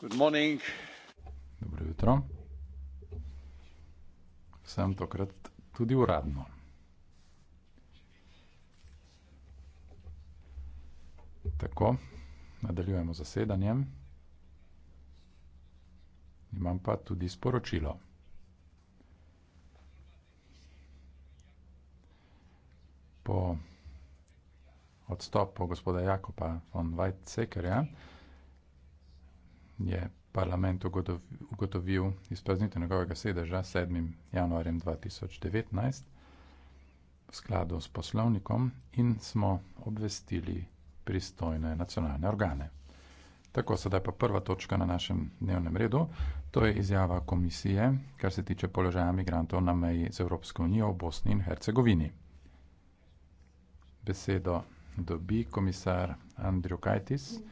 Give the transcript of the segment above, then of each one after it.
Dobro jutro. Sem tokrat tudi uradno. Tako, nadaljujemo z zasedanjem. Imam pa tudi sporočilo. Po odstopu gospoda Jakopa von Weizsäckerja. Ja je parlament ugotovil izpraznitev njegovega sedeža 7. januarjem 2019 v skladu s poslovnikom in smo obvestili pristojne nacionalne organe. Tako sedaj pa prva točka na našem dnevnem redu, to je izjava komisije, kar se tiče položaja migrantov na meji z Evropsko unijo v Bosni in Hercegovini. Besedo dobi komisar Andrew Kajtis. Mm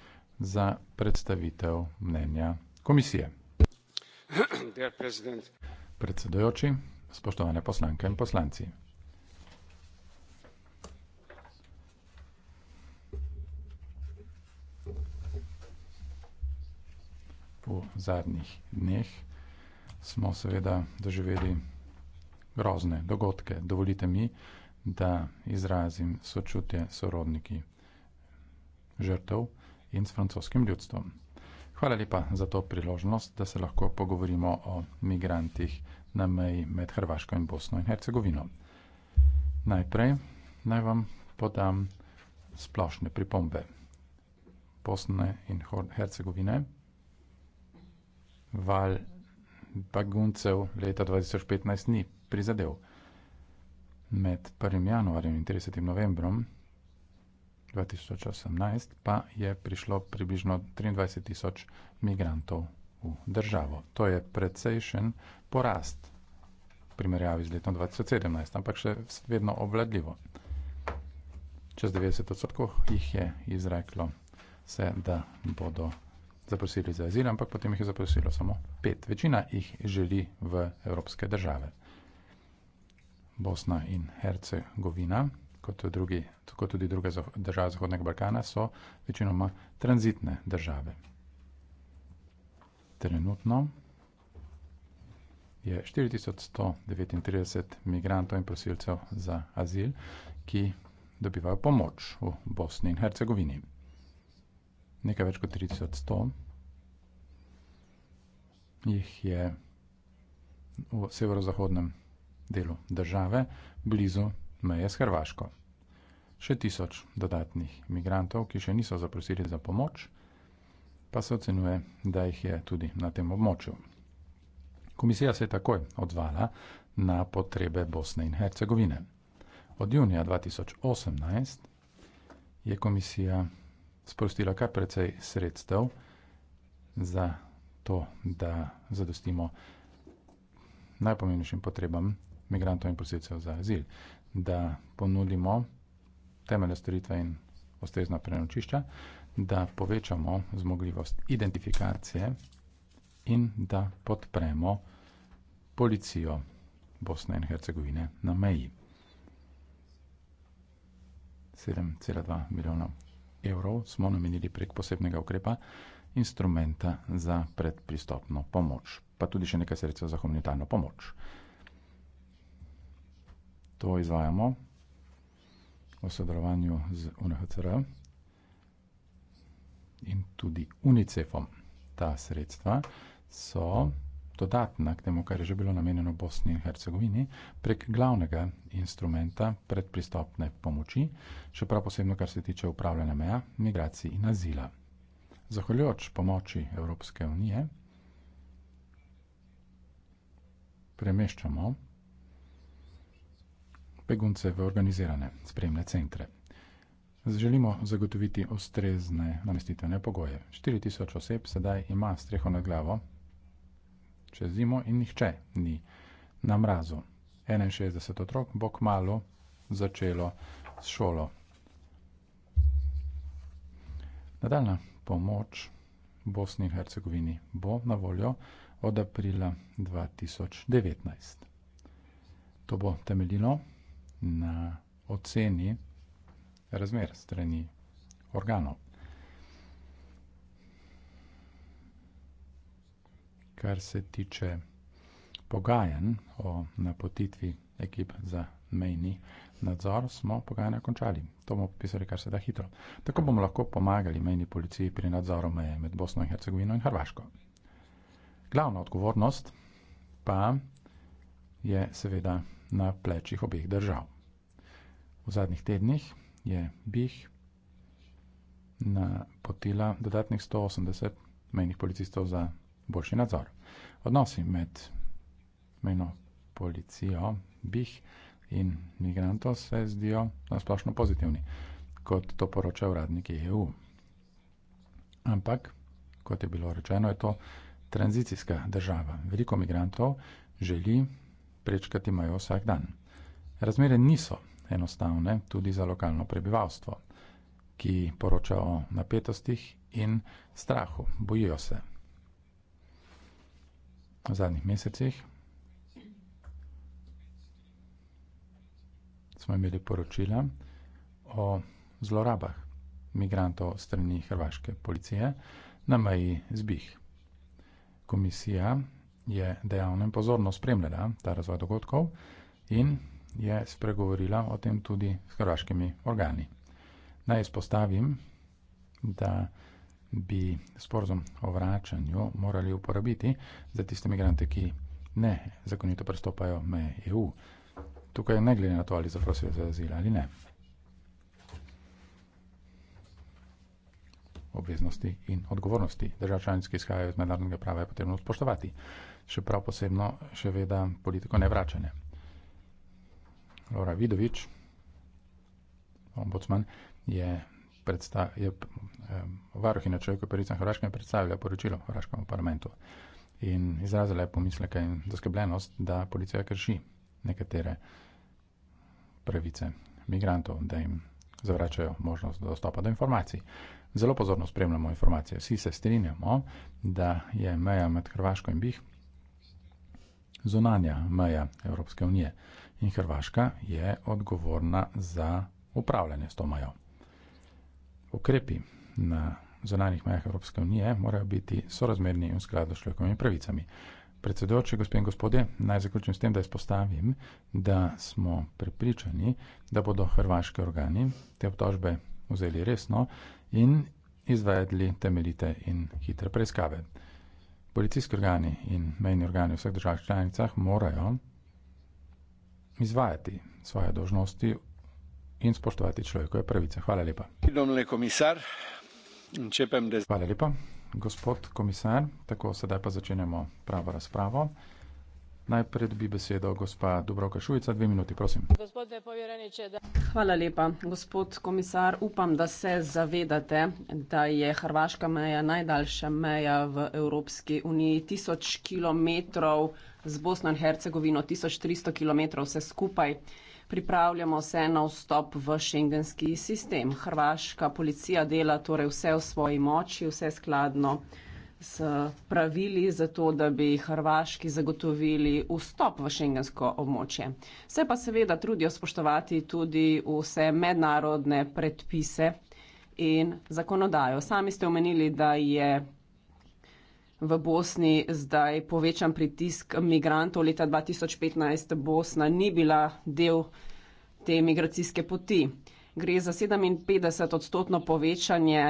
za predstavitev mnenja komisije. Predsedujoči, spoštovane poslanke in poslanci. V zadnjih dneh smo seveda doživeli grozne dogodke. Dovolite mi, da izrazim sočutje sorodniki žrtev in s francoskim ljudstvom. Hvala lepa za to priložnost, da se lahko pogovorimo o migrantih na meji med Hrvaško in Bosno in Hercegovino. Najprej naj vam podam splošne pripombe Bosne in Hercegovine. Val baguncev leta 2015 ni prizadel. Med 1. januarjem in 30. novembrom 2018 pa je prišlo približno 23 tisoč migrantov v državo. To je precejšen porast v primerjavi z letom 2017, ampak še vedno obvladljivo. Čez 90 odstotkov jih je izreklo se, da bodo zaprosili za azil, ampak potem jih je zaprosilo samo pet. Večina jih želi v evropske države. Bosna in Hercegovina, kot, drugi, kot tudi druge države Zahodnega Balkana, so večinoma tranzitne države. Trenutno je 4139 migrantov in prosilcev za azil, ki dobivajo pomoč v Bosni in Hercegovini. Nekaj več kot 3100 jih je v severozahodnem delu države, blizu meje s Hrvaško. Še tisoč dodatnih imigrantov, ki še niso zaprosili za pomoč, pa se ocenuje, da jih je tudi na tem območju. Komisija se je takoj odzvala na potrebe Bosne in Hercegovine. Od junija 2018 je komisija sprostila kar precej sredstev za to, da zadostimo najpomembnejšim potrebam migrantov in prosilcev za azil da ponudimo temeljne storitve in ustrezna prenočišča, da povečamo zmogljivost identifikacije in da podpremo policijo Bosne in Hercegovine na meji. 7,2 milijona evrov smo namenili prek posebnega ukrepa instrumenta za predpristopno pomoč, pa tudi še nekaj sredstva za humanitarno pomoč to izvajamo v sodelovanju z UNHCR in tudi UNICEF-om. Ta sredstva so dodatna k temu, kar je že bilo namenjeno Bosni in Hercegovini, prek glavnega instrumenta predpristopne pomoči, še prav posebno, kar se tiče upravljanja meja, migracij in azila. Zahvaljujoč pomoči Evropske unije, premeščamo begunce v organizirane spremne centre. Želimo zagotoviti ustrezne namestitvene pogoje. 4000 oseb sedaj ima streho nad glavo čez zimo in nihče ni na mrazu. 61 otrok bo kmalo začelo s šolo. Nadaljna pomoč Bosni in Hercegovini bo na voljo od aprila 2019. To bo temeljilo na oceni razmer strani organov. Kar se tiče pogajanj o napotitvi ekip za mejni nadzor, smo pogajanja končali. To bomo popisali kar se da hitro. Tako bomo lahko pomagali mejni policiji pri nadzoru meje med Bosno in Hercegovino in Hrvaško. Glavna odgovornost pa je seveda na plečih obeh držav. V zadnjih tednih je BIH napotila dodatnih 180 mejnih policistov za boljši nadzor. Odnosi med mejno policijo, BIH in migranto se zdijo nasplošno pozitivni, kot to poročajo uradniki EU. Ampak, kot je bilo rečeno, je to tranzicijska država. Veliko migrantov želi prečkati majo vsak dan. Razmere niso enostavne tudi za lokalno prebivalstvo, ki poroča o napetostih in strahu, bojijo se. V zadnjih mesecih smo imeli poročila o zlorabah migrantov strani hrvaške policije na meji Zbih. Komisija je dejavno in pozorno spremljala ta razvoj dogodkov in je spregovorila o tem tudi s hrvaškimi organi. Naj izpostavim, da bi sporozum o vračanju morali uporabiti za tiste migrante, ki ne zakonito prestopajo meje EU. Tukaj ne glede na to, ali zaprosijo za azil ali ne. Obveznosti in odgovornosti držav članic, ki izhajajo iz mednarodnega prava, je potrebno spoštovati. Še prav posebno, še veda, politiko nevračanja. Lora Vidovič, ombudsman, je, je varuhina človekovih pravic na Hrvaškem predstavila poročilo Hrvaškemu parlamentu in izrazila je pomisleke in zaskrbljenost, da policija krši nekatere pravice migrantov, da jim zavračajo možnost dostopa do informacij. Zelo pozorno spremljamo informacije. Vsi se strinjamo, da je meja med Hrvaško in Bih zunanja meja Evropske unije in Hrvaška je odgovorna za upravljanje s to majo. Ukrepi na zonanih majah Evropske unije morajo biti sorazmerni in skladu s človekovimi pravicami. Predsedujoči, gospe in gospodje, naj zaključim s tem, da izpostavim, da smo prepričani, da bodo hrvaški organi te obtožbe vzeli resno in izvedli temeljite in hitre preiskave. Policijski organi in mejni organi v vseh državah članicah morajo izvajati svoje dožnosti in spoštovati človekove pravice. Hvala lepa. Hvala lepa, gospod komisar. Tako, sedaj pa začenjamo pravo razpravo. Najprej bi besedo gospa Dubrovka Šujica, dve minuti, prosim. Hvala lepa, gospod komisar. Upam, da se zavedate, da je hrvaška meja najdaljša meja v Evropski uniji, tisoč kilometrov z Bosno in Hercegovino 1300 km vse skupaj. Pripravljamo se na vstop v šengenski sistem. Hrvaška policija dela torej vse v svoji moči, vse skladno s pravili za to, da bi Hrvaški zagotovili vstop v šengensko območje. Se pa seveda trudijo spoštovati tudi vse mednarodne predpise in zakonodajo. Sami ste omenili, da je v Bosni zdaj povečan pritisk migrantov. Leta 2015 Bosna ni bila del te migracijske poti. Gre za 57 odstotno povečanje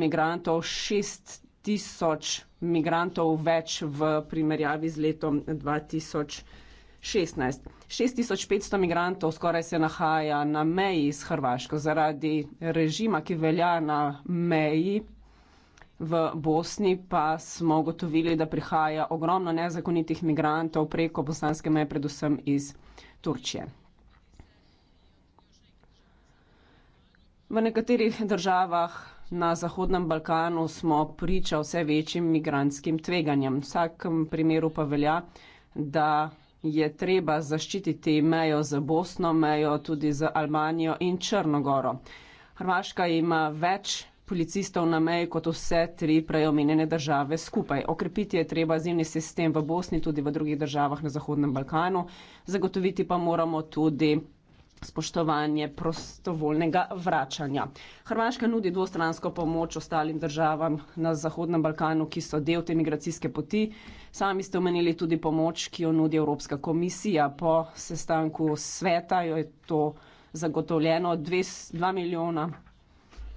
migrantov, 6 tisoč migrantov več v primerjavi z letom 2016. 6500 migrantov skoraj se nahaja na meji s Hrvaško zaradi režima, ki velja na meji V Bosni pa smo gotovili, da prihaja ogromno nezakonitih migrantov preko bosanske meje, predvsem iz Turčije. V nekaterih državah na Zahodnem Balkanu smo priča vse večjim migrantskim tveganjem. V vsakem primeru pa velja, da je treba zaščititi mejo z Bosno, mejo tudi z Albanijo in Črnogoro. Hrvaška ima več policistov na meji kot vse tri prej omenjene države skupaj. Okrepiti je treba azilni sistem v Bosni, tudi v drugih državah na Zahodnem Balkanu, zagotoviti pa moramo tudi spoštovanje prostovoljnega vračanja. Hrvaška nudi dvostransko pomoč ostalim državam na Zahodnem Balkanu, ki so del te migracijske poti. Sami ste omenili tudi pomoč, ki jo nudi Evropska komisija. Po sestanku sveta jo je to zagotovljeno 2 milijona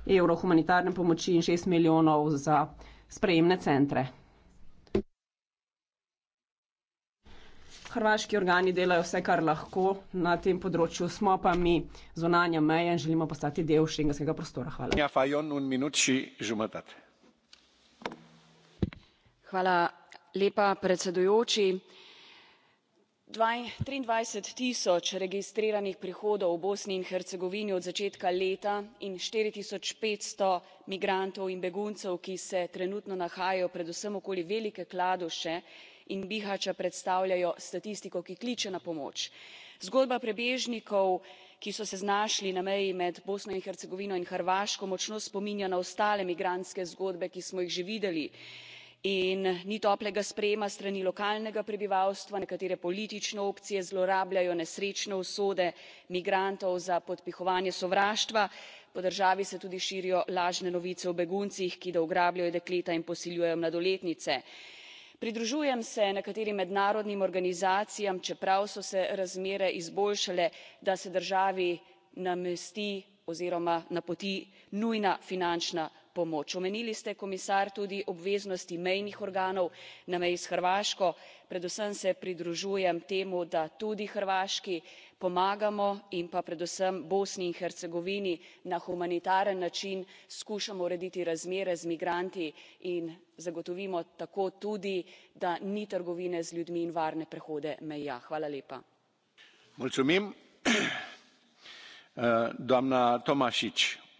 evrov humanitarne pomoči in 6 milijonov za sprejemne centre. Hrvaški organi delajo vse, kar lahko na tem področju, smo pa mi zunanja meja in želimo postati del šengenskega prostora. Hvala. Ja, Hvala lepa, predsedujoči triindvajset tisoč registriranih prihodov v bosni in hercegovini od začetka leta in štiri tisoč petsto migrantov in beguncev ki se trenutno nahajajo predvsem okoli velike kladuše in bihaa predstavljajo statistiko ki kliče na pomoč. zgodba prebežnikov ki so se znašli na meji med bosno in hercegovino in hrvaško močno spominja na ostale migrantske zgodbe ki smo jih že videli in ni toplega sprejema s strani lokalnega prebivalstva nekatere politične opcije zlorabljajo nesrečne usode migrantov za podpihovanje sovraštva po državi se tudi širijo lažne novice o beguncih ki da ugrabljajo dekleta in posiljujejo mladoletnice. pridružujem se nekaterim mednarodnim organizacijam čeprav so se razmere izboljšale da se državi namesti oziroma napoti nujna finančna pomoč omenili ste komisar tudi obveznosti mejnih organov na meji s hrvaško predvsem se pridružujem temu da tudi hrvaški pomagamo in pa predvsem bosni in hercegovini na humanitaren način skušamo urediti razmere z migranti in zagotovimo tako tudi da ni trgovine z ljudmi in varne prehode meja.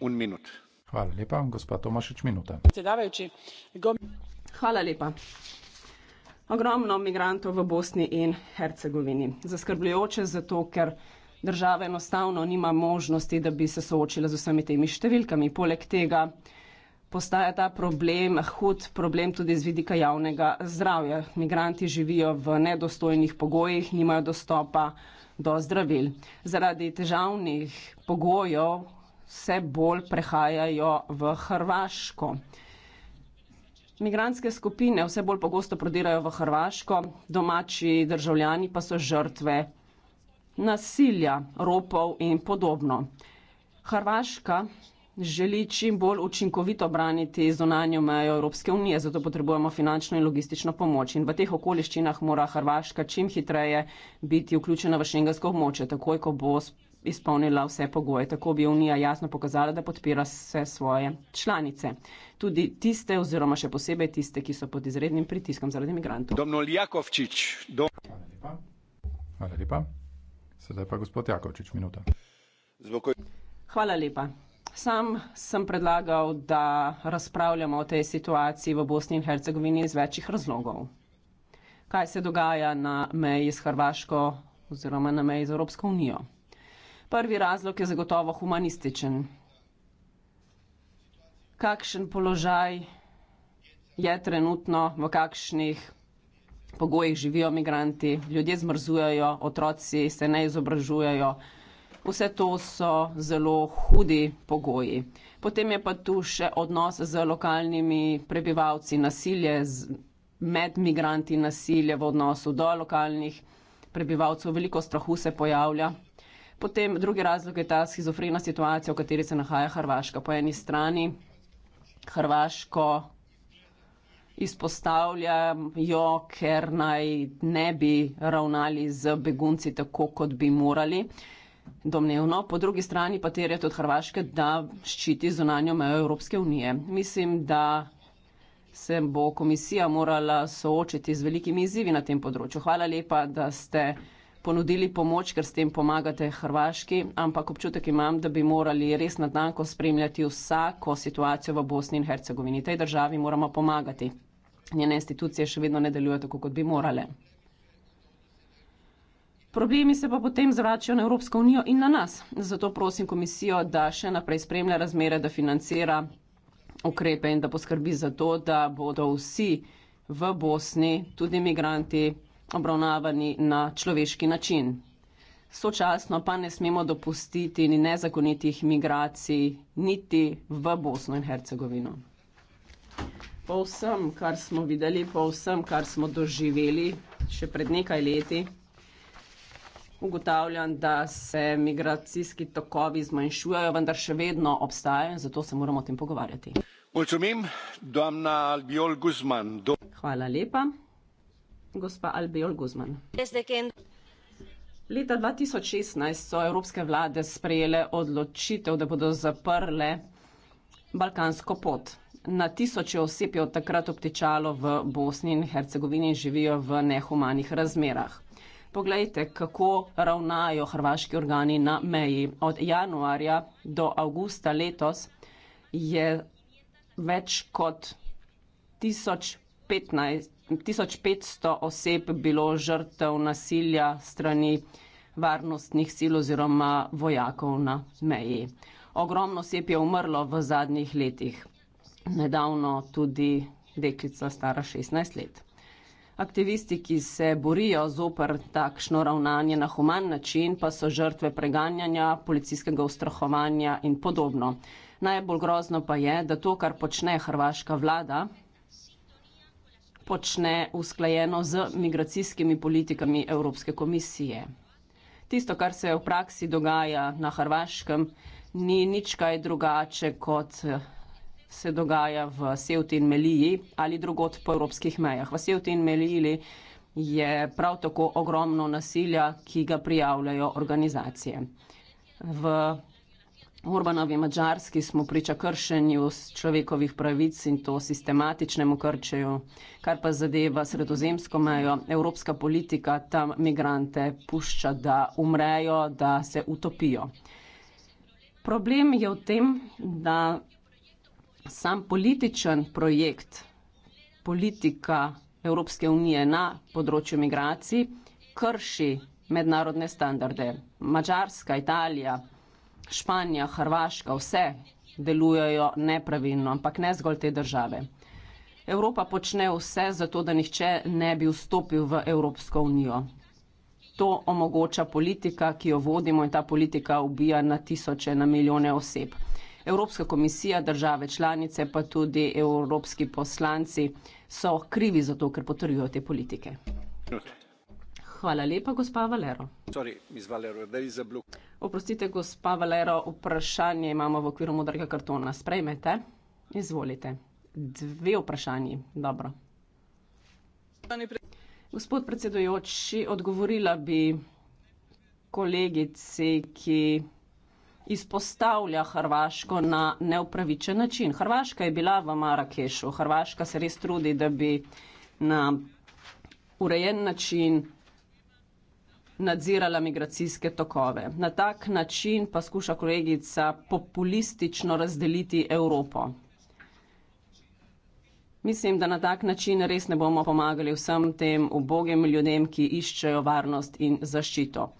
Hvala lepa. Gospa Tomašič, minuta. Hvala lepa. Ogromno migrantov v Bosni in Hercegovini. Zaskrbljujoče zato, ker država enostavno nima možnosti, da bi se soočila z vsemi temi številkami. Poleg tega postaja ta problem hud problem tudi z vidika javnega zdravja. Migranti živijo v nedostojnih pogojih, nimajo dostopa do zdravil. Zaradi težavnih pogojev vse bolj prehajajo v Hrvaško. Migranske skupine vse bolj pogosto prodirajo v Hrvaško, domači državljani pa so žrtve nasilja, ropov in podobno. Hrvaška želi čim bolj učinkovito braniti zunanjo mejo Evropske unije, zato potrebujemo finančno in logistično pomoč. In v teh okoliščinah mora Hrvaška čim hitreje biti vključena v šengensko območje, takoj ko bo izpolnila vse pogoje. Tako bi Unija jasno pokazala, da podpira vse svoje članice. Tudi tiste, oziroma še posebej tiste, ki so pod izrednim pritiskom zaradi imigrantov. Domnul Jakovčič. Dom Hvala lepa. Hvala lepa. Sedaj pa gospod Jakovčič, minuta. Zbogoj. Hvala lepa. Sam sem predlagal, da razpravljamo o tej situaciji v Bosni in Hercegovini iz večjih razlogov. Kaj se dogaja na meji s Hrvaško oziroma na meji z Evropsko unijo? Prvi razlog je zagotovo humanističen. Kakšen položaj je trenutno, v kakšnih pogojih živijo migranti, ljudje zmrzujejo, otroci se ne izobražujejo. Vse to so zelo hudi pogoji. Potem je pa tu še odnos z lokalnimi prebivalci, nasilje med migranti, nasilje v odnosu do lokalnih prebivalcev. Veliko strahu se pojavlja, Potem drugi razlog je ta schizofrena situacija, v kateri se nahaja Hrvaška. Po eni strani Hrvaško izpostavljajo, ker naj ne bi ravnali z begunci tako, kot bi morali. Domnevno, po drugi strani pa terje od Hrvaške, da ščiti zunanjo mejo Evropske unije. Mislim, da se bo komisija morala soočiti z velikimi izzivi na tem področju. Hvala lepa, da ste ponudili pomoč, ker s tem pomagate Hrvaški, ampak občutek imam, da bi morali res nadnako spremljati vsako situacijo v Bosni in Hercegovini. Tej državi moramo pomagati. Njene institucije še vedno ne delujejo tako, kot bi morale. Problemi se pa potem zračajo na Evropsko unijo in na nas. Zato prosim komisijo, da še naprej spremlja razmere, da financira ukrepe in da poskrbi za to, da bodo vsi v Bosni, tudi imigranti, obravnavani na človeški način. Sočasno pa ne smemo dopustiti ni nezakonitih migracij, niti v Bosno in Hercegovino. Po vsem, kar smo videli, po vsem, kar smo doživeli še pred nekaj leti, ugotavljam, da se migracijski tokovi zmanjšujejo, vendar še vedno obstajajo in zato se moramo o tem pogovarjati. Hvala lepa gospa Albeol Guzman. Leta 2016 so evropske vlade sprejele odločitev, da bodo zaprle Balkansko pot. Na tisoče oseb je od takrat obtičalo v Bosni in Hercegovini in živijo v nehumanih razmerah. Poglejte, kako ravnajo hrvaški organi na meji. Od januarja do avgusta letos je več kot 1015, 1500 oseb bilo žrtev nasilja strani varnostnih sil oziroma vojakov na meji. Ogromno oseb je umrlo v zadnjih letih, nedavno tudi deklica stara 16 let. Aktivisti, ki se borijo zoper takšno ravnanje na human način, pa so žrtve preganjanja, policijskega ustrahovanja in podobno. Najbolj grozno pa je, da to, kar počne hrvaška vlada, počne usklajeno z migracijskimi politikami Evropske komisije. Tisto, kar se v praksi dogaja na Hrvaškem, ni nič kaj drugače, kot se dogaja v Sevti in Meliji ali drugot po evropskih mejah. V Sevti in Meliji je prav tako ogromno nasilja, ki ga prijavljajo organizacije. V Orbanovi Mačarski smo priča kršenju človekovih pravic in to sistematičnemu krčenju, kar pa zadeva sredozemsko mejo. Evropska politika tam migrante pušča, da umrejo, da se utopijo. Problem je v tem, da sam političen projekt, politika Evropske unije na področju migracij krši mednarodne standarde. Mačarska, Italija. Španija, Hrvaška, vse delujejo nepravilno, ampak ne zgolj te države. Evropa počne vse zato, da nihče ne bi vstopil v Evropsko unijo. To omogoča politika, ki jo vodimo in ta politika ubija na tisoče, na milijone oseb. Evropska komisija, države članice, pa tudi evropski poslanci so krivi za to, ker potrjujo te politike. Okay. Hvala lepa, gospa Valero. Sorry, Valero Oprostite, gospa Valero, vprašanje imamo v okviru modrega kartona. Sprejmete, izvolite. Dve vprašanji. Dobro. Gospod predsedujoči, odgovorila bi kolegici, ki izpostavlja Hrvaško na neupravičen način. Hrvaška je bila v Marakešu. Hrvaška se res trudi, da bi na urejen način nadzirala migracijske tokove. Na tak način pa skuša kolegica populistično razdeliti Evropo. Mislim, da na tak način res ne bomo pomagali vsem tem ubogim ljudem, ki iščejo varnost in zaščito.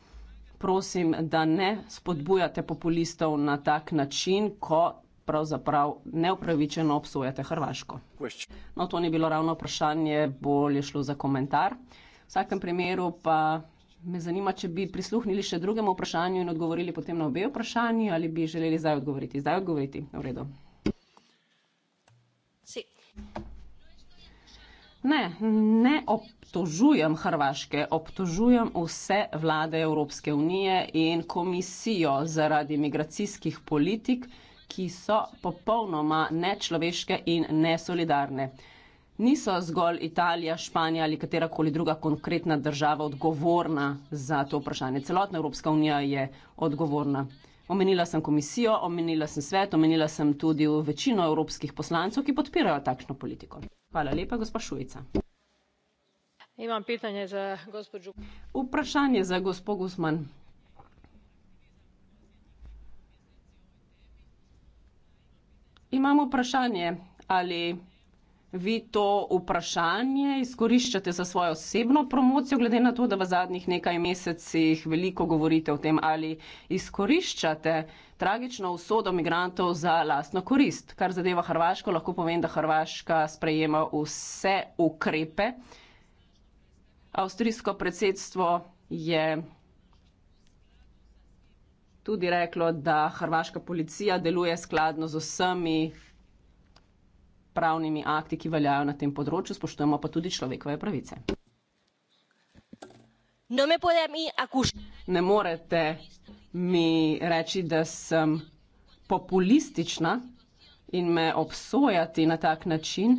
Prosim, da ne spodbujate populistov na tak način, ko pravzaprav neupravičeno obsojate Hrvaško. No, to ni bilo ravno vprašanje, bolje šlo za komentar. V vsakem primeru pa Me zanima, če bi prisluhnili še drugemu vprašanju in odgovorili potem na obe vprašanji ali bi želeli zdaj odgovoriti. Zdaj odgovoriti, v redu. Ne, ne obtožujem Hrvaške, obtožujem vse vlade Evropske unije in komisijo zaradi migracijskih politik, ki so popolnoma nečloveške in nesolidarne niso zgolj Italija, Španija ali katerakoli druga konkretna država odgovorna za to vprašanje. Celotna Evropska unija je odgovorna. Omenila sem komisijo, omenila sem svet, omenila sem tudi večino evropskih poslancev, ki podpirajo takšno politiko. Hvala lepa, gospa Šujica. Imam vprašanje za gospod Župan. Vprašanje za gospod Guzman. Imamo vprašanje ali vi to vprašanje izkoriščate za svojo osebno promocijo, glede na to, da v zadnjih nekaj mesecih veliko govorite o tem, ali izkoriščate tragično usodo migrantov za lastno korist. Kar zadeva Hrvaško, lahko povem, da Hrvaška sprejema vse ukrepe. Avstrijsko predsedstvo je tudi reklo, da hrvaška policija deluje skladno z vsemi pravnimi akti, ki veljajo na tem področju, spoštujemo pa tudi človekove pravice. No ne morete mi reči, da sem populistična in me obsojati na tak način,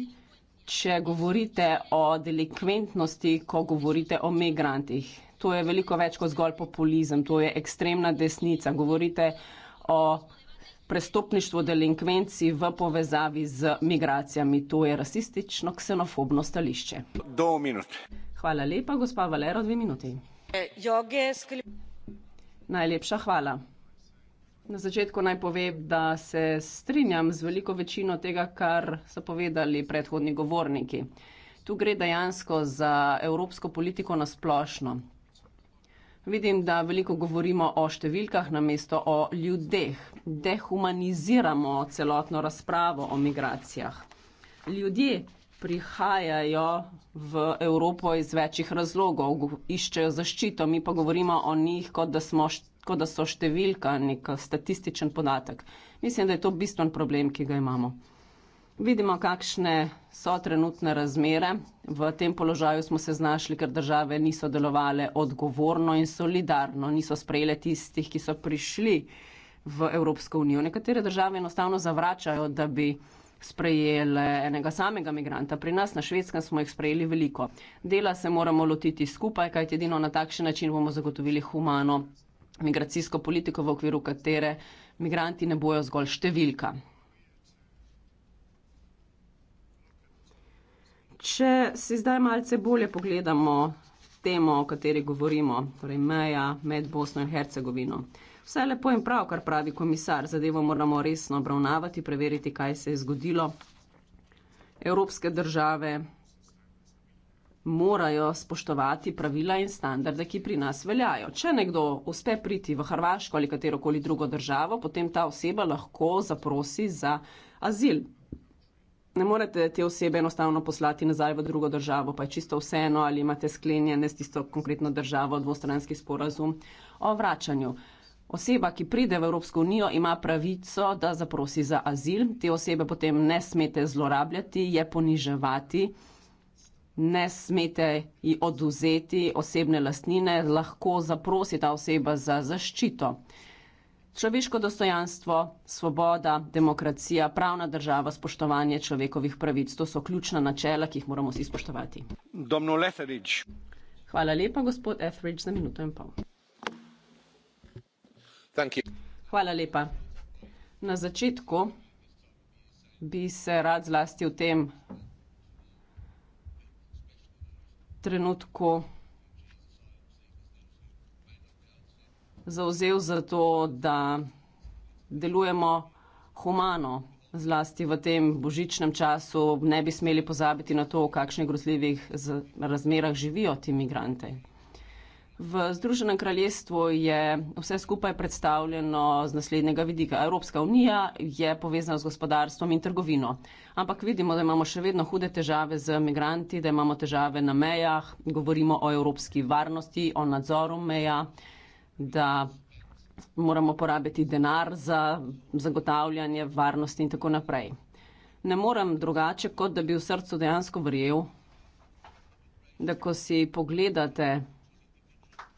če govorite o delikventnosti, ko govorite o migrantih. To je veliko več kot zgolj populizem, to je ekstremna desnica. Govorite o prestopništvo delinkvenci v povezavi z migracijami. To je rasistično, ksenofobno stališče. Do minut. Hvala lepa, gospa Valero, dve minuti. Najlepša hvala. Na začetku naj povem, da se strinjam z veliko večino tega, kar so povedali predhodni govorniki. Tu gre dejansko za evropsko politiko na splošno. Vidim, da veliko govorimo o številkah namesto o ljudeh. Dehumaniziramo celotno razpravo o migracijah. Ljudje prihajajo v Evropo iz večjih razlogov, iščejo zaščito, mi pa govorimo o njih, kot da, smo, kot da so številka, nek statističen podatek. Mislim, da je to bistven problem, ki ga imamo vidimo, kakšne so trenutne razmere. V tem položaju smo se znašli, ker države niso delovale odgovorno in solidarno, niso sprejele tistih, ki so prišli v Evropsko unijo. Nekatere države enostavno zavračajo, da bi sprejele enega samega migranta. Pri nas na Švedskem smo jih sprejeli veliko. Dela se moramo lotiti skupaj, kajti edino na takšen način bomo zagotovili humano migracijsko politiko, v okviru katere migranti ne bojo zgolj številka. Če si zdaj malce bolje pogledamo temo, o kateri govorimo, torej meja med Bosno in Hercegovino. Vse lepo in prav, kar pravi komisar, zadevo moramo resno obravnavati, preveriti, kaj se je zgodilo. Evropske države morajo spoštovati pravila in standarde, ki pri nas veljajo. Če nekdo uspe priti v Hrvaško ali katerokoli drugo državo, potem ta oseba lahko zaprosi za azil ne morete te osebe enostavno poslati nazaj v drugo državo, pa je čisto vseeno, ali imate sklenjene s tisto konkretno državo dvostranski sporazum o vračanju. Oseba, ki pride v Evropsko unijo, ima pravico, da zaprosi za azil. Te osebe potem ne smete zlorabljati, je poniževati, ne smete ji oduzeti osebne lastnine, lahko zaprosi ta oseba za zaščito človeško dostojanstvo, svoboda, demokracija, pravna država, spoštovanje človekovih pravic. To so ključna načela, ki jih moramo vsi spoštovati. Hvala lepa, gospod Etheridge, za minuto in pol. Hvala lepa. Na začetku bi se rad zlasti v tem trenutku zauzel za to, da delujemo humano, zlasti v tem božičnem času, ne bi smeli pozabiti na to, v kakšnih grozljivih razmerah živijo ti imigranti. V Združenem kraljestvu je vse skupaj predstavljeno z naslednjega vidika. Evropska unija je povezana z gospodarstvom in trgovino, ampak vidimo, da imamo še vedno hude težave z migranti, da imamo težave na mejah, govorimo o evropski varnosti, o nadzoru meja da moramo porabiti denar za zagotavljanje varnosti in tako naprej. Ne morem drugače, kot da bi v srcu dejansko verjel, da ko si pogledate,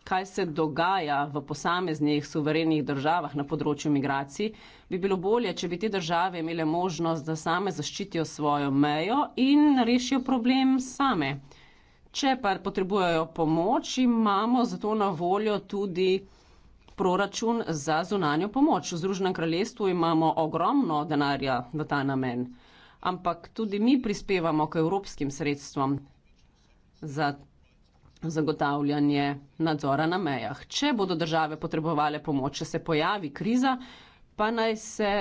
kaj se dogaja v posameznih suverenih državah na področju migracij, bi bilo bolje, če bi te države imele možnost, da same zaščitijo svojo mejo in rešijo problem same. Če pa potrebujejo pomoč, imamo zato na voljo tudi proračun za zunanjo pomoč. V Združenem kraljestvu imamo ogromno denarja v ta namen, ampak tudi mi prispevamo k evropskim sredstvom za zagotavljanje nadzora na mejah. Če bodo države potrebovale pomoč, če se pojavi kriza, pa naj se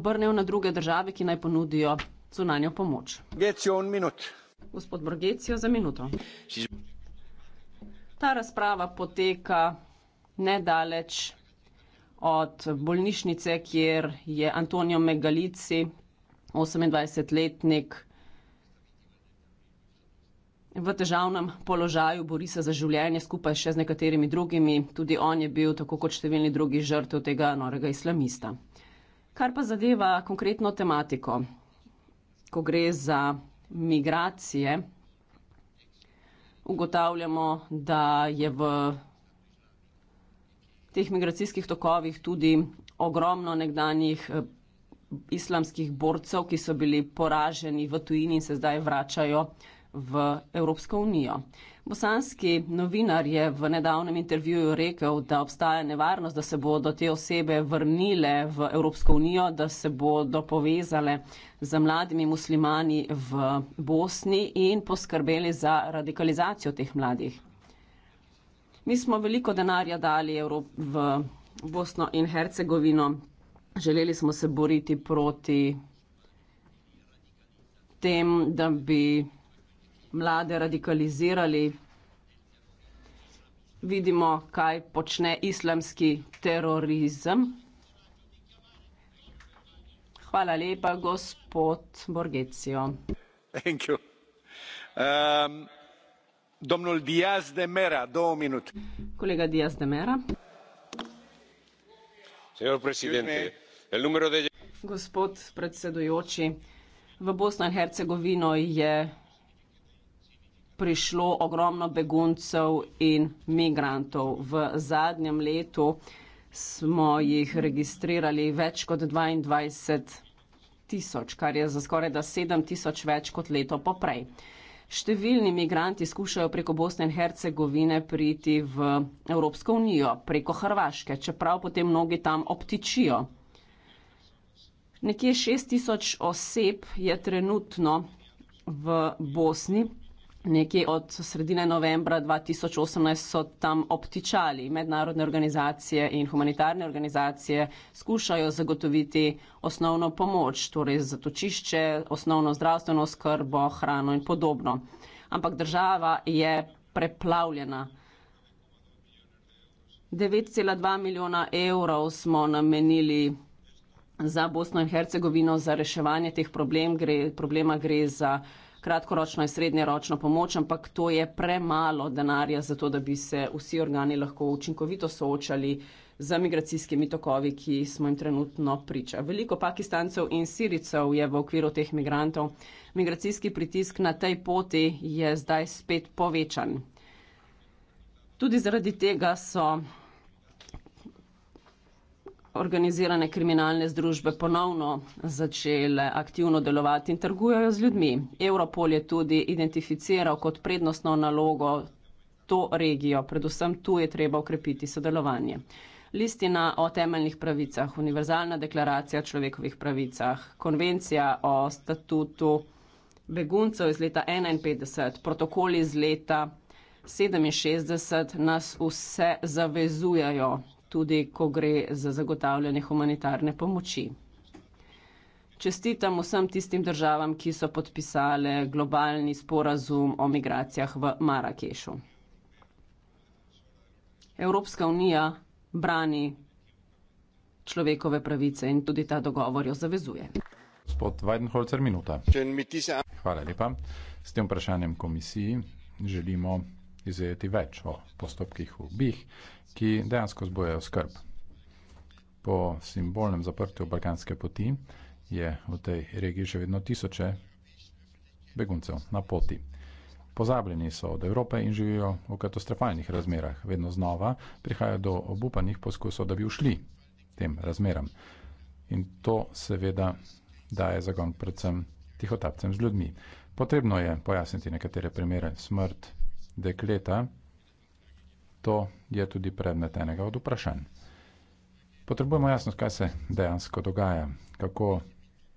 obrnejo na druge države, ki naj ponudijo zunanjo pomoč gospod Brgecijo za minuto. Ta razprava poteka nedaleč od bolnišnice, kjer je Antonijo Megalici, 28-letnik, v težavnem položaju bori se za življenje skupaj še z nekaterimi drugimi. Tudi on je bil, tako kot številni drugi, žrtev tega norega islamista. Kar pa zadeva konkretno tematiko, ko gre za migracije, ugotavljamo, da je v teh migracijskih tokovih tudi ogromno nekdanjih eh, islamskih borcev, ki so bili poraženi v tujini in se zdaj vračajo v Evropsko unijo. Bosanski novinar je v nedavnem intervjuju rekel, da obstaja nevarnost, da se bodo te osebe vrnile v Evropsko unijo, da se bodo povezale z mladimi muslimani v Bosni in poskrbeli za radikalizacijo teh mladih. Mi smo veliko denarja dali Evrop v Bosno in Hercegovino, želeli smo se boriti proti tem, da bi mlade radikalizirali. Vidimo, kaj počne islamski terorizem. Hvala lepa, gospod Borgecio. Um, domnul Diaz de Mera, dva minut. Kolega Diaz de Mera. Gospod predsedujoči, v Bosno in Hercegovino je prišlo ogromno beguncev in migrantov. V zadnjem letu smo jih registrirali več kot 22 tisoč, kar je za skoraj da 7 tisoč več kot leto poprej. Številni migranti skušajo preko Bosne in Hercegovine priti v Evropsko unijo, preko Hrvaške, čeprav potem mnogi tam obtičijo. Nekje 6 tisoč oseb je trenutno v Bosni nekje od sredine novembra 2018 so tam obtičali. Mednarodne organizacije in humanitarne organizacije skušajo zagotoviti osnovno pomoč, torej zatočišče, osnovno zdravstveno skrbo, hrano in podobno. Ampak država je preplavljena. 9,2 milijona evrov smo namenili za Bosno in Hercegovino za reševanje teh problem, gre, problema, gre za kratkoročno in srednjeročno pomoč, ampak to je premalo denarja za to, da bi se vsi organi lahko učinkovito soočali z migracijskimi tokovi, ki smo jim trenutno priča. Veliko pakistancev in siricev je v okviru teh migrantov. Migracijski pritisk na tej poti je zdaj spet povečan. Tudi zaradi tega so organizirane kriminalne združbe ponovno začele aktivno delovati in trgujejo z ljudmi. Europol je tudi identificiral kot prednostno nalogo to regijo, predvsem tu je treba ukrepiti sodelovanje. Listina o temeljnih pravicah, Univerzalna deklaracija o človekovih pravicah, Konvencija o statutu beguncev iz leta 1951, protokoli iz leta 1967 nas vse zavezujajo tudi ko gre za zagotavljanje humanitarne pomoči. Čestitam vsem tistim državam, ki so podpisale globalni sporazum o migracijah v Marakešu. Evropska unija brani človekove pravice in tudi ta dogovor jo zavezuje. Gospod Weidenholzer, minuta. Hvala lepa. S tem vprašanjem komisiji želimo izvedeti več o postopkih v BIH, ki dejansko zbojajo skrb. Po simbolnem zaprtju balkanske poti je v tej regiji še vedno tisoče beguncev na poti. Pozabljeni so od Evrope in živijo v katastrofalnih razmerah. Vedno znova prihaja do obupanih poskusov, da bi ušli tem razmeram. In to seveda daje zagon predvsem tihotapcem z ljudmi. Potrebno je pojasniti nekatere primere. Smrt dekleta, to je tudi predmet enega od vprašanj. Potrebujemo jasnost, kaj se dejansko dogaja, kako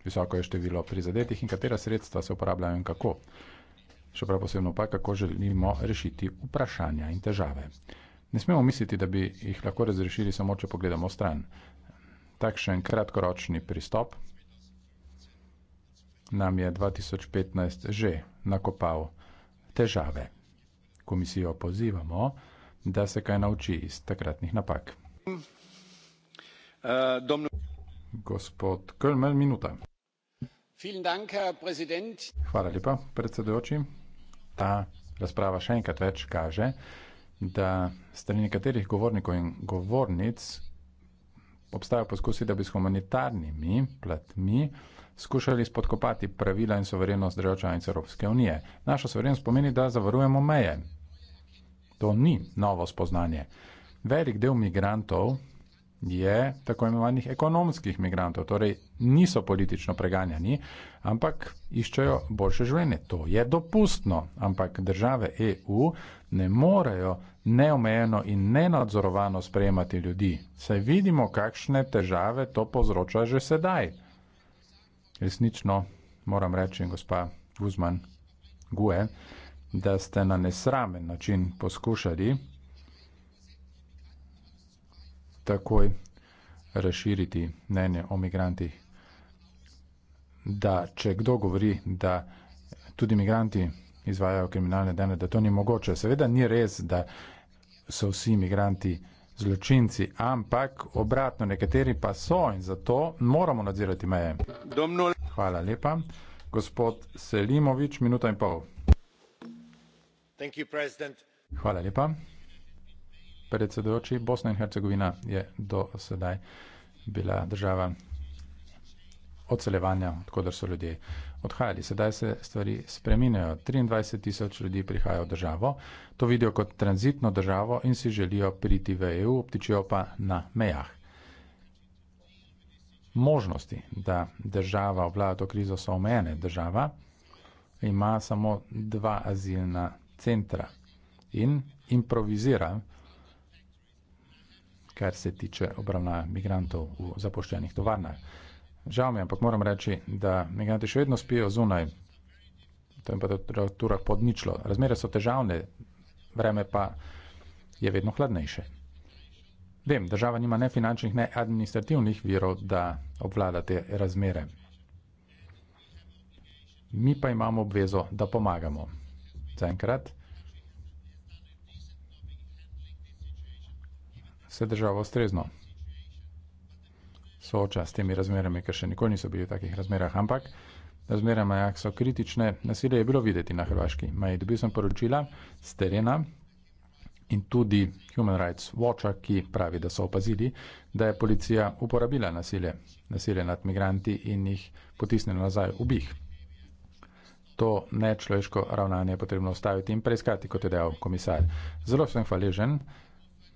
visoko je število prizadetih in katera sredstva se uporabljajo in kako. Še prav posebno pa, kako želimo rešiti vprašanja in težave. Ne smemo misliti, da bi jih lahko razrešili samo, če pogledamo stran. Takšen kratkoročni pristop nam je 2015 že nakopal težave komisijo pozivamo, da se kaj nauči iz takratnih napak. Uh, domno... Gospod Kölmel, minuta. Dank, Hvala lepa, predsedujoči. Ta razprava še enkrat več kaže, da strani nekaterih govornikov in govornic obstajajo poskusi, da bi s humanitarnimi platmi skušali spodkopati pravila in soverenost držav članic Evropske unije. Naša soverenost pomeni, da zavarujemo meje, To ni novo spoznanje. Velik del migrantov je tako imenovanih ekonomskih migrantov, torej niso politično preganjani, ampak iščejo boljše življenje. To je dopustno, ampak države EU ne morejo neomejeno in nenadzorovano sprejemati ljudi. Se vidimo, kakšne težave to povzroča že sedaj. Resnično moram reči, gospa Guzman Gue, da ste na nesramen način poskušali takoj razširiti mnenje o migrantih. Da če kdo govori, da tudi migranti izvajajo kriminalne dane, da to ni mogoče. Seveda ni res, da so vsi migranti zločinci, ampak obratno, nekateri pa so in zato moramo nadzirati meje. Hvala lepa. Gospod Selimovič, minuta in pol. Hvala lepa. Predsedujoči, Bosna in Hercegovina je do sedaj bila država odseljevanja, odkudar so ljudje odhajali. Sedaj se stvari spreminjajo. 23 tisoč ljudi prihaja v državo, to vidijo kot tranzitno državo in si želijo priti v EU, obtičijo pa na mejah. Možnosti, da država obvlada to krizo, so omejene. Država ima samo dva azilna centra in improvizira, kar se tiče obravnave migrantov v zapoščenih tovarnah. Žal mi, ampak moram reči, da migranti še vedno spijo zunaj, to je pa temperatura pod ničlo. Razmere so težavne, vreme pa je vedno hladnejše. Vem, država nima ne finančnih, ne administrativnih virov, da obvlada te razmere. Mi pa imamo obvezo, da pomagamo zaenkrat. Se država ustrezno sooča s temi razmerami, ker še nikoli niso bili v takih razmerah, ampak razmere maja so kritične. Nasilje je bilo videti na Hrvaški meji. Dobil sem poročila z terena in tudi Human Rights Watcha, ki pravi, da so opazili, da je policija uporabila nasilje, nasilje nad migranti in jih potisnila nazaj v bih to nečloveško ravnanje je potrebno ustaviti in preiskati, kot je dejal komisar. Zelo sem hvaležen,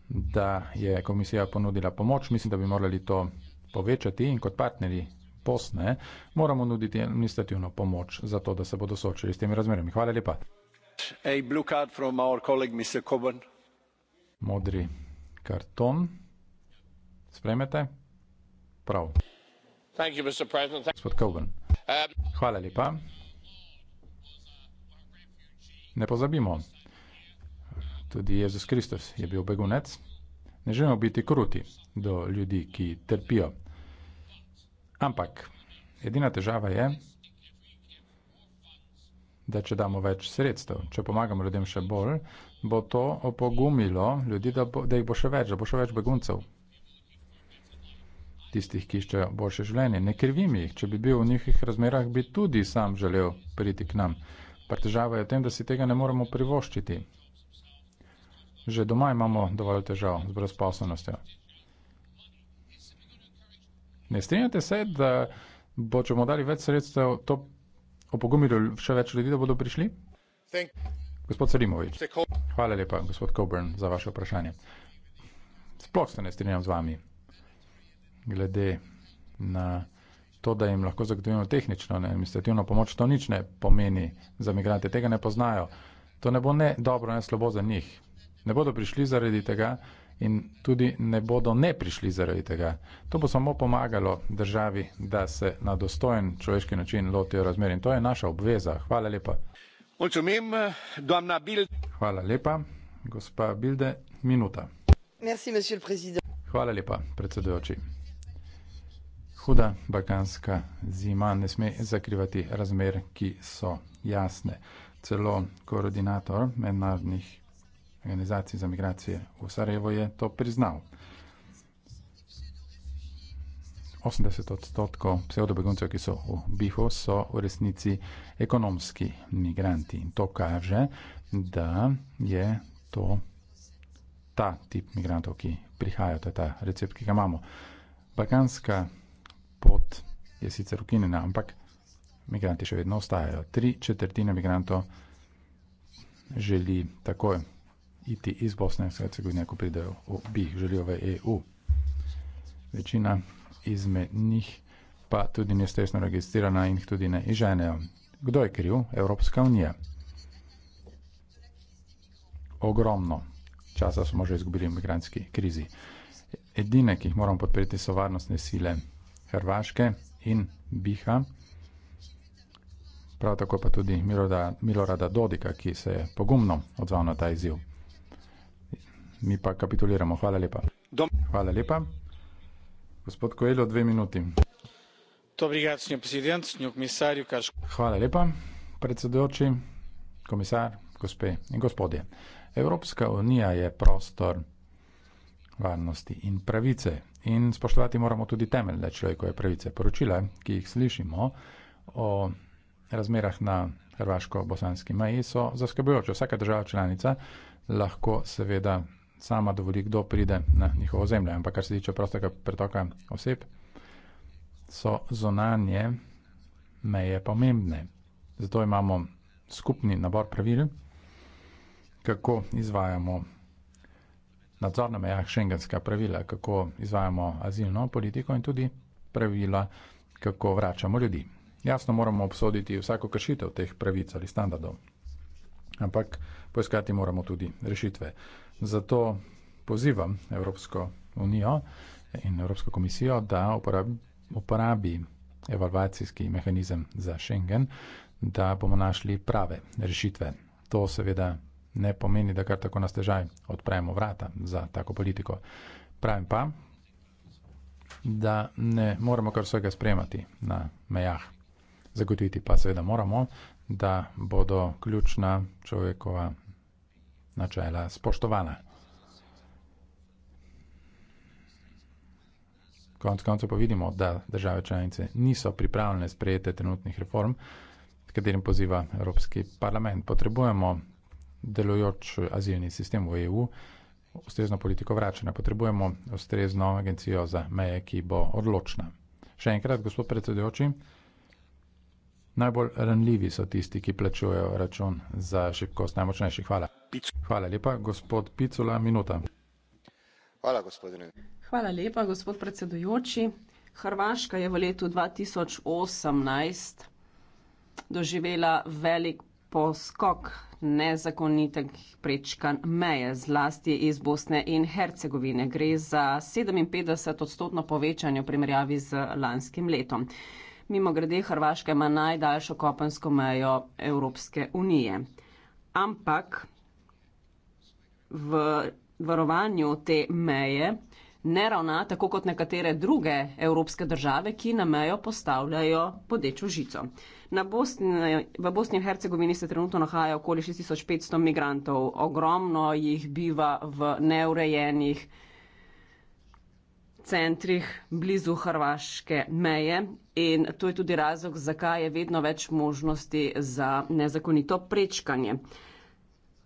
da je komisija ponudila pomoč. Mislim, da bi morali to povečati in kot partneri posne moramo nuditi administrativno pomoč za to, da se bodo soočili s temi razmerami. Hvala lepa. Modri karton. Spremete? Prav. Gospod Coburn. Um, Hvala lepa. Ne pozabimo, tudi Jezus Kristus je bil begunec. Ne želimo biti kruti do ljudi, ki trpijo. Ampak edina težava je, da če damo več sredstev, če pomagamo ljudem še bolj, bo to opogumilo ljudi, da, bo, da jih bo še več, da bo še več beguncev. Tistih, ki iščejo boljše življenje. Ne krivim jih, če bi bil v njihovih razmerah, bi tudi sam želel priti k nam pa težava je v tem, da si tega ne moremo privoščiti. Že doma imamo dovolj težav z brezposobnostjo. Ne strinjate se, da bo, če bomo dali več sredstev, to opogumilo še več ljudi, da bodo prišli? Gospod Salimovič, hvala lepa, gospod Coburn, za vaše vprašanje. Sploh se ne strinjam z vami glede na to, da jim lahko zagotovimo tehnično in administrativno pomoč, to nič ne pomeni za migrante. Tega ne poznajo. To ne bo ne dobro, ne slabo za njih. Ne bodo prišli zaradi tega in tudi ne bodo ne prišli zaradi tega. To bo samo pomagalo državi, da se na dostojen človeški način lotijo razmer in to je naša obveza. Hvala lepa. Hvala lepa, gospa Bilde. Minuta. Hvala lepa, predsedujoči. Huda baganska zima ne sme zakrivati razmer, ki so jasne. Celo koordinator mednarodnih organizacij za migracije v Sarajevo je to priznal. 80 odstotkov pseudobeguncev, ki so v Bihu, so v resnici ekonomski migranti. In to kaže, da je to ta tip migrantov, ki prihajajo, to je ta recept, ki ga imamo. Baganska pot je sicer ukinjena, ampak migranti še vedno ostajajo. Tri četrtine migrantov želi takoj iti iz Bosne in Hercegovine, ko pridejo, bi jih želijo v EU. Večina izmed njih pa tudi ni stresno registrirana in jih tudi ne izženejo. Kdo je kriv? Evropska unija. Ogromno časa smo že izgubili v migranski krizi. Edine, ki jih moramo podpreti, so varnostne sile Hrvaške in Biha. Prav tako pa tudi Miloda, Milorada Dodika, ki se je pogumno odzval na ta izziv. Mi pa kapituliramo. Hvala lepa. Dom. Hvala lepa. Gospod Koelho, dve minuti. Obrigado, president, kar... Hvala lepa, predsedujoči, komisar, gospe in gospodje. Evropska unija je prostor varnosti in pravice. In spoštovati moramo tudi temeljne človekove pravice. Poročila, ki jih slišimo o razmerah na hrvaško-bosanski meji, so zaskrbljujoče. Vsaka država članica lahko seveda sama dovoli, kdo pride na njihovo zemljo. Ampak kar se tiče prostega pretoka oseb, so zonanje meje pomembne. Zato imamo skupni nabor pravil, kako izvajamo nadzor na mejah, šengenska pravila, kako izvajamo azilno politiko in tudi pravila, kako vračamo ljudi. Jasno moramo obsoditi vsako kršitev teh pravic ali standardov, ampak poiskati moramo tudi rešitve. Zato pozivam Evropsko unijo in Evropsko komisijo, da uporabi, uporabi evalvacijski mehanizem za Schengen, da bomo našli prave rešitve. To seveda ne pomeni, da kar tako na stežaj odpremo vrata za tako politiko. Pravim pa, da ne moremo kar vsega spremati na mejah. Zagotoviti pa seveda moramo, da bodo ključna človekova načela spoštovana. Konec koncev pa vidimo, da države članice niso pripravljene sprejeti trenutnih reform, s katerim poziva Evropski parlament. Potrebujemo delojoč azilni sistem v EU, ustrezno politiko vračanja. Potrebujemo ustrezno agencijo za meje, ki bo odločna. Še enkrat, gospod predsedujoči, najbolj ranljivi so tisti, ki plačujejo račun za šibkost najmočnejših. Hvala. Hvala lepa, gospod Picula, minuta. Hvala, gospodine. Hvala lepa, gospod predsedujoči. Hrvaška je v letu 2018 doživela velik poskok nezakonitih prečkan meje zlasti iz Bosne in Hercegovine. Gre za 57 odstotno povečanje v primerjavi z lanskim letom. Mimo grede Hrvaška ima najdaljšo kopensko mejo Evropske unije. Ampak v varovanju te meje ne ravna tako kot nekatere druge evropske države, ki na mejo postavljajo podečo žico. Bosni, v Bosni in Hercegovini se trenutno nahaja okoli 6500 migrantov, ogromno jih biva v neurejenih centrih blizu hrvaške meje in to je tudi razlog, zakaj je vedno več možnosti za nezakonito prečkanje.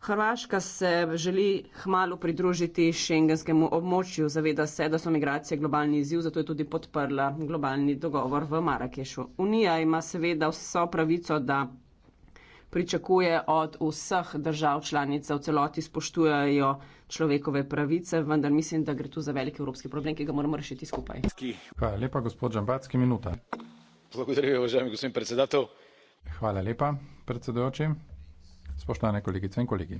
Hrvaška se želi hmalo pridružiti šengenskemu območju. Zaveda se, da so migracije globalni izziv, zato je tudi podprla globalni dogovor v Marakešu. Unija ima seveda vso pravico, da pričakuje od vseh držav članic, da v celoti spoštujajo človekove pravice, vendar mislim, da gre tu za veliki evropski problem, ki ga moramo rešiti skupaj. Hvala lepa, gospod Žambatski, minuta. Hvala lepa, predsedujoči. Spoštovane kolegice in kolegi.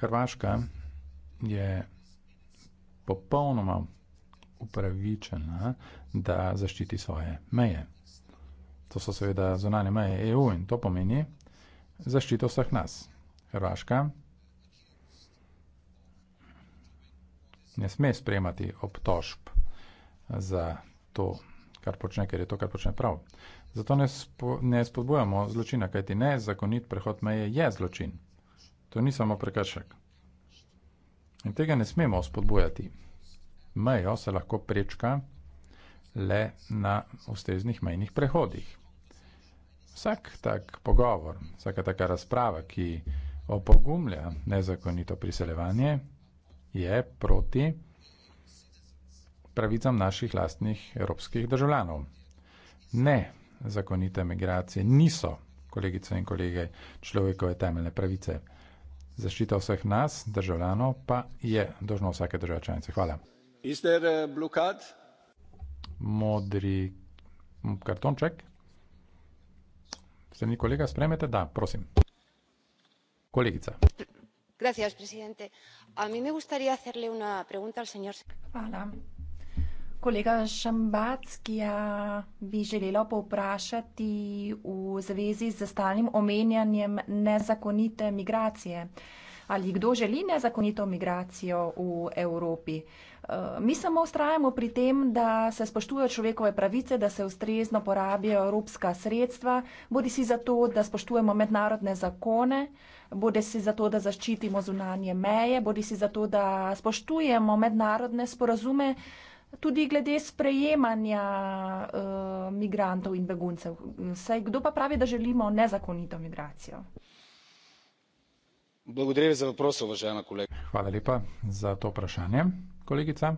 Hrvaška je popolnoma upravičena, da zaščiti svoje meje. To so seveda zonalne meje EU in to pomeni zaščito vseh nas. Hrvaška ne sme sprejemati obtožb za to, kar počne, ker je to, kar počne prav. Zato ne, spo, ne spodbujamo zločina, kajti nezakonit prehod meje je zločin. To ni samo prekršek. In tega ne smemo spodbujati. Mejo se lahko prečka le na ustreznih mejnih prehodih. Vsak tak pogovor, vsaka taka razprava, ki opogumlja nezakonito priseljevanje, je proti pravicam naših lastnih evropskih državljanov. Ne, zakonite migracije niso, kolegice in kolege, človekove temeljne pravice. Zaščita vseh nas, državljanov, pa je dožnost vsake države članice. Hvala. Modri kartonček. Strani kolega, spremete? Da, prosim. Kolegica. Gracias, presidente. A mi me gustaría hacerle una pregunta al señor. Hvala. Kolega Šambac, ki ja bi želela povprašati v zvezi z stalnim omenjanjem nezakonite migracije. Ali kdo želi nezakonito migracijo v Evropi? Eh, mi samo ustrajamo pri tem, da se spoštujejo človekove pravice, da se ustrezno porabijo evropska sredstva, bodi si zato, da spoštujemo mednarodne zakone, bodi si zato, da zaščitimo zunanje meje, bodi si zato, da spoštujemo mednarodne sporazume tudi glede sprejemanja uh, migrantov in beguncev. Saj, kdo pa pravi, da želimo nezakonito migracijo? Blagodrevi za vprašanje, uvažena kolega. Hvala lepa za to vprašanje, kolegica.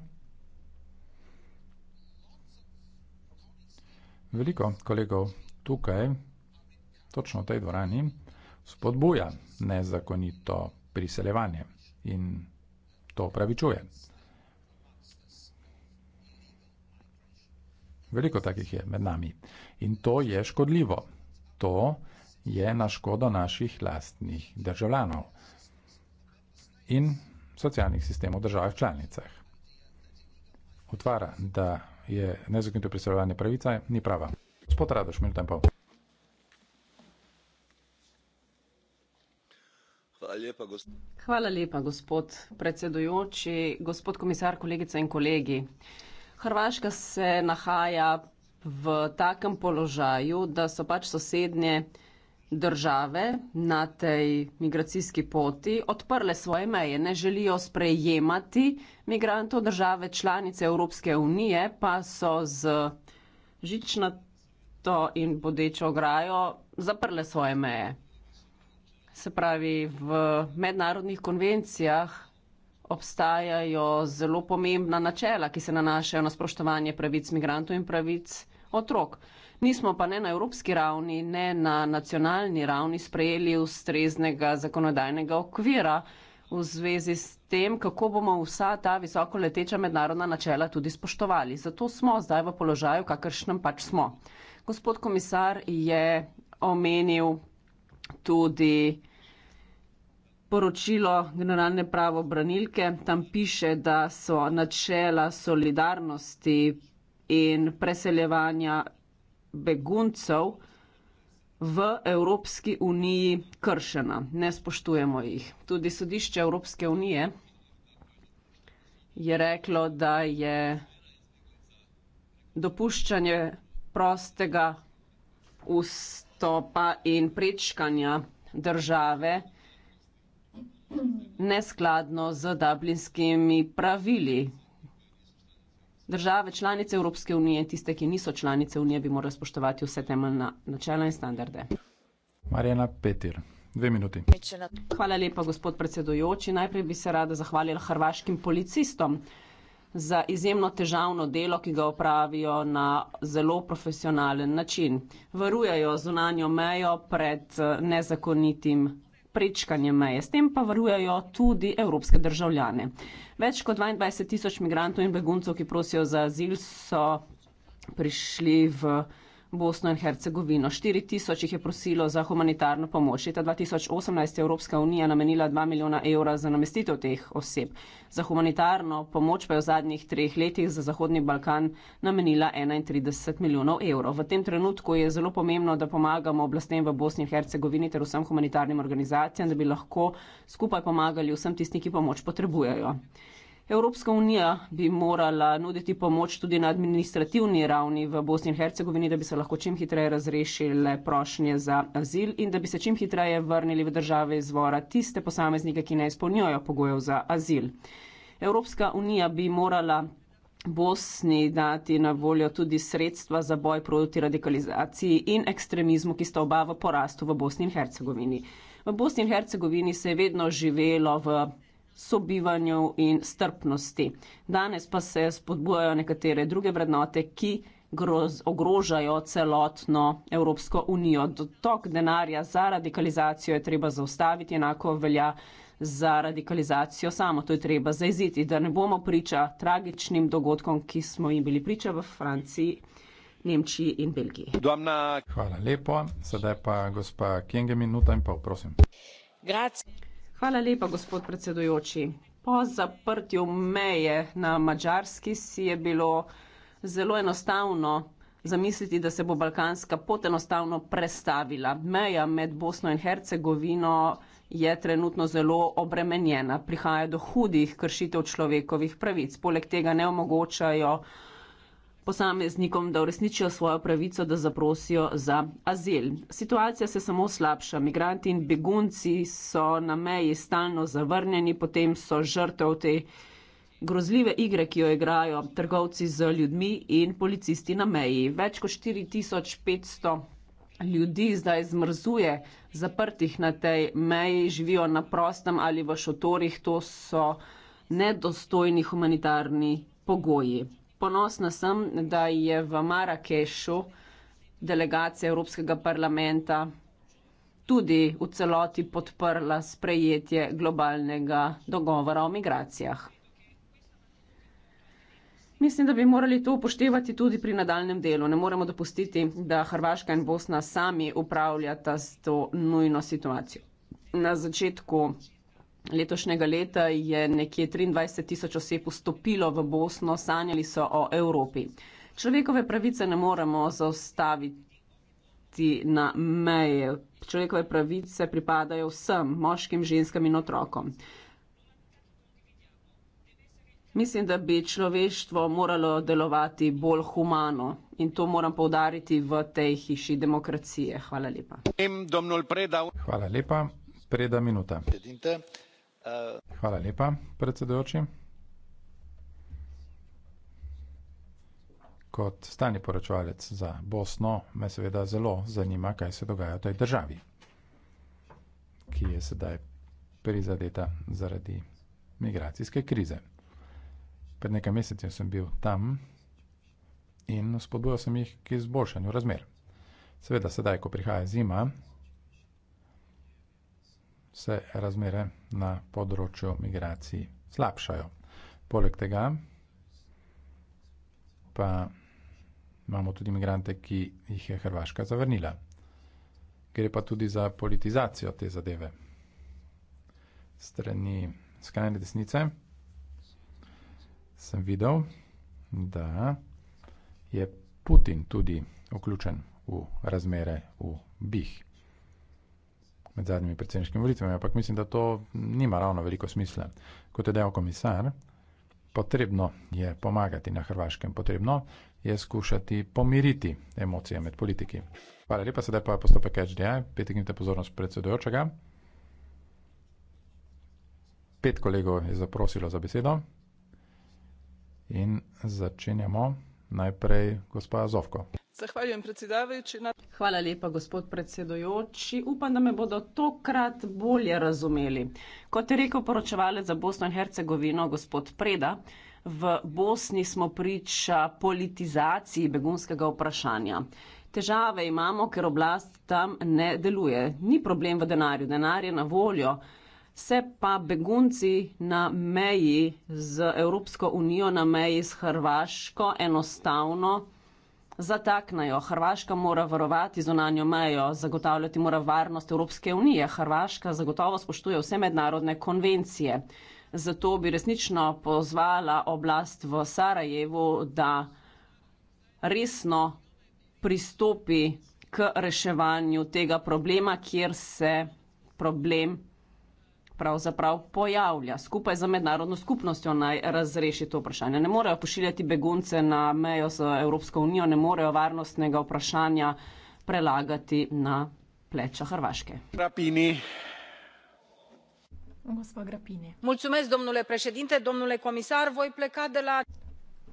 Veliko kolegov tukaj, točno v tej dvorani, spodbuja nezakonito priseljevanje in to pravičuje. Veliko takih je med nami. In to je škodljivo. To je na škodo naših lastnih državljanov in socialnih sistemov v državah članicah. Otvara, da je nezakonito priseljevanje pravica, ni prava. Gospod Radoš, minuta in pol. Hvala lepa, gospod. Hvala lepa, gospod predsedujoči, gospod komisar, kolegice in kolegi. Hrvaška se nahaja v takem položaju, da so pač sosednje države na tej migracijski poti odprle svoje meje, ne želijo sprejemati migrantov, države članice Evropske unije pa so z žičnato in bodečo ograjo zaprle svoje meje. Se pravi, v mednarodnih konvencijah obstajajo zelo pomembna načela, ki se nanašajo na spoštovanje pravic migrantov in pravic otrok. Nismo pa ne na evropski ravni, ne na nacionalni ravni sprejeli ustreznega zakonodajnega okvira v zvezi s tem, kako bomo vsa ta visoko leteča mednarodna načela tudi spoštovali. Zato smo zdaj v položaju, kakršnem pač smo. Gospod komisar je omenil tudi poročilo generalne pravobranilke. Tam piše, da so načela solidarnosti in preseljevanja beguncev v Evropski uniji kršena. Ne spoštujemo jih. Tudi sodišče Evropske unije je reklo, da je dopuščanje prostega ustopa in prečkanja države neskladno z dublinskimi pravili. Države članice Evropske unije, tiste, ki niso članice unije, bi morali spoštovati vse temeljna načela in standarde. Marjena Petir. Hvala lepa, gospod predsedujoči. Najprej bi se rada zahvalila hrvaškim policistom za izjemno težavno delo, ki ga opravijo na zelo profesionalen način. Varujajo zunanjo mejo pred nezakonitim prečkanje meje, s tem pa varujejo tudi evropske državljane. Več kot 22 tisoč migrantov in beguncev, ki prosijo za azil, so prišli v. Bosno in Hercegovino. 4 tisoč jih je prosilo za humanitarno pomoč. Leta 2018 je Evropska unija namenila 2 milijona evra za namestitev teh oseb. Za humanitarno pomoč pa je v zadnjih treh letih za Zahodni Balkan namenila 31 milijonov evrov. V tem trenutku je zelo pomembno, da pomagamo oblastem v Bosni in Hercegovini ter vsem humanitarnim organizacijam, da bi lahko skupaj pomagali vsem tistim, ki pomoč potrebujejo. Evropska unija bi morala nuditi pomoč tudi na administrativni ravni v Bosni in Hercegovini, da bi se lahko čim hitreje razrešile prošnje za azil in da bi se čim hitreje vrnili v države izvora tiste posameznike, ki ne izpolnjujejo pogojev za azil. Evropska unija bi morala Bosni dati na voljo tudi sredstva za boj proti radikalizaciji in ekstremizmu, ki sta oba v porastu v Bosni in Hercegovini. V Bosni in Hercegovini se je vedno živelo v sobivanju in strpnosti. Danes pa se spodbujajo nekatere druge vrednote, ki groz, ogrožajo celotno Evropsko unijo. Dotok denarja za radikalizacijo je treba zaustaviti, enako velja za radikalizacijo samo. To je treba zaiziti, da ne bomo priča tragičnim dogodkom, ki smo jim bili priča v Franciji. Nemčiji in Belgiji. Domna. Hvala lepo, sedaj pa gospa Kenge, minuta in pol, prosim. Grazie. Hvala lepa, gospod predsedujoči. Po zaprtju meje na Mačarski si je bilo zelo enostavno zamisliti, da se bo balkanska pot enostavno prestavila. Meja med Bosno in Hercegovino je trenutno zelo obremenjena, prihaja do hudih kršitev človekovih pravic. Poleg tega ne omogočajo posameznikom, da uresničijo svojo pravico, da zaprosijo za azil. Situacija se samo slabša. Migranti in begunci so na meji stalno zavrnjeni, potem so žrtev te grozljive igre, ki jo igrajo trgovci z ljudmi in policisti na meji. Več kot 4500 ljudi zdaj zmrzuje, zaprtih na tej meji, živijo na prostem ali v šotorih. To so nedostojni humanitarni pogoji. Ponosna sem, da je v Marrakešu delegacija Evropskega parlamenta tudi v celoti podprla sprejetje globalnega dogovora o migracijah. Mislim, da bi morali to upoštevati tudi pri nadaljem delu. Ne moremo dopustiti, da Hrvaška in Bosna sami upravljata s to nujno situacijo. Na začetku letošnjega leta je nekje 23 tisoč oseb vstopilo v Bosno, sanjali so o Evropi. Človekove pravice ne moremo zaustaviti na meje. Človekove pravice pripadajo vsem, moškim, ženskam in otrokom. Mislim, da bi človeštvo moralo delovati bolj humano in to moram povdariti v tej hiši demokracije. Hvala lepa. Hvala lepa. Preda minuta. Hvala lepa, predsedujoči. Kot stani poročevalec za Bosno me seveda zelo zanima, kaj se dogaja v tej državi, ki je sedaj prizadeta zaradi migracijske krize. Pred nekaj mesecem sem bil tam in spodbujal sem jih k izboljšanju razmer. Seveda sedaj, ko prihaja zima, se razmere na področju migracij slabšajo. Poleg tega pa imamo tudi migrante, ki jih je Hrvaška zavrnila. Gre pa tudi za politizacijo te zadeve strani skrajne desnice sem videl, da je Putin tudi vključen v razmere v BIH med zadnjimi predsedniškimi volitvami, ampak mislim, da to nima ravno veliko smisla. Kot je dejal komisar, potrebno je pomagati na Hrvaškem, potrebno je skušati pomiriti emocije med politiki. Hvala lepa, sedaj pa je postopek HDI, petekinite pozornost predsedujočega. Pet kolegov je zaprosilo za besedo in začenjamo najprej gospa Zovko. Zahvaljujem predsedavajoči. Na... Hvala lepa, gospod predsedujoči. Upam, da me bodo tokrat bolje razumeli. Kot je rekel poročevalec za Bosno in Hercegovino, gospod Preda, v Bosni smo priča politizaciji begunskega vprašanja. Težave imamo, ker oblast tam ne deluje. Ni problem v denarju, denar je na voljo se pa begunci na meji z Evropsko unijo, na meji s Hrvaško enostavno zataknajo. Hrvaška mora varovati zonanjo mejo, zagotavljati mora varnost Evropske unije. Hrvaška zagotovo spoštuje vse mednarodne konvencije. Zato bi resnično pozvala oblast v Sarajevu, da resno pristopi k reševanju tega problema, kjer se problem pravzaprav pojavlja. Skupaj za mednarodno skupnostjo naj razreši to vprašanje. Ne morejo pošiljati begunce na mejo z Evropsko unijo, ne morejo varnostnega vprašanja prelagati na pleča Hrvaške. Rapini. Gospa Grapini. Mulțumesc, domnule președinte, domnule comisar, voi pleca de la...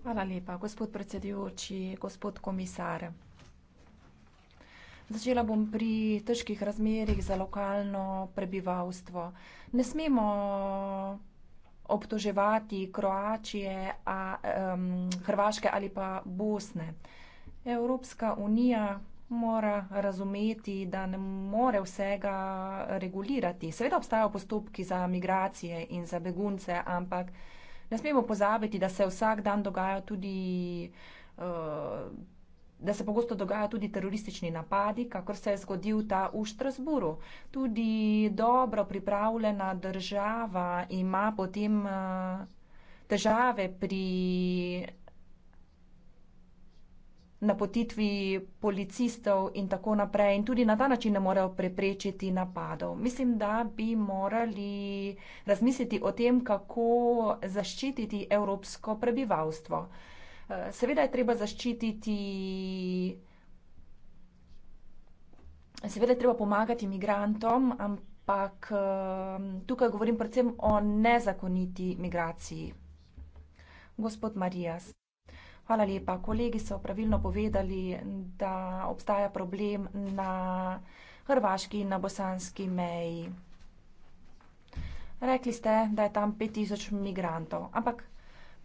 Hvala lepa, gospod predsedujoči, gospod komisar. Začela bom pri težkih razmerih za lokalno prebivalstvo. Ne smemo obtoževati Kroačije, a, um, Hrvaške ali pa Bosne. Evropska unija mora razumeti, da ne more vsega regulirati. Seveda obstajajo postopki za migracije in za begunce, ampak ne smemo pozabiti, da se vsak dan dogaja tudi uh, da se pogosto dogajajo tudi teroristični napadi, kakor se je zgodil ta v Štrasburu. Tudi dobro pripravljena država ima potem eh, težave pri napotitvi policistov in tako naprej in tudi na ta način ne morejo preprečiti napadov. Mislim, da bi morali razmisliti o tem, kako zaščititi evropsko prebivalstvo. Seveda je treba zaščititi, seveda je treba pomagati imigrantom, ampak tukaj govorim predvsem o nezakoniti migraciji. Gospod Marijas. Hvala lepa. Kolegi so pravilno povedali, da obstaja problem na hrvaški in na bosanski meji. Rekli ste, da je tam 5000 migrantov, ampak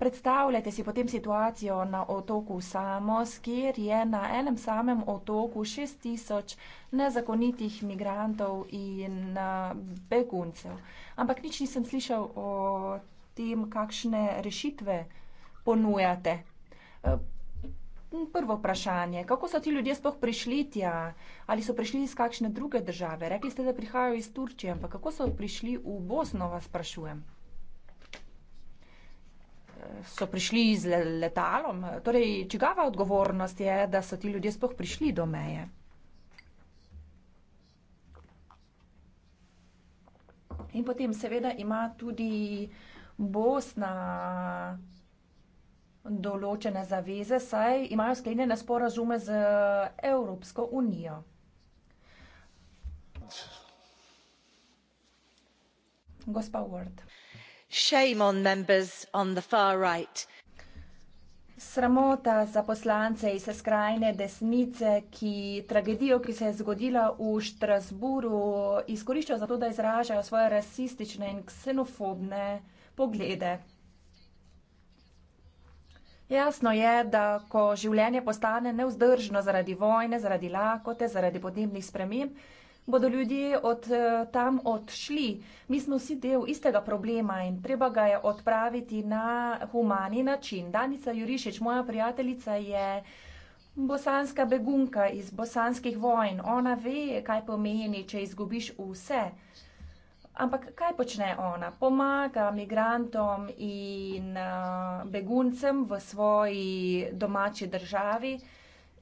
Predstavljajte si potem situacijo na otoku Samos, kjer je na enem samem otoku 6000 nezakonitih migrantov in beguncev. Ampak nič nisem slišal o tem, kakšne rešitve ponujate. E, prvo vprašanje, kako so ti ljudje sploh prišli tja? Ali so prišli iz kakšne druge države? Rekli ste, da prihajajo iz Turčije, ampak kako so prišli v Bosno, vas sprašujem so prišli z letalom. Torej, čigava odgovornost je, da so ti ljudje sploh prišli do meje? In potem seveda ima tudi Bosna določene zaveze, saj imajo sklenjene sporazume z Evropsko unijo. Gospa Ward shame on members on the far right sramota za poslance iz skrajne desnice, ki tragedijo, ki se je zgodila v Štrasburu, izkoriščajo zato, da izražajo svoje rasistične in ksenofobne poglede. Jasno je, da ko življenje postane neuzdržno zaradi vojne, zaradi lakote, zaradi podnebnih sprememb, bodo ljudje od eh, tam odšli. Mi smo vsi del istega problema in treba ga je odpraviti na humani način. Danica Jurišič, moja prijateljica, je bosanska begunka iz bosanskih vojn. Ona ve, kaj pomeni, če izgubiš vse. Ampak kaj počne ona? Pomaga migrantom in eh, beguncem v svoji domači državi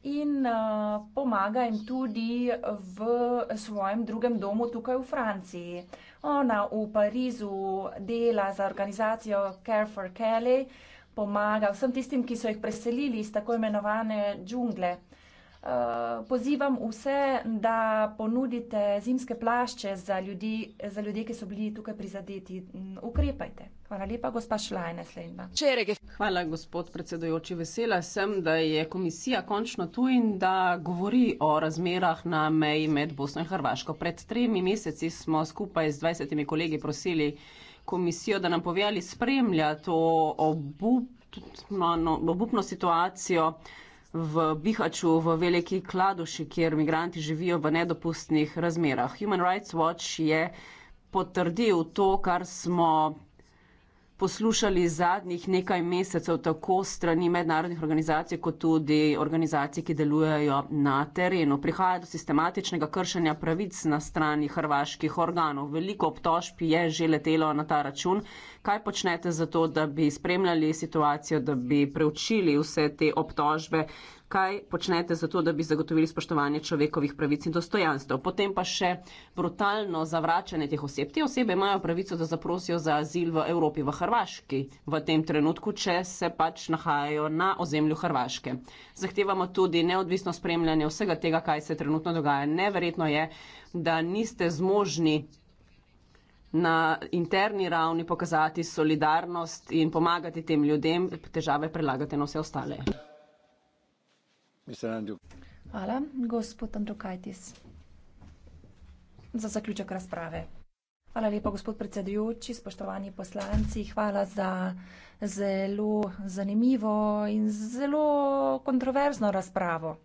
in uh, pomaga jim tudi v svojem drugem domu tukaj v Franciji. Ona v Parizu dela za organizacijo Care for Kelly, pomaga vsem tistim, ki so jih preselili iz tako imenovane džungle. Eh, pozivam vse, da ponudite zimske plašče za ljudi, za ljudi, ki so bili tukaj prizadeti. Mm, ukrepajte. Hvala lepa, gospa Šlajna Slejnba. Hvala, gospod predsedojoči. Vesela sem, da je komisija končno tu in da govori o razmerah na meji med Bosno in Hrvaško. Pred tremi meseci smo skupaj z 20 kolegi prosili komisijo, da nam povejali spremlja to obupno, no, obupno situacijo v Bihaču, v Veliki Kladuši, kjer migranti živijo v nedopustnih razmerah. Human Rights Watch je potrdil to, kar smo poslušali zadnjih nekaj mesecev tako strani mednarodnih organizacij, kot tudi organizacij, ki delujejo na terenu. Prihaja do sistematičnega kršenja pravic na strani hrvaških organov. Veliko obtožb je že letelo na ta račun. Kaj počnete za to, da bi spremljali situacijo, da bi preučili vse te obtožbe? kaj počnete za to, da bi zagotovili spoštovanje človekovih pravic in dostojanstv. Potem pa še brutalno zavračanje teh oseb. Te osebe imajo pravico, da zaprosijo za azil v Evropi, v Hrvaški, v tem trenutku, če se pač nahajajo na ozemlju Hrvaške. Zahtevamo tudi neodvisno spremljanje vsega tega, kaj se trenutno dogaja. Neverjetno je, da niste zmožni na interni ravni pokazati solidarnost in pomagati tem ljudem, težave prelagati na vse ostale. Hvala, gospod Andrukajtis, za zaključek razprave. Hvala lepa, gospod predsedujoči, spoštovani poslanci, hvala za zelo zanimivo in zelo kontroverzno razpravo.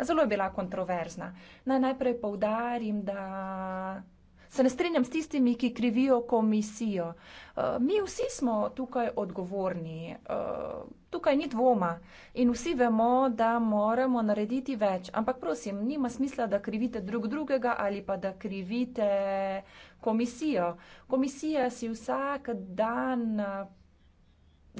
Zelo je bila kontroverzna. Naj najprej poudarim, da se ne strinjam s tistimi, ki krivijo komisijo. Eh, mi vsi smo tukaj odgovorni, eh, tukaj ni dvoma in vsi vemo, da moramo narediti več. Ampak prosim, nima smisla, da krivite drug drugega ali pa da krivite komisijo. Komisija si vsak dan. Eh,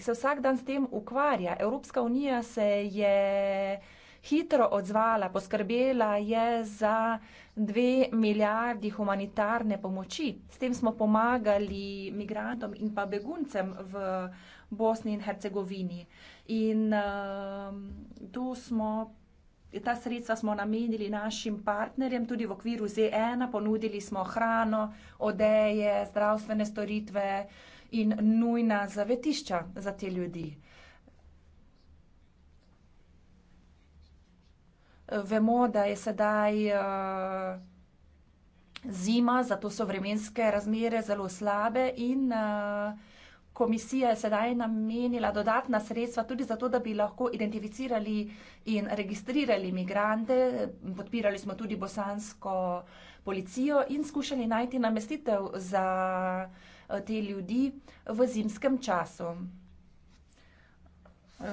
se vsak dan s tem ukvarja. Evropska unija se je uh, hitro odzvala, poskrbela je za dve milijardi humanitarne pomoči. S tem smo pomagali migrantom in pa beguncem v Bosni in Hercegovini. In uh, tu smo. Ta sredstva smo namenili našim partnerjem, tudi v okviru ZN, ponudili smo hrano, odeje, zdravstvene storitve in nujna zavetišča za te ljudi. Vemo, da je sedaj uh, zima, zato so vremenske razmere zelo slabe in uh, komisija je sedaj namenila dodatna sredstva tudi zato, da bi lahko identificirali in registrirali migrante. Podpirali smo tudi bosansko policijo in skušali najti namestitev za eh, te ljudi v zimskem času.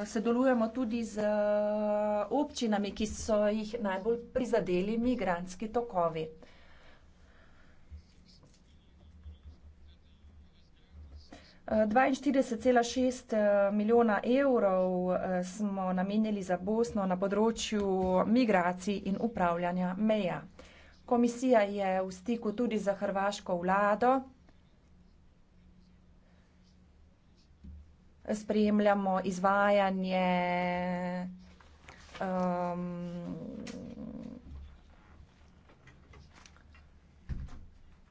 Sodelujemo tudi z eh, občinami, ki so jih najbolj prizadeli migranski tokovi. Eh, dvainštirideset cela šest eh, milijona evrov smo namenili za Bosno na področju migracij in upravljanja meja. Komisija je v stiku tudi s hrvaško vlado. spremljamo izvajanje um,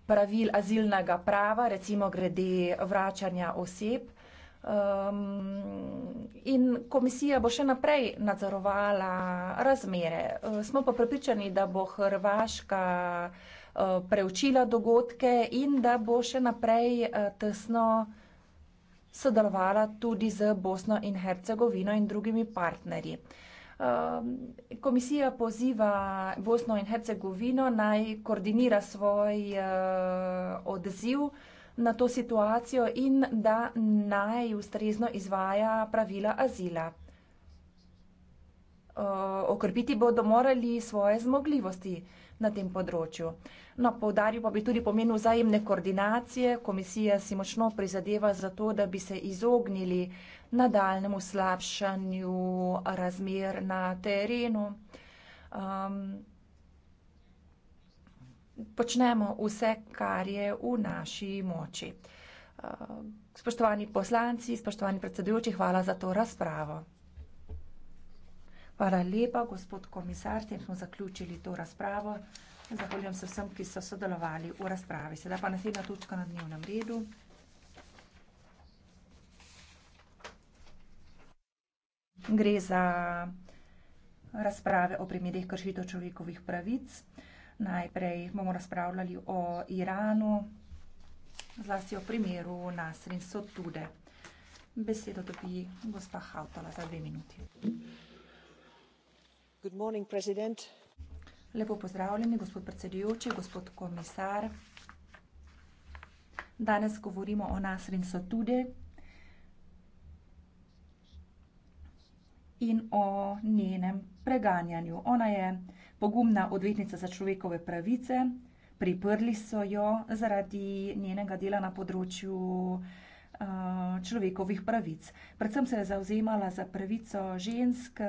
pravil azilnega prava, recimo grede vračanja oseb. Um, in komisija bo še naprej nadzorovala razmere. Uh, smo pa pripričani, da bo Hrvaška uh, preučila dogodke in da bo še naprej uh, tesno uh, sodelovala tudi z Bosno in Hercegovino in drugimi partnerji. Ehm, komisija poziva Bosno in Hercegovino naj koordinira svoj eh, odziv na to situacijo in da naj ustrezno izvaja pravila azila. Ehm, Okrpiti bodo morali svoje zmogljivosti na tem področju. No, povdaril pa bi tudi pomen vzajemne koordinacije. Komisija si močno prizadeva za to, da bi se izognili nadaljemu slabšanju razmer na terenu. Um, počnemo vse, kar je v naši moči. Uh, spoštovani poslanci, spoštovani predsedujoči, hvala za to razpravo. Hvala lepa, gospod komisar, s tem smo zaključili to razpravo. Zahvaljujem se vsem, ki so sodelovali v razpravi. Sedaj pa naslednja točka na dnevnem redu. Gre za razprave o primerih kršitev človekovih pravic. Najprej bomo razpravljali o Iranu, zlasti o primeru Nasrin Sotude. Besedo dobi gospa Hautala za dve minuti. Good morning, President. Lepo pozdravljeni, gospod predsedujoči, gospod komisar. Danes govorimo o Nasrin Satudi in o njenem preganjanju. Ona je pogumna odvetnica za človekove pravice, priprli so jo zaradi njenega dela na področju eh, človekovih pravic. Predvsem se je zauzemala za pravico žensk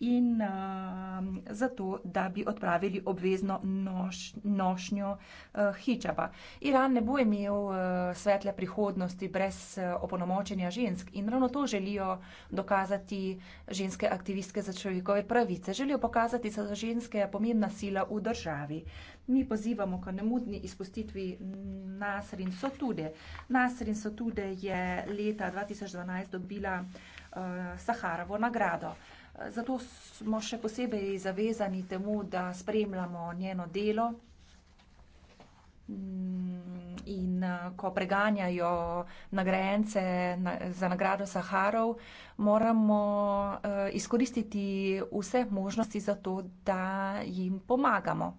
in uh, zato, da bi odpravili obvezno noš, nošnjo uh, hijaba. Iran ne bo imel uh, svetle prihodnosti brez uh, opolnomočenja žensk in ravno to želijo dokazati ženske aktivistke za človekove pravice. Želijo pokazati, da so ženske pomembna sila v državi. Mi pozivamo k nemudni izpustitvi Nasrin Sotude. Nasrin Sotude je leta 2012 dobila uh, Saharovo nagrado. Zato smo še posebej zavezani temu, da spremljamo njeno delo in ko preganjajo nagrajence za nagrado Saharov, moramo eh, izkoristiti vse možnosti za to, da jim pomagamo.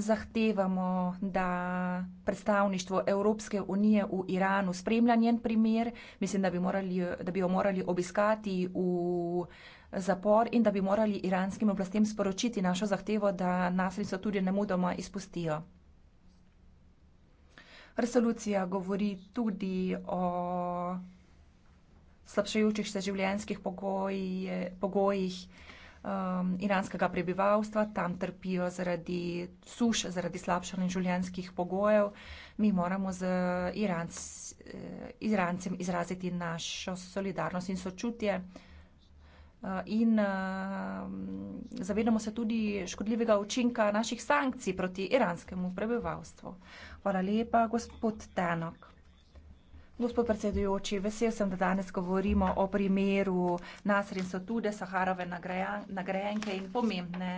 zahtevamo, da predstavništvo Evropske unije v Iranu spremlja njen primer. Mislim, da bi, morali, da bi jo morali obiskati v zapor in da bi morali iranskim oblastem sporočiti našo zahtevo, da nasilstvo tudi ne mudoma izpustijo. Resolucija govori tudi o slabšajočih se življenjskih pogojih. pogojih um, iranskega prebivalstva, tam trpijo zaradi suš, zaradi slabšanja življenskih pogojev. Mi moramo z Iranc, eh, Irancem izraziti našo solidarnost in sočutje. Eh, in uh, zavedamo se tudi škodljivega učinka naših sankcij proti iranskemu prebivalstvu. Hvala lepa, gospod Tenok. Gospod predsedujoči, vesel sem, da danes govorimo o primeru Nasrin Sotude, Saharove nagrajenke in pomembne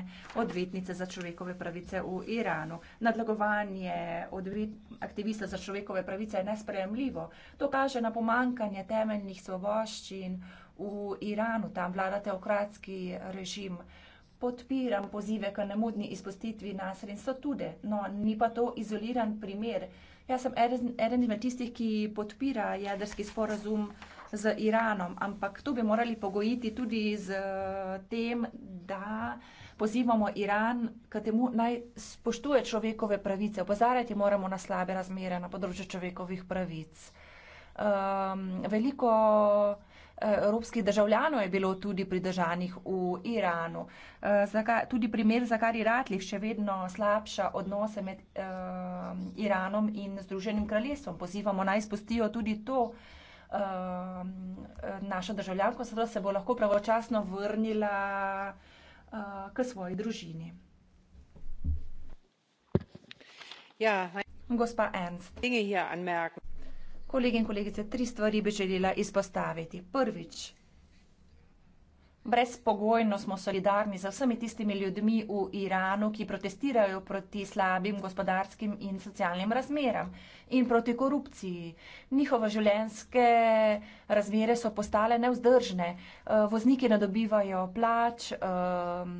odvetnice za človekove pravice v Iranu. Nadlagovanje odvet, aktivista za človekove pravice je nespremljivo. To kaže na pomankanje temeljnih svoboščin v Iranu. Tam vlada teokratski režim. Podpiram pozive k nemudni izpustitvi Nasrin Sotude, no ni pa to izoliran primer. Jaz sem eden izmed tistih, ki podpira jedrski sporazum z Iranom, ampak to bi morali pogojiti tudi z tem, da pozivamo Iran, da naj spoštuje človekove pravice. Opozarjati moramo na slabe razmere na področju človekovih pravic. Um, veliko evropskih državljanov je bilo tudi pridržanih v Iranu. Eh, tudi primer Zakari Ratlih še vedno slabša odnose med eh, Iranom in Združenim kraljestvom. Pozivamo naj spustijo tudi to eh, našo državljanko, zato se bo lahko pravočasno vrnila k svoji družini. Ja, gospa Ernst. Kolegi in kolegice, tri stvari bi želela izpostaviti. Prvič, brezpogojno smo solidarni z vsemi tistimi ljudmi v Iranu, ki protestirajo proti slabim gospodarskim in socialnim razmeram in proti korupciji. Njihove življenjske razmere so postale nevzdržne, eh, vozniki ne dobivajo plač. Um,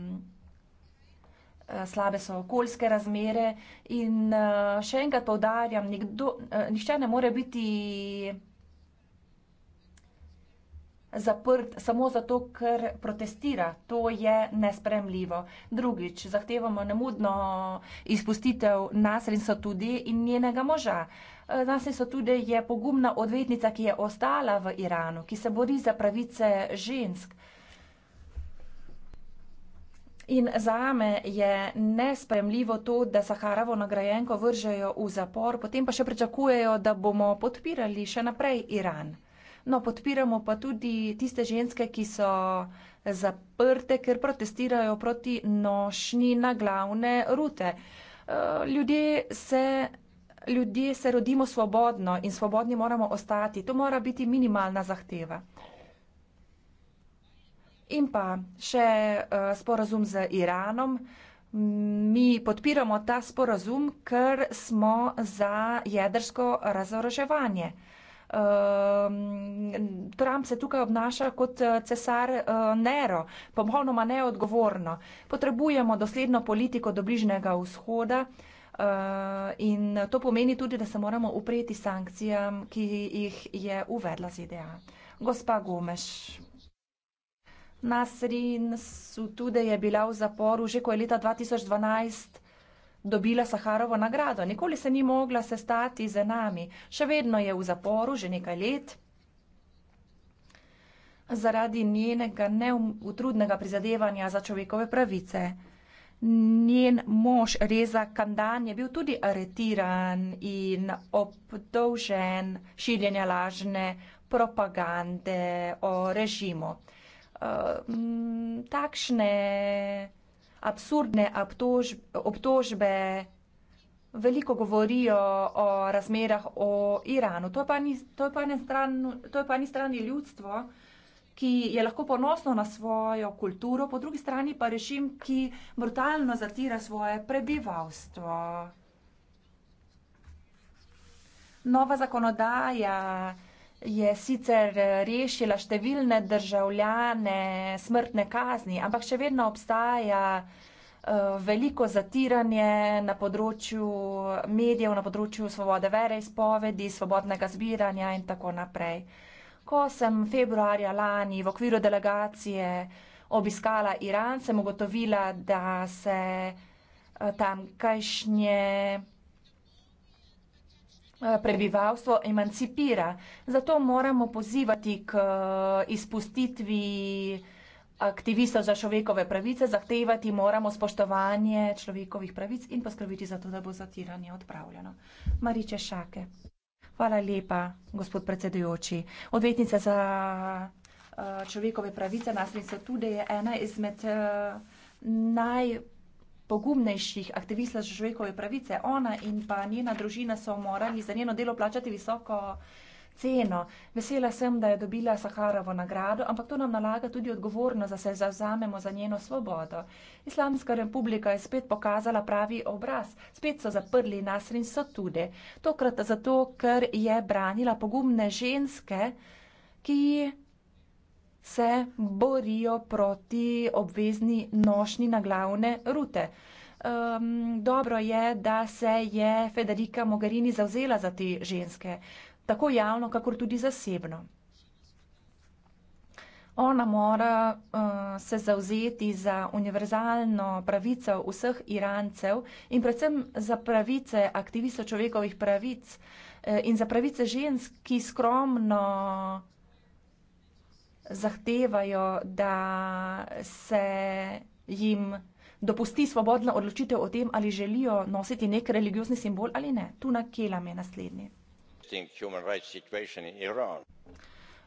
Eh, slabe so okoljske razmere in eh, še enkrat povdarjam, nikdo, eh, nihče ne more biti zaprt samo zato, ker protestira. To je nespremljivo. Drugič, zahtevamo nemudno izpustitev Nasrin Sotude in njenega moža. Nasrin Sotude je pogumna odvetnica, ki je ostala v Iranu, ki se bori za pravice žensk. In zame je nespremljivo to, da Saharovo nagrajenko vržejo v zapor, potem pa še pričakujejo, da bomo podpirali še naprej Iran. No, podpiramo pa tudi tiste ženske, ki so zaprte, ker protestirajo proti nošnji na glavne rute. E, ljudje se, ljudje se rodimo svobodno in svobodni moramo ostati. To mora biti minimalna zahteva. In pa še eh, sporazum z Iranom. Mi podpiramo ta sporazum, ker smo za jedrsko razoroževanje. Ehm, Trump se tukaj obnaša kot eh, cesar eh, Nero, pomolnoma neodgovorno. Potrebujemo dosledno politiko do bližnjega vzhoda in to pomeni tudi, da se moramo upreti sankcijam, ki jih je uvedla ZDA. Gospa Gomeš, Nasrin Sutude je bila v zaporu že ko je leta 2012 dobila Saharovo nagrado. Nikoli se ni mogla sestati z nami. Še vedno je v zaporu že nekaj let. Zaradi njenega neutrudnega prizadevanja za človekove pravice. Njen mož Reza Kandan je bil tudi aretiran in obdolžen širjenja lažne propagande o režimu. Eh, takšne absurdne obtož, obtožbe veliko govorijo o razmerah o Iranu. To pa ni, to pa ni, stran, to pa ni strani ljudstvo, ki je lahko ponosno na svojo kulturo, po drugi strani pa režim, ki brutalno zatira svoje prebivalstvo. Nova zakonodaja, je sicer eh, rešila številne državljane smrtne kazni, ampak še vedno obstaja eh, veliko zatiranje na področju medijev, na področju svobode vere, izpovedi, svobodnega zbiranja in tako naprej. Ko sem februarja lani v okviru delegacije obiskala Iran, sem ugotovila, da se eh, tamkajšnje Eh, prebivalstvo emancipira. Zato moramo pozivati k eh, izpustitvi aktivistov za človekove pravice, zahtevati moramo spoštovanje človekovih pravic in poskrbiti za to, da bo zatiranje odpravljeno. Mariče Šake. Hvala lepa, gospod predsedujoči. Odvetnica za eh, človekove pravice nas mislim tudi je ena izmed uh, najpomembnejših pogumnejših aktivistov za človekove pravice. Ona in pa njena družina so morali za njeno delo plačati visoko ceno. Vesela sem, da je dobila Saharovo nagrado, ampak to nam nalaga tudi odgovornost, da se zavzamemo za njeno svobodo. Islamska republika je spet pokazala pravi obraz. Spet so zaprli Nasrin Sotude. Tokrat zato, ker je branila pogumne ženske, ki se borijo proti obvezni nošnji naglavne rute. Um, dobro je, da se je Federica Mogherini zauzela za te ženske, tako javno, kakor tudi zasebno. Ona mora uh, se zauzeti za univerzalno pravico vseh Irancev in predvsem za pravice aktivistov človekovih pravic uh, in za pravice žensk, ki skromno zahtevajo, da se jim dopusti svobodna odločitev o tem, ali želijo nositi nek religiozni simbol ali ne. Tu na Kelam je naslednji.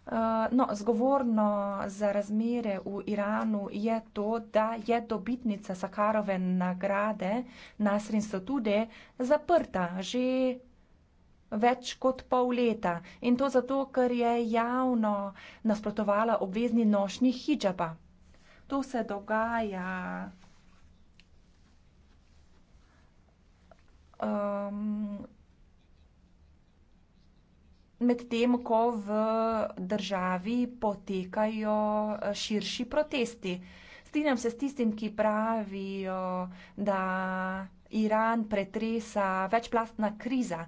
Uh, no, zgovorno za razmere v Iranu je to, da je dobitnica Sakarove nagrade Nasrin Sotude zaprta že več kot pol leta in to zato, ker je javno nasprotovala obvezni nošnji hijaba. To se dogaja. Um, Medtem, ko v državi potekajo širši protesti. Strinjam se s tistim, ki pravijo, da Iran pretresa večplastna kriza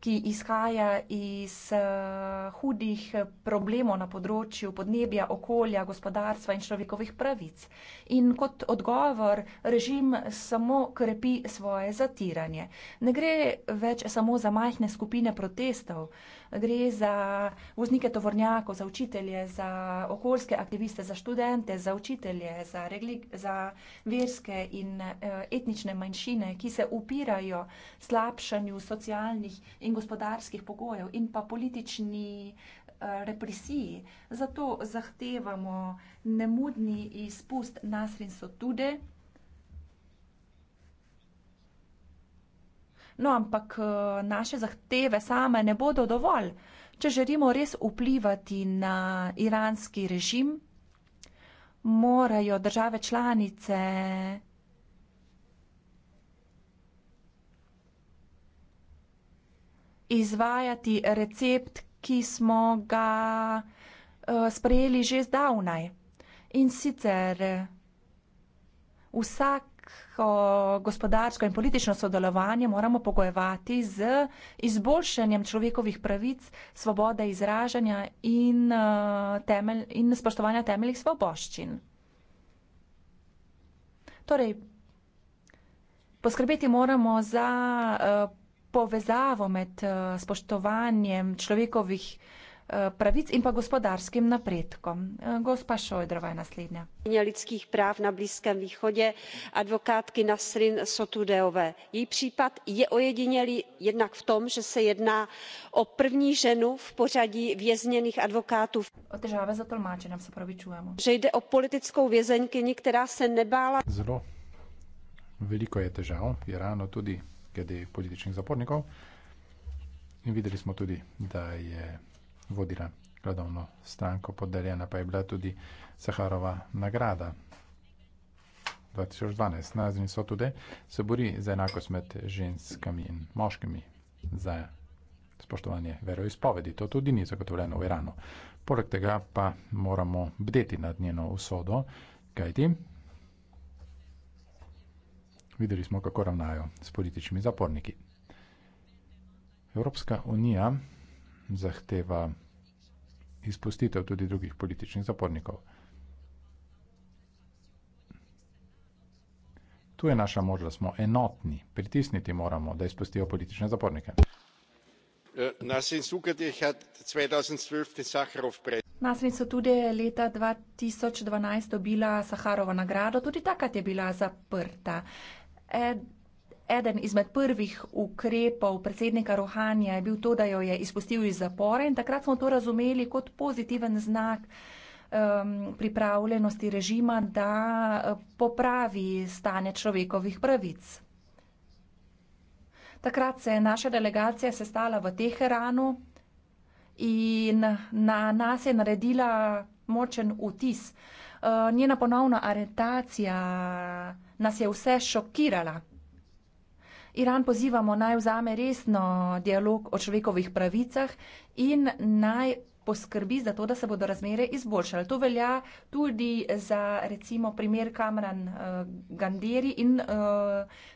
ki izhaja iz uh, hudih problemov na področju podnebja, okolja, gospodarstva in človekovih pravic. In kot odgovor, režim samo krepi svoje zatiranje. Ne gre več samo za majhne skupine protestov, uh, gre za voznike tovornjakov, za učitelje, za okoljske aktiviste, za študente, za učitelje, za, za verske in eh, etnične manjšine, ki se upirajo slabšanju socialnih in gospodarskih pogojev in pa politični eh, represiji. Zato zahtevamo nemudni izpust Nasrin Sotude. No, ampak eh, naše zahteve same ne bodo dovolj, če želimo res vplivati na iranski režim. Morajo države članice izvajati recept, ki smo ga eh, sprejeli že zdavnaj. In sicer vsak tako gospodarsko in politično sodelovanje moramo pogojevati z izboljšanjem človekovih pravic, svobode izražanja in, eh, temelj, in spoštovanja temeljih svoboščin. Torej, poskrbeti moramo za uh, povezavo med uh, spoštovanjem človekovih uh, Eh, pravic in pa gospodarskim napredkom. Eh, gospa Šojdrova je naslednja. Vprašanje ljudskih prav na Blízkém východě advokátky Nasrin Sotudeové. Její případ je ojedinělý jednak v tom, že se jedná o první ženu v pořadí vězněných advokátů. Otežáve za tolmáče, nám se provičujeme. Že jde o politickou vězeňkyni, která se nebála. Zlo. Veliko je težav, je ráno tudi, kedy političnih zapornikov. In videli smo tudi, da je vodila gledovno stranko, podeljena pa je bila tudi Saharova nagrada. 2012. Nazivni so tudi, se bori za enakost med ženskami in moškimi, za spoštovanje veroizpovedi. To tudi ni zagotovljeno v Iranu. Poleg tega pa moramo bdeti nad njeno usodo, kajti videli smo, kako ravnajo s političnimi zaporniki. Evropska unija zahteva izpustitev tudi drugih političnih zapornikov. Tu je naša možnost, smo enotni, pritisniti moramo, da izpustijo politične zapornike. Nasrin Sukatih je 2012 Saharov pred. Nasrin so tudi leta 2012 dobila Saharovo nagrado, tudi takrat je bila zaprta. Eden izmed prvih ukrepov predsednika Rohanja je bil to, da jo je izpustil iz zapora in takrat smo to razumeli kot pozitiven znak um, pripravljenosti režima, da uh, popravi stanje človekovih pravic. Takrat se je naša delegacija sestala v Teheranu in na nas je naredila močen vtis. Uh, njena ponovna aretacija nas je vse šokirala. Iran pozivamo naj vzame resno dialog o človekovih pravicah in naj poskrbi za to, da se bodo razmere izboljšale. To velja tudi za recimo primer Kamran uh, eh, Ganderi in uh,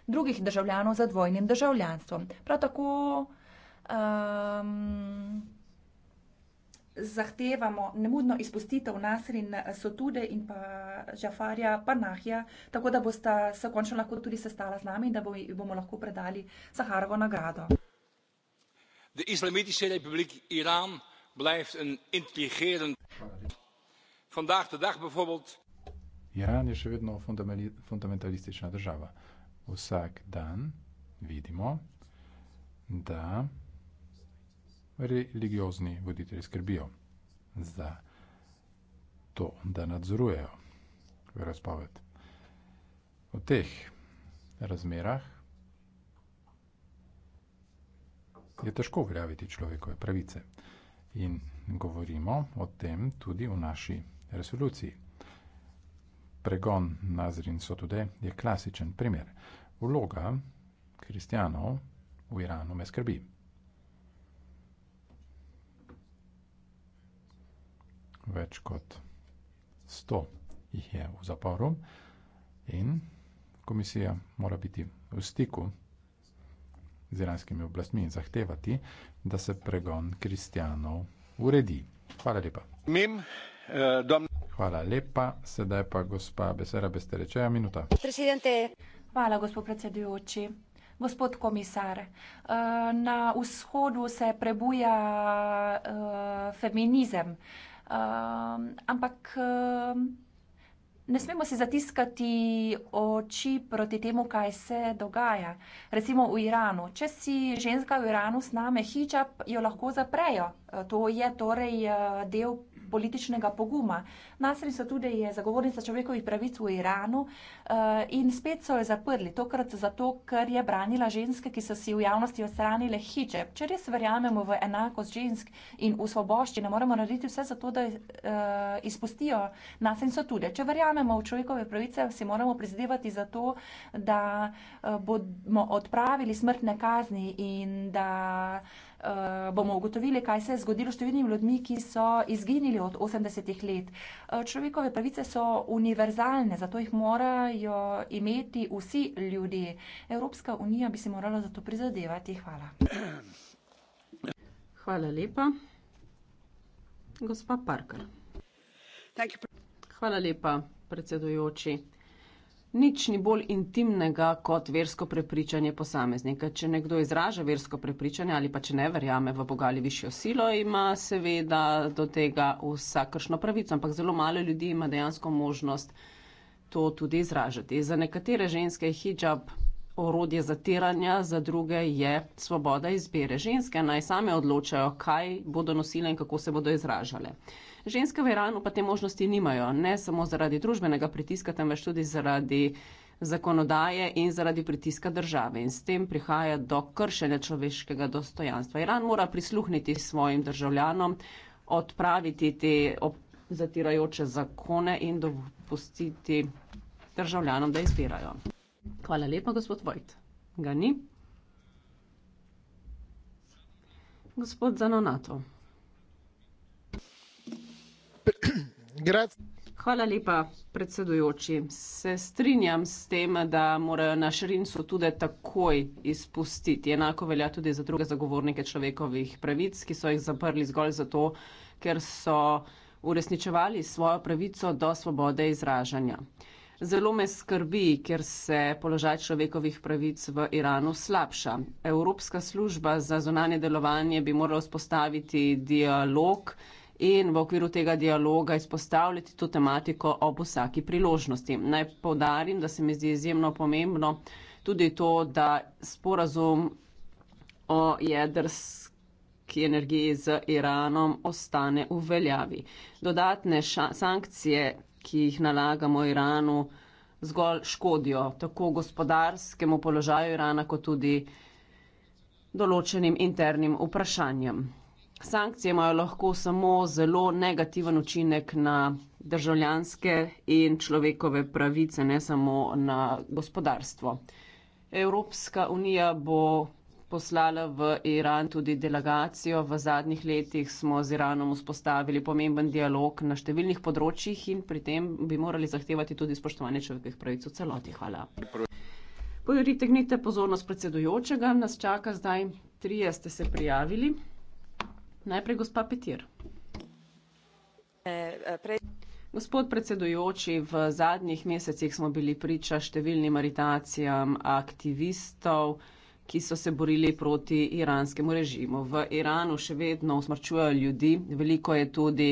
drugih državljanov za dvojnim državljanstvom. Prav tako um, zahtevamo nemudno izpustitev Nasrin Sotude in pa Žafarja Panahija, tako da bosta se končno lahko tudi sestala z nami in da bomo lahko predali Saharovo nagrado. De Islamitische Republiek Iran blijft een intrigerend. Vandaag de dag bijvoorbeeld. Iran is een fundamentalistische država. Vsak dan vidimo, da religiozni voditelji skrbijo za to, da nadzorujejo verozpoved. V teh razmerah je težko uveljaviti človekove pravice. In govorimo o tem tudi v naši resoluciji. Pregon Nazrin Sotude je klasičen primer. Vloga kristijanov v Iranu me skrbi. več kot 100 jih je v zaporu in komisija mora biti v stiku z iranskimi oblastmi in zahtevati, da se pregon kristijanov uredi. Hvala lepa. Mim, uh, dom... Hvala lepa, sedaj pa gospa Besera Besterečeja, minuta. Presidente. Hvala, gospod predsedujoči. Gospod komisar, eh, na vzhodu se prebuja eh, feminizem. Um, ampak um, ne smemo se zatiskati oči proti temu, kaj se dogaja. Recimo v Iranu. Če si ženska v Iranu s name hijab, jo lahko zaprejo. E, to je torej e, del političnega poguma. Nasri so tudi zagovornica človekovih pravic v Iranu eh, in spet so jo zaprli, tokrat zato, ker je branila ženske, ki so si v javnosti odstranile hijab. Če res verjamemo v enakost žensk in v svoboščine, moramo narediti vse za to, da eh, izpustijo nas in so tudi. Če verjamemo v človekove pravice, si moramo prizadevati za to, da eh, bomo odpravili smrtne kazni in da Eh, bomo ugotovili, kaj se je zgodilo številnim ljudmi, ki so izginili od 80-ih let. Eh, človekove pravice so univerzalne, zato jih morajo imeti vsi ljudje. Evropska unija bi se morala za to prizadevati. Hvala. Hvala lepa. Gospa Parker. Hvala lepa, predsedujoči. Nič ni bolj intimnega kot versko prepričanje posameznika. Če nekdo izraža versko prepričanje ali pa če ne verjame v Boga ali višjo silo, ima seveda do tega vsakršno pravico, ampak zelo malo ljudi ima dejansko možnost to tudi izražati. Za nekatere ženske je hijab orodje zatiranja, za druge je svoboda izbire. Ženske naj same odločajo, kaj bodo nosile in kako se bodo izražale. Ženske v Iranu pa te možnosti nimajo, ne samo zaradi družbenega pritiska, temveč tudi zaradi zakonodaje in zaradi pritiska države. In s tem prihaja do kršenja človeškega dostojanstva. Iran mora prisluhniti svojim državljanom, odpraviti te zatirajoče zakone in dopustiti državljanom, da izbirajo. Hvala lepa, gospod Vojt. Ga ni? Gospod Zanonato. Hvala lepa, predsedujoči. Se strinjam s tem, da morajo naš Rinco tudi takoj izpustiti. Enako velja tudi za druge zagovornike človekovih pravic, ki so jih zaprli zgolj zato, ker so uresničevali svojo pravico do svobode izražanja. Zelo me skrbi, ker se položaj človekovih pravic v Iranu slabša. Evropska služba za zonanje delovanje bi morala vzpostaviti dialog in v okviru tega dialoga izpostavljati to tematiko ob vsaki priložnosti. Naj povdarim, da se mi zdi izjemno pomembno tudi to, da sporazum o jedrskem ki energiji z Iranom ostane v veljavi. Dodatne sankcije, ki jih nalagamo Iranu, zgolj škodijo tako gospodarskemu položaju Irana, kot tudi določenim internim vprašanjem. Sankcije imajo lahko samo zelo negativen učinek na državljanske in človekove pravice, ne samo na gospodarstvo. Evropska unija bo poslala v Iran tudi delegacijo. V zadnjih letih smo z Iranom vzpostavili pomemben dialog na številnih področjih in pri tem bi morali zahtevati tudi spoštovanje človekovih pravic v celoti. Hvala. Pojurite, gnite pozornost predsedujočega, nas čaka zdaj. Trije ste se prijavili. E, e, Gospod predsedujoči, v zadnjih mesecih smo bili priča številnim aritacijam aktivistov, ki so se borili proti iranskemu režimu. V Iranu še vedno usmrčujejo ljudi, veliko je tudi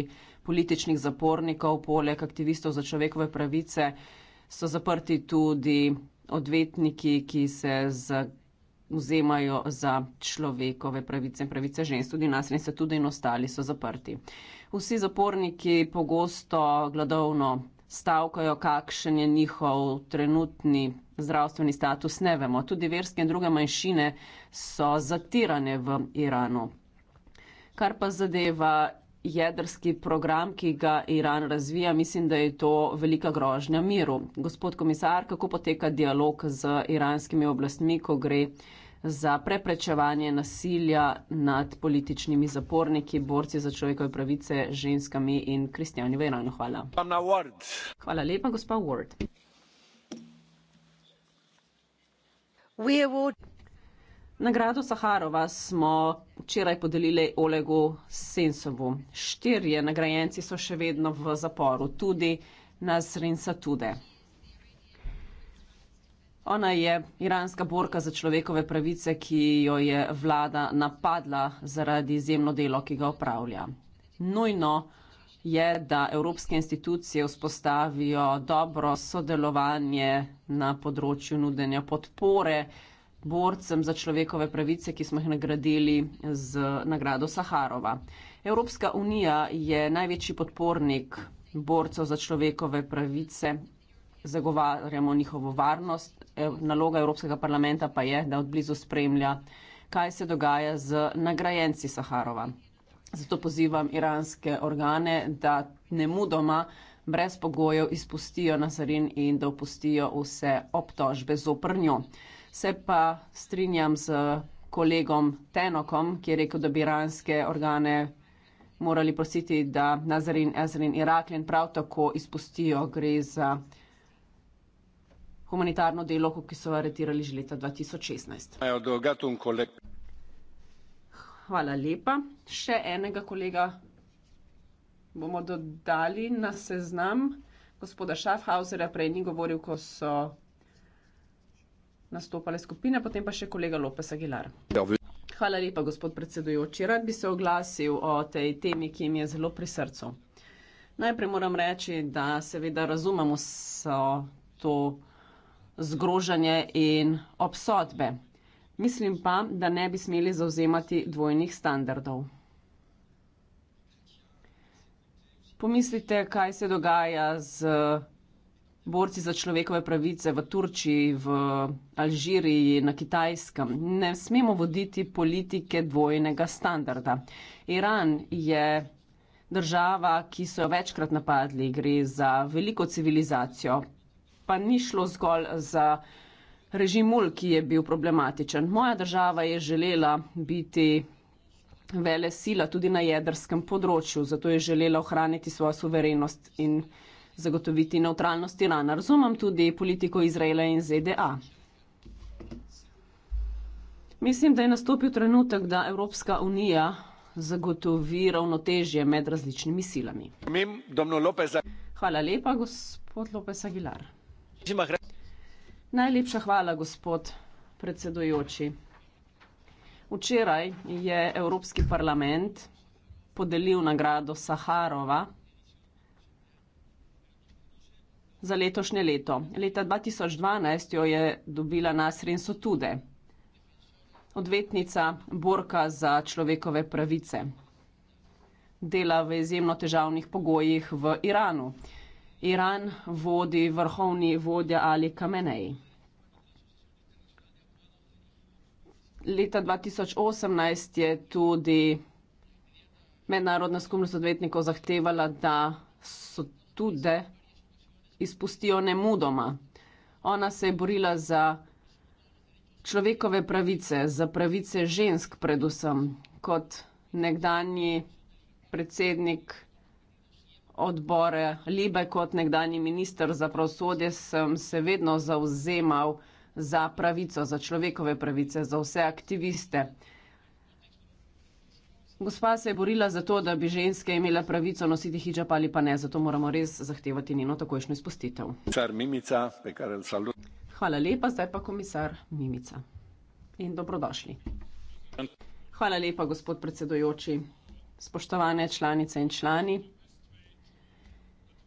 političnih zapornikov, poleg aktivistov za človekove pravice so zaprti tudi odvetniki, ki se z vzemajo za človekove pravice in pravice žensk, tudi nas in se tudi in ostali so zaprti. Vsi zaporniki pogosto gladovno stavkajo, kakšen je njihov trenutni zdravstveni status, ne vemo. Tudi verske in druge manjšine so zatirane v Iranu. Kar pa zadeva jedrski program, ki ga Iran razvija, mislim, da je to velika grožnja miru. Gospod komisar, kako poteka dialog z iranskimi oblastmi, ko gre za preprečevanje nasilja nad političnimi zaporniki, borci za človekove pravice, ženskami in kristjani v Iranu? Hvala. Hvala lepa, gospod Ward. Nagrado Saharova smo včeraj podelili Olegu Sensovu. Štirje nagrajenci so še vedno v zaporu, tudi Nasrin Satude. Ona je iranska borka za človekove pravice, ki jo je vlada napadla zaradi izjemno delo, ki ga opravlja. Nujno je, da evropske institucije vzpostavijo dobro sodelovanje na področju nudenja podpore borcem za človekove pravice, ki smo jih nagradili z nagrado Saharova. Evropska unija je največji podpornik borcev za človekove pravice, zagovarjamo njihovo varnost, e, naloga Evropskega parlamenta pa je, da odblizu spremlja, kaj se dogaja z nagrajenci Saharova. Zato pozivam iranske organe, da ne mudoma brez pogojev izpustijo Nazarin in da opustijo vse obtožbe z oprnjo. Se pa strinjam z kolegom Tenokom, ki je rekel, da bi iranske organe morali prositi, da Nazarin, Ezrin, Iraklin prav tako izpustijo. Gre za humanitarno delo, ki so aretirali že leta 2016. Hvala lepa. Še enega kolega bomo dodali na seznam. Gospoda Schaffhauserja prej ni govoril, ko so nastopale skupine, potem pa še kolega Lopes Aguilar. Ja, Hvala lepa, gospod predsedujoči. Rad bi se oglasil o tej temi, ki mi je zelo pri srcu. Najprej moram reči, da seveda razumemo so to zgrožanje in obsodbe. Mislim pa, da ne bi smeli zauzemati dvojnih standardov. Pomislite, kaj se dogaja z borci za človekove pravice v Turčiji, v Alžiriji, na Kitajskem. Ne smemo voditi politike dvojnega standarda. Iran je država, ki so jo večkrat napadli, gre za veliko civilizacijo, pa ni šlo zgolj za režim ul, ki je bil problematičen. Moja država je želela biti vele sila tudi na jedrskem področju, zato je želela ohraniti svojo suverenost in zagotoviti neutralnost Irana. Razumem tudi politiko Izraela in ZDA. Mislim, da je nastopil trenutek, da Evropska unija zagotovi ravnotežje med različnimi silami. Hvala lepa, gospod Lopes Aguilar. Najlepša hvala, gospod predsedujoči. Včeraj je Evropski parlament podelil nagrado Saharova za letošnje leto. Leta 2012 jo je dobila Nasrin Sotude, odvetnica borka za človekove pravice. Dela v izjemno težavnih pogojih v Iranu. Iran vodi vrhovni vodja Ali Kamenej. Leta 2018 je tudi mednarodna skupnost odvetnikov zahtevala, da so tudi izpustijo nemudoma. Ona se je borila za človekove pravice, za pravice žensk, predvsem kot nekdani predsednik odbora Libe, kot nekdani minister za pravosodje, sem se vedno zauzemal za pravico, za človekove pravice, za vse aktiviste. Gospa se je borila za to, da bi ženske imele pravico nositi hijab ali pa ne, zato moramo res zahtevati njeno takojšno izpustitev. Hvala lepa, zdaj pa komisar Mimica. In dobrodošli. Hvala lepa, gospod predsedojoči, spoštovane članice in člani.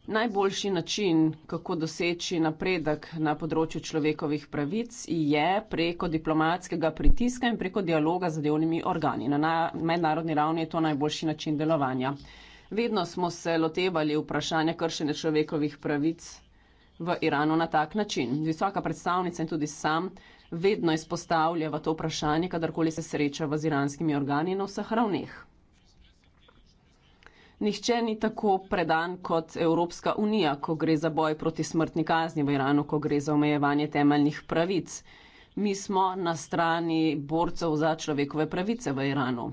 Najboljši način, kako doseči napredek na področju človekovih pravic, je preko diplomatskega pritiska in preko dialoga z delovnimi organi. Na mednarodni ravni je to najboljši način delovanja. Vedno smo se lotevali vprašanja kršene človekovih pravic v Iranu na tak način. Visoka predstavnica in tudi sam vedno izpostavlja to vprašanje, kadarkoli se sreča v iranskimi organi na vseh ravneh nihče ni tako predan kot Evropska unija, ko gre za boj proti smrtni kazni v Iranu, ko gre za omejevanje temeljnih pravic. Mi smo na strani borcev za človekove pravice v Iranu.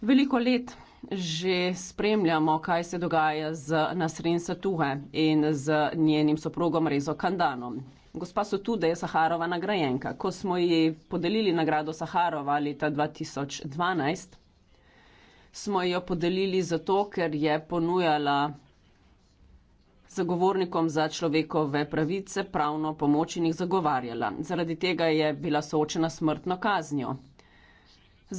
Veliko let že spremljamo, kaj se dogaja z Nasrin Satuhe in z njenim soprogom Rezo Kandanom. Gospa Satude je Saharova nagrajenka. Ko smo ji podelili nagrado Saharova leta 2012, smo jo podelili zato, ker je ponujala zagovornikom za človekove pravice pravno pomoč in jih zagovarjala. Zaradi tega je bila soočena smrtno kaznjo.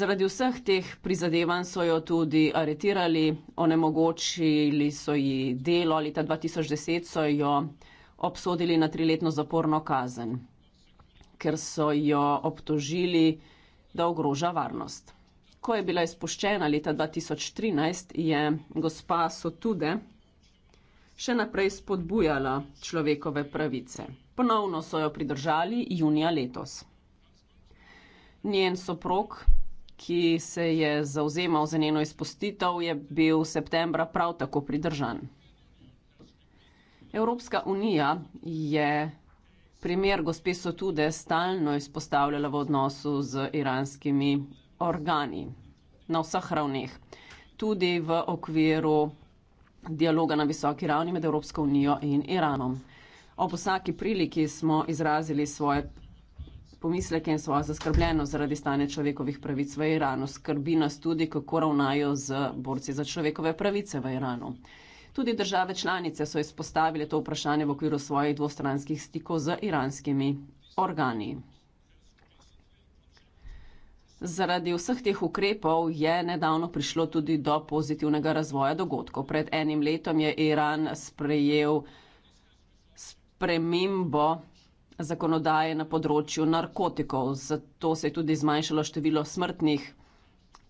Zaradi vseh teh prizadevanj so jo tudi aretirali, onemogočili so ji delo, leta 2010 so jo obsodili na triletno zaporno kazen, ker so jo obtožili, da ogroža varnost ko je bila izpuščena leta 2013, je gospa Sotude še naprej spodbujala človekove pravice. Ponovno so jo pridržali junija letos. Njen soprog, ki se je zauzemal za njeno izpustitev, je bil v septembra prav tako pridržan. Evropska unija je primer gospe Sotude stalno izpostavljala v odnosu z iranskimi organi na vseh ravneh, tudi v okviru dialoga na visoki ravni med Evropsko unijo in Iranom. Ob vsaki priliki smo izrazili svoje pomisleke in svojo zaskrbljenost zaradi stanja človekovih pravic v Iranu. Skrbi nas tudi, kako ravnajo z borci za človekove pravice v Iranu. Tudi države članice so izpostavile to vprašanje v okviru svojih dvostranskih stikov z iranskimi organi. Zaradi vseh teh ukrepov je nedavno prišlo tudi do pozitivnega razvoja dogodkov. Pred enim letom je Iran sprejel spremembo zakonodaje na področju narkotikov, zato se je tudi zmanjšalo število smrtnih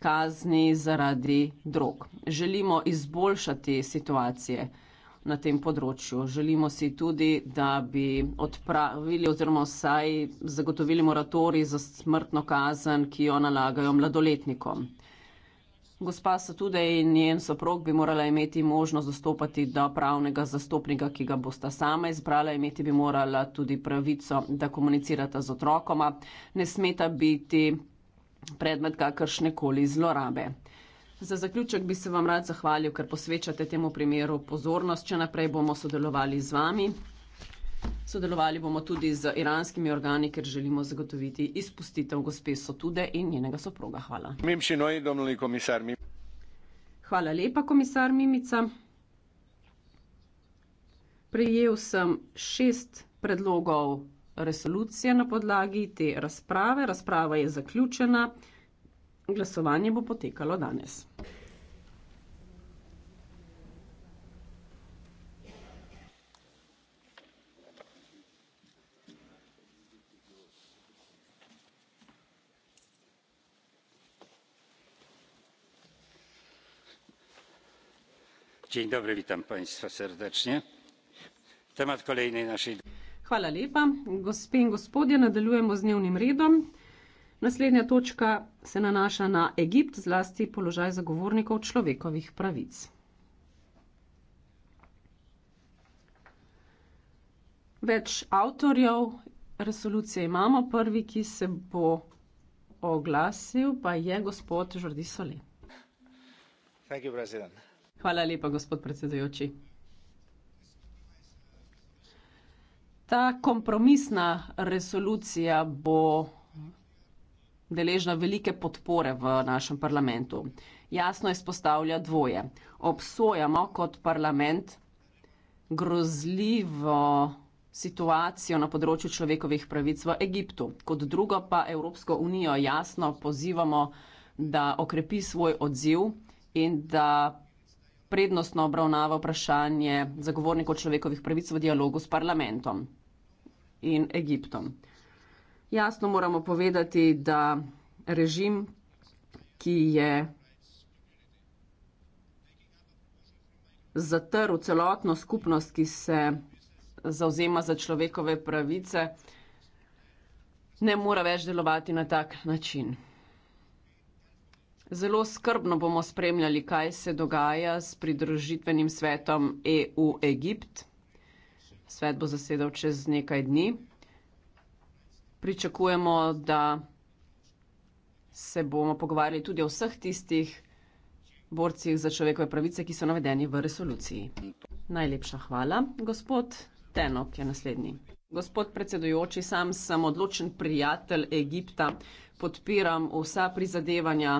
kazni zaradi drog. Želimo izboljšati situacije na tem področju. Želimo si tudi, da bi odpravili oziroma vsaj zagotovili moratori za smrtno kazen, ki jo nalagajo mladoletnikom. Gospa Satude in njen soprog bi morala imeti možnost dostopati do pravnega zastopnika, ki ga bosta sama izbrala, imeti bi morala tudi pravico, da komunicirata z otrokoma, ne smeta biti predmet kakršnekoli zlorabe. Za zaključek bi se vam rad zahvalil, ker posvečate temu primeru pozornost. Če naprej bomo sodelovali z vami, sodelovali bomo tudi z iranskimi organi, ker želimo zagotoviti izpustitev gospe Sotude in njenega soproga. Hvala. Hvala lepa, komisar Mimica. Prejel sem šest predlogov resolucije na podlagi te razprave. Razprava je zaključena. Glasovanje bo potekalo danes. Dzień dobry, witam państwa serdecznie. Temat kolejnej naszej. Hvala lepa. Gospe in gospodje, nadaljujemo z dnevnim redom. Naslednja točka se nanaša na Egipt, zlasti položaj zagovornikov človekovih pravic. Več avtorjev resolucije imamo. Prvi, ki se bo oglasil, pa je gospod Žordi Soli. Hvala lepa, gospod predsedujoči. Ta kompromisna resolucija bo deležna velike podpore v našem parlamentu. Jasno izpostavlja dvoje. Obsojamo kot parlament grozljivo situacijo na področju človekovih pravic v Egiptu. Kot drugo pa Evropsko unijo jasno pozivamo, da okrepi svoj odziv in da prednostno obravnava vprašanje zagovornikov človekovih pravic v dialogu s parlamentom in Egiptom. Jasno moramo povedati, da režim, ki je zatrl celotno skupnost, ki se zavzema za človekove pravice, ne more več delovati na tak način. Zelo skrbno bomo spremljali, kaj se dogaja s pridružitvenim svetom EU Egipt. Svet bo zasedal čez nekaj dni pričakujemo, da se bomo pogovarjali tudi o vseh tistih borcih za človekove pravice, ki so navedeni v resoluciji. Najlepša hvala, gospod Tenok je naslednji. Gospod predsedujoči, sam sem odločen prijatelj Egipta, podpiram vsa prizadevanja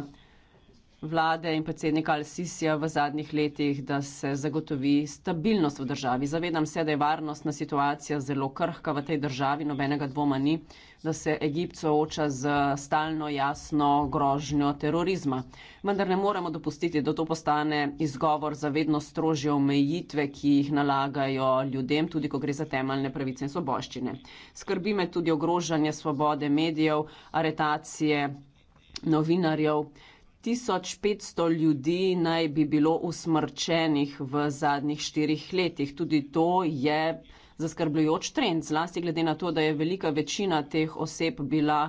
vlade in predsednika Al-Sisija v zadnjih letih, da se zagotovi stabilnost v državi. Zavedam se, da je varnostna situacija zelo krhka v tej državi, nobenega dvoma ni, da se Egipt sooča z stalno jasno grožnjo terorizma. Vendar ne moremo dopustiti, da to postane izgovor za vedno strožje omejitve, ki jih nalagajo ljudem, tudi ko gre za temeljne pravice in soboščine. Skrbi me tudi ogrožanje svobode medijev, aretacije novinarjev. Tisoč petsto ljudi naj bi bilo usmrčenih v zadnjih štirih letih. Tudi to je zaskrbljujoč trend, zlasti glede na to, da je velika večina teh oseb bila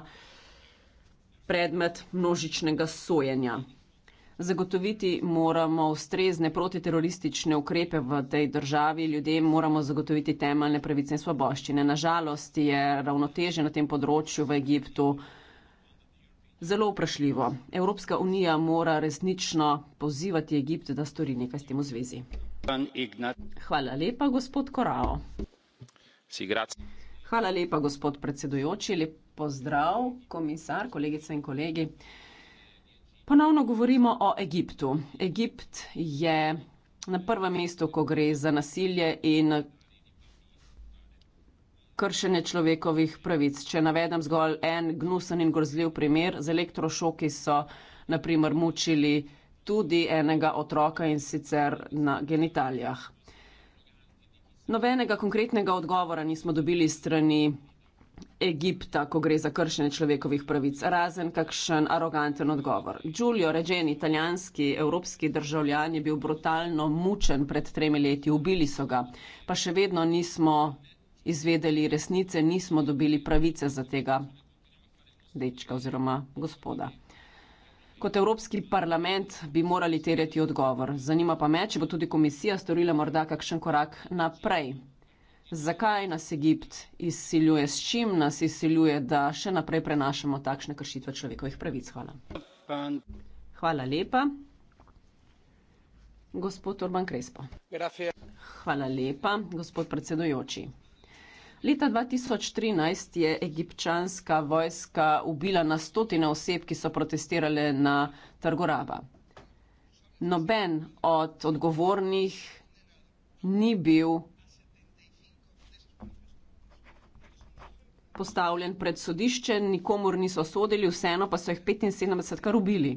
predmet množičnega sojenja. Zagotoviti moramo ustrezne protiteroristične ukrepe v tej državi, ljudem moramo zagotoviti temeljne pravice in svoboščine. Nažalost je ravnoteže na tem področju v Egiptu Zelo vprašljivo. Evropska unija mora resnično pozivati Egipt, da stori nekaj s tem v zvezi. Hvala lepa, gospod Korao. Hvala lepa, gospod predsedujoči. Lep pozdrav, komisar, kolegice in kolegi. Ponovno govorimo o Egiptu. Egipt je na prvem mestu, ko gre za nasilje in kršenje človekovih pravic. Če navedem zgolj en gnusen in grozljiv primer, z elektrošoki so naprimer mučili tudi enega otroka in sicer na genitalijah. Novenega konkretnega odgovora nismo dobili strani Egipta, ko gre za kršenje človekovih pravic, razen kakšen aroganten odgovor. Giulio Regeni, italijanski evropski državljan, je bil brutalno mučen pred tremi leti, ubili so ga, pa še vedno nismo izvedeli resnice, nismo dobili pravice za tega dečka oziroma gospoda. Kot Evropski parlament bi morali terjeti odgovor. Zanima pa me, če bo tudi komisija storila morda kakšen korak naprej. Zakaj nas Egipt izsiljuje, s čim nas izsiljuje, da še naprej prenašamo takšne kršitve človekovih pravic? Hvala. Hvala lepa. Gospod Urban Krespo. Hvala lepa, gospod predsedujoči. Leta 2013 je egipčanska vojska ubila na stotine oseb, ki so protestirale na Trgoraba. Noben od odgovornih ni bil postavljen pred sodišče, nikomor niso sodili, vseeno pa so jih 75 kar ubili.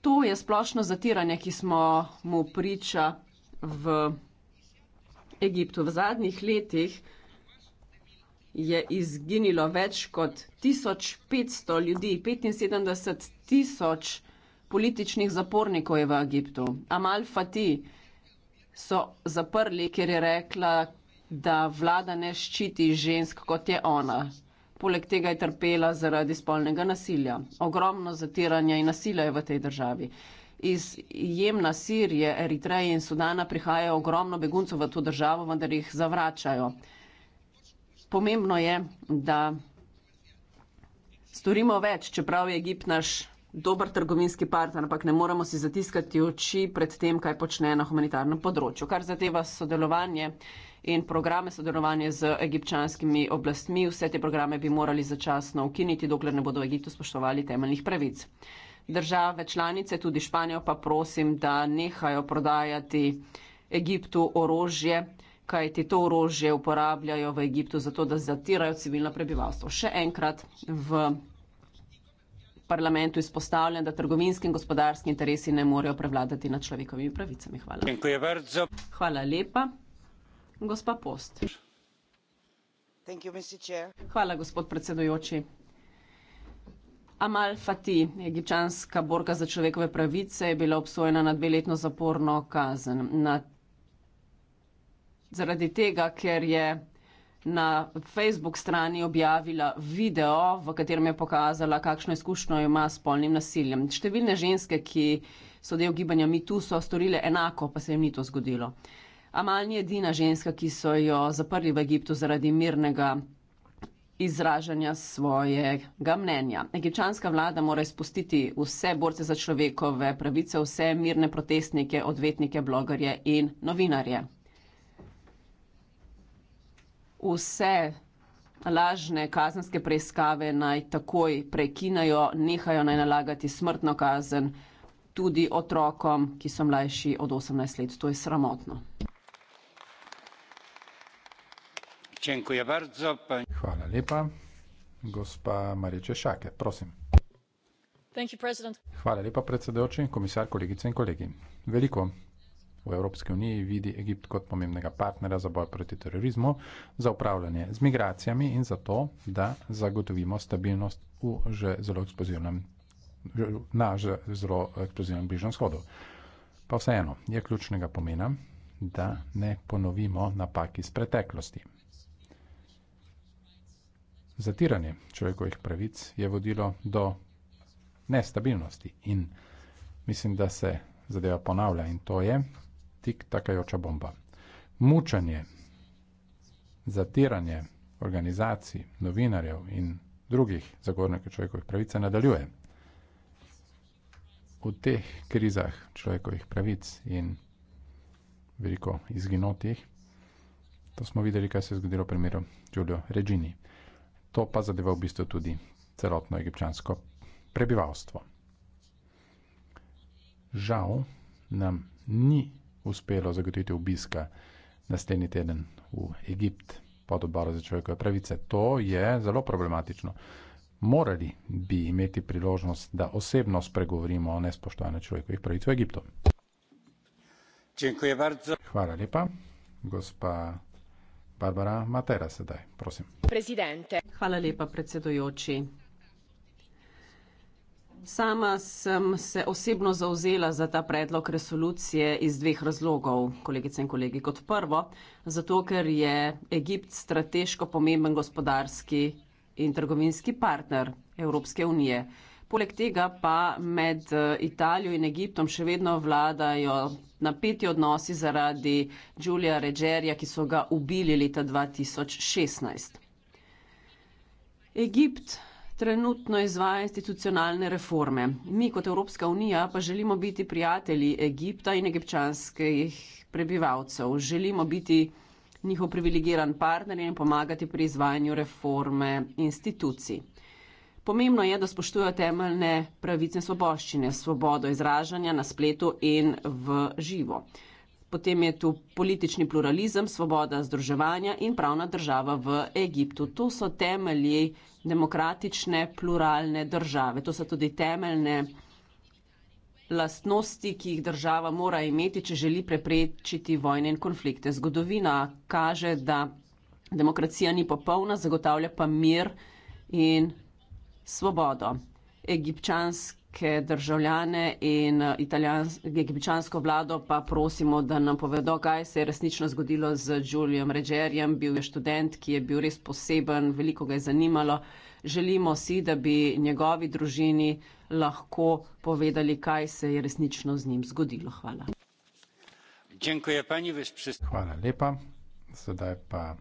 To je splošno zatiranje, ki smo mu priča v Egiptu v zadnjih letih je izginilo več kot 1500 ljudi, 75 tisoč političnih zapornikov je v Egiptu. Amal Fati so zaprli, ker je rekla, da vlada ne ščiti žensk kot je ona. Poleg tega je trpela zaradi spolnega nasilja. Ogromno zatiranja in nasilja je v tej državi. Iz Jemna, Sirije, Eritreje in Sudana prihaja ogromno beguncev v to državo, vendar jih zavračajo pomembno je, da storimo več, čeprav je Egipt naš dober trgovinski partner, ampak ne moramo si zatiskati oči pred tem, kaj počne na humanitarnem področju. Kar zadeva sodelovanje in programe sodelovanja z egipčanskimi oblastmi, vse te programe bi morali začasno ukiniti, dokler ne bodo v Egiptu spoštovali temeljnih pravic. Države članice, tudi Španijo, pa prosim, da nehajo prodajati Egiptu orožje kajti to orožje uporabljajo v Egiptu zato, da zatirajo civilno prebivalstvo. Še enkrat v parlamentu izpostavljam, da trgovinski in gospodarski interesi ne morejo prevladati nad človekovimi pravicami. Hvala. Hvala lepa, gospa Post. Hvala, gospod predsedujoči. Amal Fati, egipčanska borka za človekove pravice, je bila obsojena na dveletno zaporno kazen. Na zaradi tega, ker je na Facebook strani objavila video, v katerem je pokazala, kakšno izkušnjo ima s spolnim nasiljem. Številne ženske, ki so del gibanja MeToo, so storile enako, pa se jim ni to zgodilo. Amal ni edina ženska, ki so jo zaprli v Egiptu zaradi mirnega izražanja svojega mnenja. Egipčanska vlada mora izpustiti vse borce za človekove pravice, vse mirne protestnike, odvetnike, blogerje in novinarje vse lažne kazenske preiskave naj takoj prekinajo, nehajo naj nalagati smrtno kazen tudi otrokom, ki so mlajši od 18 let. To je sramotno. Hvala lepa. Gospa Mareče Šake, prosim. Hvala lepa, predsedujoči, komisar, kolegice in kolegi. Veliko V Evropski uniji vidi Egipt kot pomembnega partnera za boj proti terorizmu, za upravljanje z migracijami in za to, da zagotovimo stabilnost v že zelo eksplozivnem, na že zelo eksplozivnem bližnjem shodu. Pa vseeno je ključnega pomena, da ne ponovimo napak iz preteklosti. Zatiranje človekovih pravic je vodilo do nestabilnosti in mislim, da se zadeva ponavlja in to je, tik takajoča bomba. Mučanje, zatiranje organizacij, novinarjev in drugih zagornike človekovih pravice nadaljuje. V teh krizah človekovih pravic in veliko izginotih, to smo videli, kaj se je zgodilo v primeru Giulio Regini. To pa zadeva v bistvu tudi celotno egipčansko prebivalstvo. Žal nam ni uspelo zagotoviti obiska naslednji teden v Egipt pod odboru za človekove pravice. To je zelo problematično. Morali bi imeti priložnost, da osebno spregovorimo o nespoštovanju človekovih pravic v Egiptu. Hvala lepa, gospa Barbara Matera, sedaj, prosim. Presidente. Hvala lepa, predsedujoči. Sama sem se osebno zauzela za ta predlog resolucije iz dveh razlogov, kolegice in kolegi. Kot prvo, zato ker je Egipt strateško pomemben gospodarski in trgovinski partner Evropske unije. Poleg tega pa med eh, Italijo in Egiptom še vedno vladajo napeti odnosi zaradi Giulia Regerja, ki so ga ubili leta 2016. Egipt trenutno izvaja institucionalne reforme. Mi kot Evropska unija pa želimo biti prijatelji Egipta in egipčanskih prebivalcev. Želimo biti njihov privilegiran partner in pomagati pri izvajanju reforme institucij. Pomembno je, da spoštujejo temeljne pravice svoboščine, svobodo izražanja na spletu in v živo potem je tu politični pluralizem, svoboda združevanja in pravna država v Egiptu. To so temelji demokratične, pluralne države. To so tudi temeljne lastnosti, ki jih država mora imeti, če želi preprečiti vojne in konflikte. Zgodovina kaže, da demokracija ni popolna, zagotavlja pa mir in svobodo. Egipčanski italijanske državljane in eh, egipčansko vlado pa prosimo, da nam povedo, kaj se je resnično zgodilo z Julijem Regerjem. Bil je študent, ki je bil res poseben, veliko ga je zanimalo. Želimo si, da bi njegovi družini lahko povedali, kaj se je resnično z njim zgodilo. Hvala. Hvala lepa. Sedaj pa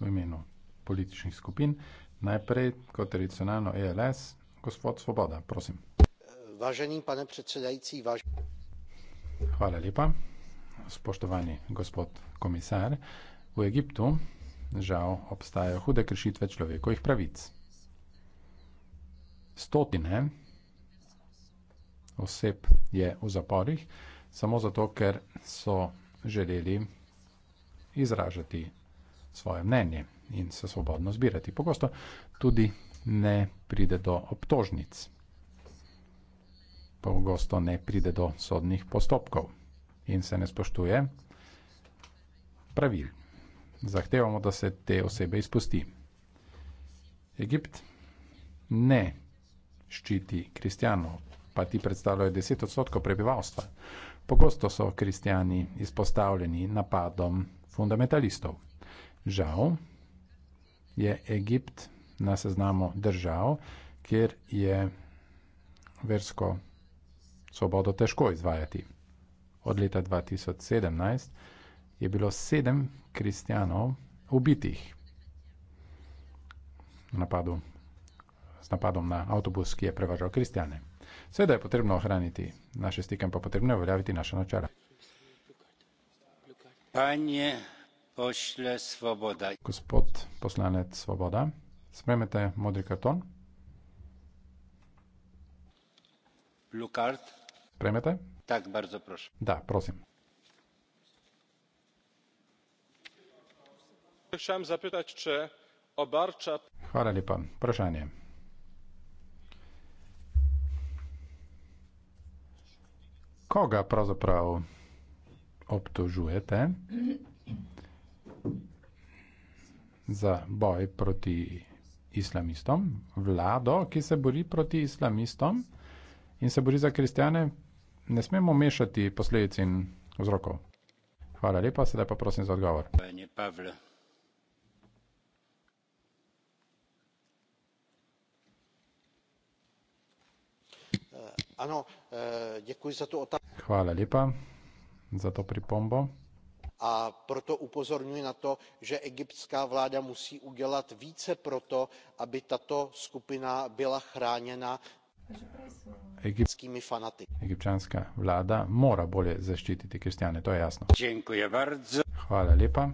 v imenu političnih skupin. Najprej, kot tradicionalno, ELS, gospod Svoboda, prosim. Važeni pane predsedajci, važeni. Hvala lepa. Spoštovani gospod komisar, v Egiptu žal obstajajo hude kršitve človekovih pravic. Stotine oseb je v zaporih, samo zato, ker so želeli izražati svoje mnenje in se svobodno zbirati. Pogosto tudi ne pride do obtožnic, pogosto ne pride do sodnih postopkov in se ne spoštuje pravil. Zahtevamo, da se te osebe izpusti. Egipt ne ščiti kristijanov, pa ti predstavljajo 10 odstotkov prebivalstva. Pogosto so kristijani izpostavljeni napadom fundamentalistov. Žal je Egipt na seznamu držav, kjer je versko svobodo težko izvajati. Od leta 2017 je bilo sedem kristjanov ubitih napadu, s napadom na avtobus, ki je prevažal kristjane. Seveda je potrebno ohraniti naše stike, pa potrebno je uveljaviti naše načela. Panje pošle svoboda. Gospod poslanec svoboda. Sprejmete modri karton. Blue card. Sprejmete? Tak, bardzo proszę. Da, prosim. Chciałem zapytać, czy obarcza... Chwała lipa, proszę nie. Koga prawo obtużujete za boj proti islamistom, vlado, ki se bori proti islamistom in se bori za kristjane, ne smemo mešati posledic in vzrokov. Hvala lepa, sedaj pa prosim za odgovor. Eh, eh, Hvala lepa za to pripombo a proto upozorňuji na to že egyptská vláda musí udělat více pro to aby tato skupina byla chráněna egyptskými fanatiky. Egyptská vláda mora bolje zaštitit křesťany, to je jasno. Děkuji bardzo. Hvala lepa.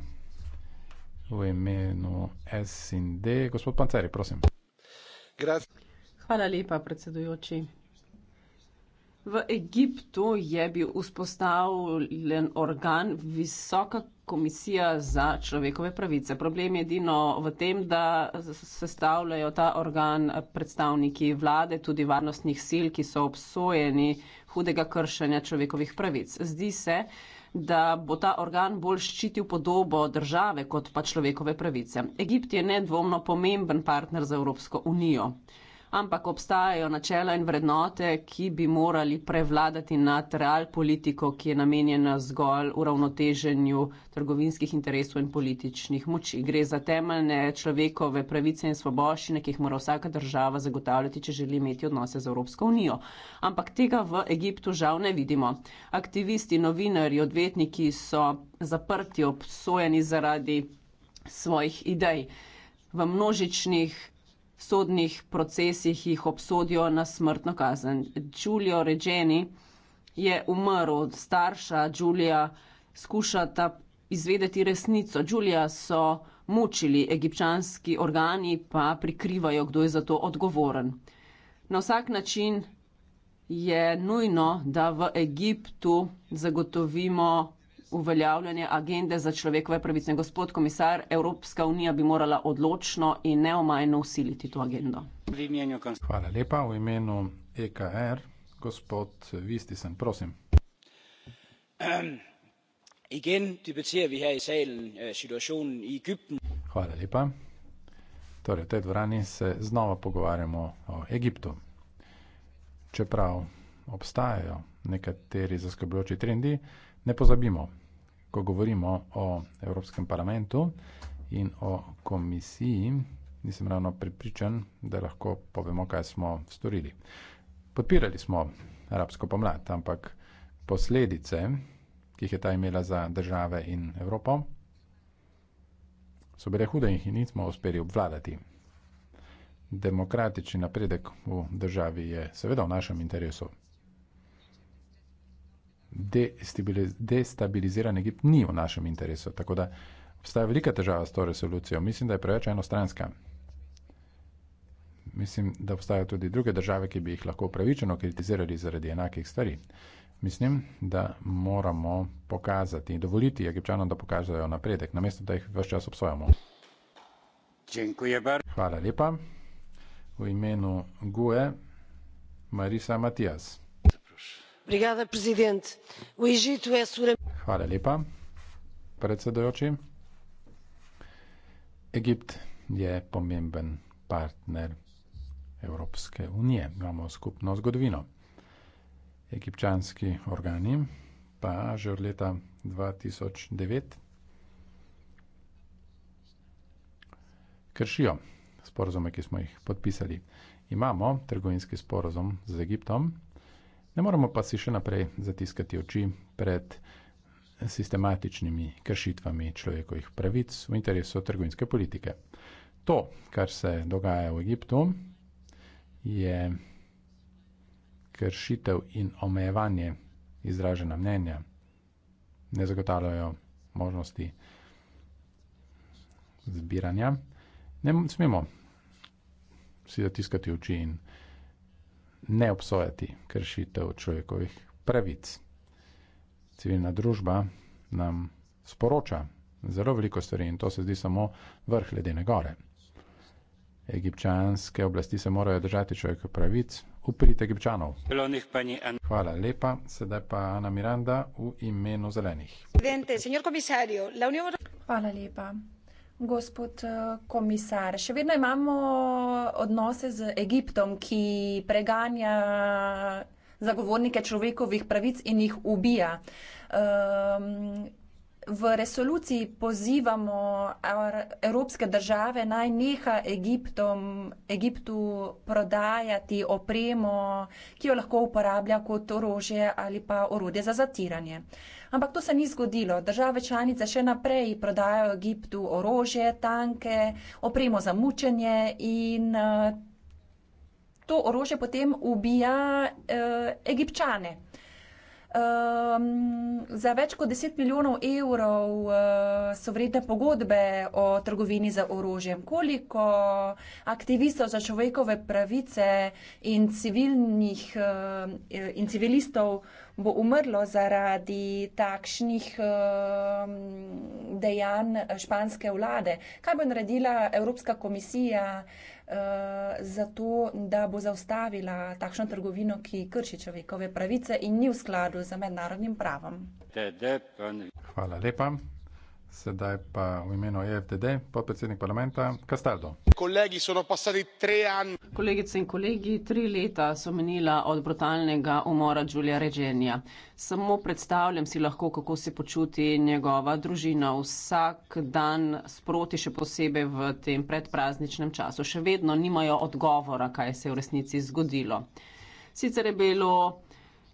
V jménu SND, gospod Panceri, prosím. Grazie. Hvala lepa, predsedujoči. V Egiptu je bil vzpostavljen organ Visoka komisija za človekove pravice. Problem je edino v tem, da sestavljajo ta organ predstavniki vlade, tudi varnostnih sil, ki so obsojeni hudega kršenja človekovih pravic. Zdi se, da bo ta organ bolj ščitil podobo države kot pa človekove pravice. Egipt je nedvomno pomemben partner za Evropsko unijo ampak obstajajo načela in vrednote, ki bi morali prevladati nad real politiko, ki je namenjena zgolj uravnoteženju trgovinskih interesov in političnih moči. Gre za temeljne človekove pravice in svoboščine, ki jih mora vsaka država zagotavljati, če želi imeti odnose z Evropsko unijo. Ampak tega v Egiptu žal ne vidimo. Aktivisti, novinari, odvetniki so zaprti, obsojeni zaradi svojih idej. V množičnih sodnih procesih jih obsodijo na smrtno kazen. Giulio Regeni je umrl, starša Giulia skušata izvedeti resnico. Giulia so mučili, egipčanski organi pa prikrivajo, kdo je za to odgovoren. Na vsak način je nujno, da v Egiptu zagotovimo uveljavljanje agende za človekove pravice. Gospod komisar, Evropska unija bi morala odločno in neomajno usiliti to agendo. Hvala lepa v imenu EKR. Gospod Vistisen, prosim. Øh, Hvala lepa. Torej, v tej dvorani se znova pogovarjamo o Egiptu. Čeprav obstajajo nekateri zaskrbljujoči trendi, ne pozabimo, ko govorimo o Evropskem parlamentu in o komisiji, nisem ravno pripričan, da lahko povemo, kaj smo storili. Podpirali smo arabsko pomlad, ampak posledice, ki jih je ta imela za države in Evropo, so bile hude in jih nismo uspeli obvladati. Demokratični napredek v državi je seveda v našem interesu destabiliziran Egipt ni v našem interesu. Tako da obstaja velika težava s to resolucijo. Mislim, da je preveč enostranska. Mislim, da obstajajo tudi druge države, ki bi jih lahko upravičeno kritizirali zaradi enakih stvari. Mislim, da moramo pokazati in dovoliti egipčanom, da pokažejo napredek, namesto da jih vse čas obsojamo. Hvala lepa. V imenu GUE, Marisa Matijas hvala lepa predsedujoči egipt je pomemben partner evropske unije imamo skupno zgodovino egipčanski organi pa že od leta 2009 kršijo sporozume ki smo jih podpisali imamo trgovinski sporozum z egiptom Ne moramo pa si še naprej zatiskati oči pred sistematičnimi kršitvami človekovih pravic v interesu trgovinske politike. To, kar se dogaja v Egiptu, je kršitev in omejevanje izražena mnenja. Ne zagotavljajo možnosti zbiranja. Ne smemo si zatiskati oči in ne obsojati kršitev človekovih pravic. Civilna družba nam sporoča zelo veliko stvari in to se zdi samo vrh ledene gore. Egipčanske oblasti se morajo držati človekov pravic, uprit Egipčanov. Hvala lepa, sedaj pa Ana Miranda v imenu zelenih. Hvala lepa. Gospod eh, komisar, še vedno imamo odnose z Egiptom, ki preganja zagovornike človekovih pravic in jih ubija. Um, v resoluciji pozivamo evropske države naj neha Egiptom, Egiptu prodajati opremo, ki jo lahko uporablja kot orožje ali pa orodje za zatiranje. Uh, Ampak to se ni zgodilo. Države članice še naprej prodajajo Egiptu orožje, tanke, opremo za mučenje in eh, to orožje potem ubija eh, egipčane. Um, za več kot 10 milijonov evrov uh, so vredne pogodbe o trgovini za orožjem. Koliko aktivistov za človekove pravice in, civilnih, uh, in civilistov uh, bo umrlo zaradi takšnih ehm, dejanj španske vlade. Kaj bo naredila Evropska komisija eh, za to, da bo zaustavila takšno trgovino, ki krši človekove pravice in ni v skladu z mednarodnim pravom? Hvala lepa. Sedaj pa v imenu EFDD, podpredsednik parlamenta Castaldo. Kolegi, Kolegice in kolegi, tri leta so menila od brutalnega umora Đulija Reženja. Samo predstavljam si lahko, kako se počuti njegova družina vsak dan sproti, še posebej v tem predprazničnem času. Še vedno nimajo odgovora, kaj se je v resnici zgodilo. Sicer je bilo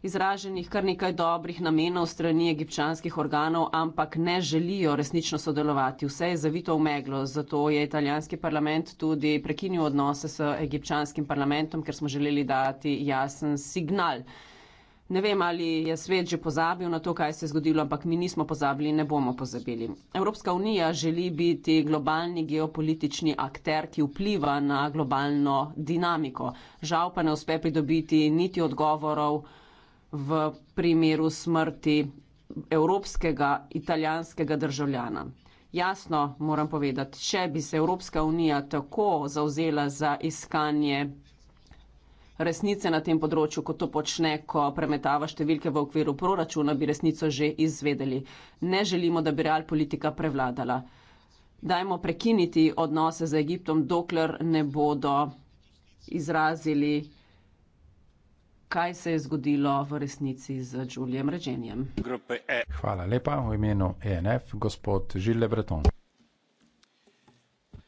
izraženih kar nekaj dobrih namenov strani egipčanskih organov, ampak ne želijo resnično sodelovati. Vse je zavito v meglo, zato je italijanski parlament tudi prekinil odnose s egipčanskim parlamentom, ker smo želeli dati jasen signal. Ne vem, ali je svet že pozabil na to, kaj se je zgodilo, ampak mi nismo pozabili in ne bomo pozabili. Evropska unija želi biti globalni geopolitični akter, ki vpliva na globalno dinamiko. Žal pa ne uspe pridobiti niti odgovorov v primeru smrti evropskega italijanskega državljana. Jasno moram povedati, če bi se Evropska unija tako zauzela za iskanje resnice na tem področju, kot to počne, ko premetava številke v okviru proračuna, bi resnico že izvedeli. Ne želimo, da bi real politika prevladala. Dajmo prekiniti odnose z Egiptom, dokler ne bodo izrazili kaj se je zgodilo v resnici z Julijem Reženjem. E. Hvala lepa v imenu ENF, gospod Žile Breton.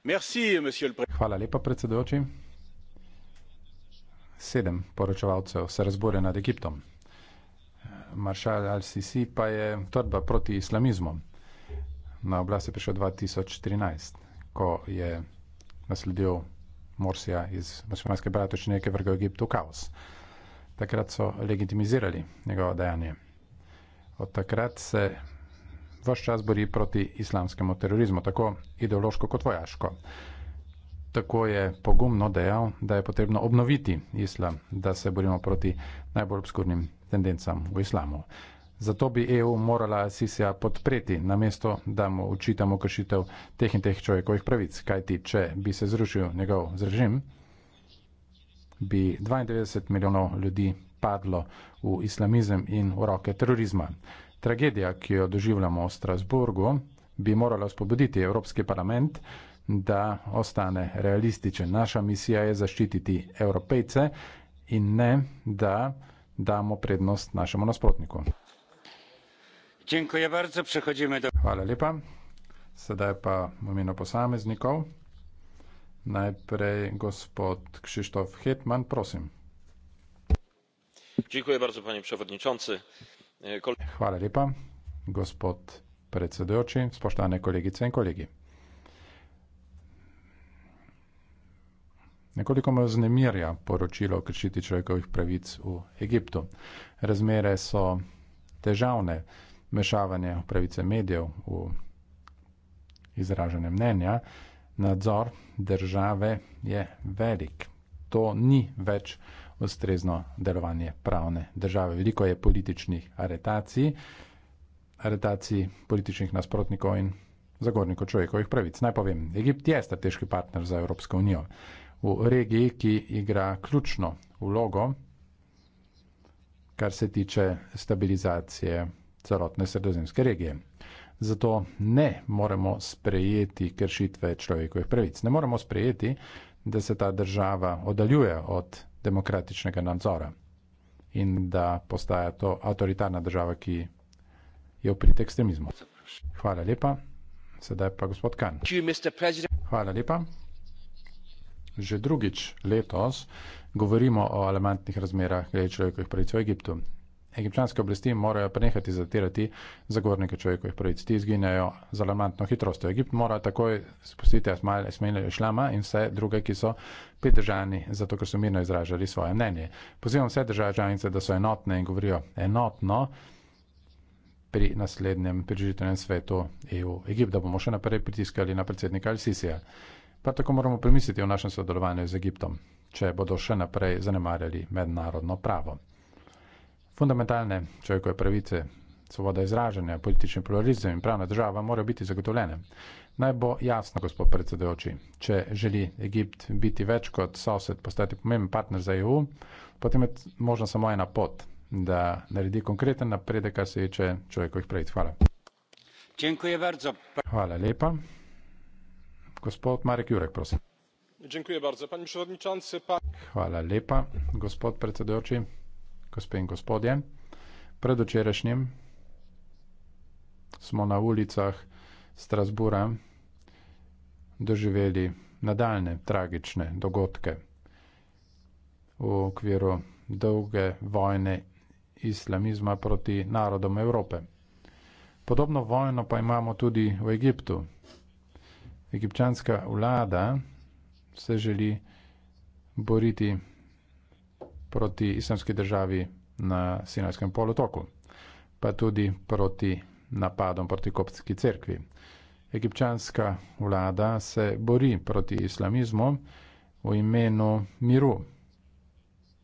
Merci, Hvala lepa, predsedujoči. Sedem poročevalcev se razbore nad Egiptom. Maršal Al-Sisi pa je trdba proti islamizmu. Na oblast je prišel 2013, ko je nasledil Morsija iz muslimanske bratočine, ki je vrgal Egipt v kaos takrat so legitimizirali njegovo dejanje. Od takrat se vse čas bori proti islamskemu terorizmu, tako ideološko kot vojaško. Tako je pogumno dejal, da je potrebno obnoviti islam, da se borimo proti najbolj obskurnim tendencam v islamu. Zato bi EU morala Sisija podpreti, namesto da mu učitamo kršitev teh in teh človekovih pravic. Kajti, če bi se zrušil njegov režim, bi 92 milijonov ljudi padlo v islamizem in v roke terorizma. Tragedija, ki jo doživljamo v Strasburgu, bi morala spobuditi Evropski parlament, da ostane realističen. Naša misija je zaščititi evropejce in ne, da damo prednost našemu nasprotniku. Hvala lepa. Sedaj pa v imenu posameznikov. Najprej gospod Krzysztof Hetman, prosim. Dziękuję bardzo, panie przewodniczący. Kole... Hvala lepa, gospod predsedujoči, spoštovane kolegice in kolegi. Nekoliko me znemirja poročilo o kršiti človekovih pravic v Egiptu. Razmere so težavne, mešavanje pravice medijev v izražanje mnenja nadzor države je velik. To ni več ustrezno delovanje pravne države. Veliko je političnih aretacij, aretacij političnih nasprotnikov in zagornikov človekovih pravic. Naj povem, Egipt je strateški partner za Evropsko unijo. V regiji, ki igra ključno vlogo, kar se tiče stabilizacije celotne sredozemske regije. Zato ne moremo sprejeti kršitve človekovih pravic. Ne moremo sprejeti, da se ta država oddaljuje od demokratičnega nadzora in da postaja to avtoritarna država, ki je oprit ekstremizmu. Hvala lepa. Sedaj pa gospod Kan. Hvala lepa. Že drugič letos govorimo o alarmantnih razmerah glede človekovih pravic v Egiptu. Egipčanske oblasti morajo prenehati zatirati zagornike človekovih pravic. Ti izginjajo z alarmantno hitrostjo. Egipt mora takoj spustiti Asmail Esmeilja Šlama in vse druge, ki so pridržani, zato ker so mirno izražali svoje mnenje. Pozivam vse države članice, da so enotne in govorijo enotno pri naslednjem priživitvenem svetu EU. Egipt, da bomo še naprej pritiskali na predsednika Al-Sisija. Pa tako moramo premisliti o našem sodelovanju z Egiptom, če bodo še naprej zanemarjali mednarodno pravo fundamentalne človekove pravice, svoboda izražanja, politični pluralizem in pravna država morajo biti zagotovljene. Naj bo jasno, gospod predsedujoči, če želi Egipt biti več kot sosed, postati pomemben partner za EU, potem je možno samo ena pot, da naredi konkreten napredek, kar se tiče človekovih pravic. Hvala. Hvala lepa. Gospod Marek Jurek, prosim. Hvala lepa, gospod predsedujoči gospe in gospodje. Predočerajšnjem smo na ulicah Strasbura doživeli nadaljne tragične dogodke v okviru dolge vojne islamizma proti narodom Evrope. Podobno vojno pa imamo tudi v Egiptu. Egipčanska vlada se želi boriti proti islamski državi na Sinajskem polotoku, pa tudi proti napadom proti koptski cerkvi. Egipčanska vlada se bori proti islamizmu v imenu miru,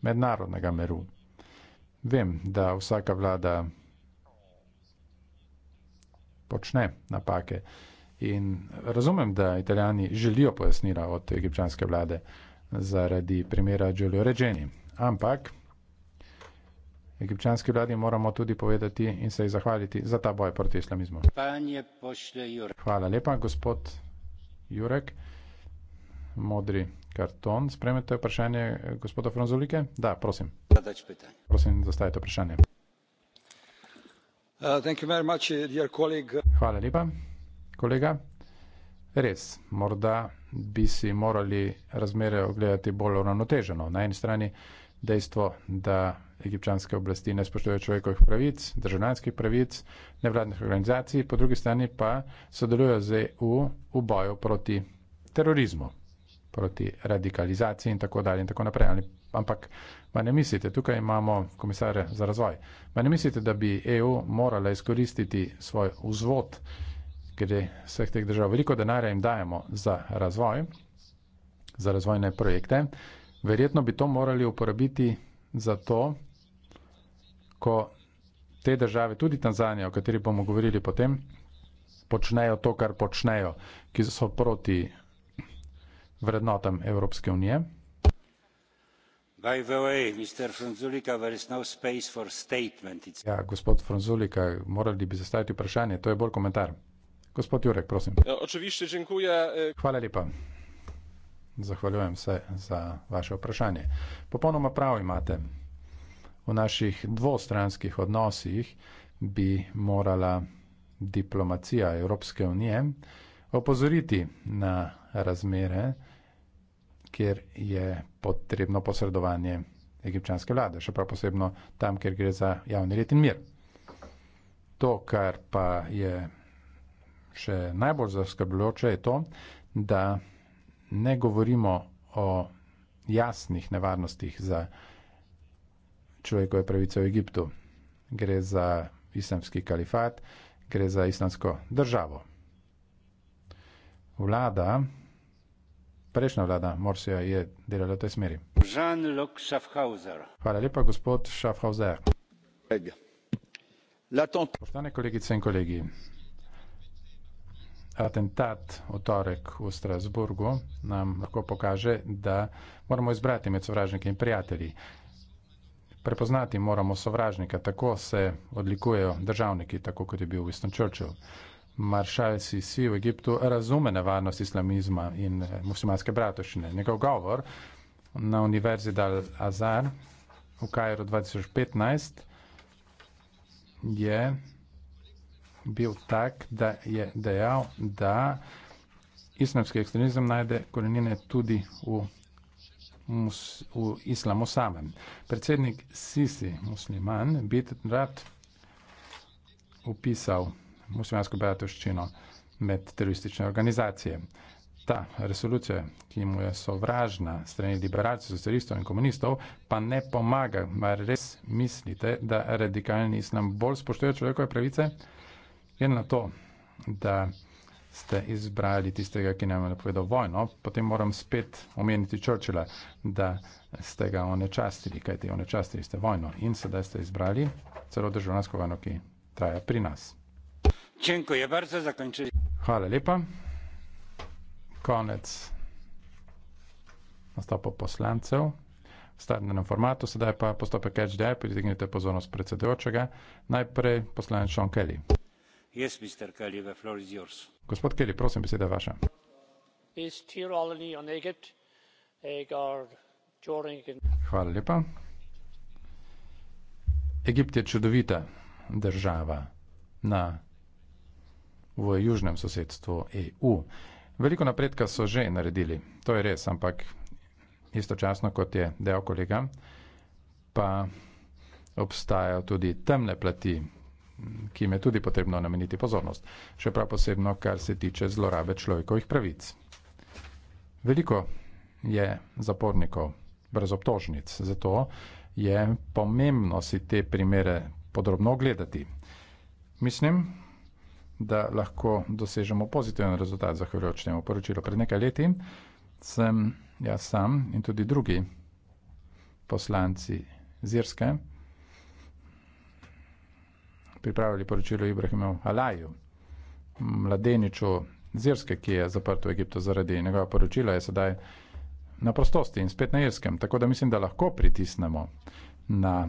mednarodnega miru. Vem, da vsaka vlada počne napake in razumem, da italijani želijo pojasnila od egipčanske vlade zaradi primera Giulio Regeni ampak egipčanski vladi moramo tudi povedati in se ji zahvaliti za ta boj proti islamizmu. Hvala lepa, gospod Jurek. Modri karton. Spremete vprašanje gospoda Franzolike? Da, prosim. Prosim, zastavite vprašanje. Uh, uh, Hvala lepa, kolega. Res, morda bi si morali razmere ogledati bolj uravnoteženo. Na eni strani dejstvo, da egipčanske oblasti ne spoštujejo človekovih pravic, državljanskih pravic, nevladnih organizacij, po drugi strani pa sodelujejo z EU v boju proti terorizmu, proti radikalizaciji in tako dalje in tako naprej. Ali, ampak, ma ne mislite, tukaj imamo komisarja za razvoj, ma ne mislite, da bi EU morala izkoristiti svoj vzvod, ker je vseh teh držav veliko denarja jim dajemo za razvoj, za razvojne projekte. Verjetno bi to morali uporabiti za to, ko te države, tudi Tanzanija, o kateri bomo govorili potem, počnejo to, kar počnejo, ki so proti vrednotam Evropske unije. Way, no ja, gospod Franzulika, morali bi zastaviti vprašanje, to je bolj komentar. Gospod Jurek, prosim. Očevišče, e, Hvala lepa. Zahvaljujem se za vaše vprašanje. Popolnoma prav imate. V naših dvostranskih odnosih bi morala diplomacija Evropske unije opozoriti na razmere, kjer je potrebno posredovanje egipčanske vlade, še prav posebno tam, kjer gre za javni red in mir. To, kar pa je še najbolj zaskrbljujoče, je to, da ne govorimo o jasnih nevarnostih za človekove pravice v Egiptu. Gre za islamski kalifat, gre za islamsko državo. Vlada, prejšnja vlada Morsija je delala v tej smeri. Jean-Luc Schaffhauser. Hvala lepa, gospod Schaffhauser. Poštovane kolegice in kolegi, atentat v torek v Strasburgu nam lahko pokaže, da moramo izbrati med sovražniki in prijatelji. Prepoznati moramo sovražnika, tako se odlikujejo državniki, tako kot je bil Winston Churchill. Maršal Sisi v Egiptu razume nevarnost islamizma in eh, muslimanske bratošine. Njegov govor na Univerzi Dal Azar v Kajru 2015 je bil tak, da je dejal, da islamski ekstremizem najde korenine tudi v, mus, v islamu samem. Predsednik Sisi, musliman, bi rad upisal muslimansko bratovščino med teroristične organizacije. Ta resolucija, ki mu je sovražna strani liberalcev, socialistov in komunistov, pa ne pomaga. Mar res mislite, da radikalni islam bolj spoštuje človekove pravice? Glede na to, da ste izbrali tistega, ki nam je napovedal vojno, potem moram spet omeniti Churchilla, da ste ga onečastili, kajte onečastili ste vojno in sedaj ste izbrali celo državljansko vojno, ki traja pri nas. Hvala lepa. Konec nastopa poslancev. V stadnem formatu sedaj pa postopek HDI, pridignite pozornost predsedujočega. Najprej poslanec Sean Kelly gospod kelly prosim beseda je vaša. hvala lepa. egipt je čudovita država na v južnem sosedstvu eu. veliko napredka so že naredili to je res ampak istočasno kot je dejal kolega pa obstajajo tudi temne plati ki jim je tudi potrebno nameniti pozornost, še prav posebno, kar se tiče zlorabe človekovih pravic. Veliko je zapornikov brez obtožnic, zato je pomembno si te primere podrobno ogledati. Mislim, da lahko dosežemo pozitiven rezultat zahvaljujoč temu poročilu. Pred nekaj leti sem jaz sam in tudi drugi poslanci z Irske pripravili poročilo Ibrahimov Alaju, mladeniču Zirske, ki je zaprt v Egiptu zaradi njegova poročila, je sedaj na prostosti in spet na Irskem. Tako da mislim, da lahko pritisnemo na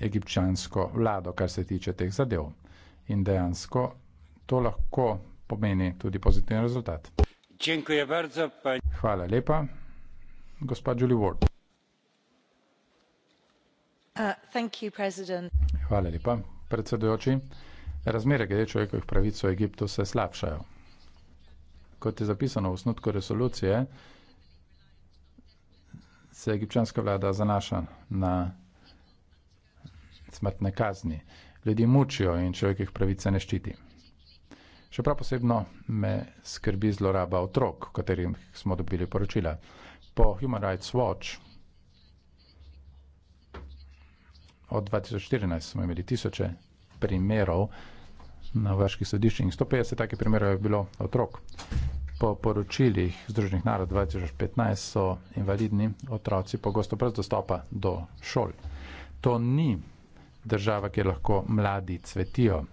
egipčansko vlado, kar se tiče teh zadev. In dejansko to lahko pomeni tudi pozitiven rezultat. Hvala lepa, gospod Julie Ward. Uh, thank you, President. Hvala lepa, predsedujoči. Razmere glede človekovih pravic v Egiptu se slabšajo. Kot je zapisano v osnutku resolucije, se egipčanska vlada zanaša na smrtne kazni. Ljudi mučijo in človekovih pravic se ne ščiti. Še prav posebno me skrbi zloraba otrok, o katerih smo dobili poročila. Po Human Rights Watch, od 2014 smo imeli tisoče primerov na vrških sodiščih in 150 takih primerov je bilo otrok. Po poročilih Združenih narodov 2015 so invalidni otroci pogosto brez dostopa do šol. To ni država, kjer lahko mladi cvetijo.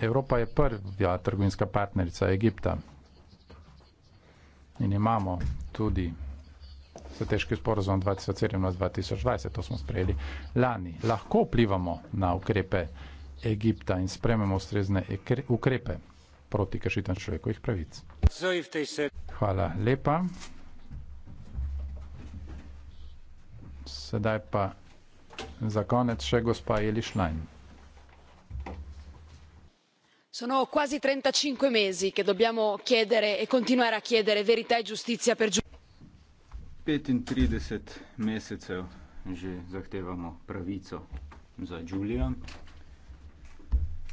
Evropa je prva trgovinska partnerica Egipta in imamo tudi strateški sporozum 2017-2020, to smo sprejeli lani. Lahko vplivamo na ukrepe Egipta in sprememo ustrezne ukrepe proti kršitam človekovih pravic. Hvala lepa. Sedaj pa za konec še gospa Eli Schlein. Sono quasi 35 mesi che dobbiamo chiedere e continuare a chiedere verità e giustizia per giustizia. 35 mesecev že zahtevamo pravico za Julija.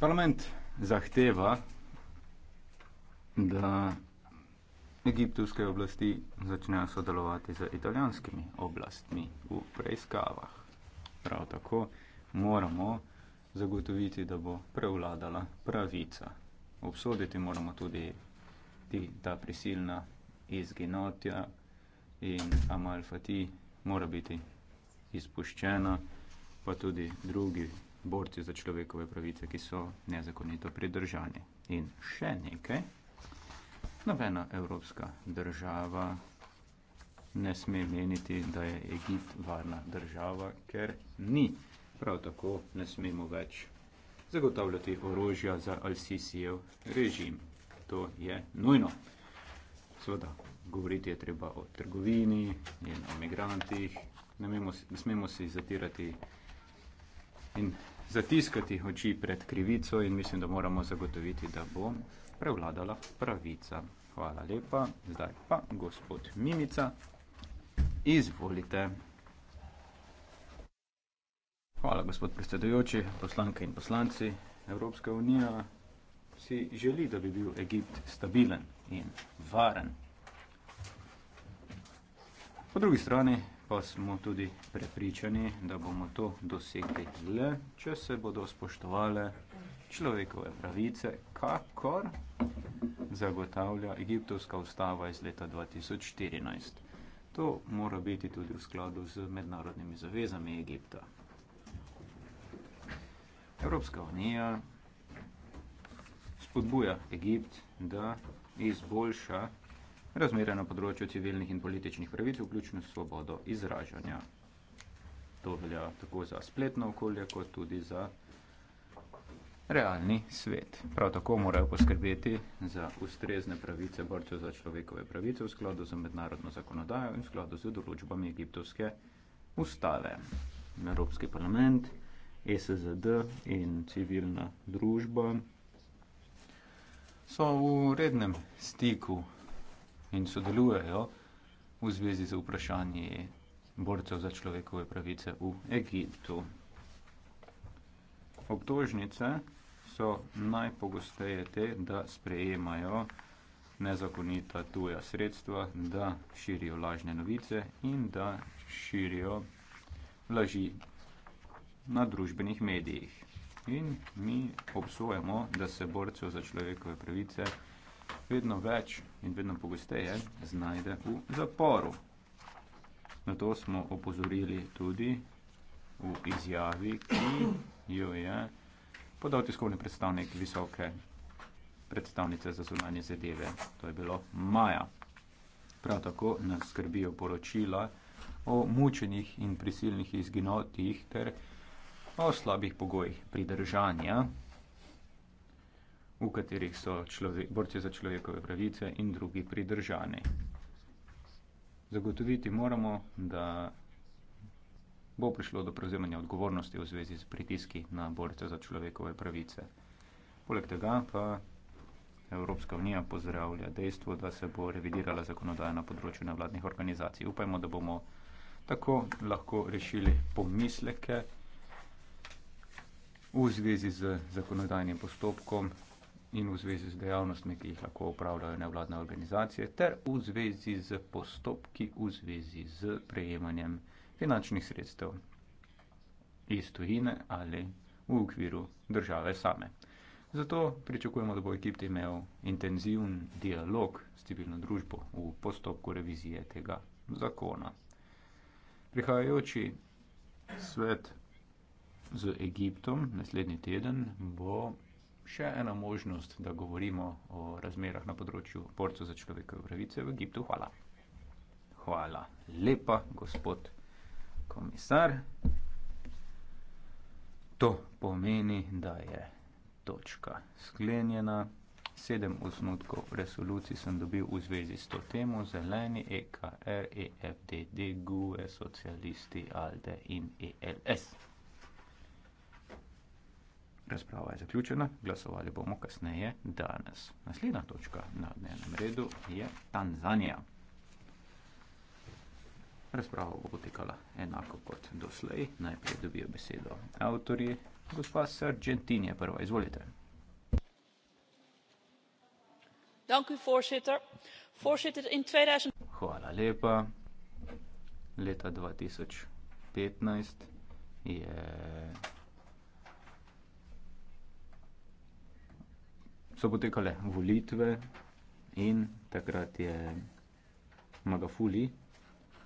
Parlament zahteva, da egiptovske oblasti začnejo sodelovati z italijanskimi oblastmi v preiskavah. Prav tako moramo zagotoviti, da bo prevladala pravica. Obsoditi moramo tudi ti, ta prisilna izginotja in amalfati mora biti izpuščena, pa tudi drugi borci za človekove pravice, ki so nezakonito pridržani. In še nekaj, nobena evropska država ne sme meniti, da je Egipt varna država, ker ni. Prav tako ne smemo več zagotavljati orožja za Al-Sisijev režim. To je nujno. Sveda, govoriti je treba o trgovini in o imigrantih. Ne, ne smemo si zatirati in zatiskati oči pred krivico in mislim, da moramo zagotoviti, da bo prevladala pravica. Hvala lepa. Zdaj pa gospod Mimica. Izvolite. Hvala, gospod predsedujoči, poslanke in poslanci. Evropska unija si želi, da bi bil Egipt stabilen in varen. Po drugi strani pa smo tudi prepričani, da bomo to dosegli le, če se bodo spoštovale človekove pravice, kakor zagotavlja egiptovska ustava iz leta 2014. To mora biti tudi v skladu z mednarodnimi zavezami Egipta. Evropska unija spodbuja Egipt, da izboljša razmere na področju civilnih in političnih pravic, vključno svobodo izražanja. To velja tako za spletno okolje, kot tudi za realni svet. Prav tako morajo poskrbeti za ustrezne pravice borcev za človekove pravice v skladu z mednarodno zakonodajo in v skladu z določbami egiptovske ustave. Evropski parlament, SZD in civilna družba so v rednem stiku in sodelujejo v zvezi z vprašanji borcev za človekove pravice v Egiptu. Obtožnice so najpogosteje te, da sprejemajo nezakonita tuja sredstva, da širijo lažne novice in da širijo laži na družbenih medijih. In mi obsojamo, da se borcev za človekove pravice vedno več in vedno pogosteje znajde v zaporu. Na to smo opozorili tudi v izjavi, ki jo je podal tiskovni predstavnik visoke predstavnice za zunanje zadeve. To je bilo maja. Prav tako nas skrbijo poročila o mučenih in prisilnih izginotih ter o slabih pogojih pridržanja v katerih so človek, borci za človekove pravice in drugi pridržani. Zagotoviti moramo, da bo prišlo do prevzemanja odgovornosti v zvezi z pritiski na borce za človekove pravice. Poleg tega pa Evropska unija pozdravlja dejstvo, da se bo revidirala zakonodaja na področju nevladnih organizacij. Upajmo, da bomo tako lahko rešili pomisleke v zvezi z zakonodajnim postopkom in v zvezi z dejavnostmi, ki jih lahko upravljajo nevladne organizacije, ter v zvezi z postopki v zvezi z prejemanjem finančnih sredstev iz tujine ali v okviru države same. Zato pričakujemo, da bo ekip imel intenzivn dialog s civilno družbo v postopku revizije tega zakona. Prihajajoči svet z Egiptom naslednji teden bo še ena možnost, da govorimo o razmerah na področju borcev za človekove pravice v Egiptu. Hvala. Hvala lepa, gospod komisar. To pomeni, da je točka sklenjena. Sedem osnutkov resolucij sem dobil v zvezi s to temo, zeleni, EKR, EFDD, GUE, socialisti, ALDE in ELS. Razprava je zaključena, glasovali bomo kasneje danes. Naslednja točka na dnevnem redu je Tanzanija. Razprava bo potekala enako kot doslej. Najprej dobijo besedo avtori. Gospa Sargentini je prva, izvolite. Hvala lepa. Leta 2015 je so potekale volitve in takrat je Magafuli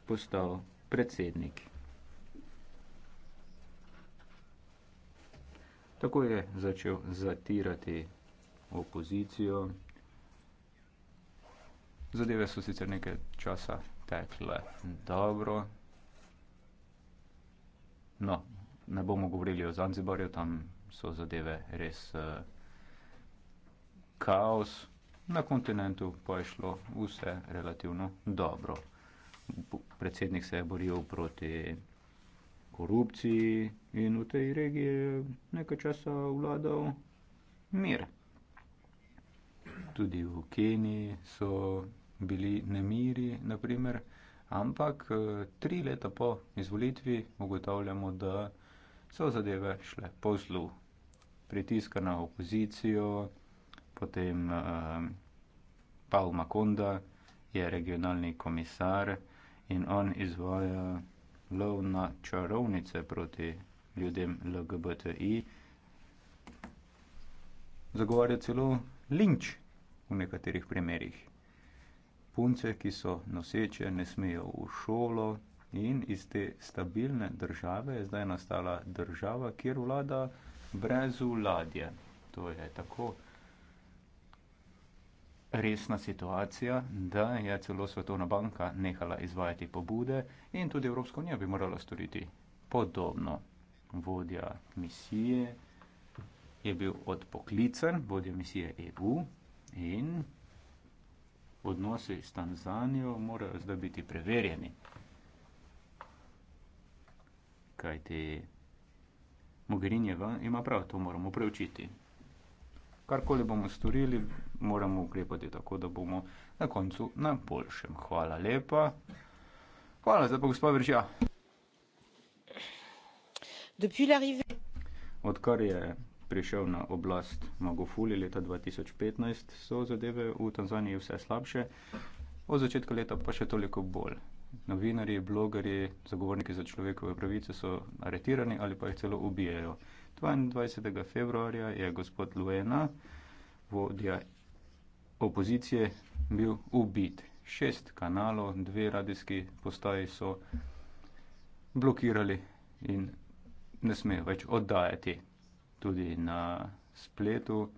postal predsednik. Tako je začel zatirati opozicijo. Zadeve so sicer nekaj časa tekle dobro. No, ne bomo govorili o Zanzibarju, tam so zadeve res uh, kaos, na kontinentu pa je šlo vse relativno dobro. Predsednik se je boril proti korupciji in v tej regiji je nekaj časa vladal mir. Tudi v Keniji so bili nemiri, naprimer, ampak tri leta po izvolitvi ugotavljamo, da so zadeve šle po zlu. Pritiska na opozicijo, potem uh, Paul Makonda je regionalni komisar in on izvaja lov na čarovnice proti ljudem LGBTI. Zagovarja celo linč v nekaterih primerjih. Punce, ki so noseče, ne smejo v šolo in iz te stabilne države je zdaj nastala država, kjer vlada brez vladje. To je tako resna situacija, da je celo Svetovna banka nehala izvajati pobude in tudi Evropska unija bi morala storiti podobno. Vodja misije je bil odpoklican, vodja misije EU in odnosi s Tanzanijo morajo zdaj biti preverjeni. Kaj te Mogherini ima prav, to moramo preučiti. Karkoli bomo storili, moramo ukrepati tako, da bomo na koncu na boljšem. Hvala lepa. Hvala, zdaj pa gospod Vržja. Odkar je prišel na oblast Magofuli leta 2015, so zadeve v Tanzaniji vse slabše, od začetka leta pa še toliko bolj. Novinari, blogeri, zagovorniki za človekove pravice so aretirani ali pa jih celo ubijajo. 22. februarja je gospod Luena, vodja opozicije bil ubit. Šest kanalov, dve radijski postaji so blokirali in ne smejo več oddajati. Tudi na spletu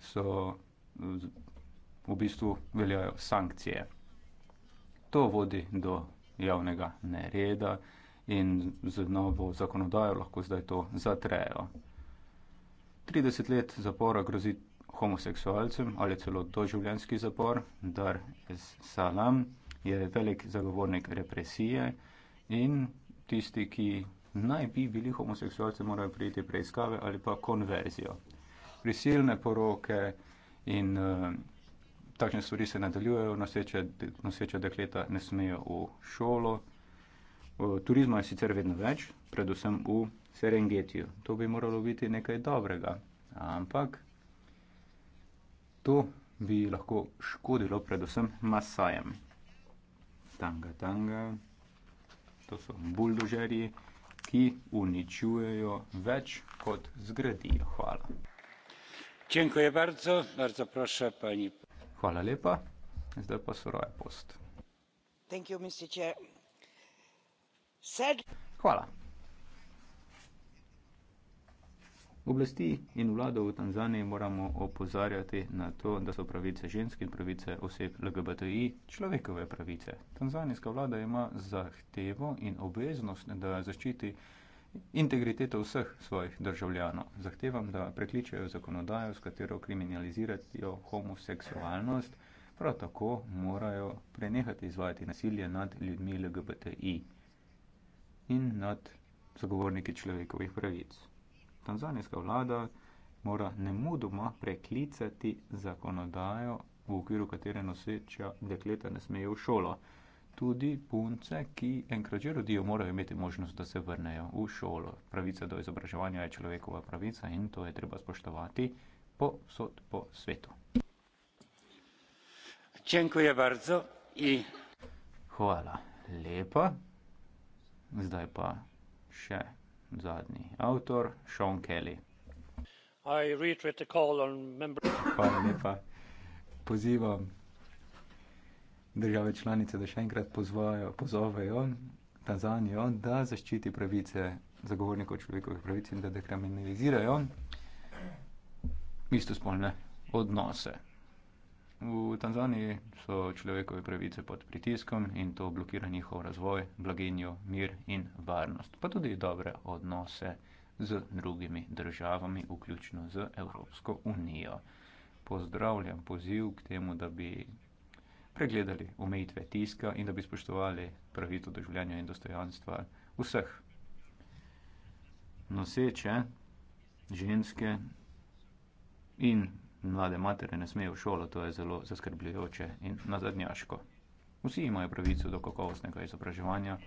so v bistvu veljajo sankcije. To vodi do javnega nereda in z novo zakonodajo lahko zdaj to zatrejo. 30 let zapora grozi homoseksualcem ali celo doživljenski zapor, Dar es Salaam, je velik zagovornik represije in tisti, ki naj bi bili homoseksualci, morajo prijeti preiskave ali pa konverzijo. Prisilne poroke in uh, takšne stvari se nadaljujejo, noseče, noseče dekleta ne smejo v šolo. Eh, turizma je sicer vedno več, predvsem v Serengetiju. To bi moralo biti nekaj dobrega, ampak To bi lahko škodilo predvsem masajem. Tanga, tanga. To so buldožerji, ki uničujejo več kot zgradijo. Hvala. Čenkuje bardzo, bardzo proszę pani. Hvala lepa. Zdaj pa soraj post. Thank you, Mr. Chair. Said... Hvala. Oblasti in vlado v Tanzaniji moramo opozarjati na to, da so pravice ženske in pravice oseb LGBTI človekove pravice. Tanzanijska vlada ima zahtevo in obveznost, da zaščiti integriteto vseh svojih državljanov. Zahtevam, da prekličajo zakonodajo, s katero kriminalizirajo homoseksualnost, prav tako morajo prenehati izvajati nasilje nad ljudmi LGBTI in nad zagovorniki človekovih pravic tanzanijska vlada mora nemudoma preklicati zakonodajo, v okviru katere noseča dekleta ne smejo v šolo. Tudi punce, ki enkrat že rodijo, morajo imeti možnost, da se vrnejo v šolo. Pravica do izobraževanja je človekova pravica in to je treba spoštovati po sod po svetu. Hvala lepa. Zdaj pa še zadnji avtor, Sean Kelly. Hvala lepa. Pozivam države članice, da še enkrat pozvajo, pozovejo Tanzanijo, da zaščiti pravice zagovornikov človekovih pravic in da dekriminalizirajo istospolne odnose. V Tanzaniji so človekove pravice pod pritiskom in to blokira njihov razvoj, blaginjo, mir in varnost, pa tudi dobre odnose z drugimi državami, vključno z Evropsko unijo. Pozdravljam poziv k temu, da bi pregledali omejitve tiska in da bi spoštovali pravico do življenja in dostojanstva vseh noseče ženske in mlade matere ne smejo v šolo, to je zelo zaskrbljujoče in nazadnjaško. Vsi imajo pravico do kakovostnega izobraževanja,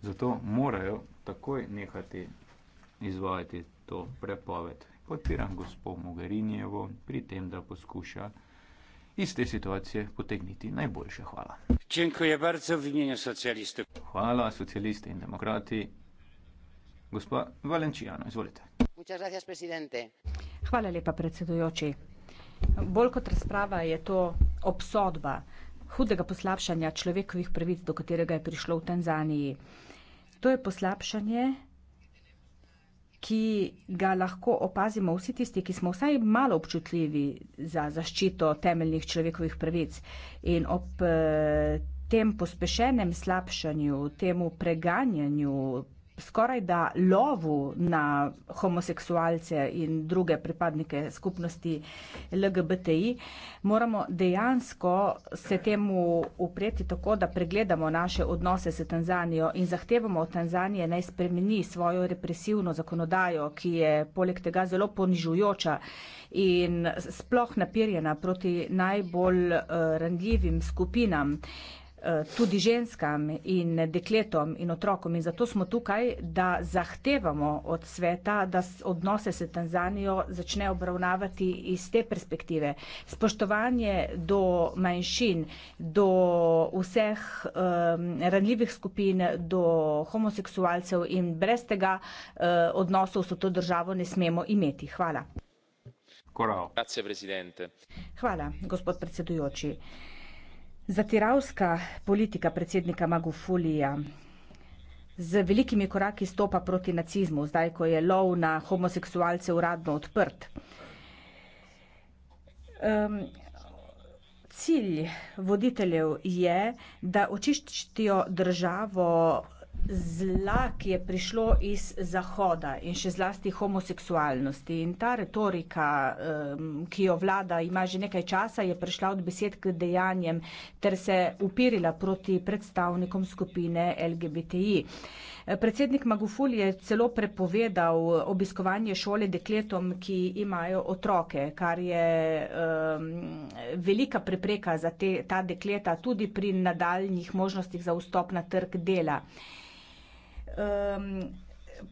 zato morajo takoj nehati izvajati to prepoved. Podpiram gospod Mogherinijevo pri tem, da poskuša iz te situacije potegniti najboljše. Hvala. Hvala, socialisti in demokrati. Gospa Valenčijano, izvolite. Hvala lepa, predsedujoči. Bolj kot razprava je to obsodba hudega poslabšanja človekovih pravic, do katerega je prišlo v Tanzaniji. To je poslabšanje, ki ga lahko opazimo vsi tisti, ki smo vsaj malo občutljivi za zaščito temeljnih človekovih pravic. In ob eh, tem pospešenem slabšanju, temu preganjanju skoraj da lovu na homoseksualce in druge pripadnike skupnosti LGBTI, moramo dejansko se temu upreti tako, da pregledamo naše odnose s Tanzanijo in zahtevamo od Tanzanije naj spremeni svojo represivno zakonodajo, ki je poleg tega zelo ponižujoča in sploh napirjena proti najbolj eh, ranljivim skupinam. Eh, tudi ženskam in dekletom in otrokom in zato smo tukaj, da zahtevamo od sveta, da odnose se Tanzanijo začne obravnavati iz te perspektive. Spoštovanje do manjšin, do vseh um, ranljivih skupin, do homoseksualcev in brez tega uh, odnosov so to državo ne smemo imeti. Hvala. Hvala, gospod predsedujoči. Zatiralska politika predsednika Magufulija z velikimi koraki stopa proti nacizmu, zdaj ko je lov na homoseksualce uradno odprt. Um, cilj voditeljev je, da očiščijo državo zla, ki je prišlo iz Zahoda in še zlasti homoseksualnosti. In ta retorika, ki jo vlada ima že nekaj časa, je prišla od besed k dejanjem ter se upirila proti predstavnikom skupine LGBTI. Predsednik Magufuli je celo prepovedal obiskovanje šole dekletom, ki imajo otroke, kar je um, velika prepreka za te, ta dekleta tudi pri nadaljnih možnostih za vstop na trg dela. Uh, um,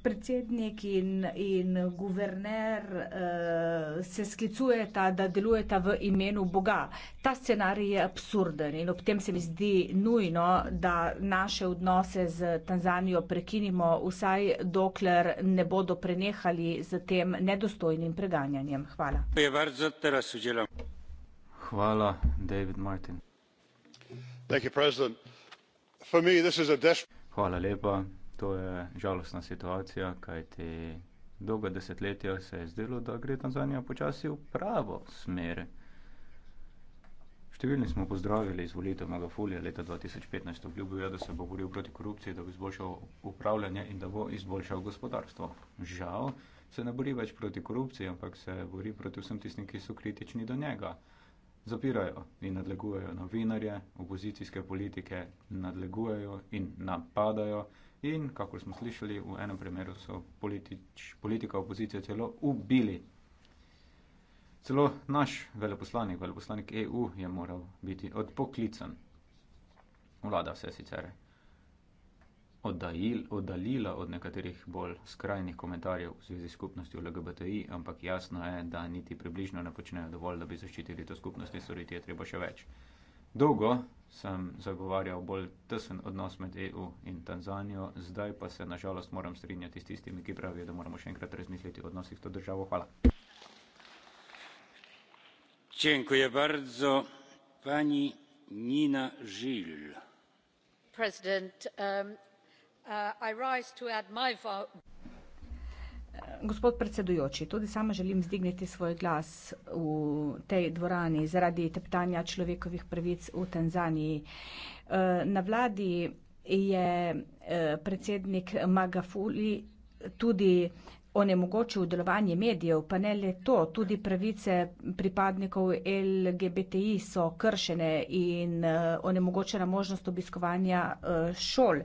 predsednik in, in guverner uh, se sklicujeta, da delujeta v imenu Boga. Ta scenarij je absurden in ob tem se mi zdi nujno, da naše odnose z Tanzanijo prekinimo, vsaj dokler ne bodo prenehali z tem nedostojnim preganjanjem. Hvala. Hvala, David Martin. Hvala lepa to je žalostna situacija, kajti dolga desetletja se je zdelo, da gre Tanzanija počasi v pravo smer. Številni smo pozdravili izvolitev Magafulja leta 2015, obljubil je, da se bo boril proti korupciji, da bo izboljšal upravljanje in da bo izboljšal gospodarstvo. Žal se ne bori več proti korupciji, ampak se bori proti vsem tistim, ki so kritični do njega. Zapirajo in nadlegujejo novinarje, opozicijske politike, nadlegujejo in napadajo in, kako smo slišali, v enem primeru so politič, politika opozicije celo ubili. Celo naš veleposlanik, veleposlanik EU, je moral biti odpoklican. Vlada se sicer oddalil, oddalila od nekaterih bolj skrajnih komentarjev v zvezi s skupnostjo LGBTI, ampak jasno je, da niti približno ne počnejo dovolj, da bi zaščitili to skupnost in storiti je treba še več. Dolgo sem zagovarjal bolj tesen odnos med EU in Tanzanijo, zdaj pa se nažalost moram strinjati s tistimi, ki pravijo, da moramo še enkrat razmisliti o odnosih to državo. Hvala. Gospod predsedujoči, tudi sama želim zdigniti svoj glas v tej dvorani zaradi teptanja človekovih pravic v Tanzaniji. Eh, na vladi je eh, predsednik Magafuli tudi onemogočil delovanje medijev, pa ne le to, tudi pravice pripadnikov LGBTI so kršene in eh, onemogočena možnost obiskovanja šol.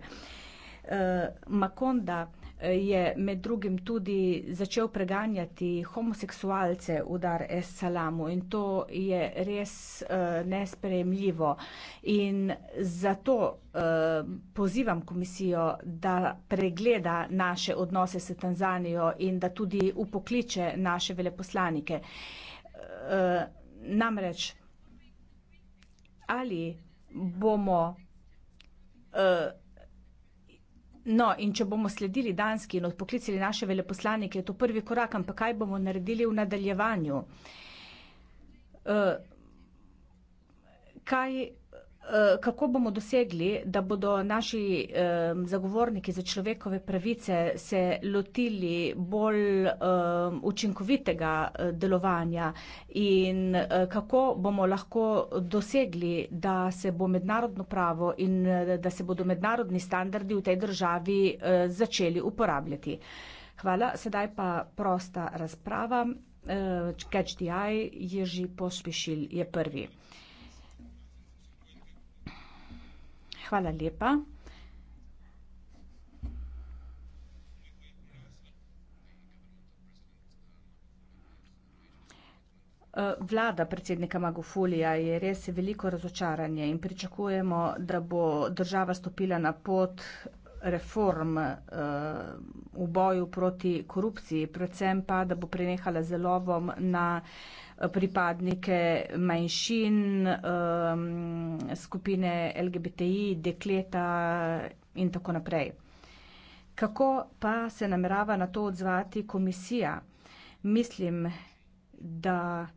Makonda, je med drugim tudi začel preganjati homoseksualce v Dar es Salamu in to je res uh, nesprejemljivo. In zato uh, pozivam komisijo, da pregleda naše odnose s Tanzanijo in da tudi upokliče naše veleposlanike. Uh, namreč, ali bomo uh, No, in če bomo sledili danski in odpoklicali naše veleposlanike, je to prvi korak, ampak kaj bomo naredili v nadaljevanju? Uh, kaj, Eh, kako bomo dosegli, da bodo naši um, zagovorniki za človekove pravice se lotili bolj um, učinkovitega eh, delovanja in uh, kako bomo lahko dosegli, da se bo mednarodno pravo in da se bodo mednarodni standardi v tej državi uh, začeli uporabljati. Hvala, sedaj pa prosta razprava. Uh, catch the eye, Jerzy Pospišil je prvi. Uh, Hvala lepa. E, vlada predsednika Magufulija je res veliko razočaranje in pričakujemo, da bo država stopila na pot reform e, v boju proti korupciji, predvsem pa, da bo prenehala z lovom na korupcijo pripadnike manjšin, um, skupine LGBTI, dekleta in tako naprej. Kako pa se namerava na to odzvati komisija? Mislim, da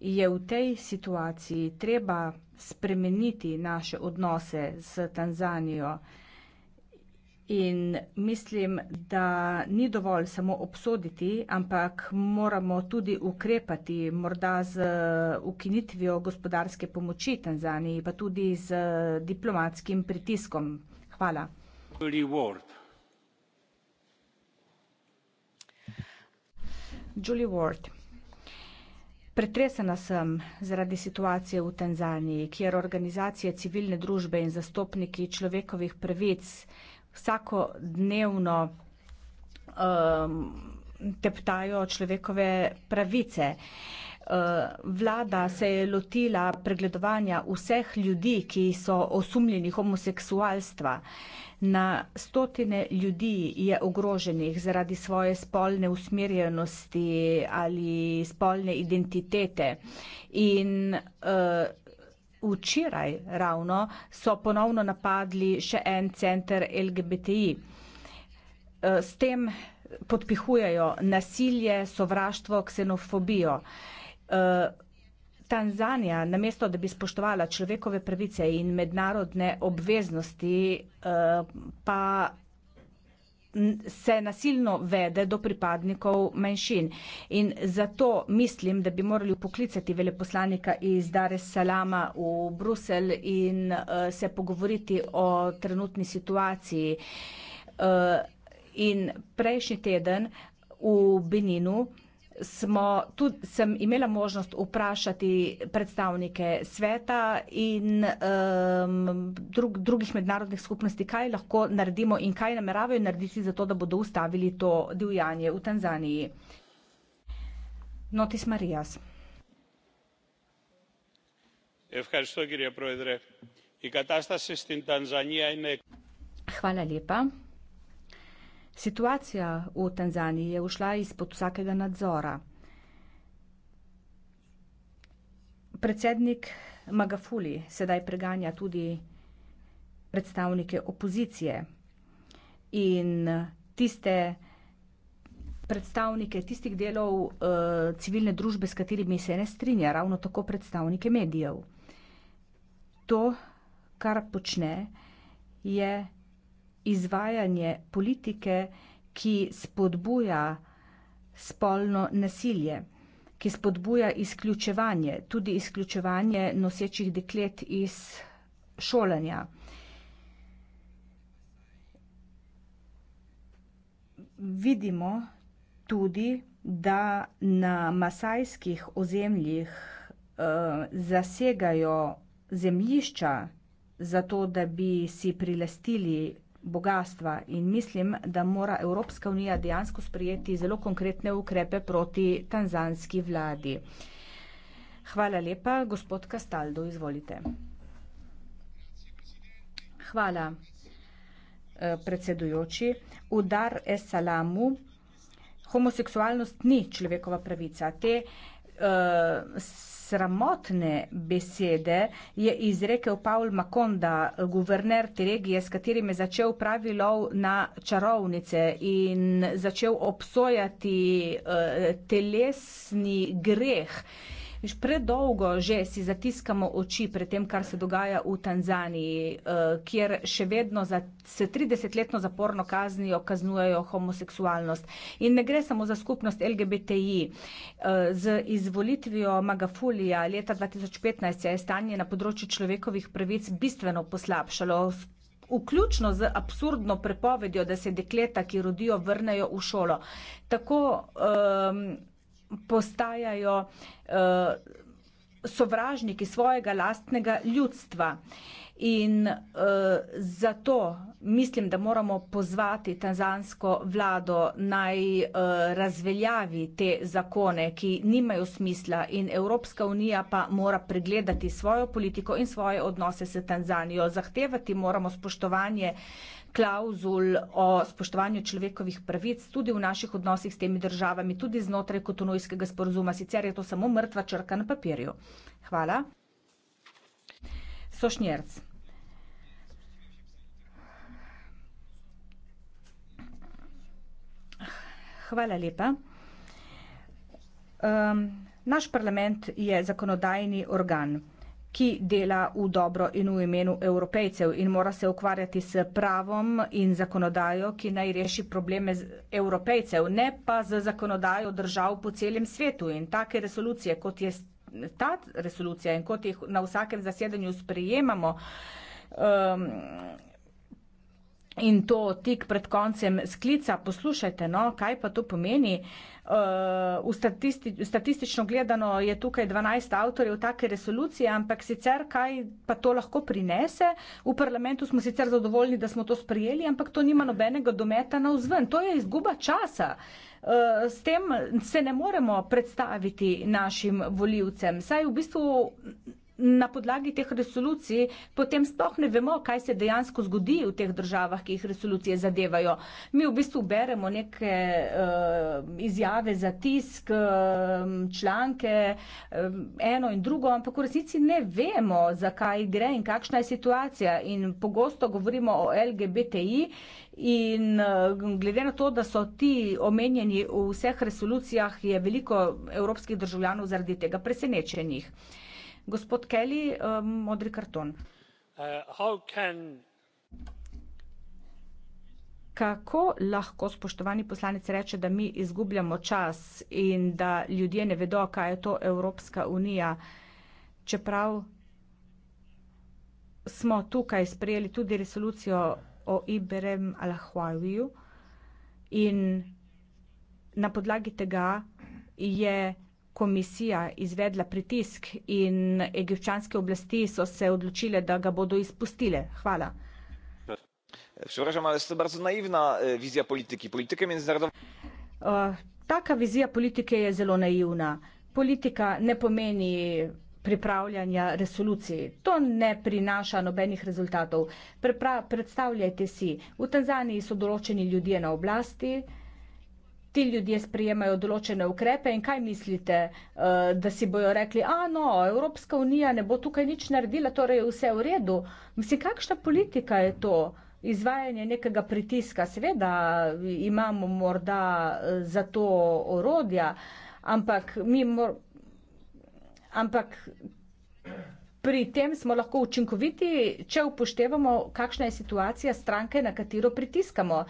je v tej situaciji treba spremeniti naše odnose s Tanzanijo. In mislim, da ni dovolj samo obsoditi, ampak moramo tudi ukrepati, morda z ukinitvijo gospodarske pomoči Tanzaniji, pa tudi z diplomatskim pritiskom. Hvala. Julie Ward. Pretresena sem zaradi situacije v Tanzaniji, kjer organizacije civilne družbe in zastopniki človekovih pravic vsakodnevno um, teptajo človekove pravice. Uh, vlada se je lotila pregledovanja vseh ljudi, ki so osumljeni homoseksualstva. Na stotine ljudi je ogroženih zaradi svoje spolne usmerjenosti ali spolne identitete. In, uh, včeraj ravno so ponovno napadli še en center LGBTI. Eh, s tem podpihujejo nasilje, sovraštvo, ksenofobijo. Eh, Tanzanija, namesto da bi spoštovala človekove pravice in mednarodne obveznosti, eh, pa se nasilno vede do pripadnikov manjšin. In zato mislim, da bi morali poklicati veleposlanika iz Dar es Salama v Brusel in uh, se pogovoriti o trenutni situaciji. Uh, in prejšnji teden v Beninu uh, smo, tudi sem imela možnost vprašati predstavnike sveta in um, drug, drugih mednarodnih skupnosti, kaj lahko naredimo in kaj nameravajo narediti za to, da bodo ustavili to divjanje v Tanzaniji. Notis Marijas. Hvala lepa. Situacija v Tanzaniji je ušla izpod vsakega nadzora. Predsednik Magafuli sedaj preganja tudi predstavnike opozicije in tiste predstavnike tistih delov uh, civilne družbe, s katerimi se ne strinja, ravno tako predstavnike medijev. To, kar počne, je izvajanje politike, ki spodbuja spolno nasilje, ki spodbuja izključevanje, tudi izključevanje nosečih deklet iz šolanja. Vidimo tudi, da na masajskih ozemljih eh, zasegajo zemljišča, zato da bi si prilastili bogatstva in mislim, da mora Evropska unija dejansko sprijeti zelo konkretne ukrepe proti tanzanski vladi. Hvala lepa, gospod Kastaldo, izvolite. Hvala, eh, predsedujoči. Udar es salamu. Homoseksualnost ni človekova pravica. Te uh, sramotne besede je izrekel Paul Makonda, guverner te regije, s katerim je začel pravi lov na čarovnice in začel obsojati uh, telesni greh. Viš, predolgo že si zatiskamo oči pred tem, kar se dogaja v Tanzaniji, uh, kjer še vedno za, se 30-letno zaporno kaznijo, kaznujejo homoseksualnost. In ne gre samo za skupnost LGBTI. Uh, eh, z izvolitvijo Magafulija leta 2015 je stanje na področju človekovih pravic bistveno poslabšalo. Vključno z absurdno prepovedjo, da se dekleta, ki rodijo, vrnejo v šolo. Tako um, postajajo uh, sovražniki svojega lastnega ljudstva. In uh, zato mislim, da moramo pozvati tanzansko vlado naj uh, razveljavi te zakone, ki nimajo smisla in Evropska unija pa mora pregledati svojo politiko in svoje odnose s Tanzanijo. Zahtevati moramo spoštovanje uh, klauzul o spoštovanju človekovih pravic tudi v naših odnosih s temi državami, tudi znotraj kotonojskega sporozuma. Sicer je to samo mrtva črka na papirju. Hvala. Sošnjerc. Hvala lepa. Um, naš parlament je zakonodajni organ ki dela v dobro in v imenu evropejcev in mora se ukvarjati s pravom in zakonodajo, ki naj reši probleme evropejcev, ne pa z zakonodajo držav po celem svetu. In take resolucije, kot je ta resolucija in kot jih na vsakem zasedanju sprejemamo, um, In to tik pred koncem sklica, poslušajte, no, kaj pa to pomeni. Uh, statisti statistično gledano je tukaj 12 avtorjev take resolucije, ampak sicer kaj pa to lahko prinese. V parlamentu smo sicer zadovoljni, da smo to sprijeli, ampak to nima nobenega dometa na vzven. To je izguba časa. Uh, s tem se ne moremo predstaviti našim voljivcem. Saj v bistvu na podlagi teh resolucij potem sploh ne vemo, kaj se dejansko zgodi v teh državah, ki jih resolucije zadevajo. Mi v bistvu beremo neke uh, izjave za tisk, uh, članke, uh, eno in drugo, ampak v resnici ne vemo, zakaj gre in kakšna je situacija. In pogosto govorimo o LGBTI in uh, glede na to, da so ti omenjeni v vseh resolucijah, je veliko evropskih državljanov zaradi tega presenečenih. Uh, gospod kelly eh, modri karton uh, kako lahko spoštovani poslanec reče da mi izgubljamo čas in da ljudje ne vedo kaj je to evropska unija čeprav smo tukaj sprejeli tudi resolucijo o Iberem Alahuaviju in na podlagi tega je komisija izvedla pritisk in egipčanske oblasti so se odločile, da ga bodo izpustile. Hvala. Przepraszam, ale jest to bardzo naiwna e, wizja polityki. Politykę międzynarodową. E, taka wizja polityki jest zelo naiwna. Polityka nie pomeni pripravljanja resolucij. To ne prinaša nobenih rezultatov. Predstavljajte si, v Tanzaniji so določeni ljudje na oblasti, ti ljudje sprejemajo določene ukrepe in kaj mislite, eh, da si bojo rekli, a no, Evropska unija ne bo tukaj nič naredila, torej je vse v redu. Mislim, kakšna politika je to? Izvajanje nekega pritiska, seveda imamo morda eh, za to orodja, ampak, mor... ampak pri tem smo lahko učinkoviti, če upoštevamo, kakšna je situacija stranke, na katero pritiskamo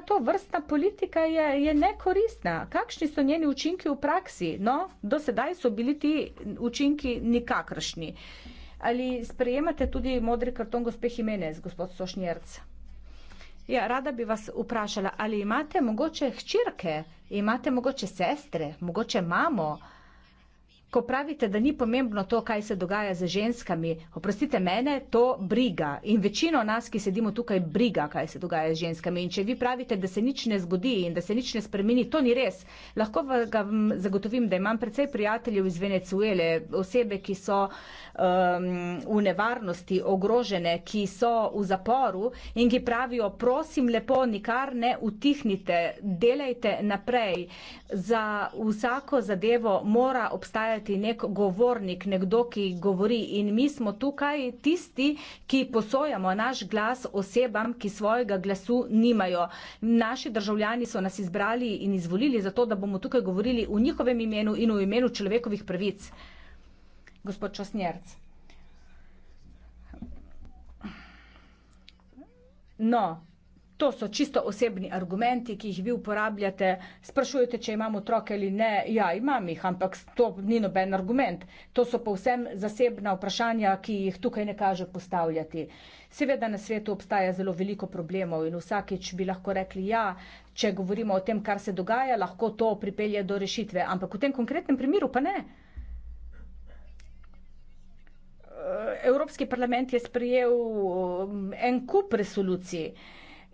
ta, to vrstna politika je, je nekoristna. Kakšni so njeni učinki v praksi? No, do sedaj so bili ti učinki nikakršni. Ali sprejemate tudi modri karton gospe Jimenez, gospod Sošnjerc? Ja, rada bi vas vprašala, ali imate mogoče hčirke, imate mogoče sestre, mogoče mamo? Uh, Ko pravite, da ni pomembno to, kaj se dogaja z ženskami, oprostite mene, to briga in večino nas, ki sedimo tukaj, briga, kaj se dogaja z ženskami. In če vi pravite, da se nič ne zgodi in da se nič ne spremeni, to ni res. Lahko vam zagotovim, da imam precej prijateljev iz Venezuele, osebe, ki so um, v nevarnosti, ogrožene, ki so v zaporu in ki pravijo, prosim lepo, nikar ne utihnite, delajte naprej. Za vsako zadevo mora obstajati postati nek govornik, nekdo, ki govori. In mi smo tukaj tisti, ki posojamo naš glas osebam, ki svojega glasu nimajo. Naši državljani so nas izbrali in izvolili zato, da bomo tukaj govorili v njihovem imenu in v imenu človekovih pravic. Gospod Čosnjerc. No, To so čisto osebni argumenti, ki jih vi uporabljate. Sprašujete, če imam otroke ali ne. Ja, imam jih, ampak to ni noben argument. To so povsem zasebna vprašanja, ki jih tukaj ne kaže postavljati. Seveda na svetu obstaja zelo veliko problemov in vsakeč bi lahko rekli, ja, če govorimo o tem, kar se dogaja, lahko to pripelje do rešitve. Ampak v tem konkretnem primeru pa ne. Evropski parlament je sprejel um, en kup resolucij.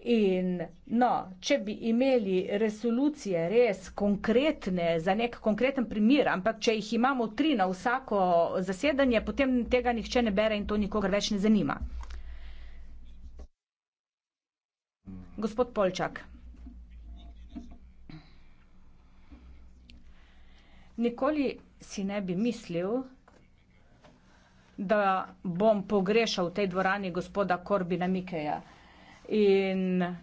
In no, če bi imeli resolucije res konkretne za nek konkreten primir, ampak če jih imamo tri na vsako zasedanje, potem tega nihče ne bere in to nikogar več ne zanima. Gospod Polčak. Nikoli si ne bi mislil, da bom pogrešal v tej dvorani gospoda Korbina Mikeja. In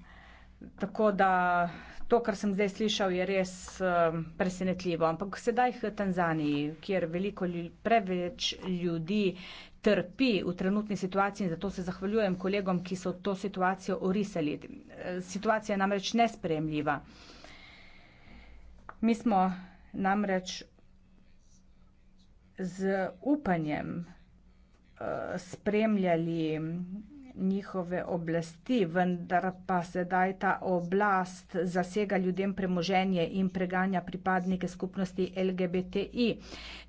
tako da to, kar sem zdaj slišal, je res um, presenetljivo. Ampak sedaj v Tanzaniji, kjer veliko, preveč ljudi trpi v trenutni situaciji, zato se zahvaljujem kolegom, ki so to situacijo orisali. Situacija je namreč nespremljiva. Mi smo namreč z upanjem uh, spremljali njihove oblasti, vendar pa sedaj ta oblast zasega ljudem premoženje in preganja pripadnike skupnosti LGBTI.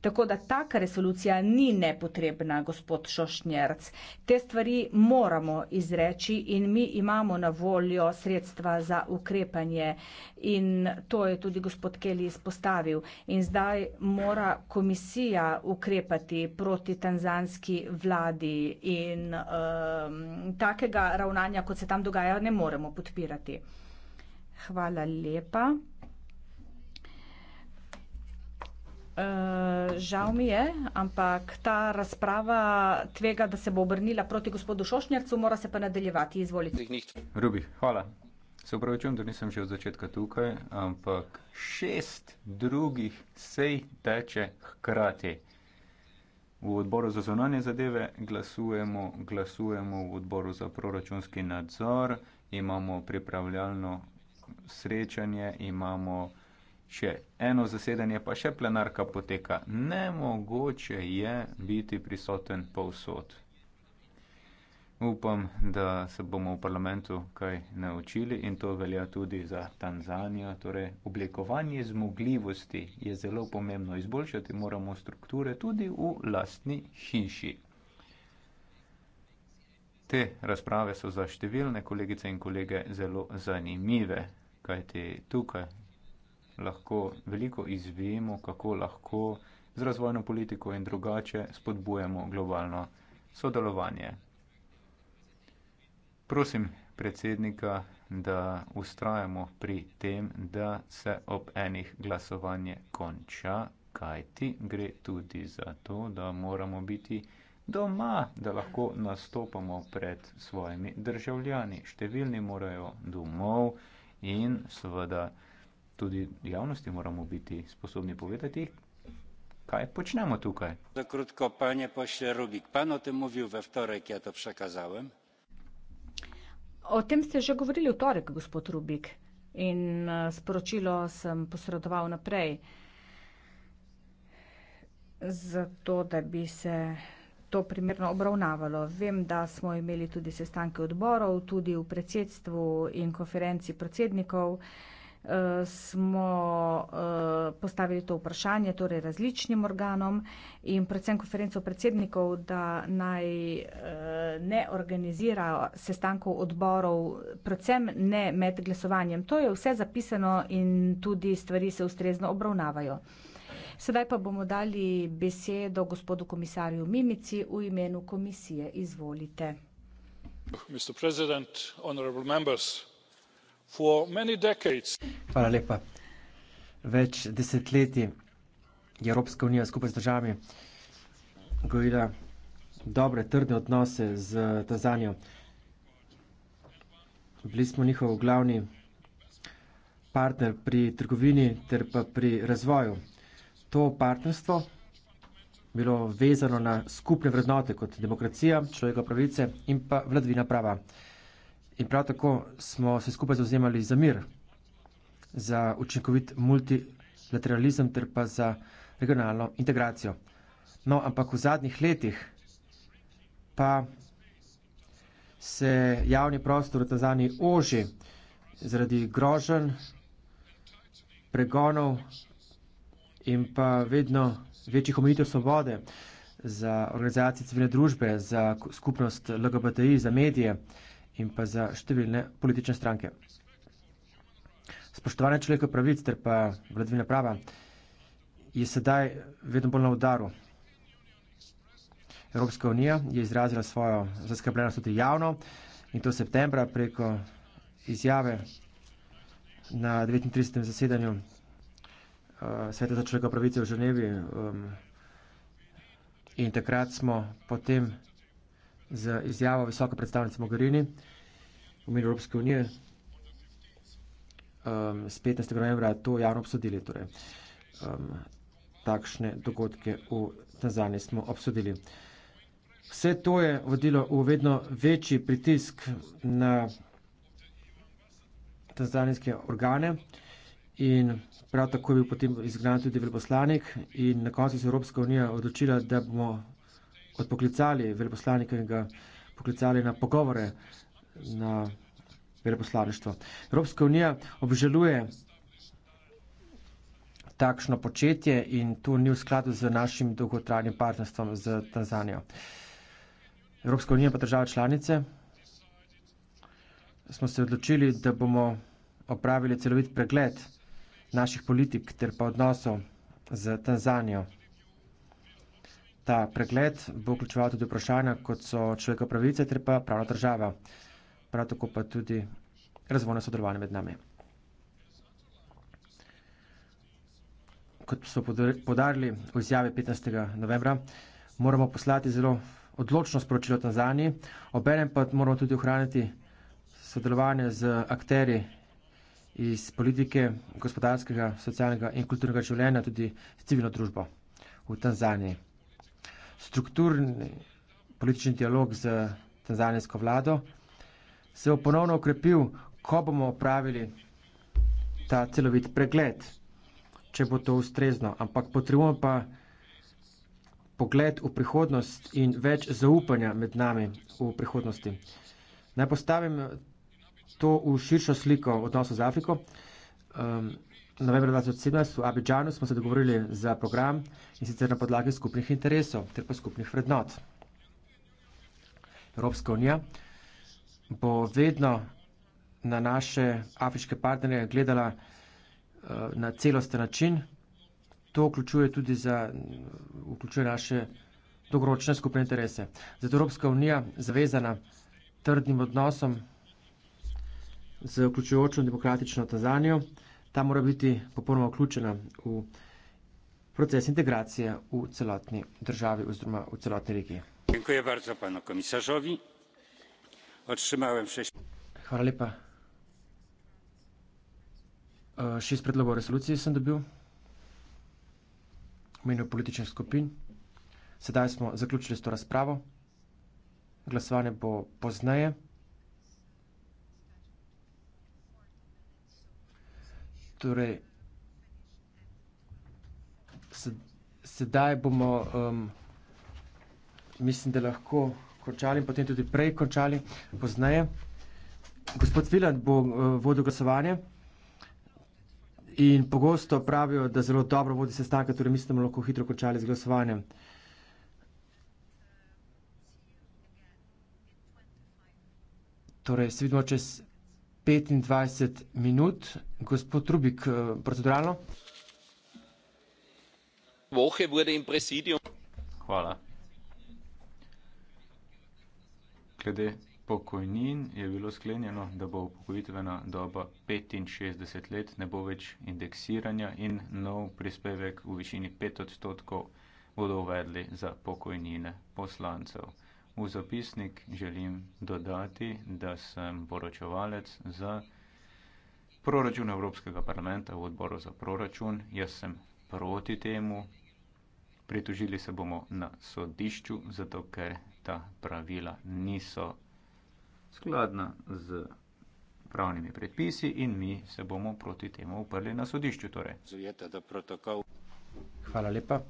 Tako da taka resolucija ni nepotrebna, gospod Šošnjerc. Te stvari moramo izreči in mi imamo na voljo sredstva za ukrepanje in to je tudi gospod Keli izpostavil. In zdaj mora komisija ukrepati proti tanzanski vladi in um, takega ravnanja, kot se tam dogaja, ne moremo podpirati. Hvala lepa. Uh, žal mi je, ampak ta razprava tvega, da se bo obrnila proti gospodu Šošnjercu, mora se pa nadaljevati. Izvolite. Rubi, hvala. Se upravičujem, da nisem že od začetka tukaj, ampak šest drugih sej teče hkrati. V odboru za zonanje zadeve glasujemo, glasujemo v odboru za proračunski nadzor, imamo pripravljalno srečanje, imamo še eno zasedanje, pa še plenarka poteka. Nemogoče je biti prisoten povsod. Upam, da se bomo v parlamentu kaj naučili in to velja tudi za Tanzanijo. Torej, oblikovanje zmogljivosti je zelo pomembno. Izboljšati moramo strukture tudi v lastni hiši. Te razprave so za številne kolegice in kolege zelo zanimive, kajti tukaj lahko veliko izvemo, kako lahko z razvojno politiko in drugače spodbujemo globalno sodelovanje. Prosim predsednika, da ustrajamo pri tem, da se ob enih glasovanje konča, kajti gre tudi za to, da moramo biti doma, da lahko nastopamo pred svojimi državljani. Številni morajo domov in seveda tudi javnosti moramo biti sposobni povedati, kaj počnemo tukaj. Za kratko, panje pošle Rubik, pan o tem govoril v torek, jaz to prekazal. O tem ste že govorili v torek, gospod Rubik, in eh, sporočilo sem posredoval naprej, zato da bi se to primerno obravnavalo. Vem, da smo imeli tudi sestanke odborov, tudi v predsedstvu in konferenci predsednikov smo eh, postavili to vprašanje torej različnim organom in predvsem konferenco predsednikov, da naj eh, ne organizirajo sestankov odborov, predvsem ne med glasovanjem. To je vse zapisano in tudi stvari se ustrezno obravnavajo. Sedaj pa bomo dali besedo gospodu komisarju Mimici v imenu komisije. Izvolite. Gospod predsednik, spoštovani poslanci, Hvala lepa. Več desetletij je Evropska unija skupaj z državami gojila dobre, trdne odnose z Tanzanijo. Bili smo njihov glavni partner pri trgovini ter pa pri razvoju. To partnerstvo bilo vezano na skupne vrednote kot demokracija, človekove pravice in pa vladavina prava. In prav tako smo se skupaj zauzemali za mir, za učinkovit multilateralizem ter pa za regionalno integracijo. No, ampak v zadnjih letih pa se javni prostor v Tanzaniji oži zaradi grožen, pregonov in pa vedno večjih omejitev svobode za organizacije civilne družbe, za skupnost LGBTI, za medije in pa za številne politične stranke. Spoštovanje človekov pravic ter pa vladvina prava je sedaj vedno bolj na udaru. Evropska unija je izrazila svojo zaskrbljenost tudi javno in to septembra preko izjave na 39. zasedanju uh, Sveta za človekov pravice v Ženevi um, in takrat smo potem z izjavo visoke predstavnice Mogherini v imenu Evropske unije um, z 15. novembra to javno obsodili. Torej, um, takšne dogodke v Tanzaniji smo obsodili. Vse to je vodilo v vedno večji pritisk na tanzanijske organe in prav tako je bil potem izgnan tudi veleposlanik in na koncu se Evropska unija odločila, da bomo odpoklicali veleposlanika in ga poklicali na pogovore na veleposlaništvo. Evropska unija obžaluje takšno početje in to ni v skladu z našim dolgotrajnim partnerstvom z Tanzanijo. Evropska unija pa države članice smo se odločili, da bomo opravili celovit pregled naših politik ter pa odnosov z Tanzanijo. Ta pregled bo vključeval tudi vprašanja, kot so človekove pravice ter pa pravna država, prav tako pa tudi razvojno sodelovanje med nami. Kot so podarili v izjavi 15. novembra, moramo poslati zelo odločno sporočilo Tanzaniji, obenem pa moramo tudi ohraniti sodelovanje z akteri iz politike, gospodarskega, socialnega in kulturnega življenja, tudi s civilno družbo v Tanzaniji strukturni politični dialog z tanzanijsko vlado, se bo ponovno okrepil, ko bomo opravili ta celovit pregled, če bo to ustrezno. Ampak potrebujemo pa pogled v prihodnost in več zaupanja med nami v prihodnosti. Naj postavim to v širšo sliko odnosov z Afriko. Um, novembra 2017 v Abidžanu smo se dogovorili za program in sicer na podlagi skupnih interesov ter pa skupnih vrednot. Evropska unija bo vedno na naše afriške partnerje gledala eh, na celosten način. To vključuje tudi za, vključuje naše dolgoročne skupne interese. Zato Evropska unija zavezana trdnim odnosom z vključujočo demokratično Tanzanijo, ta mora biti popolnoma vključena v proces integracije v celotni državi oziroma v celotni regiji. Hvala lepa. E, šest predlogov resolucije sem dobil v imenu političnih skupin. Sedaj smo zaključili s to razpravo. Glasovanje bo pozdneje. Torej, sedaj bomo, um, mislim, da lahko končali, potem tudi prej končali, poznaje. Gospod Viland bo uh, vodil glasovanje in pogosto pravijo, da zelo dobro vodi sestanke, torej mislim, da bomo lahko hitro končali z glasovanjem. Torej, se vidimo čez 25 minut. Gospod Trubik, eh, proceduralno. Hvala. Glede pokojnin je bilo sklenjeno, da bo upokojitvena doba 65 let, ne bo več indeksiranja in nov prispevek v višini 5 odstotkov bodo uvedli za pokojnine poslancev. V zapisnik želim dodati, da sem poročevalec za proračun Evropskega parlamenta v odboru za proračun. Jaz sem proti temu. Pritožili se bomo na sodišču, zato ker ta pravila niso skladna z pravnimi predpisi in mi se bomo proti temu uprli na sodišču. Torej. Hvala lepa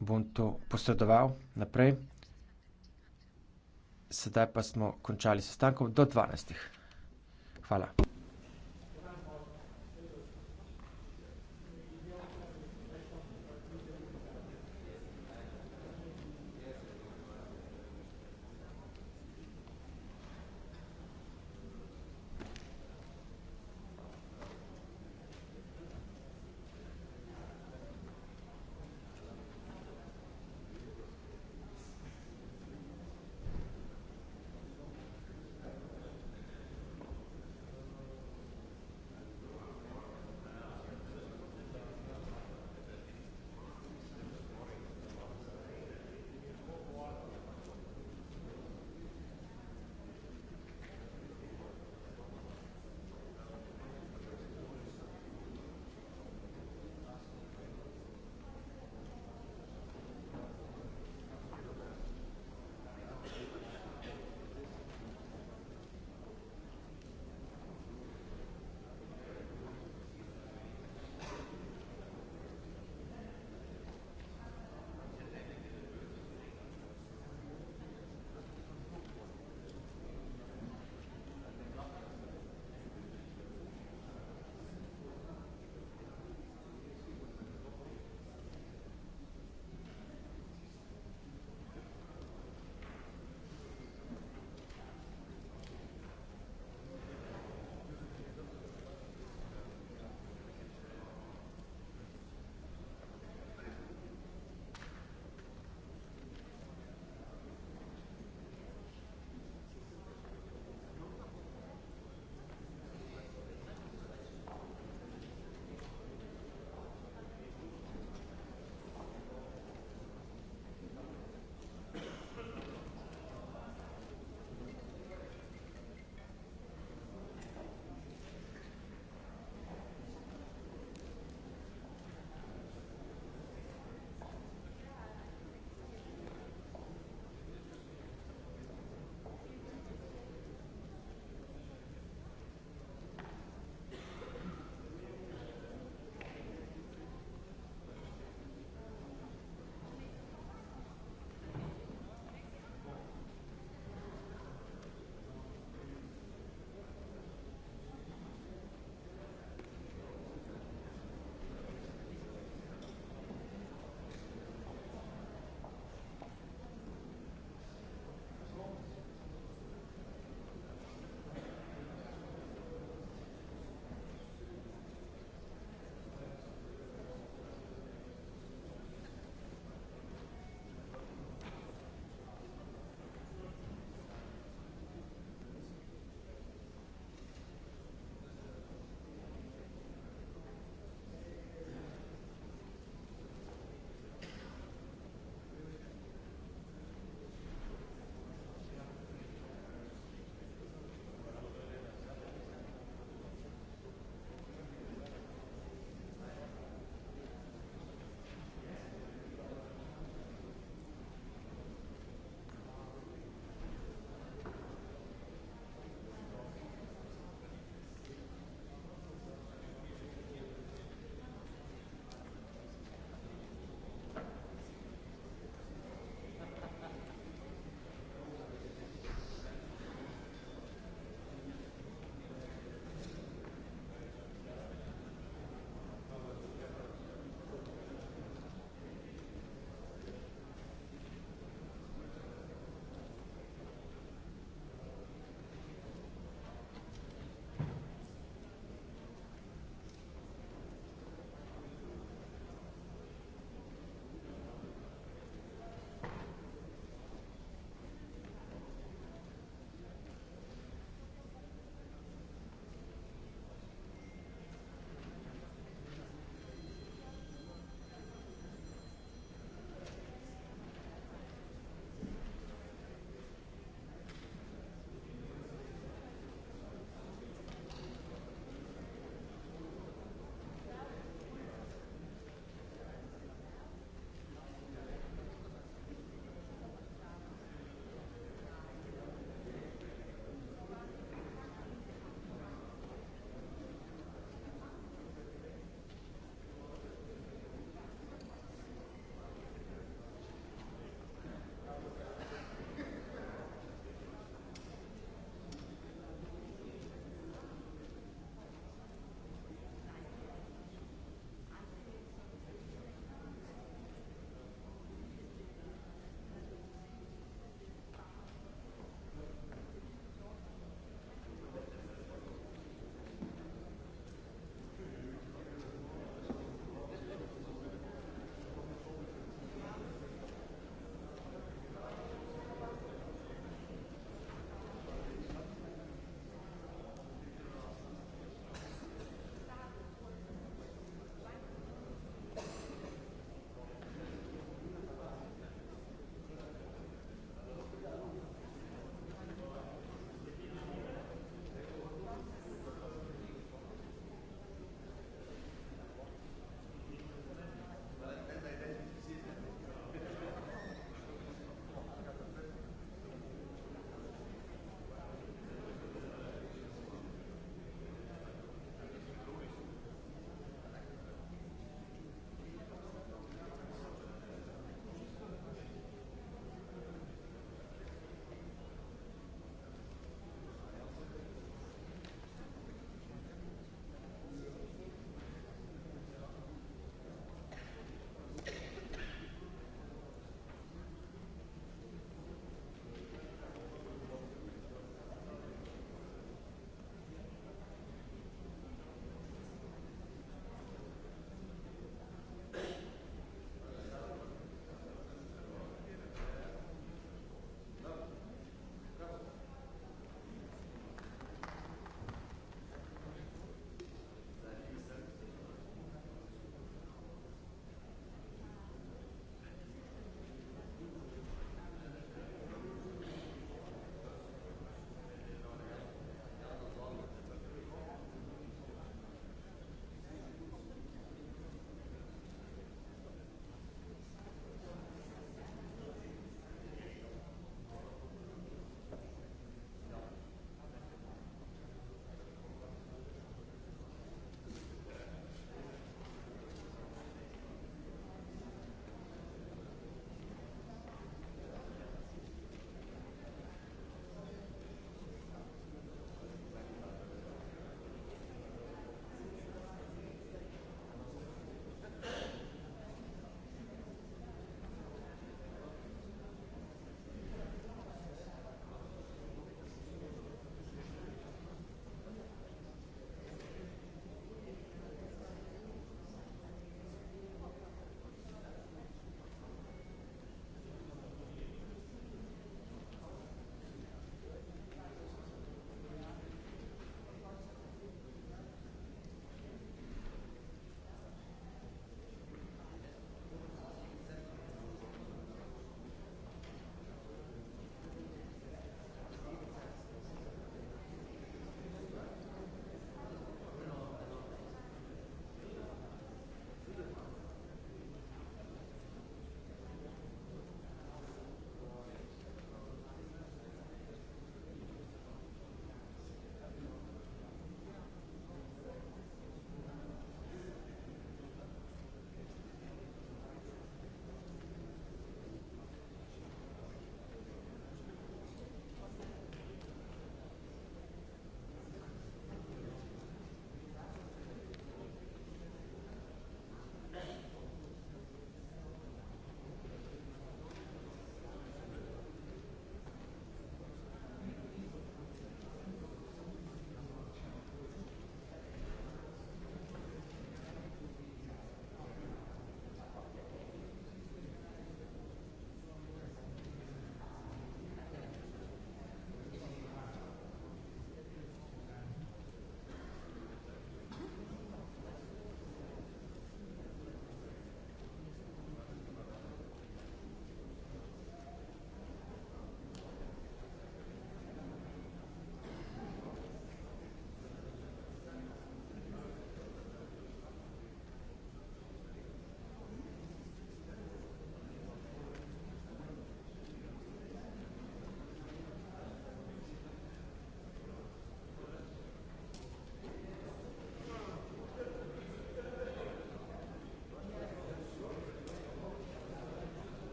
bom to posredoval naprej. Sedaj pa smo končali sestankov do 12. Hvala.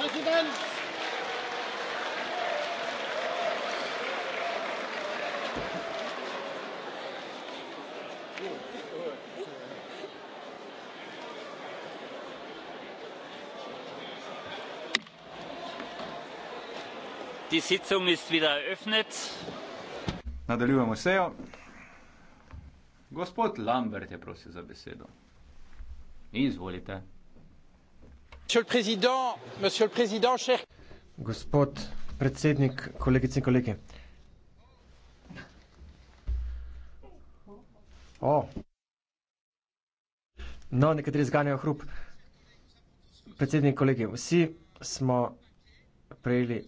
President. Nadaljujemo sejo. Gospod Lambert je prosil za besedo. Izvolite. Monsieur le Président, Gospod predsednik, kolegice in kolege. O. No, nekateri zganjajo hrup. Predsednik, kolegi, vsi smo prejeli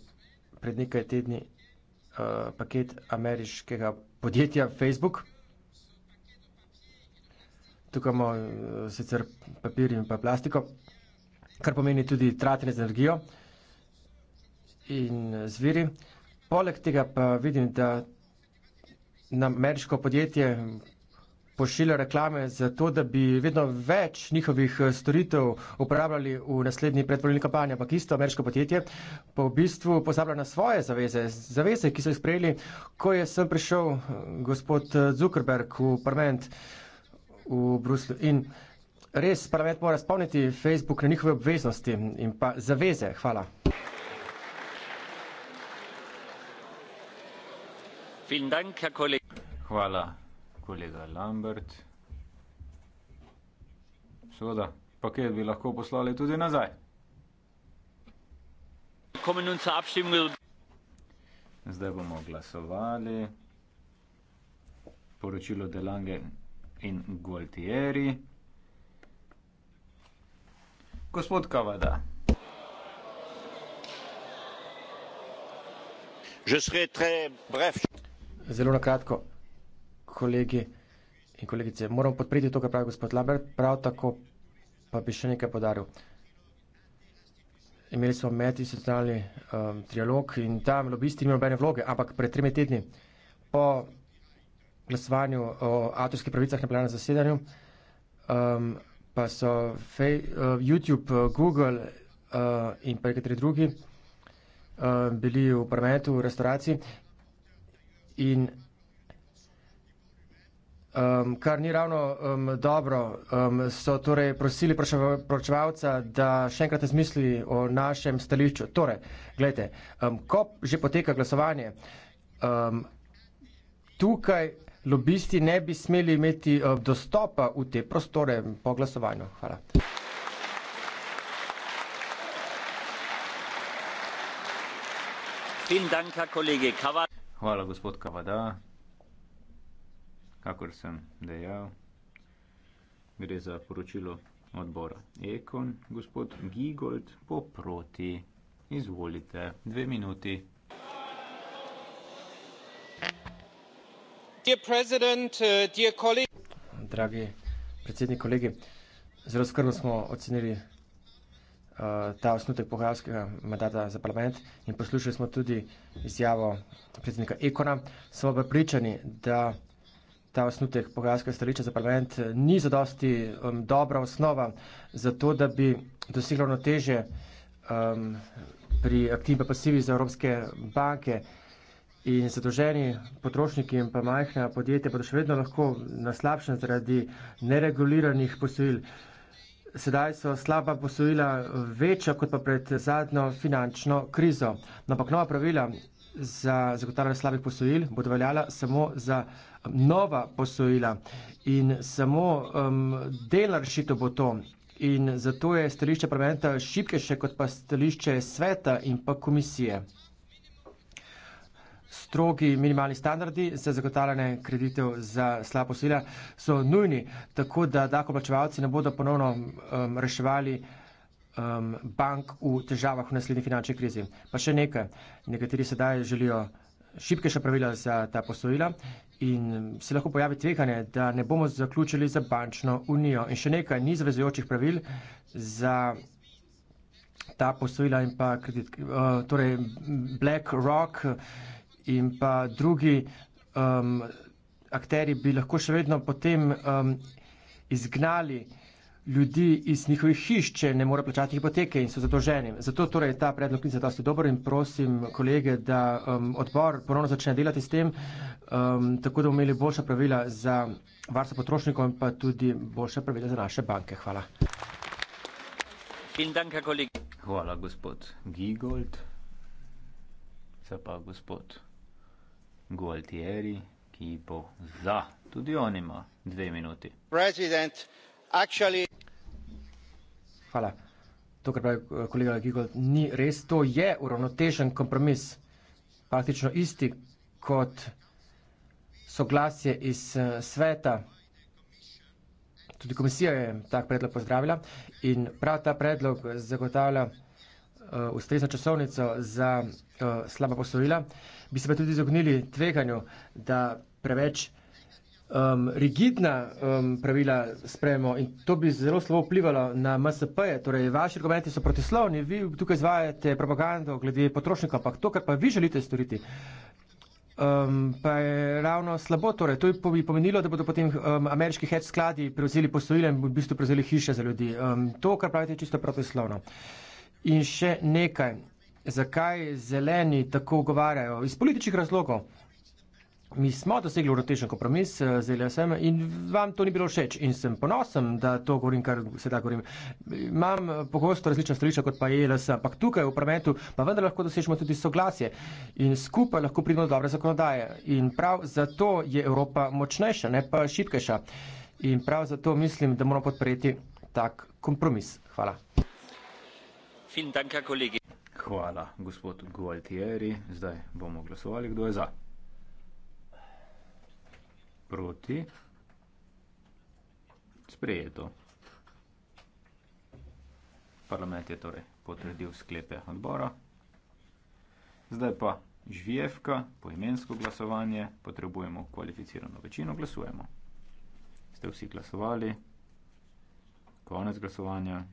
pred nekaj tedni uh, paket ameriškega podjetja Facebook. Tukaj imamo uh, sicer papir in pa plastiko kar pomeni tudi tratenje z energijo in zviri. Poleg tega pa vidim, da nam ameriško podjetje pošilja reklame za to, da bi vedno več njihovih eh, storitev uporabljali v naslednji predvoljni kampanji, ampak isto ameriško podjetje pa v bistvu pozablja na svoje zaveze, zaveze, ki so jih sprejeli, ko je sem prišel eh, gospod eh, Zuckerberg v parlament v Bruslju. In res parlament mora spomniti Facebook na njihove obveznosti in pa zaveze. Hvala. Hvala, kolega Lambert. Seveda, paket bi lahko poslali tudi nazaj. Zdaj bomo glasovali. Poročilo Delange in Gualtieri. Gospod Kavada. Zelo na kratko, kolegi in kolegice, moram podpreti to, kar pravi gospod Lambert, prav tako pa bi še nekaj podaril. Imeli smo medinstitucionalni um, trialog in tam lobisti nimajo nobene vloge, ampak pred tremi tedni po glasovanju o avtorskih pravicah na plenarnem zasedanju um, pa so fe, uh, eh, YouTube, uh, Google uh, in pa nekateri drugi uh, bili v prometu, v restauraciji. In um, kar ni ravno um, dobro, um, so torej prosili pročevalca, da še enkrat razmisli o našem stališču. Torej, gledajte, um, ko že poteka glasovanje, um, tukaj lobisti ne bi smeli imeti eh, dostopa v te prostore po glasovanju. Hvala. Hvala, gospod Kavada. Kakor sem dejal, gre za poročilo odbora Ekon. Gospod Gigold, poproti, izvolite, dve minuti. Uh, Dragi predsednik, kolegi, zelo skrbno smo ocenili uh, ta osnutek pogajalskega mandata za parlament in poslušali smo tudi izjavo predsednika Ekona. Smo pa pričani, da ta osnutek pogajalskega stališča za parlament uh, ni zadosti um, dobra osnova za to, da bi dosegla ravnoteže um, pri aktivni pasivi za evropske banke in zadoženi potrošniki in pa majhna podjetja bodo še vedno lahko na slabšem zaradi nereguliranih posojil. Sedaj so slaba posojila večja kot pa pred zadnjo finančno krizo. Ampak nova pravila za zagotavljanje slabih posojil bodo veljala samo za um, nova posojila in samo um, delna rešitev bo to. In zato je stališče parlamenta šipkejše kot pa stališče sveta in pa komisije strogi minimalni standardi za zagotavljanje kreditev za slaba posojila so nujni, tako da dakoplačevalci ne bodo ponovno um, reševali um, bank v težavah v naslednji finančni krizi. Pa še nekaj, nekateri sedaj želijo šibkejša pravila za ta posojila in se lahko pojavi tveganje, da ne bomo zaključili za bančno unijo. In še nekaj, ni zavezujočih pravil za ta posojila in pa kredit. Uh, torej, BlackRock in pa drugi um, akteri bi lahko še vedno potem um, izgnali ljudi iz njihovih hiš, če ne morejo plačati hipoteke in so zadolženi. Zato torej ta predlog ni za dosti dobro in prosim kolege, da um, odbor ponovno začne delati s tem, um, tako da bomo imeli boljša pravila za varstvo potrošnikov in pa tudi boljša pravila za naše banke. Hvala. Danke, Hvala, gospod Gigold. Se pa gospod. Gualtieri, ki bo za. Tudi on ima dve minuti. President, actually... Hvala. To, kar pravi eh, kolega Gigol, ni res. To je uravnotežen kompromis, praktično isti kot soglasje iz eh, sveta. Tudi komisija je tak predlog pozdravila in prav ta predlog zagotavlja Eh, ustrezno časovnico za uh, slaba posojila, bi se pa tudi izognili tveganju, da preveč um, rigidna um, pravila sprejemo in to bi zelo slabo vplivalo na MSP-je. Torej, vaši argumenti so protislovni, vi tukaj izvajate propagando glede potrošnika, ampak to, kar pa vi želite storiti, um, pa je ravno slabo. Torej, to bi pomenilo, da bodo potem um, ameriški hedge skladi prevzeli posojila in v bistvu prevzeli hiše za ljudi. Um, to, kar pravite, je čisto protislovno. In še nekaj, zakaj zeleni tako ogovarjajo? Iz političnih razlogov. Mi smo dosegli uratežen kompromis eh, z LSM in vam to ni bilo všeč in sem ponosen, da to govorim, kar sedaj govorim. Imam pogosto različna stališča kot pa LSM, ampak tukaj v prometu pa vendar lahko dosežemo tudi soglasje in skupaj lahko pridemo do dobre zakonodaje. In prav zato je Evropa močnejša, ne pa šitkejša. In prav zato mislim, da moramo podpreti tak kompromis. Hvala. Hvala, gospod Gualtieri. Zdaj bomo glasovali, kdo je za. Proti. Sprejeto. Parlament je torej potrdil sklepe odbora. Zdaj pa žvijevka, poimensko glasovanje, potrebujemo kvalificirano večino, glasujemo. Ste vsi glasovali? Konec glasovanja.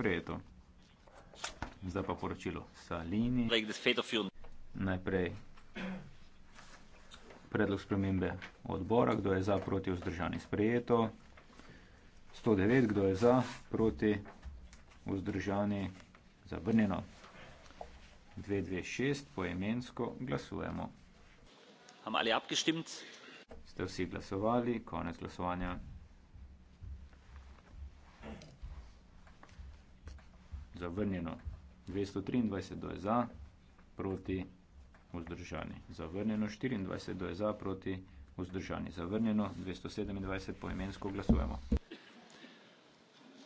sprejeto. Zdaj pa poročilo Salini. Najprej predlog spremembe odbora, kdo je za, proti, vzdržani, sprejeto. 109, kdo je za, proti, vzdržani, zavrnjeno. 226, poemensko glasujemo. Ste vsi glasovali, konec glasovanja. zavrnjeno 223, do je za, proti vzdržani. Zavrnjeno 24, do je za, proti vzdržani. Zavrnjeno 227, poimensko glasujemo.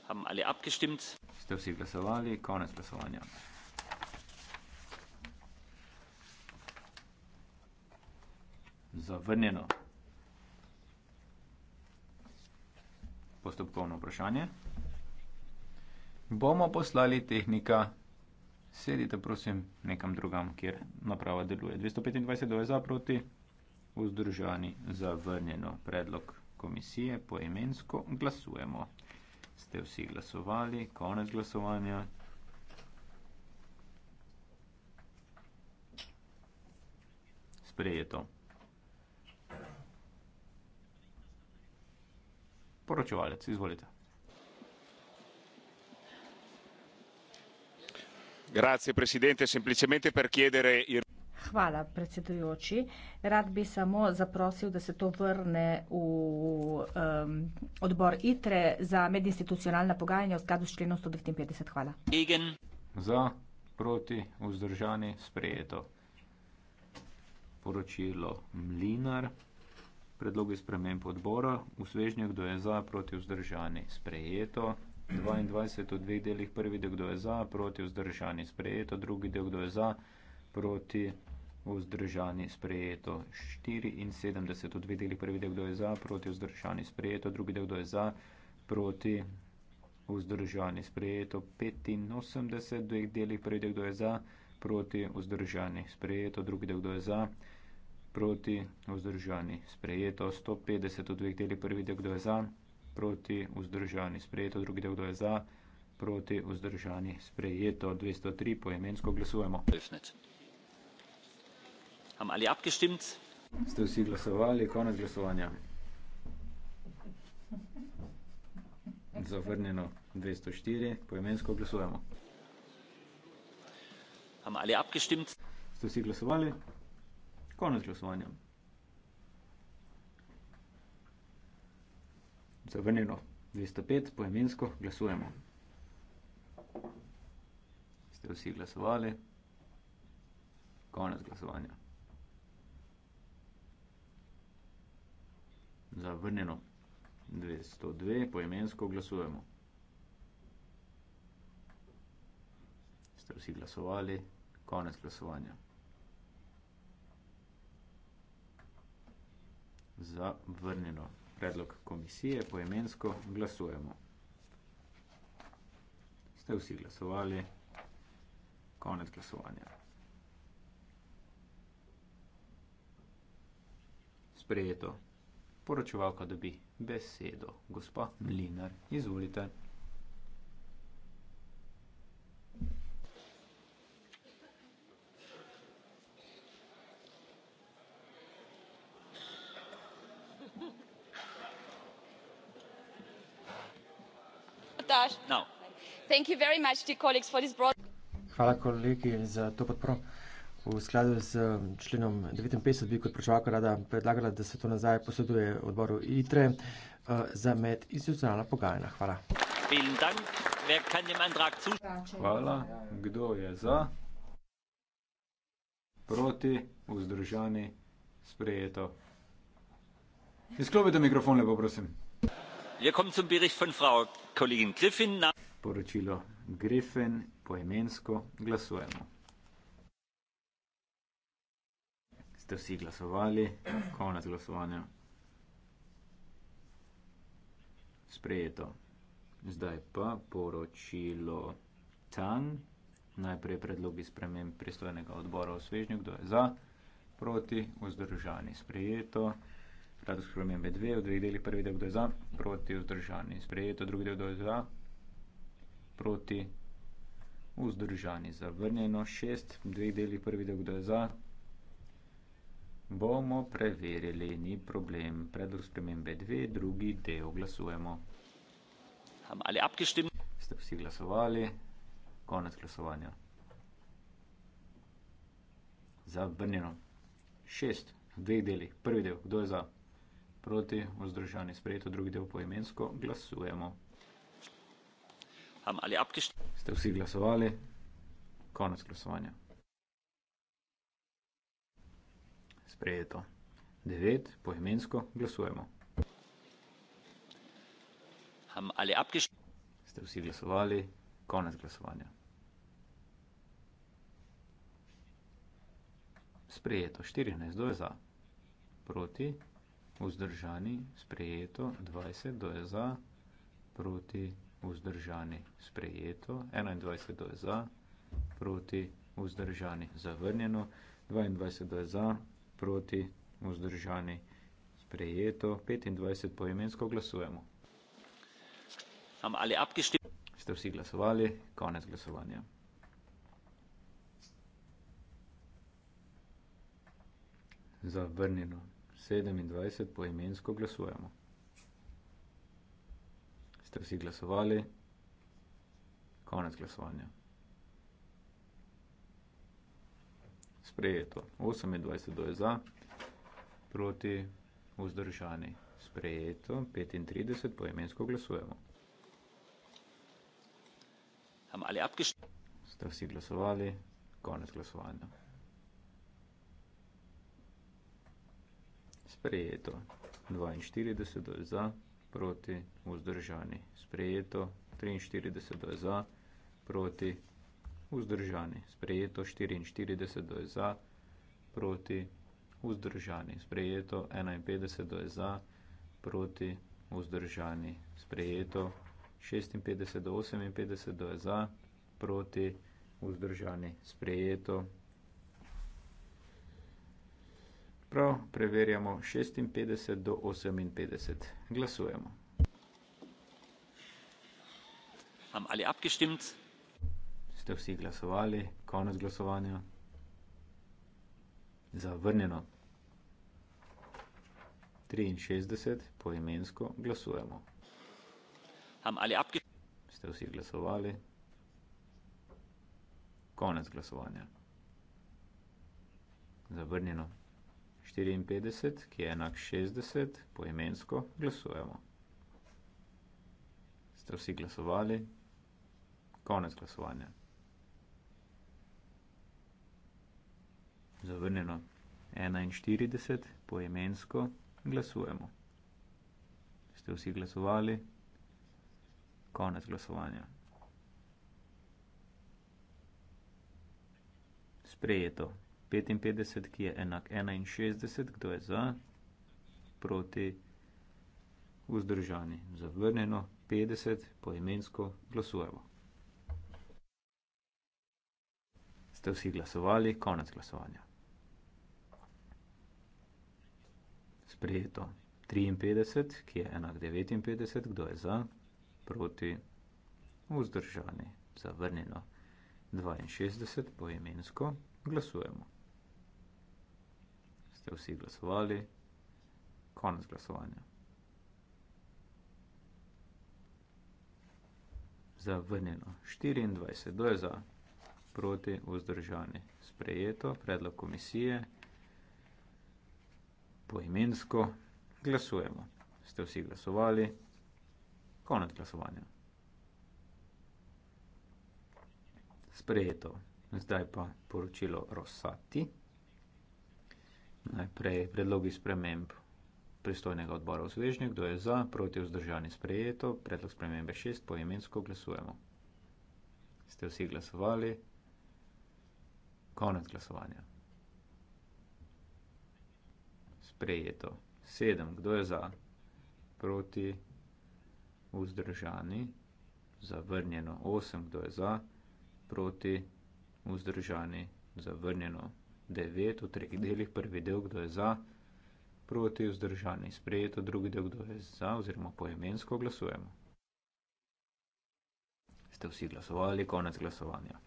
Haben alle abgestimmt? Ste vsi glasovali? Konec glasovanja. Zavrnjeno. Postopkovno vprašanje bomo poslali tehnika, sedite prosim nekam drugam, kjer naprava deluje. 225 do je za proti, vzdržani zavrnjeno predlog komisije, poemensko glasujemo. Ste vsi glasovali, konec glasovanja. Sprejeto. Poročevalec, izvolite. Grazie, presidente. Semplicemente per chiedere. Il... Hvala, predsedujoči. Rad bi samo zaprosil, da se to vrne v um, odbor ITRE za medinstitucionalna pogajanja v skladu s členom 159. Hvala. Igen. Za, proti, vzdržani, sprejeto. Poročilo Mlinar. Predloge spremem podbora. V svežnjah, kdo je za, proti, vzdržani, sprejeto. 22 v dveh delih, prvi del, kdo je za, proti vzdržani sprejeto, drugi del, kdo je za, proti vzdržani sprejeto, 74 v dveh delih, prvi del, kdo je za, proti vzdržani sprejeto, drugi del, kdo je za, proti vzdržani sprejeto, 85 v dveh delih, prvi del, kdo je za, proti vzdržani sprejeto, drugi del, kdo je za, proti vzdržani sprejeto, 150 v dveh delih, prvi del, kdo je za, proti, proti vzdržani, sprejeto, drugi del, kdo je za, proti vzdržani, sprejeto, 203, poemensko glasujemo. Ste vsi glasovali, konec glasovanja. Zavrnjeno 204, poemensko glasujemo. Ste vsi glasovali, konec glasovanja. zavrnjeno. 205, poemensko, glasujemo. Ste vsi glasovali? Konec glasovanja. Zavrnjeno. 202, poemensko, glasujemo. Ste vsi glasovali? Konec glasovanja. Zavrnjeno. 202 predlog komisije poemensko glasujemo. Ste vsi glasovali? Konec glasovanja. Sprejeto. Poročevalka dobi besedo. Gospa Mlinar, izvolite. Hvala kolegi za to podporo. V skladu z členom 59 bi kot prečevalka rada predlagala, da se to nazaj posreduje odboru ITRE eh, za medinstitucionalna pogajanja. Hvala. Hvala. Kdo je za? Proti? Vzdržani? Sprejeto. Izklopite mikrofon, lepo prosim. Wir kommen zum Bericht von Frau Kollegin Griffin sporočilo Grefen, poemensko glasujemo. Ste vsi glasovali, konec glasovanja. Sprejeto. Zdaj pa poročilo Tang. Najprej predlogi sprememb pristojnega odbora v Svežnju, kdo je za, proti, vzdržani, sprejeto. Predlog spremembe dve, v dveh delih prvi del, kdo je za, proti, vzdržani, sprejeto, drugi del, kdo je za, proti, vzdržani zavrnjeno, šest, dveh deli prvi del, kdo je za. Bomo preverili, ni problem, predlog spremembe dve, drugi del glasujemo. Ste vsi glasovali, konec glasovanja. Zavrnjeno, šest, dveh deli, prvi del, kdo je za. Proti, vzdržani, sprejeto, drugi del poimensko, glasujemo. Am alle abgestimmt? Ste vsi glasovali? Konec glasovanja. Sprejeto. Devet, poimensko glasujemo. Am alle abgestimmt? Ste vsi glasovali? Konec glasovanja. Sprejeto. 14, kdo je za? Proti, vzdržani, sprejeto. 20, kdo je za? Proti, vzdržani sprejeto, 21 do je za, proti vzdržani zavrnjeno, 22 do je za, proti vzdržani sprejeto, 25 poimensko glasujemo. Ste vsi glasovali, konec glasovanja. Zavrnjeno 27 poimensko glasujemo ste vsi glasovali, konec glasovanja. Sprejeto. 28 do je za, proti vzdržani. Sprejeto. 35 poemensko glasujemo. Ste vsi glasovali, konec glasovanja. Sprejeto. 42 do je za proti vzdržani. Sprejeto 43 do je za, proti vzdržani. Sprejeto 44 do je za, proti vzdržani. Sprejeto 51 do je za, proti vzdržani. Sprejeto 56 do 58 do je za, proti vzdržani. Sprejeto Prav, preverjamo 56 do 58. Glasujemo. Haben alle abgestimmt? Ste vsi glasovali? Konec glasovanja. Zavrnjeno. 63, poimensko glasujemo. Haben alle abgestimmt? Ste vsi glasovali? Konec glasovanja. Zavrnjeno. 54, ki je enak 60, poimensko glasujemo. Ste vsi glasovali? Konec glasovanja. Zavrnjeno 41, poimensko glasujemo. Ste vsi glasovali? Konec glasovanja. Sprejeto. 55, ki je enak 61, kdo je za, proti, vzdržani, zavrnjeno, 50, poimensko, glasujemo. Ste vsi glasovali, konec glasovanja. Sprejeto 53, ki je enak 59, kdo je za, proti, vzdržani, zavrnjeno, 62, poimensko, glasujemo ste vsi glasovali, konec glasovanja. Zavrnjeno 24, kdo je za, proti, vzdržani, sprejeto, predlog komisije, poimensko, glasujemo. Ste vsi glasovali, konec glasovanja. Sprejeto. Zdaj pa poročilo Rosati. Najprej predlogi sprememb pristojnega odbora v svežnju, kdo je za, proti vzdržani sprejeto, predlog spremembe šest, poimensko glasujemo. Ste vsi glasovali? Konec glasovanja. Sprejeto. Sedem, kdo je za, proti vzdržani, zavrnjeno. Osem, kdo je za, proti vzdržani, zavrnjeno devet v treh delih, prvi del, kdo je za, proti, vzdržani, sprejeto, drugi del, kdo je za, oziroma poemensko glasujemo. Ste vsi glasovali, konec glasovanja.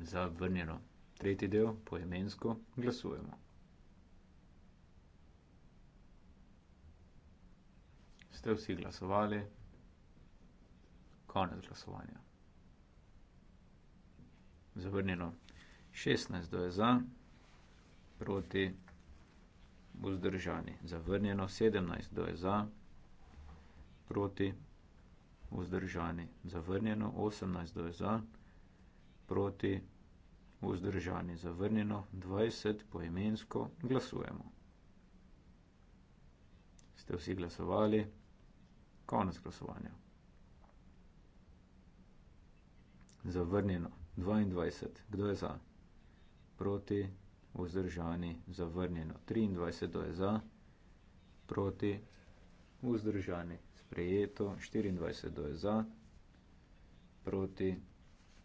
Za vrnjeno tretji del, poemensko glasujemo. Ste vsi glasovali, konec glasovanja zavrnjeno 16, kdo je za, proti, vzdržani. Zavrnjeno 17, kdo je za, proti, vzdržani. Zavrnjeno 18, kdo je za, proti, vzdržani. Zavrnjeno 20, poimensko glasujemo. Ste vsi glasovali? Konec glasovanja. Zavrnjeno 22. Kdo je za? Proti, vzdržani, zavrnjeno. 23. Kdo je za? Proti, vzdržani, sprejeto. 24. Kdo je za? Proti,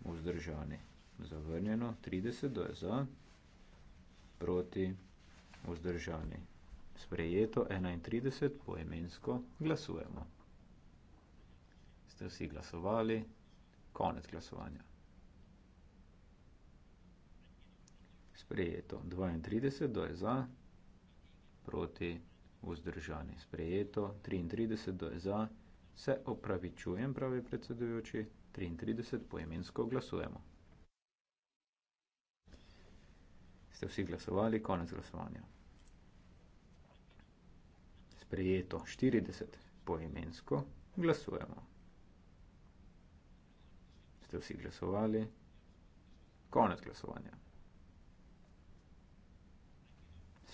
vzdržani, zavrnjeno. 30. Kdo je za? Proti, vzdržani, sprejeto. 31. Poemensko glasujemo. Ste vsi glasovali? Konec glasovanja. sprejeto. 32, kdo je za, proti, vzdržani, sprejeto. 33, kdo je za, se opravičujem, pravi predsedujoči. 33, poimensko glasujemo. Ste vsi glasovali, konec glasovanja. Sprejeto 40, poimensko glasujemo. Ste vsi glasovali, konec glasovanja.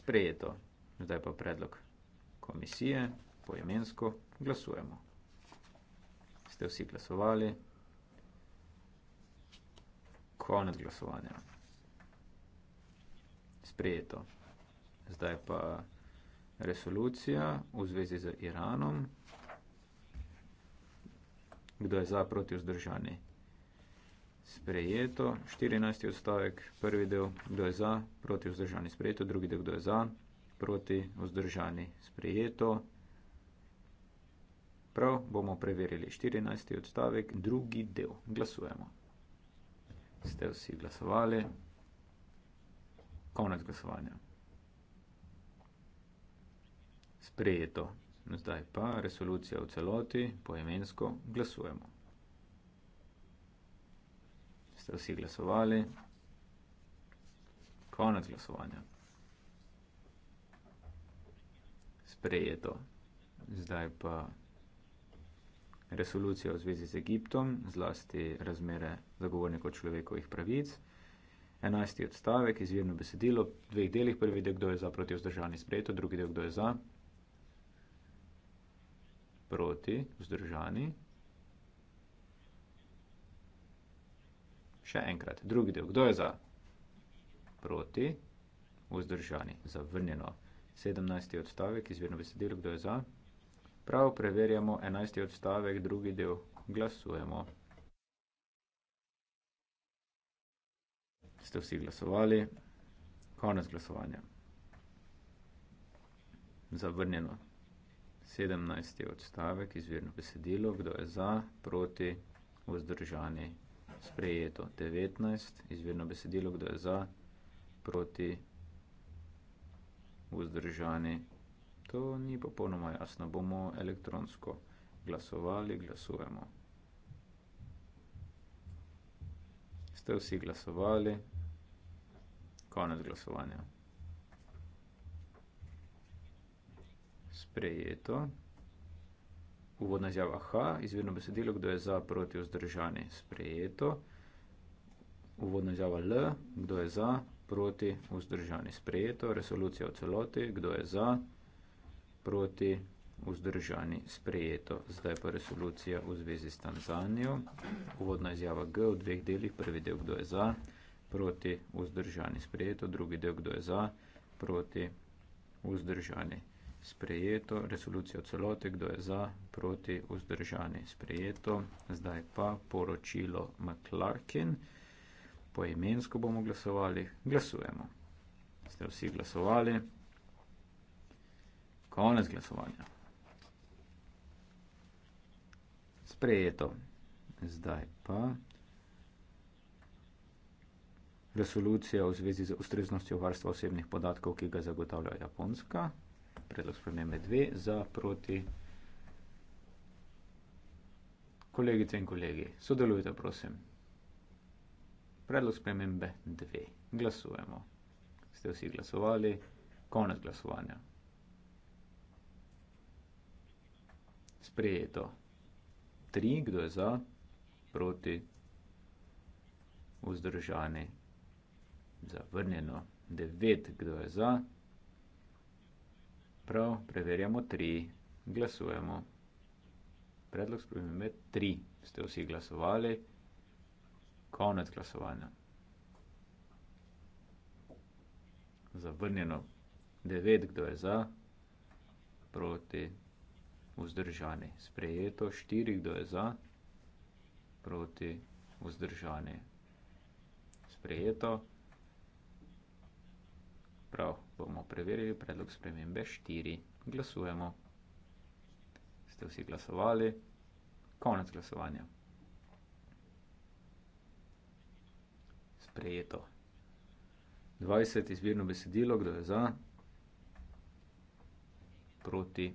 sprejeto. Zdaj pa predlog komisije, poimensko glasujemo. Ste vsi glasovali? Konec glasovanja. Sprejeto. Zdaj pa resolucija v zvezi z Iranom. Kdo je za proti vzdržanje? sprejeto. 14. odstavek, prvi del, kdo je za, proti vzdržani sprejeto, drugi del, kdo je za, proti vzdržani sprejeto. Prav bomo preverili 14. odstavek, drugi del. Glasujemo. Ste vsi glasovali? Konec glasovanja. Sprejeto. Zdaj pa resolucija v celoti, poemensko glasujemo ste vsi glasovali. Konec glasovanja. Sprejeto. Zdaj pa resolucija v zvezi z Egiptom, zlasti razmere zagovornikov človekovih pravic. Enajsti odstavek, izvirno besedilo, v dveh delih prvi del, kdo je za proti vzdržani sprejeto, drugi del, kdo je za proti vzdržani sprejeto. Še enkrat, drugi del. Kdo je za? Proti, vzdržani, zavrnjeno. 17. odstavek, izvirno besedilo, kdo je za? Prav, preverjamo 11. odstavek, drugi del, glasujemo. Ste vsi glasovali? Konec glasovanja. Zavrnjeno. 17. odstavek, izvirno besedilo, kdo je za, proti, vzdržani, sprejeto. 19, izvirno besedilo, kdo je za, proti, vzdržani. To ni popolnoma jasno, bomo elektronsko glasovali, glasujemo. Ste vsi glasovali, konec glasovanja. Sprejeto uvodna izjava aha, izvirno besedilo, kdo je za, proti, vzdržani, sprejeto. Uvodna izjava l, kdo je za, proti, vzdržani, sprejeto. Resolucija v celoti, kdo je za, proti, vzdržani, sprejeto. Zdaj pa resolucija v zvezi s Tanzanijo. Uvodna izjava g v dveh delih, prvi del, kdo je za, proti, vzdržani, sprejeto, drugi del, kdo je za, proti, vzdržani, sprejeto sprejeto, resolucijo celote, kdo je za, proti, vzdržani, sprejeto. Zdaj pa poročilo McClarkin. Po imensko bomo glasovali, glasujemo. Ste vsi glasovali? Konec glasovanja. Sprejeto. Zdaj pa. Resolucija v zvezi z ustreznostjo varstva osebnih podatkov, ki ga zagotavlja Japonska, predlog spremembe 2 za proti kolegice in kolegi. Sodelujte, prosim. Predlog spremembe 2. Glasujemo. Ste vsi glasovali? Konec glasovanja. Sprejeto. 3. Kdo je za? Proti vzdržani. Zavrnjeno. 9. Kdo je za? Proti. Prav, preverjamo tri, glasujemo. Predlog spremembe je tri, ste vsi glasovali, konec glasovanja. Zavrnjeno devet, kdo je za, proti, vzdržani. Sprejeto štiri, kdo je za, proti, vzdržani. Sprejeto štiri. Prav, bomo preverili predlog spremembe 4. Glasujemo. Ste vsi glasovali? Konec glasovanja. Sprejeto. 20 izbirno besedilo, kdo je za? Proti.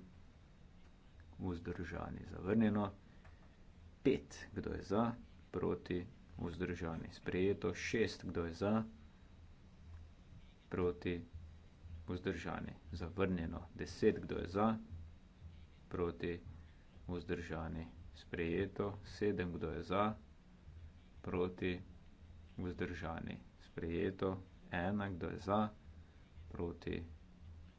Vzdržani. Zavrnjeno. 5. Kdo je za? Proti. Vzdržani. Sprejeto. 6. Kdo je za? Proti proti, vzdržani, zavrnjeno, deset, kdo je za, proti, vzdržani, sprejeto, sedem, kdo je za, proti, vzdržani, sprejeto, ena, kdo je za, proti,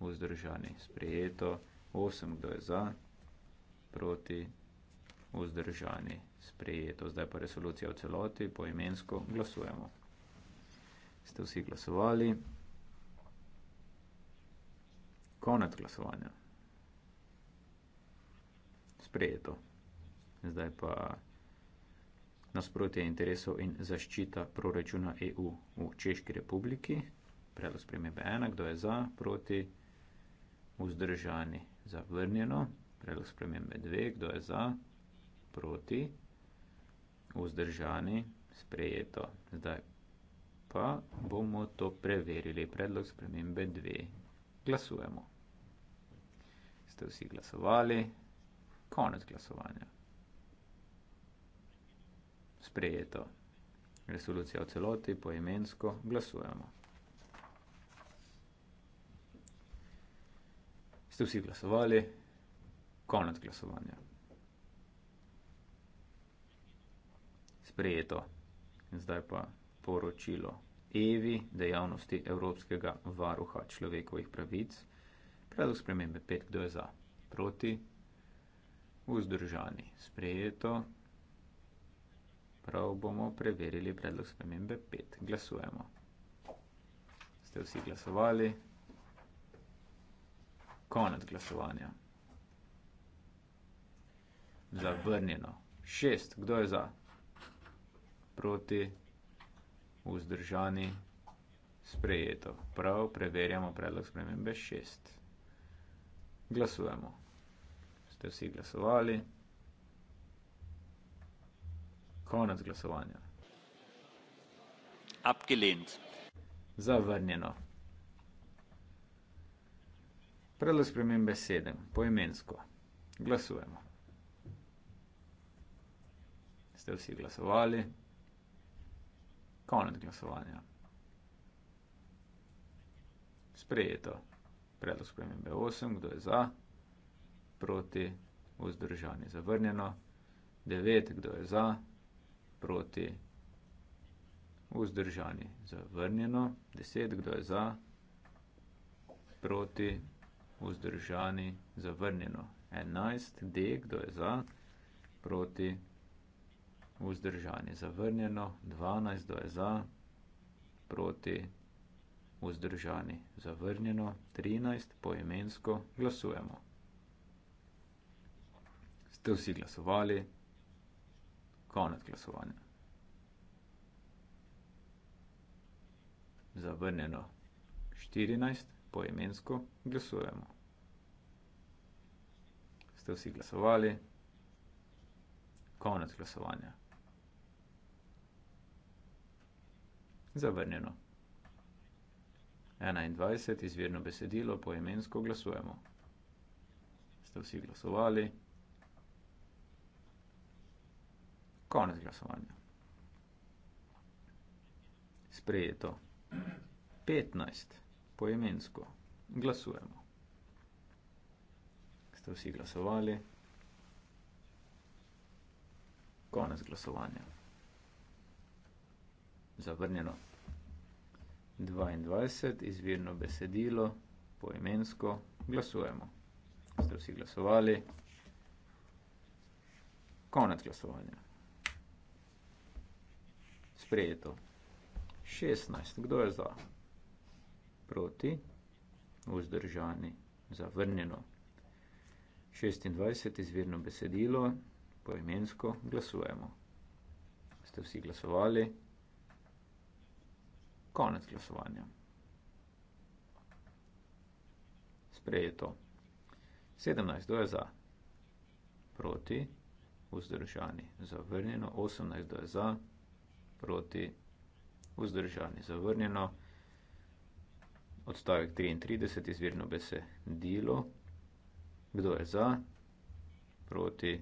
vzdržani, sprejeto, osem, kdo je za, proti, vzdržani, sprejeto. Zdaj pa resolucija v celoti, poimensko glasujemo. Ste vsi glasovali? Konec glasovanja. Sprejeto. Zdaj pa nasprotje interesov in zaščita proračuna EU v Češki republiki. Predlog spremembe ena, kdo je za, proti, vzdržani, zavrnjeno. Predlog spremembe dve, kdo je za, proti, vzdržani, sprejeto. Zdaj pa bomo to preverili. Predlog spremembe dve. Glasujemo ste vsi glasovali, konec glasovanja. Sprejeto. Resolucija v celoti, poimensko, glasujemo. Ste vsi glasovali, konec glasovanja. Sprejeto. In zdaj pa poročilo Evi, dejavnosti Evropskega varuha človekovih pravic. Predlog spremembe 5, kdo je za? Proti? Vzdržani? Sprejeto. Prav bomo preverili predlog spremembe 5. Glasujemo. Ste vsi glasovali? Konec glasovanja. Zavrnjeno. 6, kdo je za? Proti? Vzdržani? Sprejeto. Prav preverjamo predlog spremembe 6 glasujemo. Ste vsi glasovali? Konec glasovanja. Abgelehnt. Zavrnjeno. Predlog spremembe 7, poimensko. Glasujemo. Ste vsi glasovali? Konec glasovanja. Sprejeto predlog spremembe 8, kdo je za, proti, vzdržani, zavrnjeno, 9, kdo je za, proti, vzdržani, zavrnjeno, 10, kdo je za, proti, vzdržani, zavrnjeno, 11, D, kdo je za, proti, vzdržani, zavrnjeno, 12, kdo je za, proti, vzdržani, zavrnjeno, 12, kdo je za, proti, vzdržani. Zavrnjeno 13 poimensko glasujemo. Ste vsi glasovali? Konec glasovanja. Zavrnjeno 14 poimensko glasujemo. Ste vsi glasovali? Konec glasovanja. Zavrnjeno 15. 21, izvirno besedilo, poemensko glasujemo. Ste vsi glasovali? Konec glasovanja. Sprejeto. 15, poemensko, glasujemo. Ste vsi glasovali? Konec glasovanja. Zavrnjeno. 22, izvirno besedilo, poimensko, glasujemo. Ste vsi glasovali? Konec glasovanja. Sprejeto. 16. Kdo je za? Proti. Vzdržani. Zavrnjeno. 26. Izvirno besedilo, poimensko, glasujemo. Ste vsi glasovali? konec glasovanja. Sprejeto. 17, kdo je za? Proti, vzdržani, zavrnjeno. 18, kdo je za? Proti, vzdržani, zavrnjeno. Odstavek 33, izvirno besedilo. Kdo je za? Proti,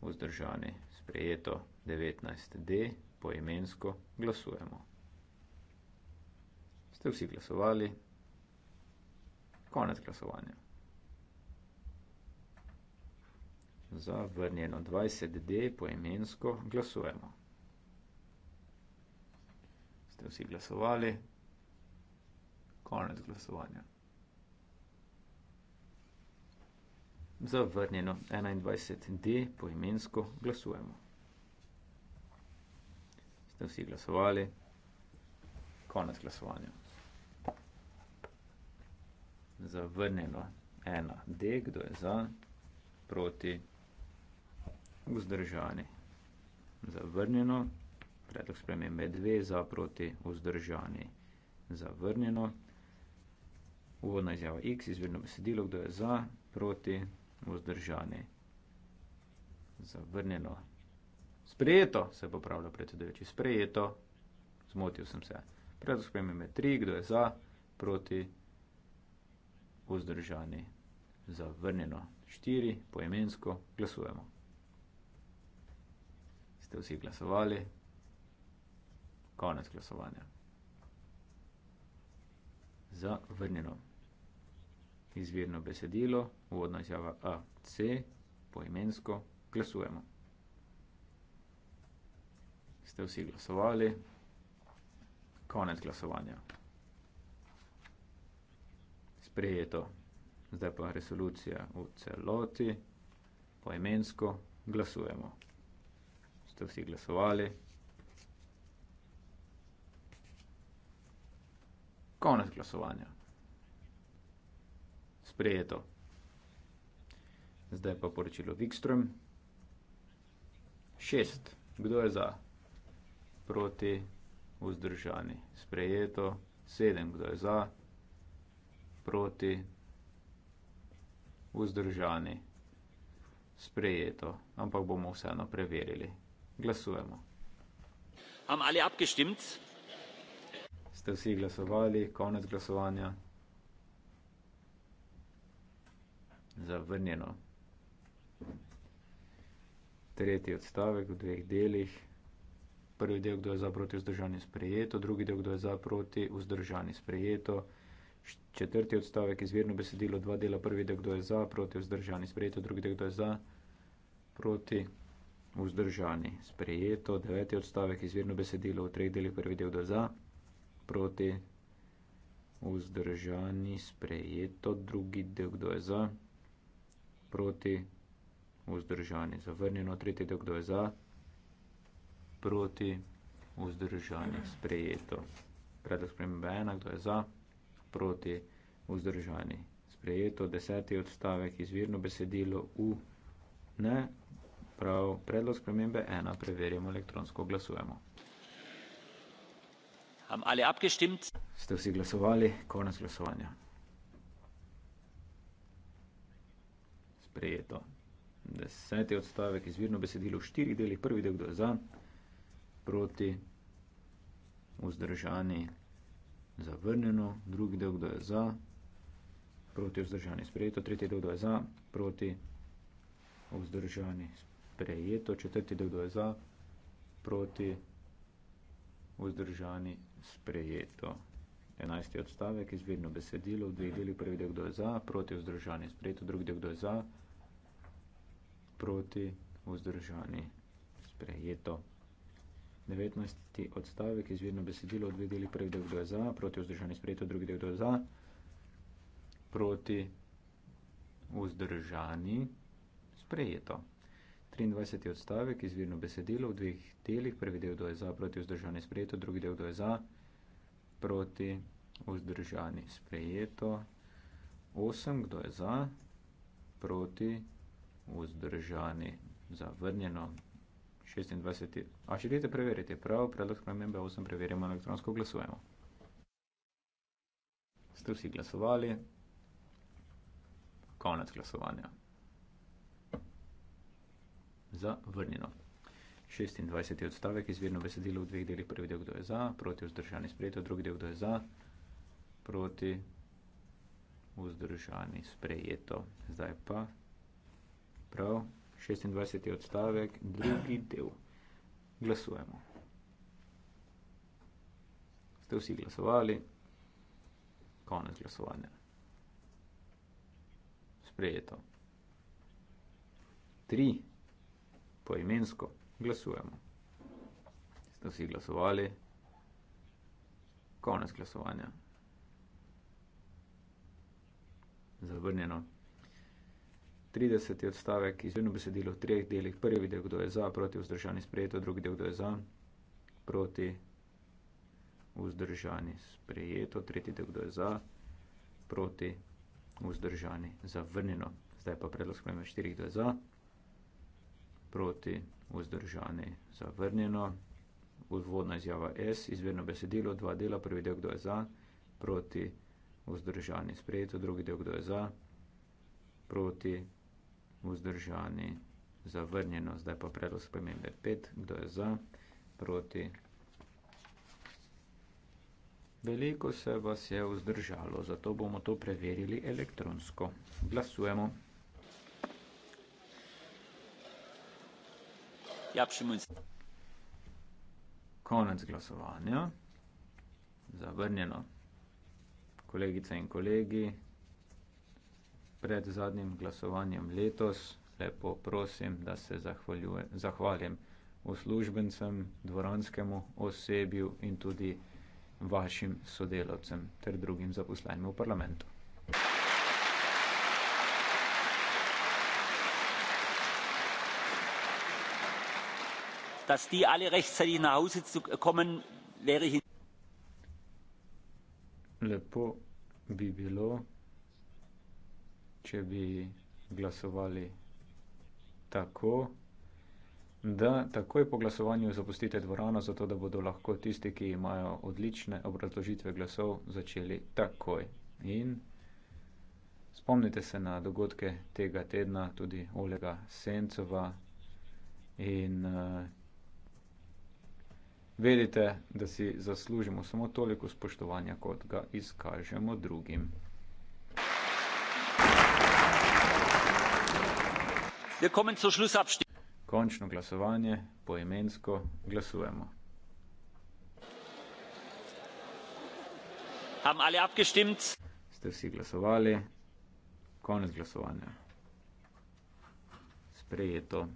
vzdržani, sprejeto. 19d, poimensko glasujemo ste vsi glasovali, konec glasovanja. Za vrnjeno 20D poemensko glasujemo. Ste vsi glasovali, konec glasovanja. Za vrnjeno 21D poemensko glasujemo. Ste vsi glasovali, konec glasovanja zavrnjeno. Ena, D, kdo je za, proti, vzdržani. Zavrnjeno, predlog spremem med dve, za, proti, vzdržani. Zavrnjeno, uvodna izjava X, izvirno besedilo, kdo je za, proti, vzdržani. Zavrnjeno, sprejeto, se bo pravilo predsedujoči, sprejeto, zmotil sem se. Predlog spremem med tri, kdo je za, proti, vzdržani vzdržani. Zavrnjeno štiri, poemensko glasujemo. Ste vsi glasovali? Konec glasovanja. Zavrnjeno. Izvirno besedilo, uvodna izjava A, C, poemensko glasujemo. Ste vsi glasovali? Konec glasovanja sprejeto. Zdaj pa resolucija v celoti, poemensko glasujemo. Ste vsi glasovali? Konec glasovanja. Sprejeto. Zdaj pa poročilo Vikström. Šest. Kdo je za? Proti. Vzdržani. Sprejeto. Sedem. Kdo je za? Proti proti, vzdržani, sprejeto, ampak bomo vseeno preverili. Glasujemo. Ste vsi glasovali, konec glasovanja? Zavrnjeno. Tretji odstavek v dveh delih. Prvi del, kdo je za proti vzdržani sprejeto, drugi del, kdo je za proti vzdržani sprejeto četrti odstavek izvirno besedilo, dva dela, prvi del, kdo je za, proti vzdržani, sprejeto, drugi del, kdo je za, proti vzdržani, sprejeto, deveti odstavek izvirno besedilo, v treh delih prvi del, kdo je za, proti vzdržani, sprejeto, drugi del, kdo je za, proti vzdržani, zavrnjeno, tretji del, kdo je za, proti vzdržani, sprejeto. Predlog spremembe ena, kdo je za proti vzdržani. Sprejeto deseti odstavek izvirno besedilo v ne, prav predlog spremembe ena, preverjamo elektronsko, glasujemo. Ste vsi glasovali, konec glasovanja. Sprejeto. Deseti odstavek izvirno besedilo v štirih delih, prvi del kdo je za, proti vzdržani, zavrnjeno, drugi del, kdo je za, proti vzdržani sprejeto, tretji del, kdo je za, proti vzdržani sprejeto, četrti del, kdo je za, proti vzdržani sprejeto. 11. odstavek, izvirno besedilo, v dveh delih prvi del, kdo je za, proti vzdržani sprejeto, drugi del, kdo je za, proti vzdržani sprejeto. Sprejeto. 19. odstavek, izvirno besedilo, dve deli, prvi del kdo je za, proti vzdržanje sprejeto, drugi del kdo je za, proti vzdržanje sprejeto. 23. odstavek, izvirno besedilo, v dveh delih, prvi del kdo je za, proti vzdržanje sprejeto, drugi del kdo je za, proti vzdržanje sprejeto. 8. kdo je za, proti vzdržanje zavrnjeno, 26. A želite preveriti prav predlog spremembe 8, preverimo elektronsko glasujemo. Ste vsi glasovali? Konec glasovanja. Za vrnjeno. 26. odstavek izvirno besedilo v dveh delih. Prvi del, kdo je za, proti vzdržani sprejeto, drugi del, kdo je za, proti vzdržani sprejeto. Zdaj pa prav. 26. odstavek, drugi del. Glasujemo. Ste vsi glasovali? Konec glasovanja. Sprejeto. Tri, poimensko, glasujemo. Ste vsi glasovali? Konec glasovanja. Zavrnjeno. 30. odstavek izvirno besedilo v treh delih. Prvi del, kdo je za, proti vzdržani sprejeto, drugi del, kdo je za, proti vzdržani sprejeto, tretji del, kdo je za, proti vzdržani zavrnjeno. Zdaj pa predlog sprejme štirih, kdo je za, proti vzdržani zavrnjeno. Vodna izjava S, izvirno besedilo, dva dela, prvi del, kdo je za, proti vzdržani sprejeto, drugi del, kdo je za, proti vzdržani sprejeto vzdržani, zavrnjeno. Zdaj pa predlog spremembe 5. Kdo je za, proti? Veliko se vas je vzdržalo, zato bomo to preverili elektronsko. Glasujemo. Ja, Konec glasovanja. Zavrnjeno. Kolegice in kolegi, pred zadnjim glasovanjem letos. Lepo prosim, da se zahvalim uslužbencem, dvoranskemu osebju in tudi vašim sodelavcem ter drugim zaposlenim v parlamentu. Lepo bi bilo, če bi glasovali tako, da takoj po glasovanju zapustite dvorano, zato da bodo lahko tisti, ki imajo odlične obrazložitve glasov, začeli takoj. In spomnite se na dogodke tega tedna, tudi Olega Sencova in uh, vedite, da si zaslužimo samo toliko spoštovanja, kot ga izkažemo drugim. Končno glasovanje, poimensko glasujemo. Haben alle abgestimmt? Ste vsi glasovali? Konec glasovanja. Sprejeto.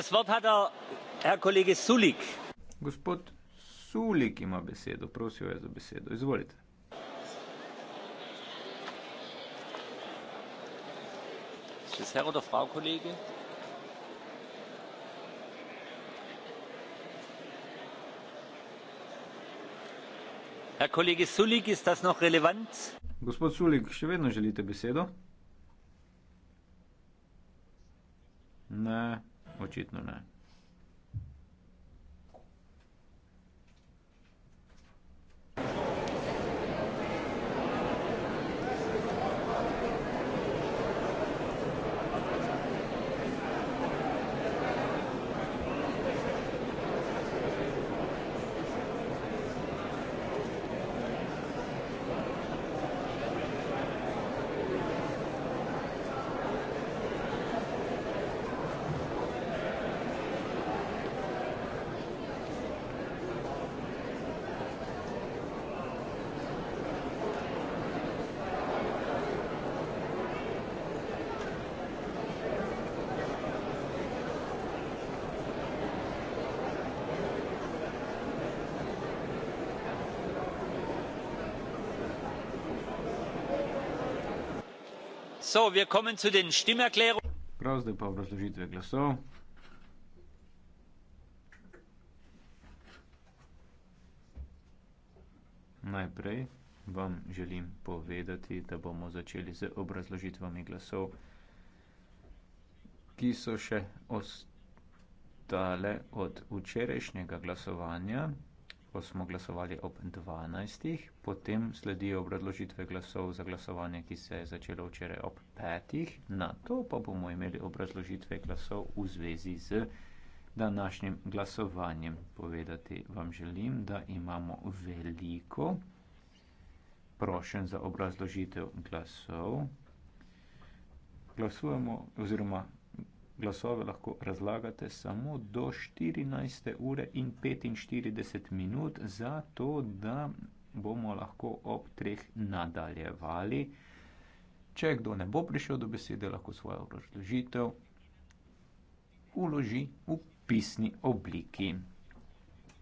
Das Wort hat der Herr Kollege Sulik. Gospod Sulik ima besedo, prosil je za besedo. Izvolite. Das Herr oder Frau Kollege? Herr Kollege Sulik, ist das noch relevant? Gospod Sulik, še vedno želite besedo? Ne očitno ne. Prav zdaj pa obrazložitve glasov. Najprej vam želim povedati, da bomo začeli z obrazložitvami glasov, ki so še ostale od včerajšnjega glasovanja ko smo glasovali ob 12. Potem sledijo obrazložitve glasov za glasovanje, ki se je začelo včeraj ob 5. Na to pa bomo imeli obrazložitve glasov v zvezi z današnjim glasovanjem. Povedati vam želim, da imamo veliko prošen za obrazložitev glasov. Glasujemo oziroma glasove lahko razlagate samo do 14. ure in 45 minut, zato da bomo lahko ob treh nadaljevali. Če kdo ne bo prišel do besede, lahko svojo razložitev uloži v pisni obliki.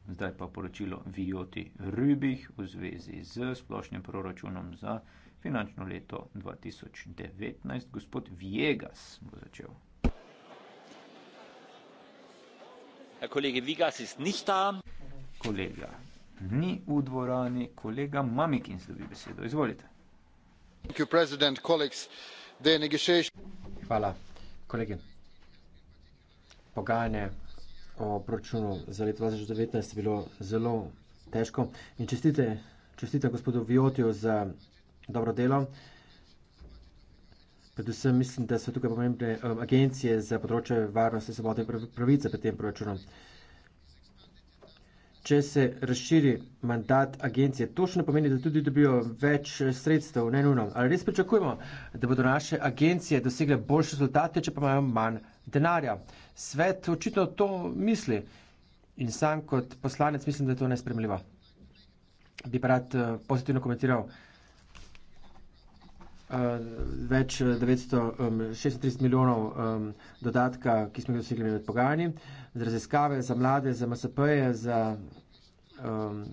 Zdaj pa poročilo Vijoti Rübih v zvezi z splošnim proračunom za finančno leto 2019. Gospod Viegas bo začel. herr kollege vigas ist nicht da kollege ni u dvorani kolega mamikins dobi besedo izvolite thank you president colleagues the negotiation hvala kolege pogajanje o proračunu za leto 2019 bilo zelo težko in čestite čestite gospodu Viotiju za dobro delo Predvsem mislim, da so tukaj pomembne um, agencije za področje varnosti, svobode in pravice pred tem proračunom. Če se razširi mandat agencije, to še ne pomeni, da tudi dobijo več sredstev, ne nujno. Ali res pričakujemo, da bodo naše agencije dosegle boljše rezultate, če pa imajo manj denarja? Svet očitno to misli in sam kot poslanec mislim, da je to nespremljivo. Bi pa rad uh, pozitivno komentiral uh, več 936 eh, milijonov um, dodatka, ki smo jih dosegli med pogajanji, za raziskave, za mlade, za MSP-je, za um,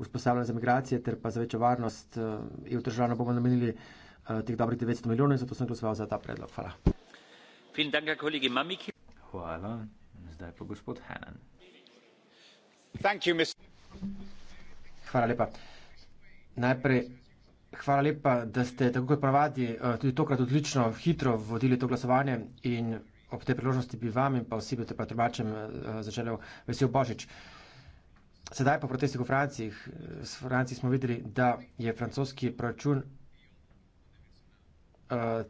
usposabljanje za migracije ter pa za večjo varnost uh, EU državno bomo namenili uh, teh dobrih 900 milijonov in zato sem glasoval za ta predlog. Hvala. Hvala. Zdaj pa gospod Hanan. Hvala lepa. Najprej Hvala lepa, da ste tako kot pravadi eh, tudi tokrat odlično, hitro vodili to glasovanje in ob te priložnosti bi vam in pa vsi bi te pa trbačem eh, eh, zaželel vesel Božič. Sedaj po protestih v Franciji, s Franciji smo videli, da je francoski proračun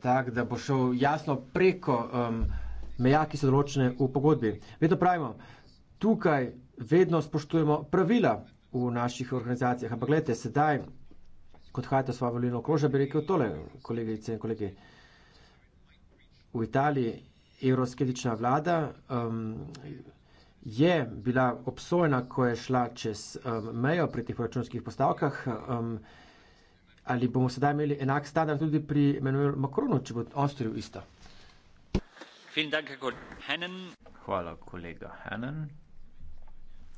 tak, da bo šel jasno preko um, meja, ki so določene v pogodbi. Vedno pravimo, tukaj vedno spoštujemo pravila v naših organizacijah, ampak gledajte, sedaj kot hajate svojo volilno okrožje, bi rekel tole, kolegice in kolegi. V Italiji evroskeptična vlada um, je bila obsojena, ko je šla čez um, mejo pri teh računskih postavkah. Um, ali bomo sedaj imeli enak standard tudi pri Emmanuel Macronu, če bo on storil isto? Hvala, kolega Hennen.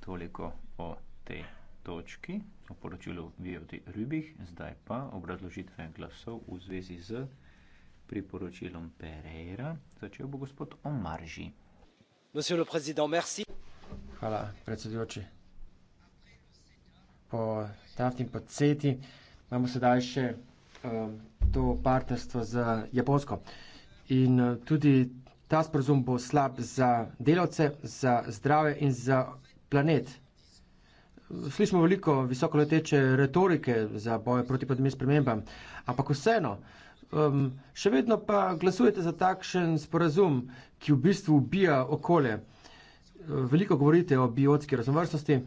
Toliko o tej točki o poročilu Vijoti Rubih, zdaj pa obrazložitve glasov v zvezi z priporočilom Pereira. Začel bo gospod Omarži. Hvala, predsedujoči. Po Taftin podceti imamo sedaj še um, to partnerstvo z Japonsko. In uh, tudi ta sporozum bo slab za delavce, za zdrave in za planet. Slišimo veliko visoko leteče retorike za boj proti podnebnim spremembam, ampak vseeno, um, še vedno pa glasujete za takšen sporazum, ki v bistvu ubija okolje. Veliko govorite o biotski raznovrstnosti,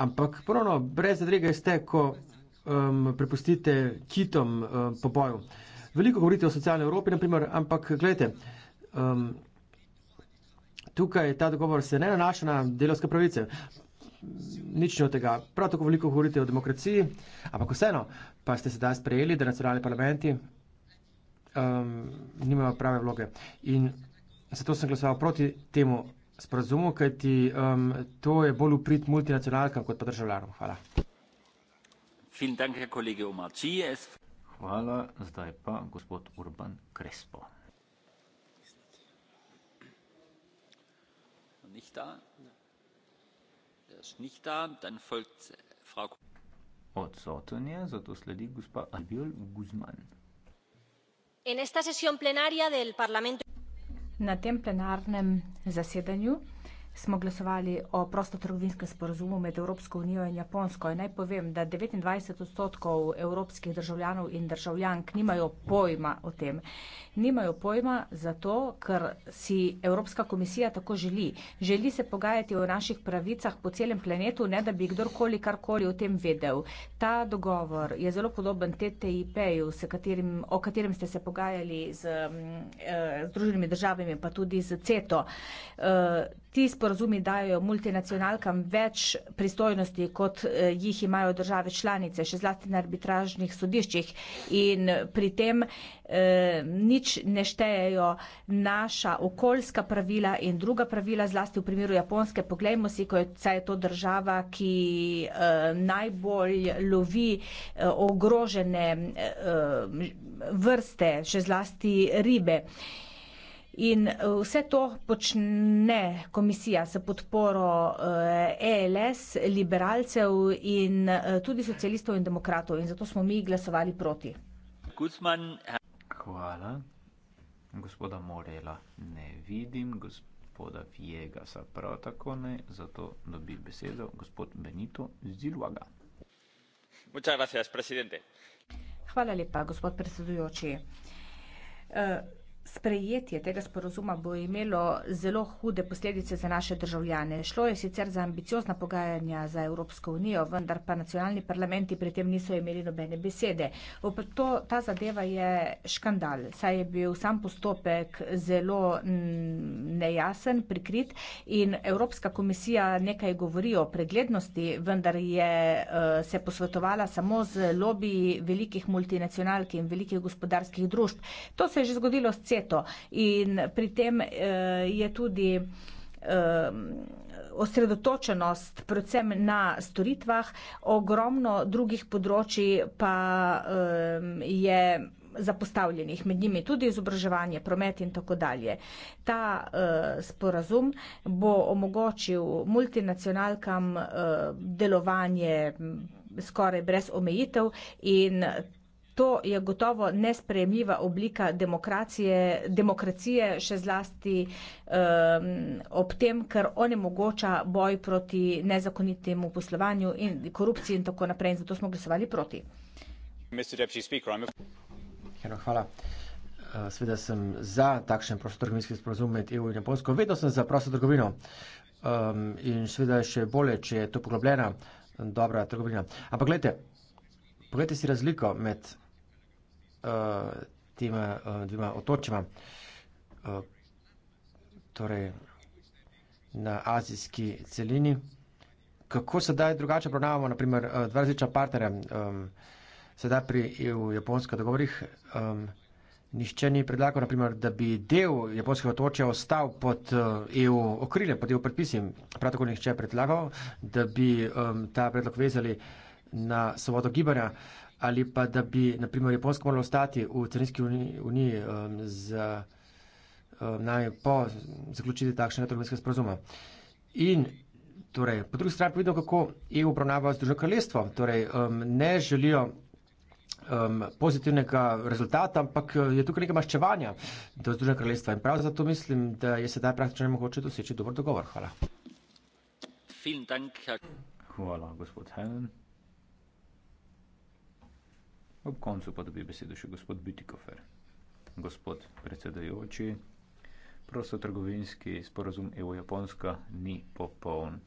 ampak ponovno brez zadrega je ste, ko um, prepustite kitom um, po boju. Veliko govorite o socialni Evropi, naprimer, ampak gledajte, um, tukaj ta dogovor se ne nanaša na delovske pravice nič od tega. Prav tako veliko govorite o demokraciji, ampak vseeno, pa ste sedaj sprejeli, da nacionalni parlamenti um, nimajo prave vloge. In zato sem glasoval proti temu sporazumu, kajti um, to je bolj uprit multinacionalkam kot pa državljanom. Hvala. Hvala, zdaj pa gospod Urban Krespo. Nicht da. Äh, Odsoten je, zato sledi gospa Albiol Guzman. Na tem plenarnem zasedanju smo glasovali o prostotrgovinskem sporozumu med Evropsko unijo in Japonsko. In naj povem, da 29 odstotkov evropskih državljanov in državljank nimajo pojma o tem. Nimajo pojma zato, ker si Evropska komisija tako želi. Želi se pogajati o naših pravicah po celem planetu, ne da bi kdorkoli karkoli o tem vedel. Ta dogovor je zelo podoben TTIP-ju, o katerem ste se pogajali z eh, Združenimi državami, pa tudi z CETO. Eh, ti sporazumi dajo multinacionalkam več pristojnosti, kot eh, jih imajo države članice, še zlasti na arbitražnih sodiščih. In pri tem eh, nič ne štejejo naša okoljska pravila in druga pravila, zlasti v primeru Japonske. Poglejmo si, ko je to država, ki eh, najbolj lovi eh, ogrožene eh, eh vrste, še zlasti ribe. Eh, In eh, vse to počne komisija s podporo ELS, eh, e liberalcev in eh, tudi socialistov in demokratov. In zato smo mi glasovali proti. Kucman. Hvala. Gospoda Morela ne vidim, gospoda Viega se prav tako ne, zato dobi besedo gospod Benito Zilvaga. Hvala lepa, gospod predsedujoči. Uh, Sprejetje tega sporozuma bo imelo zelo hude posledice za naše državljane. Šlo je sicer za ambiciozna pogajanja za Evropsko unijo, vendar pa nacionalni parlamenti pri tem niso imeli nobene besede. To, ta zadeva je škandal, saj je bil sam postopek zelo mm, nejasen, prikrit in Evropska komisija nekaj govori o preglednosti, vendar je eh, se posvetovala samo z lobiji velikih multinacionalk in velikih gospodarskih družb. To se je že zgodilo s terceto. In pri tem uh, je tudi eh, osredotočenost predvsem na storitvah, ogromno drugih področji pa eh, je zapostavljenih, med njimi tudi izobraževanje, promet in tako dalje. Ta sporazum bo omogočil multinacionalkam delovanje skoraj brez omejitev in to je gotovo nespremljiva oblika demokracije, demokracije še zlasti um, ob tem, ker onemogoča boj proti nezakonitemu poslovanju in korupciji in tako naprej. In zato smo glasovali proti. Hero, hvala. Eh, sveda sem za takšen prostotrgovinski sporozum med EU in Japonsko. Vedno sem za prosto trgovino. Um, in sveda je še bolje, če je to poglobljena dobra trgovina. Ampak gledajte, pogledajte si razliko med uh, tema uh, dvima otočima, uh, torej na azijski celini. Kako sedaj drugače obravnavamo, naprimer, uh, dva različna partnerja, um, sedaj pri e japonskih dogovorih, um, nišče ni predlagal, naprimer, da bi del japonskega otočja ostal pod uh, EU okrilje, pod EU predpisi, prav tako nišče predlagal, da bi um, ta predlog vezali na svobodo gibanja. Uh, ali pa da bi, naprimer, Japonska morala ostati v Carinski uniji, uniji um, z um, nami po zaključiti takšne trgovinske sprazume. In torej, po drugi strani povedal, kako EU obravnava Združeno kraljestvo. Torej, um, ne želijo um, pozitivnega rezultata, ampak uh, je tukaj nekaj maščevanja do Združeno kraljestva. In prav zato mislim, da je sedaj praktično nemogoče doseči dober dogovor. Hvala. Hvala, gospod Helen. Ob koncu pa dobi besedo še gospod Bütikofer. Gospod predsedajoči, prostotrgovinski sporozum EU-Japonska ni popoln.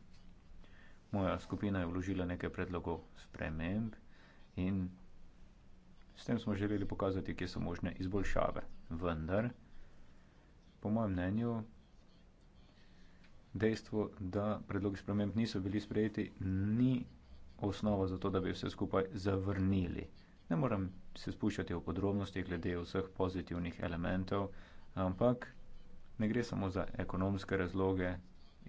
Moja skupina je vložila nekaj predlogov sprememb in s tem smo želeli pokazati, kje so možne izboljšave. Vendar, po mojem mnenju, dejstvo, da predlogi sprememb niso bili sprejeti, ni osnova za to, da bi vse skupaj zavrnili. Ne moram se spuščati v podrobnosti glede vseh pozitivnih elementov, ampak ne gre samo za ekonomske razloge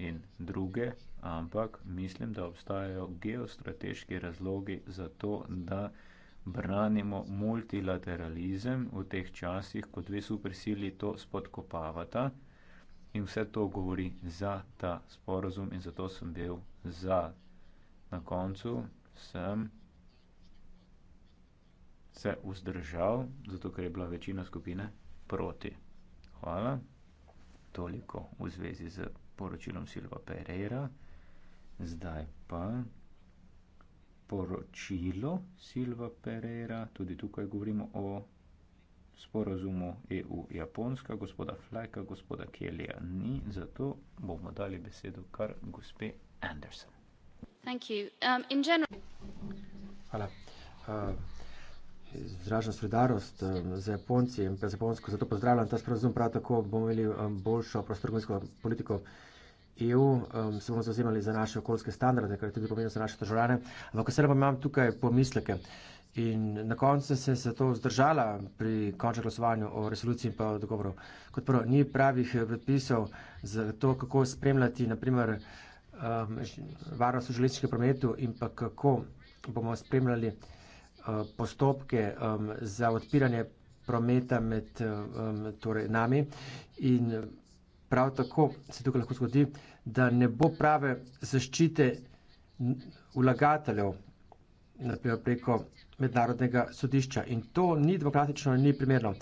in druge, ampak mislim, da obstajajo geostrateški razlogi za to, da branimo multilateralizem v teh časih, ko dve supersili to spodkopavata. In vse to govori za ta sporozum in zato sem bil za. Na koncu sem se vzdržal, zato ker je bila večina skupine proti. Hvala. Toliko v zvezi z poročilom Silva Pereira. Zdaj pa poročilo Silva Pereira. Tudi tukaj govorimo o sporazumu EU-Japonska, gospoda Flajka, gospoda Kelija ni, zato bomo dali besedo kar gospe Anderson. Thank you. Um, in general... Hvala. Uh, izražam solidarnost z Japonci in z Japonsko, zato pozdravljam ta sporozum, prav tako bomo imeli boljšo prostorkovinsko politiko EU, um, se bomo zauzemali za naše okoljske standarde, kar je tudi pomembno za naše državljane. Ampak vse pa imam tukaj pomisleke. In na koncu sem se zato vzdržala pri končnem glasovanju o resoluciji in pa o dogovoru. Kot prvo, ni pravih eh, predpisov za to, kako spremljati, naprimer, um, varnost v železniškem prometu in pa kako bomo spremljali Eh, postopke um, za odpiranje prometa med um, torej nami in prav tako se tukaj lahko zgodi, da ne bo prave zaščite vlagateljev naprimer, preko mednarodnega sodišča in to ni demokratično in ni primerno.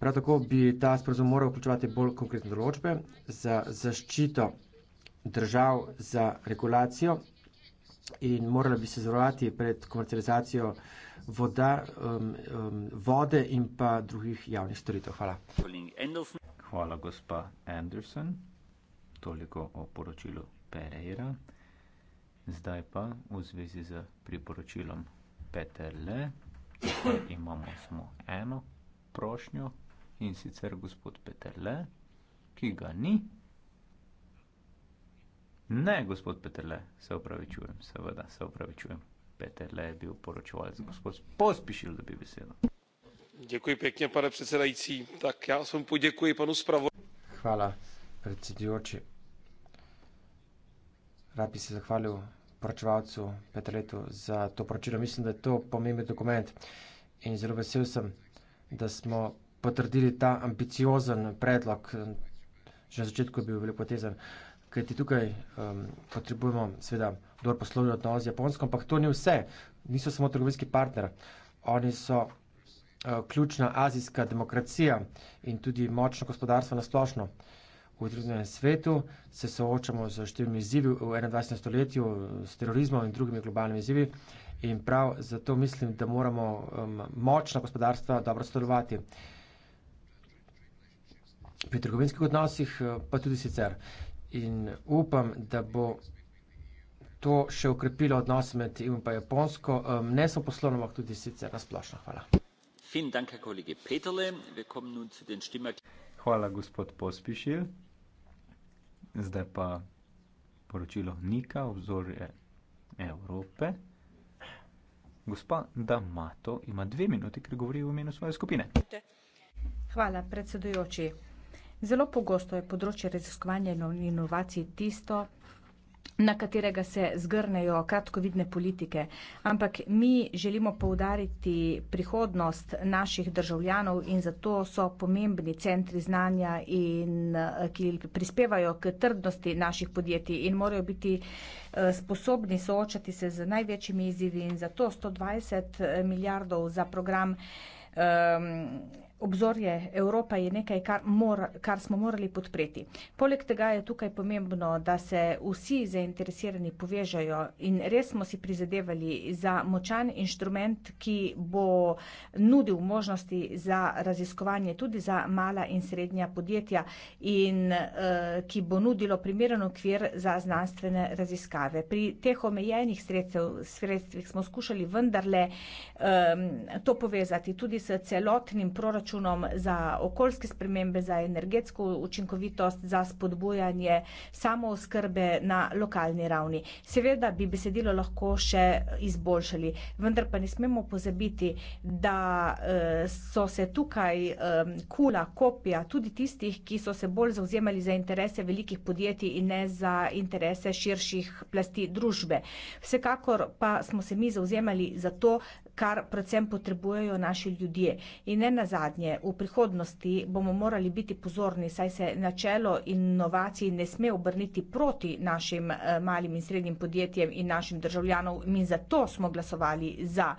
Prav tako bi ta sporozum moral vključevati bolj konkretne določbe za zaščito držav za regulacijo in morala bi se zavarovati pred komercializacijo voda, um, um, vode in pa drugih javnih storitev. Hvala. Hvala, gospa Anderson. Toliko o poročilu Pereira. Zdaj pa v zvezi z priporočilom Peter Le imamo samo eno prošnjo in sicer gospod Peter Le, ki ga ni. Ne, gospod Peterle, se upravičujem, seveda se upravičujem. Peterle je bil poročevalec, gospod pospišil, da bi besedo. Děkuji pěkně, pane předsedající. Tak já vám poděkuji panu zpravo. Hvala, predsedujoči. Rád bi se zahvalil poročevalcu Petreletu za to poročilo. Mislim, da je to pomemben dokument in zelo vesel sem, da smo potrdili ta ambiciozen predlog, že na začetku je bil velikotezen. Uh, ker ti tukaj um, potrebujemo, seveda, dober poslovni odnos z Japonsko, ampak to ni vse, niso samo trgovinski partner, oni so uh, ključna azijska demokracija in tudi močno gospodarstvo na splošno. V družbenem svetu se soočamo z številnimi izzivi v 21. stoletju, s terorizmom in drugimi globalnimi izzivi. In prav zato mislim, da moramo um, močna gospodarstva dobro sodelovati pri trgovinskih odnosih, eh, pa tudi sicer in upam, da bo to še ukrepilo odnos med EU in pa Japonsko, ne samo poslovno, ampak tudi sicer nasplošno. Hvala. Hvala, gospod Pospišil. Zdaj pa poročilo Nika, obzorje Evrope. Gospa Damato ima dve minuti, ker govori v imenu svoje skupine. Hvala, predsedujoči. Zelo pogosto je področje raziskovanja in inovacij tisto, na katerega se zgrnejo kratkovidne politike, ampak mi želimo poudariti prihodnost naših državljanov in zato so pomembni centri znanja, in, eh, ki prispevajo k trdnosti naših podjetij in morajo biti eh, sposobni soočati se z največjimi izzivi in zato 120 eh, milijardov za program. Um, obzorje Evropa je nekaj, kar, mora, kar smo morali podpreti. Poleg tega je tukaj pomembno, da se vsi zainteresirani povežajo in res smo si prizadevali za močan inštrument, ki bo nudil možnosti za raziskovanje tudi za mala in srednja podjetja in uh, ki bo nudilo primeren okvir za znanstvene raziskave. Pri teh omejenih sredstev, sredstvih smo skušali vendarle um, to povezati tudi s celotnim proračunom, proračunom, za okoljske spremembe, za energetsko učinkovitost, za spodbojanje samooskrbe na lokalni ravni. Seveda bi besedilo lahko še izboljšali, vendar pa ne smemo pozabiti, da eh, so se tukaj eh, kula, kopija tudi tistih, ki so se bolj zauzemali za interese velikih podjetij in ne za interese širših plasti družbe. Vsekakor pa smo se mi zauzemali za to, kar predvsem potrebujejo naši ljudje. In ne nazadnje, v prihodnosti bomo morali biti pozorni, saj se načelo inovacij ne sme obrniti proti našim eh, malim in srednjim podjetjem in našim državljanom. Mi zato smo glasovali za.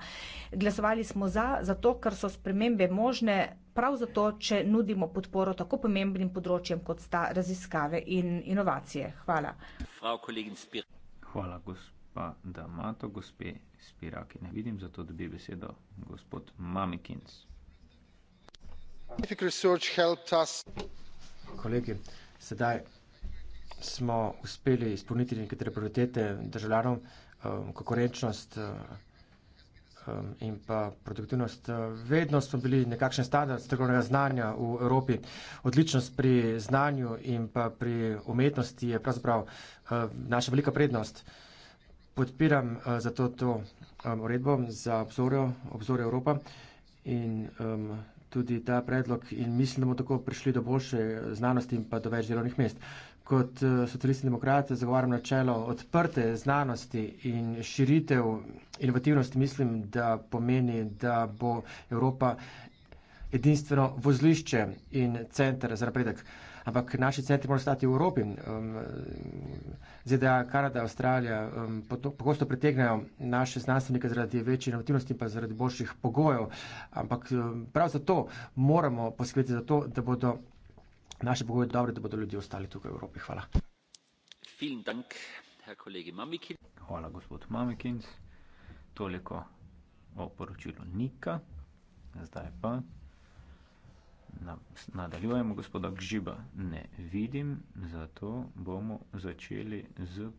Glasovali smo za, zato ker so spremembe možne. Prav zato, če nudimo podporo tako pomembnim področjem, kot sta raziskave in inovacije. Hvala. Hvala, gospod pa D'Amato, gospe Spiraki. Ne vidim, zato dobi besedo gospod Mamikins. Kolegi, sedaj smo uspeli izpolniti nekatere prioritete državljanom, um, konkurenčnost uh, um, in pa produktivnost. Uh, vedno smo bili nekakšen standard strokovnega znanja v Evropi. Odličnost pri znanju in pa pri umetnosti je pravzaprav uh, naša velika prednost podpiram uh, zato to um, uredbo um, za obzorjo, obzorjo Evropa in um, tudi ta predlog in mislim, da bomo tako prišli do boljše znanosti in pa do več delovnih mest. Kot uh, socialisti demokrate zagovarjam načelo odprte znanosti in širitev inovativnosti, mislim, da pomeni, da bo Evropa edinstveno vozlišče in center za napredek. Uh, ampak naši centri morajo stati v Evropi. Um, ZDA, Kanada, Avstralija um, pogosto pretegnajo naše znanstvenike zaradi večje inovativnosti in pa zaradi boljših pogojev. Ampak um, prav zato moramo poskrbeti za to, da bodo naše pogoje dobre, da bodo ljudje ostali tukaj v Evropi. Hvala. Hvala, gospod Mamikins. Toliko o poročilu Nika. Zdaj pa nadaljujemo, gospoda Gžiba ne vidim, zato bomo začeli z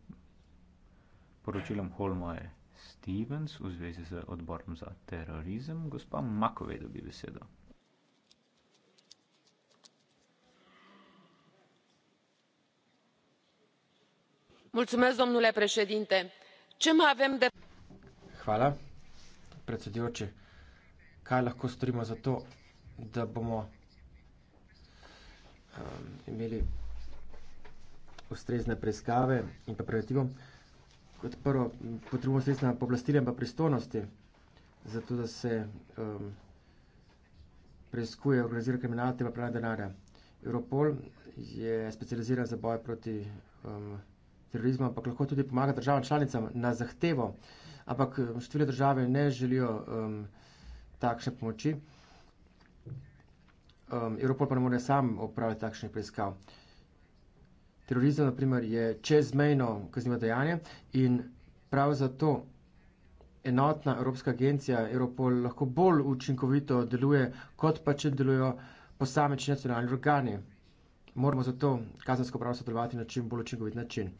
poročilom Holmoje Stevens v zvezi z odborom za terorizem. Gospa Makove dobi besedo. Mulțumesc, domnule președinte. Ce mai avem de... Hvala, predsedujoči. Kaj lahko storimo za to, da bomo um, imeli ustrezne preiskave in pa preventivo. Kot prvo, potrebujemo ustrezna pooblastila in pa pristojnosti, zato da se um, preiskuje, organizira kriminal in pa pravi denarja. Europol je specializiran za boj proti um, terorizmu, ampak lahko tudi pomaga državam članicam na zahtevo, ampak um, številne države ne želijo um, takšne pomoči um, Evropol pa ne more sam opraviti takšnih preiskav. Terorizem, na primer, je čezmejno kaznivo dejanje in prav zato enotna Evropska agencija Evropol lahko bolj učinkovito deluje, kot pa če delujejo posamečni nacionalni organi. Moramo zato kazensko pravo sodelovati na čim bolj učinkovit način.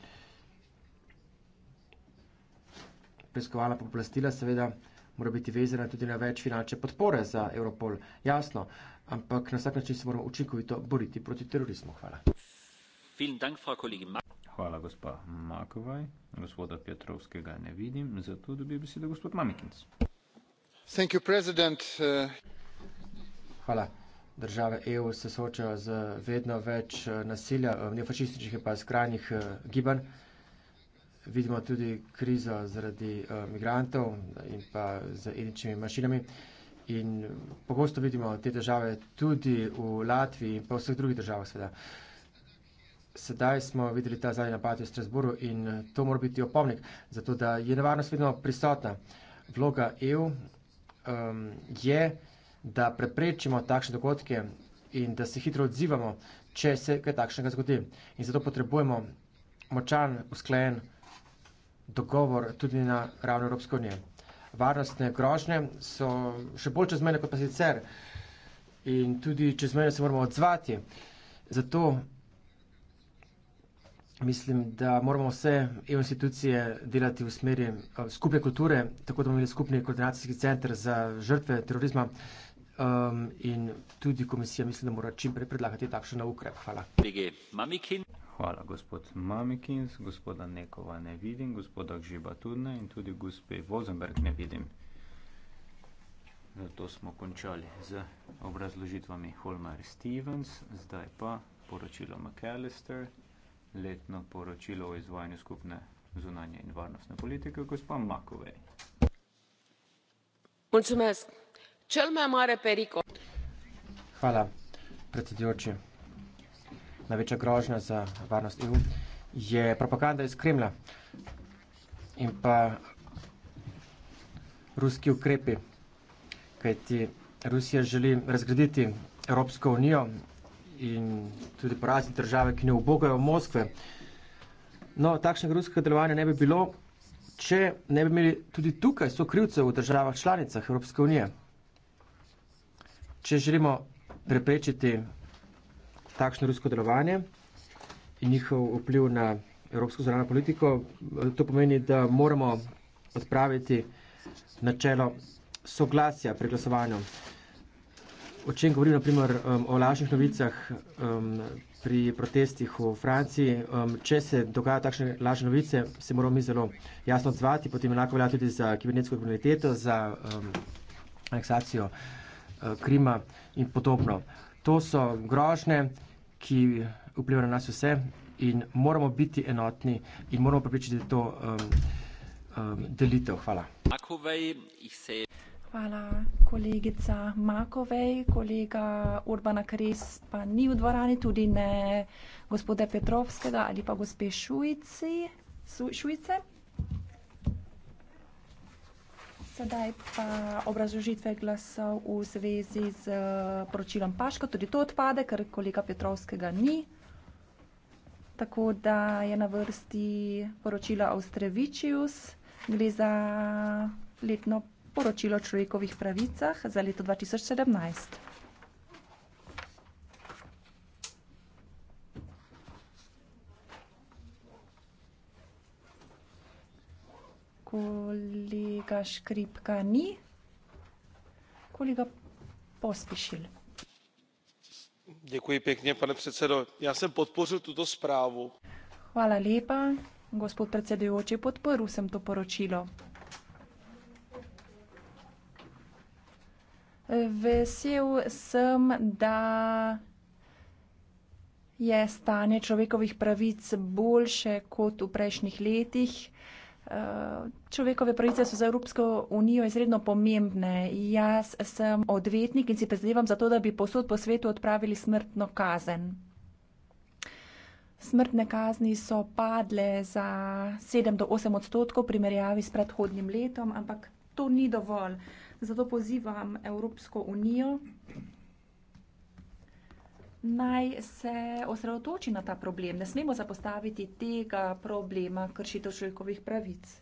Preiskovalna poplastila seveda mora biti vezana tudi na več finančne podpore za Evropol. Jasno, uh, ampak na vsak način se moramo učinkovito boriti proti terorizmu. Hvala. Dank, Hvala, gospa Makovaj. Gospoda Petrovskega ne vidim, zato dobi besedo gospod Mamikins. Uh, Hvala. Države EU se soočajo z vedno več uh, nasilja, uh, neofašističnih in pa skrajnih gibanj. Vidimo tudi krizo zaradi migrantov in pa z etničnimi mašinami in eh, pogosto vidimo te države tudi v Latviji in pa v vseh drugih državah sveda. Sedaj smo videli ta zadnji napad v Strasburu in eh, to mora biti opomnik, zato da je nevarnost vedno prisotna. Vloga EU um, ehm, je, da preprečimo takšne dogodke in da se hitro odzivamo, če se kaj takšnega zgodi. In zato potrebujemo močan, usklajen dogovor tudi na ravni Evropske unije varnostne grožnje so še bolj čez mene kot pa sicer in tudi čez mene se moramo odzvati. Zato mislim, da moramo vse EU institucije delati v smeri eh, skupne kulture, tako da bomo imeli skupni koordinacijski center za žrtve terorizma um, in tudi komisija mislim, da mora čim prej predlagati takšen ukrep. Hvala. Hvala, gospod Mamikins, gospoda Nekova ne vidim, gospoda Gžiba tudi ne in tudi gospe Vozenberg ne vidim. To smo končali z obrazložitvami Holmar Stevens, zdaj pa poročilo McAllister, letno poročilo o izvajanju skupne zunanje in varnostne politike, gospa Makovej. Mulțumesc! Cel mai mare pericol. Hvala, predsedujoči največja grožnja za varnost EU, je propaganda iz Kremlja in pa ruski ukrepi, kajti Rusija želi razgraditi Evropsko unijo in tudi poraziti države, ki ne obogajo Moskve. No, takšnega ruskega delovanja ne bi bilo, če ne bi imeli tudi tukaj sokrivcev v državah članicah Evropske unije. Če želimo preprečiti takšno rusko delovanje in njihov vpliv na evropsko zunanjo politiko. To pomeni, da moramo odpraviti načelo soglasja pri glasovanju. O čem govorim, naprimer, um, o lažnih novicah um, pri protestih v Franciji. Um, če se dogaja takšne lažne novice, se moramo mi zelo jasno odzvati, potem enako velja tudi za kibernetsko kriminaliteto, za um, aneksacijo uh, Krima in podobno. To so grožne, ki vplivajo na nas vse in moramo biti enotni in moramo pripričati to um, um, delitev. Hvala. Hvala, kolegica Makovej, kolega Urbana Kres pa ni v dvorani, tudi ne gospode Petrovskega ali pa gospe Šujci, Šujce. Sedaj pa obrazložitve glasov v zvezi z eh, poročilom Paško. Tudi to odpade, ker kolega Petrovskega ni. Tako da je na vrsti poročilo Austrevičius. Gre za letno poročilo o človekovih pravicah za leto 2017. kolega škripka ni, kolega pospišil. Děkuji pěkně, pane předsedo. Já jsem podpořil tuto zprávu. Hvala lepa, gospod predsedujoči, podporil sem to poročilo. Vesel sem, da je stanje človekovih pravic boljše kot v prejšnjih letih. Človekove pravice so za Evropsko unijo izredno pomembne. Jaz sem odvetnik in si prizadevam za to, da bi posod po svetu odpravili smrtno kazen. Smrtne kazni so padle za 7 do 8 odstotkov v primerjavi s predhodnim letom, ampak to ni dovolj. Zato pozivam Evropsko unijo, naj se osredotoči na ta problem. Ne smemo zapostaviti tega problema kršitev človekovih pravic.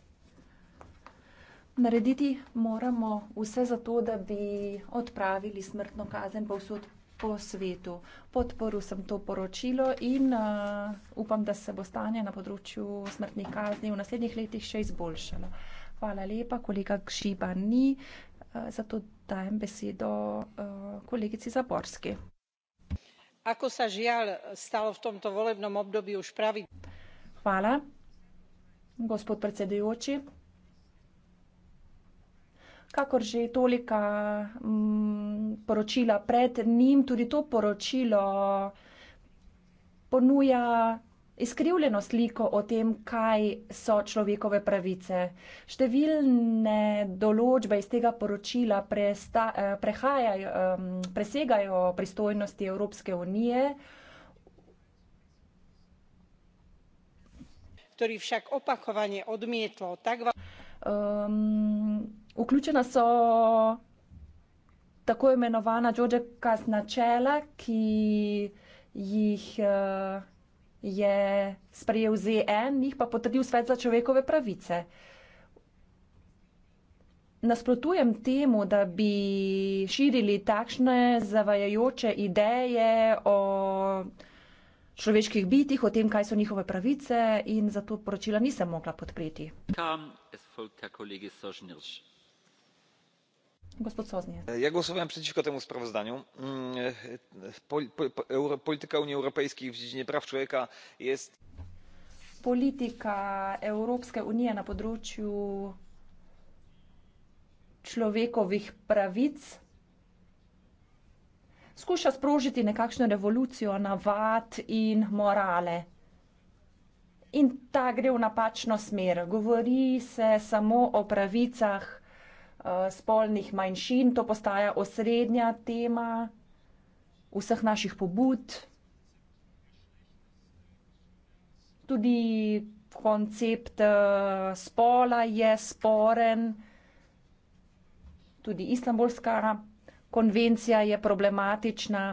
Narediti moramo vse za to, da bi odpravili smrtno kazen povsod po svetu. Podporil sem to poročilo in uh, upam, da se bo stanje na področju smrtnih kazni v naslednjih letih še izboljšalo. Hvala lepa, kolega Gšiba ni, uh, zato dajem besedo uh, kolegici Zaborski ako sa žiaľ stalo v tomto volebnom období už pravi... Hvala, gospod predsedujoči. Kakor že tolika m, mm, poročila pred njim, tudi to poročilo ponuja izkrivljeno sliko o tem, kaj so človekove pravice. Številne določbe iz tega poročila eh, presegajo pristojnosti Evropske unije. ktorý však opakovane odmietlo. Tak va... um, vključena so tako imenovana Đođekas načela, ki jih uh, je sprejel ZN, jih pa potrdil svet za človekove pravice. Nasprotujem temu, da bi širili takšne zavajajoče ideje o človeških bitih, o tem, kaj so njihove pravice in zato poročila nisem mogla podpreti. Tam, E, ja głosowałem przeciwko temu sprawozdaniu. Mm, e, polityka unii europejskiej w dziedzinie praw człowieka jest. polityka europejska unia na področju človekovih pravic skuša sprožiti nekakšno revolucijo navad in morale. In ta gre v napačno smer. Govori se samo o pravicah Eh, spolnih manjšin, to postaja osrednja tema vseh naših pobud. Tudi koncept eh, spola je sporen, tudi istambulska konvencija je problematična.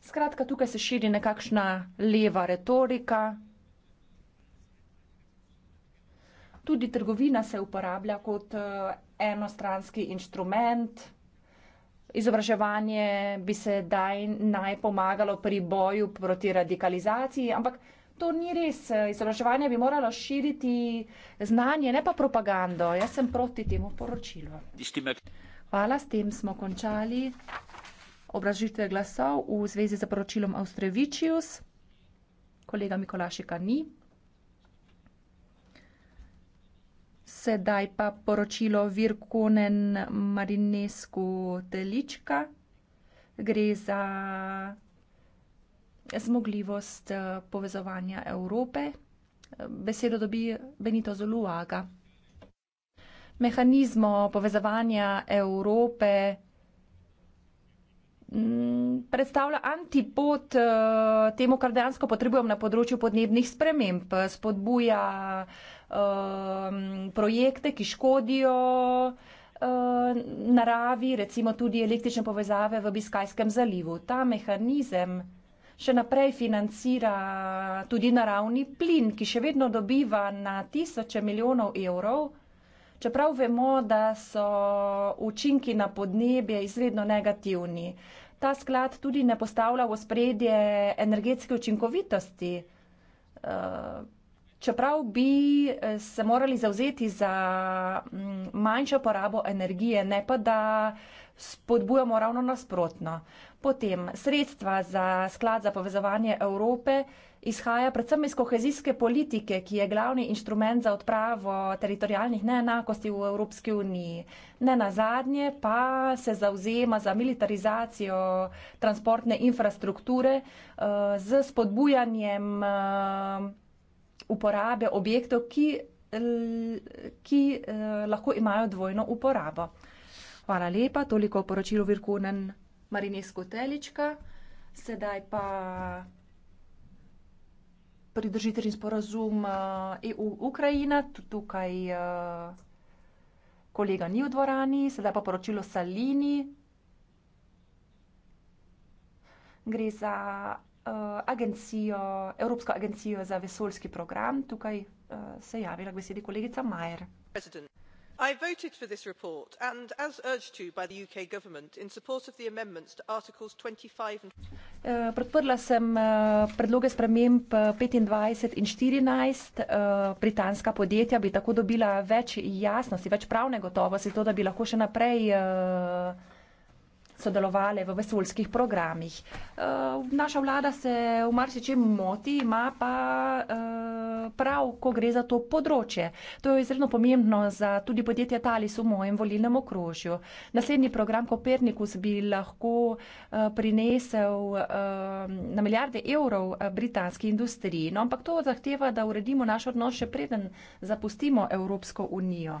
Skratka, tukaj se širi nekakšna leva retorika. Tudi trgovina se uporablja kot eh, enostranski inštrument. Izobraževanje bi se daj naj pomagalo pri boju proti radikalizaciji, ampak to ni res. Izobraževanje bi moralo širiti znanje, ne pa propagando. Jaz sem proti temu poročilu. Hvala, s tem smo končali obražitve glasov v zvezi z poročilom Austrevičius. Kolega Mikolašika ni. sedaj pa poročilo Virkonen Marinescu Telička. Gre za zmogljivost eh, povezovanja Evrope. Besedo dobi Benito Zoluaga. Mehanizmo povezovanja Evrope Mm, predstavlja antipot eh, temu, kar dejansko potrebujem na področju podnebnih sprememb. Spodbuja eh, projekte, ki škodijo eh, naravi, recimo tudi električne povezave v Biskajskem zalivu. Ta mehanizem še naprej financira tudi naravni plin, ki še vedno dobiva na tisoče milijonov evrov, čeprav vemo, da so učinki na podnebje izredno negativni. Uh, ta sklad tudi ne postavlja v spredje energetske učinkovitosti, eh, čeprav bi eh, se morali zauzeti za mm, manjšo porabo energije, ne pa da spodbujamo ravno nasprotno. Potem sredstva za sklad za povezovanje Evrope izhaja predvsem iz kohezijske politike, ki je glavni inštrument za odpravo teritorijalnih neenakosti v Evropski uniji. Ne na zadnje pa se zauzema za militarizacijo transportne infrastrukture uh, z spodbujanjem uh, uporabe objektov, ki, l, ki uh, lahko imajo dvojno uporabo. Hvala lepa, toliko poročilo Virkunen marinesko telička, sedaj pa pridržiteljni sporazum EU-Ukrajina, eh, e tudi tukaj eh, kolega ni v dvorani, sedaj pa poročilo Salini. Gre za eh, agencijo, Evropsko agencijo za vesoljski program, tukaj se je javila k besedi kolegica Majer. President i voted for this report and as urged to by the uk government in support of the amendments to articles twenty five and. Eh, podprla sem eh, predloge sprememb eh, petindvajset in štirinajst britanska podjetja bi tako dobila več jasnosti več pravne gotovosti zato da bi lahko še naprej sodelovale v vesoljskih programih. Uh, naša vlada se v marsičem moti, ima pa uh, prav, ko gre za to področje. To je izredno pomembno za tudi podjetje Talis v mojem volilnem okrožju. Naslednji program Kopernikus bi lahko uh, prinesel uh, na milijarde evrov britanski industriji, no, ampak to zahteva, da uredimo naš odnos še preden zapustimo Evropsko unijo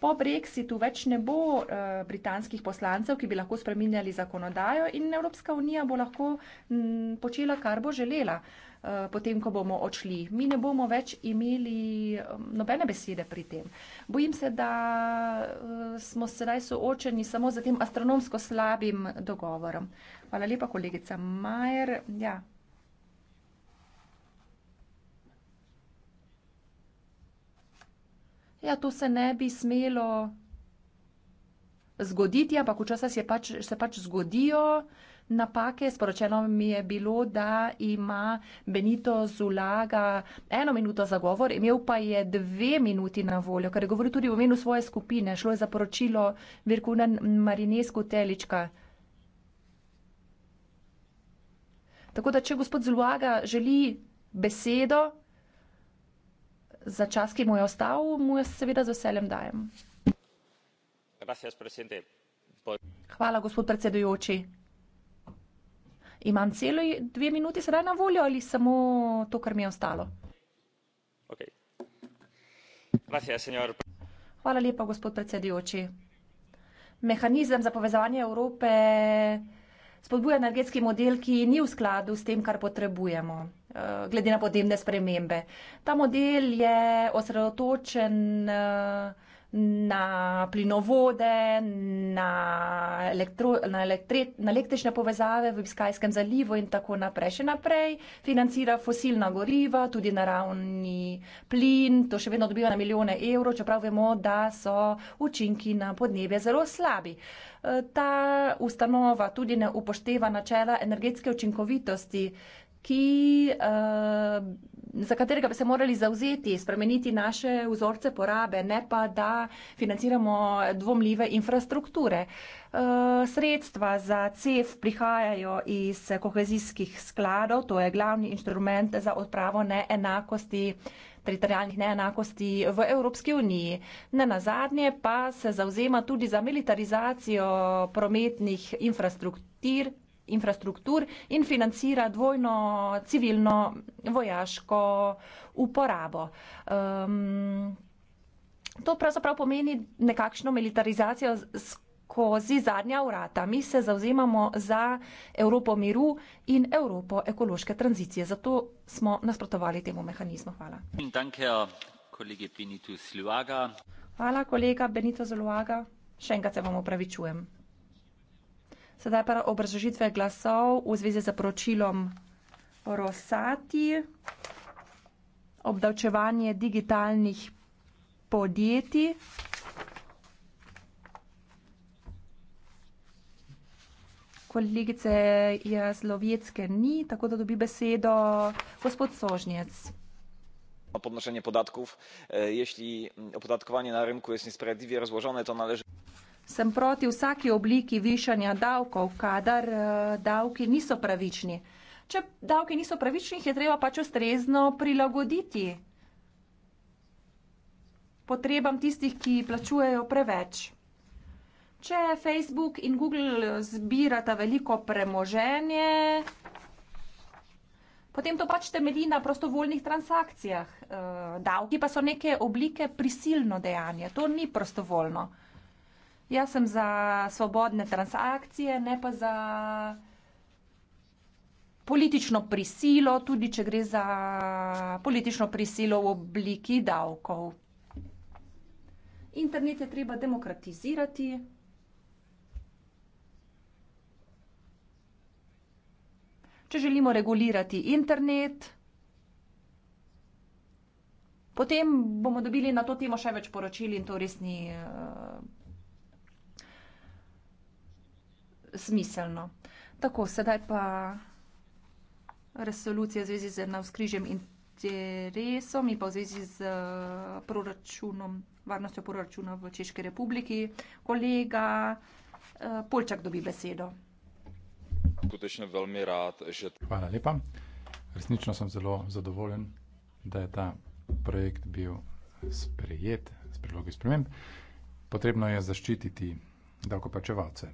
po brexitu več ne bo eh, britanskih poslancev, ki bi lahko spreminjali zakonodajo in Evropska unija bo lahko mm, počela, kar bo želela, eh, potem, ko bomo odšli. Mi ne bomo več imeli eh, nobene besede pri tem. Bojim se, da smo sedaj soočeni samo z tem astronomsko slabim dogovorom. Hvala lepa, kolegica Majer. Ja, ja, to se ne bi smelo zgoditi, ampak včasih se, pač, se pač zgodijo napake. Sporočeno mi je bilo, da ima Benito Zulaga eno minuto za govor, imel pa je dve minuti na voljo, kar je govoril tudi v imenu svoje skupine. Šlo je za poročilo Virkuna Marinesko Telička. Tako da, če gospod Zulaga želi besedo, za čas, ki mu je ostal, mu jaz seveda z veseljem dajem. Hvala, gospod predsedujoči. Imam celo dve minuti sedaj na voljo ali samo to, kar mi je ostalo? Hvala lepa, gospod predsedujoči. Mehanizem za povezovanje Evrope spodbuja energetski model, ki ni v skladu s tem, kar potrebujemo. Eh, glede na podnebne spremembe. Ta model je osredotočen eh, na plinovode, na, elektro, na, elektri, na električne povezave v Biskajskem zalivu in tako naprej. Še naprej financira fosilna goriva, tudi naravni plin, to še vedno dobiva na milijone evrov, čeprav vemo, da so učinki na podnebje zelo slabi. Eh, ta ustanova tudi ne upošteva načela energetske učinkovitosti, ki, uh, za katerega bi se morali zauzeti, spremeniti naše vzorce porabe, ne pa da financiramo dvomljive infrastrukture. Uh, sredstva za CEF prihajajo iz kohezijskih skladov, to je glavni inštrument za odpravo neenakosti teritorijalnih neenakosti v Evropski uniji. Ne na zadnje pa se zauzema tudi za militarizacijo prometnih infrastruktur, infrastruktur in financira dvojno civilno vojaško uporabo. Um, to pravzaprav pomeni nekakšno militarizacijo skozi zadnja vrata. Mi se zauzemamo za Evropo miru in Evropo ekološke tranzicije. Zato smo nasprotovali temu mehanizmu. Hvala. Hvala, kolega Benito Zoluaga. Še enkrat se vam opravičujem. Sedaj pa obrazložitve glasov v zvezi z poročilom Rosati, obdavčevanje digitalnih podjetij. Kolegice Jazlovjecke ni, tako da dobi besedo gospod Sožnjec. Podnošenje podatkov, e, jeśli opodatkovanje na rynku jest niesprawiedliwie rozłożone, to należy sem proti vsaki obliki višanja davkov, kadar eh, davki niso pravični. Če davki niso pravični, jih je treba pač ustrezno prilagoditi potrebam tistih, ki plačujejo preveč. Če Facebook in Google zbirata veliko premoženje, potem to pač temelji na prostovoljnih transakcijah. Eh, davki pa so neke oblike prisilno dejanje. To ni prostovoljno. Jaz sem za svobodne transakcije, ne pa za politično prisilo, tudi če gre za politično prisilo v obliki davkov. Internet je treba demokratizirati. Če želimo regulirati internet, potem bomo dobili na to temo še več poročil in to res ni. Uh, smiselno. Tako, sedaj pa resolucija v zvezi z navskrižjem interesom in pa v zvezi z eh, proračunom, varnostjo proračuna v Češki republiki. Kolega eh, Polčak dobi besedo. Skutečno velmi rad, že. Hvala lepa. Resnično sem zelo zadovoljen, da je ta projekt bil sprejet s predlogi sprememb. Potrebno je zaščititi davkoplačevalce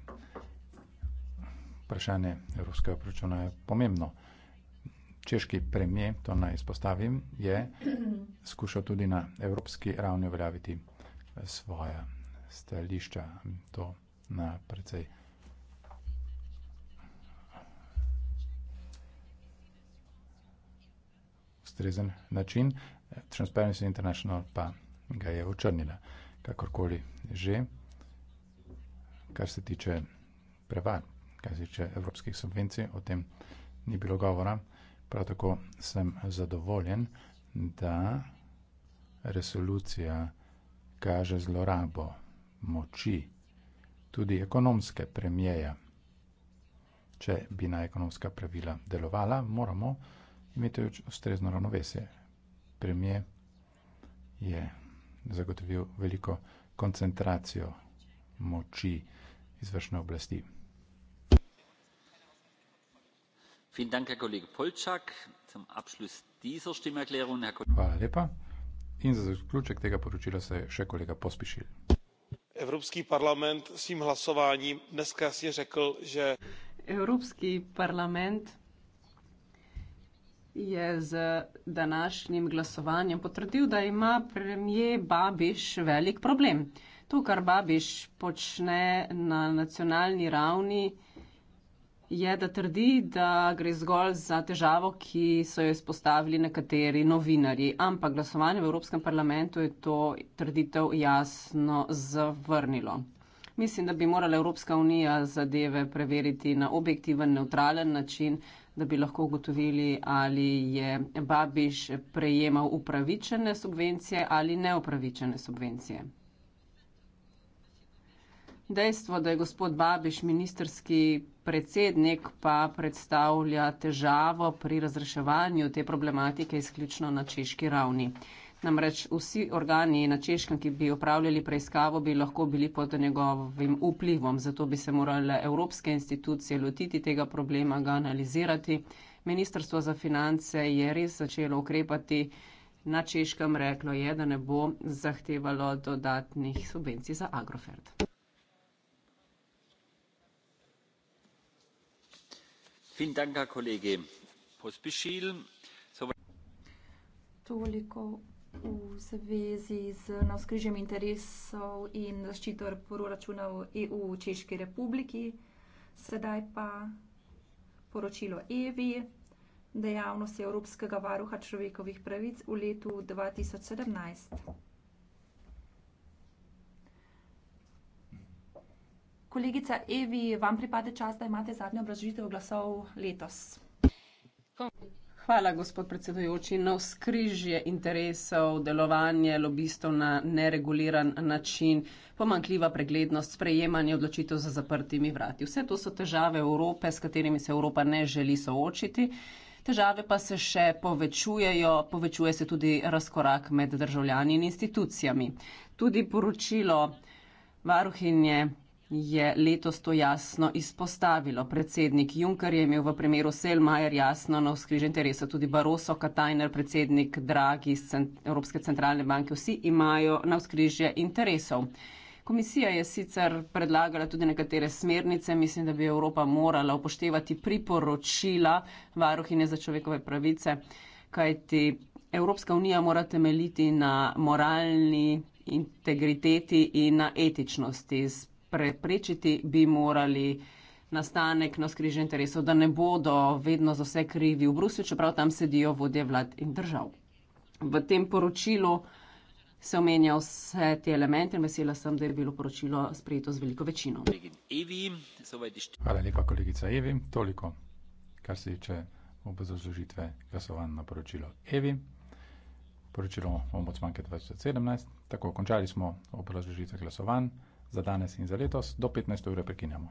vprašanje evropskega proračuna je pomembno. Češki premijer, to naj izpostavim, je skušal tudi na evropski ravni uveljaviti eh, svoja stališča. To na precej ustrezen način. Transparency International pa ga je očrnila. Kakorkoli že, kar se tiče prevar, kar se tiče evropskih subvencij, o tem ni bilo govora. Prav tako sem zadovoljen, da resolucija kaže zlorabo moči tudi ekonomske premijeja. Če bi na ekonomska pravila delovala, moramo imeti ustrezno ravnovesje. Premije je zagotovil veliko koncentracijo moči izvršne oblasti. Hvala lepa. In za zaključek tega poročila se še kolega pospešil. Evropski parlament svým hlasováním dneska jasně řekl, že... Evropski parlament je z današnjim glasovanjem potrdil, da ima premije Babiš velik problem. To, kar Babiš počne na nacionalni ravni, je, da trdi, da gre zgolj za težavo, ki so jo izpostavili nekateri novinarji. Ampak glasovanje v Evropskem parlamentu je to trditev jasno zavrnilo. Mislim, da bi morala Evropska unija zadeve preveriti na objektiven, neutralen način, da bi lahko ugotovili, ali je Babiš prejemal upravičene subvencije ali neupravičene subvencije. Dejstvo, da je gospod Babiš ministerski predsednik, pa predstavlja težavo pri razreševanju te problematike izključno na češki ravni. Namreč vsi organi na češkem, ki bi upravljali preiskavo, bi lahko bili pod njegovim vplivom, zato bi se morale evropske institucije lotiti tega problema, ga analizirati. Ministrstvo za finance je res začelo ukrepati na češkem, reklo je, da ne bo zahtevalo dodatnih subvencij za Agrofert. toliko v zvezi z navzkrižjem interesov in zaščito proračunov EU v Češki republiki. Sedaj pa poročilo EVA. Češka republika Sedaj pa poročilo EVI, dejavnost Evropskega varuha človekovih pravic v letu 2017. Kolegica Evi, vam pripade čas, da imate zadnjo obražitev glasov letos. Hvala, gospod predsedujoči. No, skrižje interesov, delovanje lobistov na nereguliran način, pomankljiva preglednost, sprejemanje odločitev za zaprtimi vrati. Vse to so težave Evrope, s katerimi se Evropa ne želi soočiti. Težave pa se še povečujejo, povečuje se tudi razkorak med državljani in institucijami. Tudi poročilo varuhinje je letos to jasno izpostavilo. Predsednik Juncker je imel v primeru Selmajer jasno na vzkrižen interesa. Tudi Baroso, Katajner, predsednik Dragi iz cent Evropske centralne banke, vsi imajo na vzkrižje interesov. Komisija je sicer predlagala tudi nekatere smernice, mislim, da bi Evropa morala upoštevati priporočila varuhine za človekove pravice, kajti Evropska unija mora temeljiti na moralni integriteti in na etičnosti preprečiti bi morali nastanek na skrižju interesov, da ne bodo vedno za vse krivi v Bruslju, čeprav tam sedijo vodje vlad in držav. V tem poročilu se omenja vse te elemente in vesela sem, da je bilo poročilo sprejeto z veliko večino. Hvala lepa, kolegica Evi. Toliko, kar se tiče obrazložitve glasovanj na poročilo Evi. Poročilo Ombudsmanke 2017. Tako, končali smo obrazložitve glasovanj za danes in za letos, do 15. ure prekinjamo.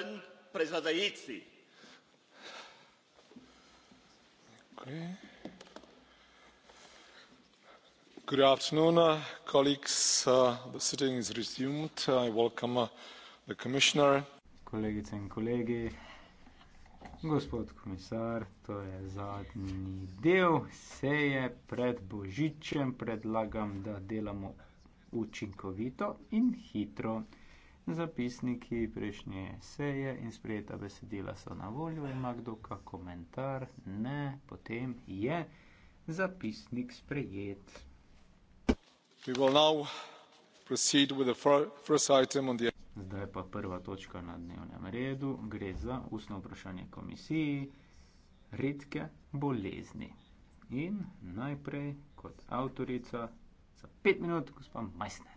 open prizadejici. Okay. Good afternoon, uh, colleagues. Uh, the sitting is resumed. I welcome uh, the commissioner. Kolegice in kolegi, gospod komisar, to je zadnji del seje pred Božičem. Predlagam, da delamo učinkovito in hitro. Zapisniki prejšnje seje in sprejeta besedila so na voljo. Ima kdo kak komentar? Ne, potem je zapisnik sprejet. Zdaj pa prva točka na dnevnem redu. Gre za ustno vprašanje komisiji. Redke bolezni. In najprej kot avtorica za pet minut, gospod Majsner.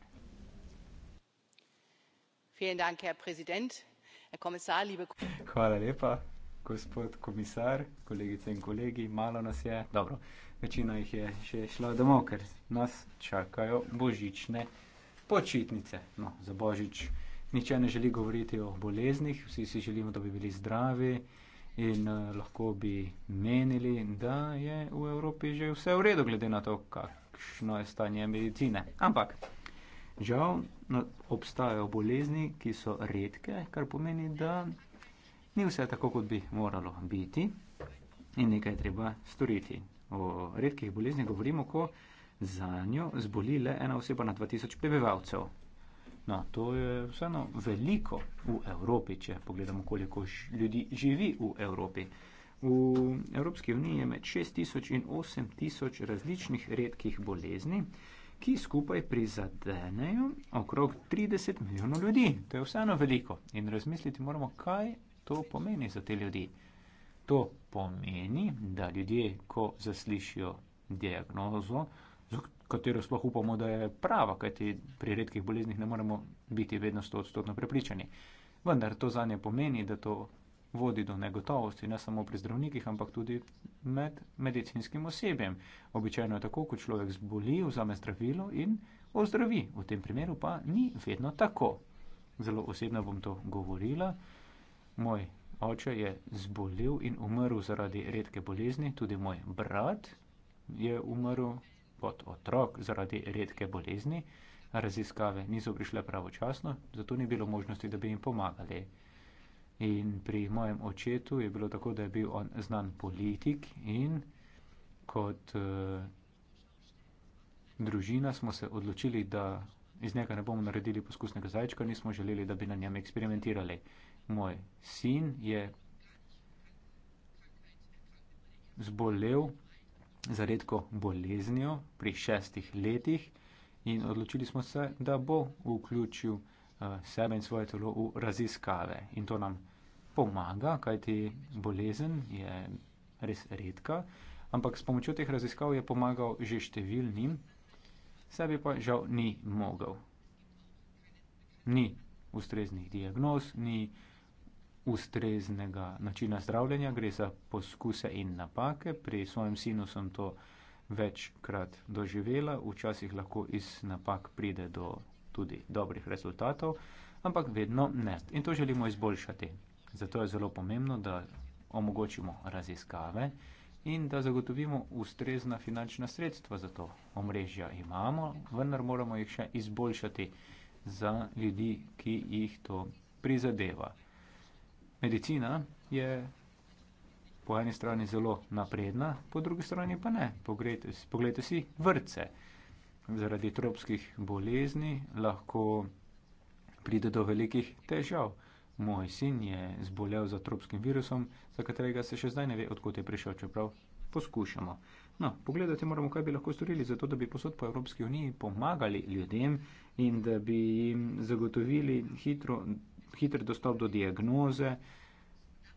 Vielen Dank, Herr Präsident, Herr Kommissar, liebe Hvala lepa, gospod komisar, kolegice in kolegi, malo nas je, dobro, večina jih je še šla domov, ker nas čakajo božične počitnice. No, za božič niče ne želi govoriti o boleznih, vsi si želimo, da bi bili zdravi in eh, lahko bi menili, da je v Evropi že vse v redu, glede na to, kakšno je stanje medicine. Ampak Žal no, obstajajo bolezni, ki so redke, kar pomeni, da ni vse tako, kot bi moralo biti in nekaj treba storiti. O redkih boleznih govorimo, ko za njo zboli le ena oseba na 2000 prebivalcev. No, to je vseeno veliko v Evropi, če pogledamo, koliko ljudi živi v Evropi. V Evropski uniji je med 6000 in 8000 različnih redkih boleznih ki skupaj prizadenejo okrog 30 milijonov ljudi. To je vseeno veliko in razmisliti moramo, kaj to pomeni za te ljudi. To pomeni, da ljudje, ko zaslišijo diagnozo, za katero sploh upamo, da je prava, kajti pri redkih boleznih ne moremo biti vedno 100-odstotno prepričani. Vendar to zanje pomeni, da to vodi do negotovosti, ne samo pri zdravnikih, ampak tudi med medicinskim osebjem. Običajno je tako, ko človek zboli, vzame zdravilo in ozdravi. V tem primeru pa ni vedno tako. Zelo osebno bom to govorila. Moj oče je zbolel in umrl zaradi redke bolezni, tudi moj brat je umrl kot otrok zaradi redke bolezni. Raziskave niso prišle pravočasno, zato ni bilo možnosti, da bi jim pomagali. In pri mojem očetu je bilo tako, da je bil on znan politik in kot uh, družina smo se odločili, da iz njega ne bomo naredili poskusnega zajčka, nismo želeli, da bi na njem eksperimentirali. Moj sin je zbolel za redko boleznijo pri šestih letih in odločili smo se, da bo vključil uh, eh, sebe in svoje telo v raziskave. In to nam pomaga, kajti bolezen je res redka, ampak s pomočjo teh raziskav je pomagal že številnim, sebi pa žal ni mogel. Ni ustreznih diagnoz, ni ustreznega načina zdravljenja, gre za poskuse in napake. Pri svojem sinu sem to večkrat doživela, včasih lahko iz napak pride do tudi dobrih rezultatov, ampak vedno ne. In to želimo izboljšati. Zato je zelo pomembno, da omogočimo raziskave in da zagotovimo ustrezna finančna sredstva za to. Omrežja imamo, vendar moramo jih še izboljšati za ljudi, ki jih to prizadeva. Medicina je po eni strani zelo napredna, po drugi strani pa ne. Poglejte, poglejte si vrtce. Zaradi tropskih bolezni lahko pride do velikih težav moj sin je zbolel za tropskim virusom, za katerega se še zdaj ne ve, odkot je prišel, čeprav poskušamo. No, pogledati moramo, kaj bi lahko storili za to, da bi posod po Evropski uniji pomagali ljudem in da bi jim zagotovili hitro, hiter dostop do diagnoze,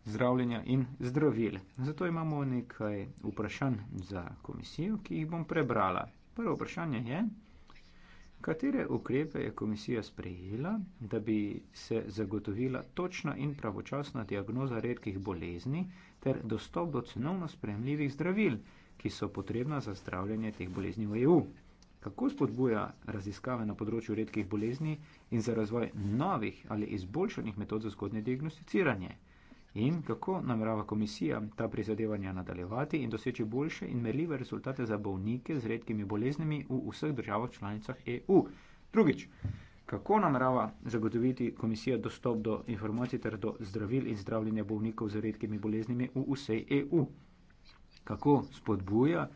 zdravljenja in zdravil. Zato imamo nekaj vprašanj za komisijo, ki jih bom prebrala. Prvo vprašanje je, Katere ukrepe je komisija sprejela, da bi se zagotovila točna in pravočasna diagnoza redkih bolezni ter dostop do cenovno sprejemljivih zdravil, ki so potrebna za zdravljenje teh bolezni v EU? Kako spodbuja raziskave na področju redkih bolezni in za razvoj novih ali izboljšanih metod za zgodnje diagnosticiranje? in kako namerava komisija ta prizadevanja nadaljevati in doseči boljše in merljive rezultate za bolnike z redkimi boleznimi v vseh državah članicah EU. Drugič, kako namerava zagotoviti komisija dostop do informacij ter do zdravil in zdravljenja bolnikov z redkimi boleznimi v vsej EU? Kako spodbuja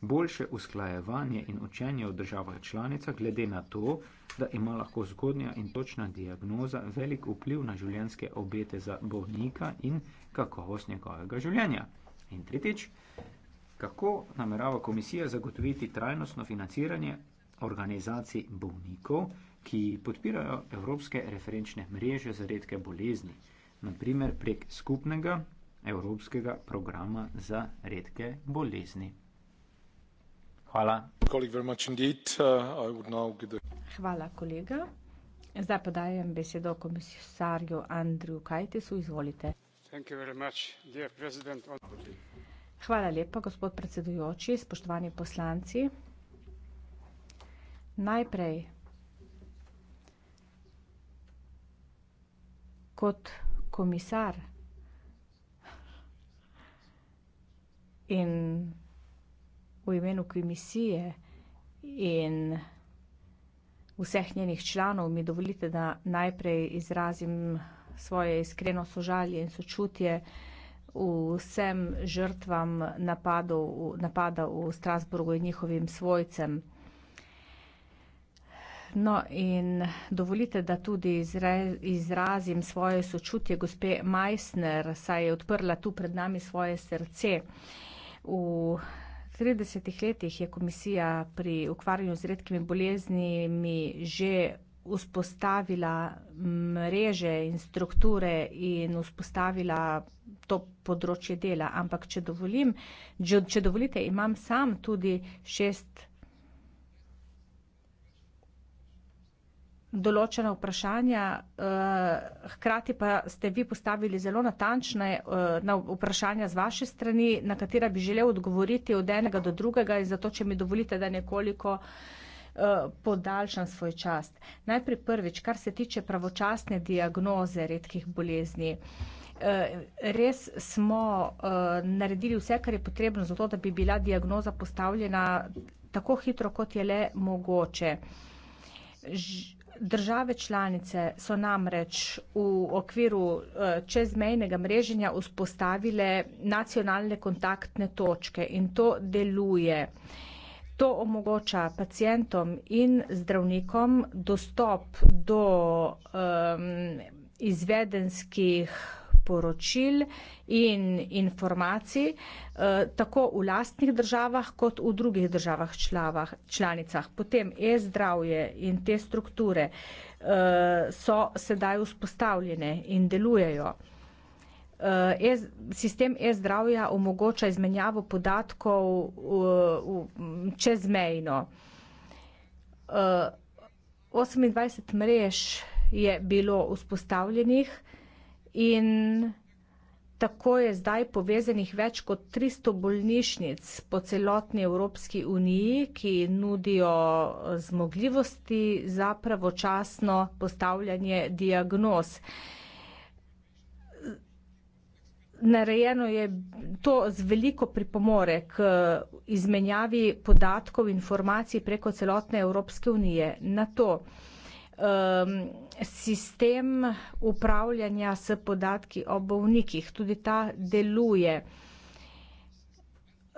boljše usklajevanje in učenje v državah članica glede na to, da ima lahko zgodnja in točna diagnoza velik vpliv na življenjske obete za bolnika in kakovost njegovega življenja. In tretjič, kako namerava komisija zagotoviti trajnostno financiranje organizacij bolnikov, ki podpirajo evropske referenčne mreže za redke bolezni, naprimer prek skupnega evropskega programa za redke bolezni. Hvala. Uh, Hvala, kolega. Zdaj pa dajem besedo komisarju Andriju Kajtesu. Izvolite. Hvala lepa, gospod predsedujoči, spoštovani poslanci. Najprej, kot komisar in v imenu komisije in vseh njenih članov mi dovolite, da najprej izrazim svoje iskreno sožalje in sočutje vsem žrtvam napadov, napada v Strasburgu in njihovim svojcem. No in dovolite, da tudi izrazim svoje sočutje gospe Meissner, saj je odprla tu pred nami svoje srce. V 30-ih letih je komisija pri ukvarjanju z redkimi boleznimi že vzpostavila mreže in strukture in vzpostavila to področje dela. Ampak, če, dovolim, če, če dovolite, imam sam tudi šest določena vprašanja, eh, hkrati pa ste vi postavili zelo natančne eh, na vprašanja z vaše strani, na katera bi želel odgovoriti od enega do drugega in zato, če mi dovolite, da nekoliko eh, podaljšam svoj čas. Najprej prvič, kar se tiče pravočasne diagnoze redkih bolezni. Res smo naredili vse, kar je potrebno za to, da bi bila diagnoza postavljena tako hitro, kot je le mogoče države članice so namreč v okviru eh, čezmejnega mreženja vzpostavile nacionalne kontaktne točke in to deluje. To omogoča pacijentom in zdravnikom dostop do um, izvedenskih sporočil in informacij, eh, tako v lastnih državah kot v drugih državah člavah, članicah. Potem e-zdravje in te strukture eh, so sedaj vzpostavljene in delujejo. Eh, e-, sistem e-zdravja omogoča izmenjavo podatkov čezmejno. 28 mrež je bilo vzpostavljenih, in tako je zdaj povezanih več kot 300 bolnišnic po celotni Evropski uniji, ki nudijo eh, zmogljivosti za pravočasno postavljanje diagnoz. Narejeno je to z veliko pripomore k izmenjavi podatkov, informacij preko celotne Evropske unije. Na to um, sistem upravljanja s podatki o bovnikih. Tudi ta deluje.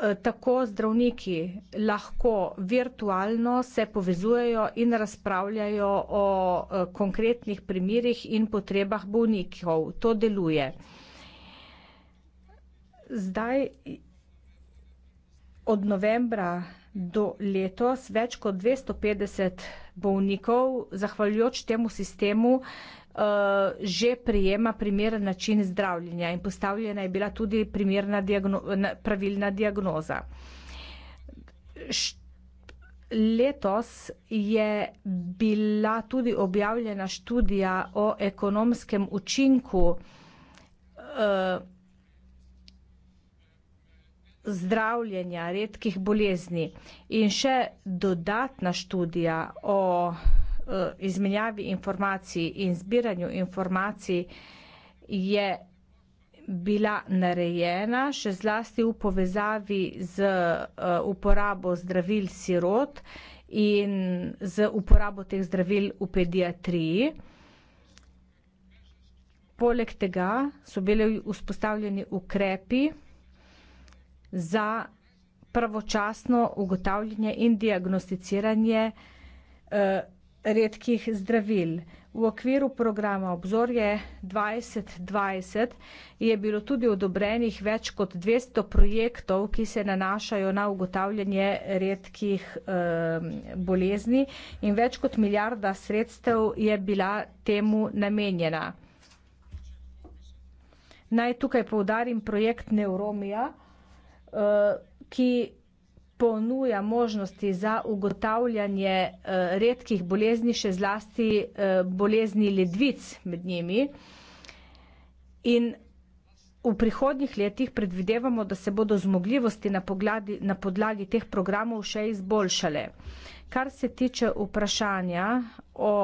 Uh, tako zdravniki lahko virtualno se povezujejo in razpravljajo o uh, konkretnih primerjih in potrebah bovnikov. To deluje. Zdaj od novembra do letos več kot 250 bolnikov, zahvaljujoč temu sistemu, eh, že prijema primeren način zdravljenja in postavljena je bila tudi primerna diagno, pravilna diagnoza. Letos je bila tudi objavljena študija o ekonomskem učinku uh, zdravljenja redkih bolezni in še dodatna študija o e, izmenjavi informacij in zbiranju informacij je bila narejena še zlasti v povezavi z e, uporabo zdravil sirot in z uporabo teh zdravil v pediatriji. Poleg tega so bili vzpostavljeni ukrepi za pravočasno ugotavljanje in diagnosticiranje eh, redkih zdravil. V okviru programa Obzorje 2020 je bilo tudi odobrenih več kot 200 projektov, ki se nanašajo na ugotavljanje redkih eh, bolezni in več kot milijarda sredstev je bila temu namenjena. Naj tukaj poudarim projekt Neuromija, eh, Eh, ki ponuja možnosti za ugotavljanje eh, redkih bolezni, še zlasti eh, bolezni ledvic med njimi. In v prihodnjih letih predvidevamo, da se bodo zmogljivosti na, pogladi, na podlagi teh programov še izboljšale. Kar se tiče vprašanja o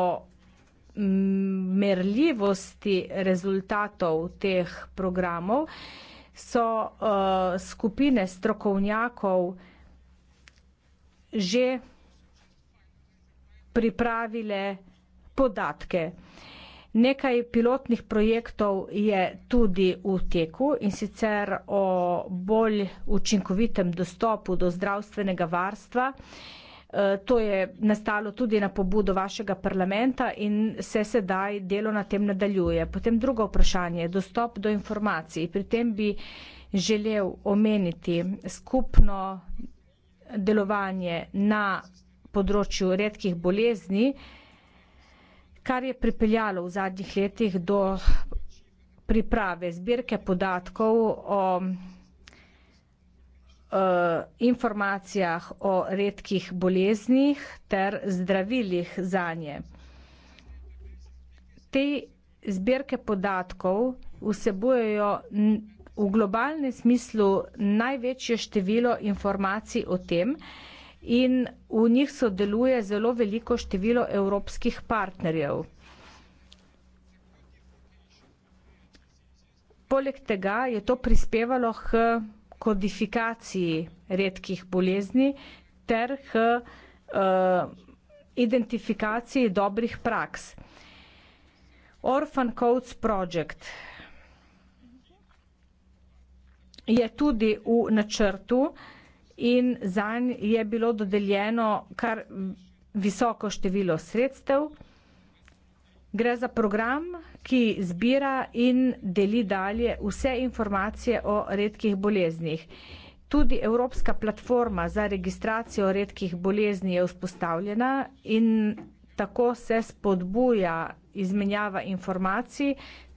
mm, merljivosti rezultatov teh programov, so uh, skupine strokovnjakov že pripravile podatke. Nekaj pilotnih projektov je tudi v teku in sicer o bolj učinkovitem dostopu do zdravstvenega varstva. Uh, Eh, to je nastalo tudi na pobudo vašega parlamenta in se sedaj delo na tem nadaljuje. Potem drugo vprašanje, dostop do informacij. Pri tem bi želel omeniti skupno delovanje na področju redkih bolezni, kar je pripeljalo v zadnjih letih do priprave zbirke podatkov o informacij, Eh, informacijah o redkih boleznih ter zdravilih za nje. Te zbirke podatkov vsebujejo v globalnem smislu največje število informacij o tem in v njih sodeluje zelo veliko število evropskih partnerjev. Poleg tega je to prispevalo k kodifikaciji redkih bolezni ter k uh, eh, identifikaciji dobrih praks. Orphan Codes Project je tudi v načrtu in zanj je bilo dodeljeno kar visoko število sredstev. Gre za program, ki zbira in deli dalje vse informacije o redkih boleznih. Tudi Evropska platforma za registracijo redkih bolezni je vzpostavljena in tako se spodbuja izmenjava informacij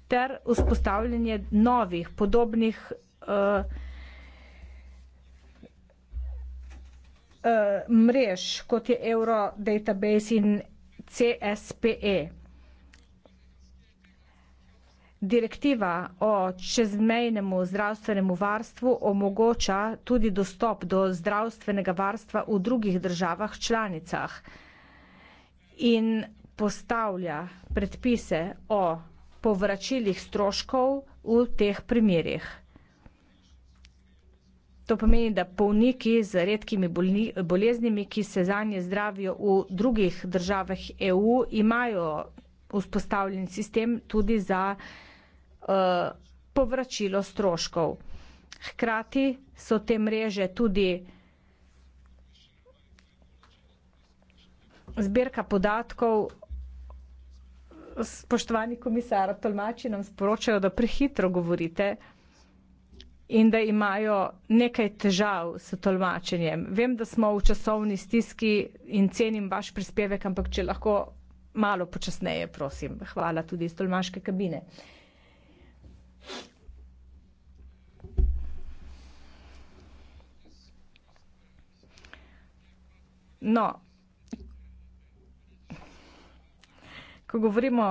ter vzpostavljanje novih podobnih uh, uh, mrež, kot je Eurodatabase in CSPE. Direktiva o čezmejnemu zdravstvenemu varstvu omogoča tudi dostop do zdravstvenega varstva v drugih državah članicah in postavlja predpise o povračilih stroškov v teh primerjih. To pomeni, da bolniki z redkimi boleznimi, ki se zanje zdravijo v drugih državah EU, imajo vzpostavljen sistem tudi za Eh, povračilo stroškov. Hkrati so te mreže tudi zbirka podatkov. Spoštovani komisar, tolmači nam sporočajo, da prehitro govorite in da imajo nekaj težav s tolmačenjem. Vem, da smo v časovni stiski in cenim vaš prispevek, ampak če lahko malo počasneje, prosim. Hvala tudi iz tolmaške kabine. Uh, No. Ko govorimo,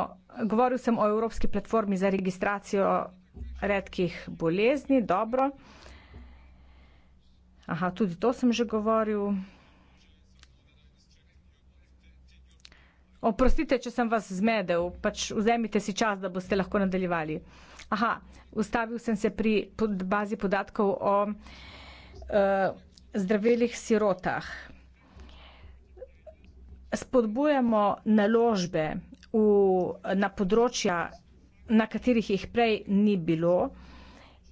govoril sem o Evropski platformi za registracijo redkih bolezni, dobro. Aha, tudi to sem že govoril. Oprostite, če sem vas zmedel, pač vzemite si čas, da boste lahko nadaljevali. Aha, ustavil sem se pri bazi podatkov o uh, zdravilih sirotah. Spodbujamo naložbe v, na področja, na katerih jih prej ni bilo,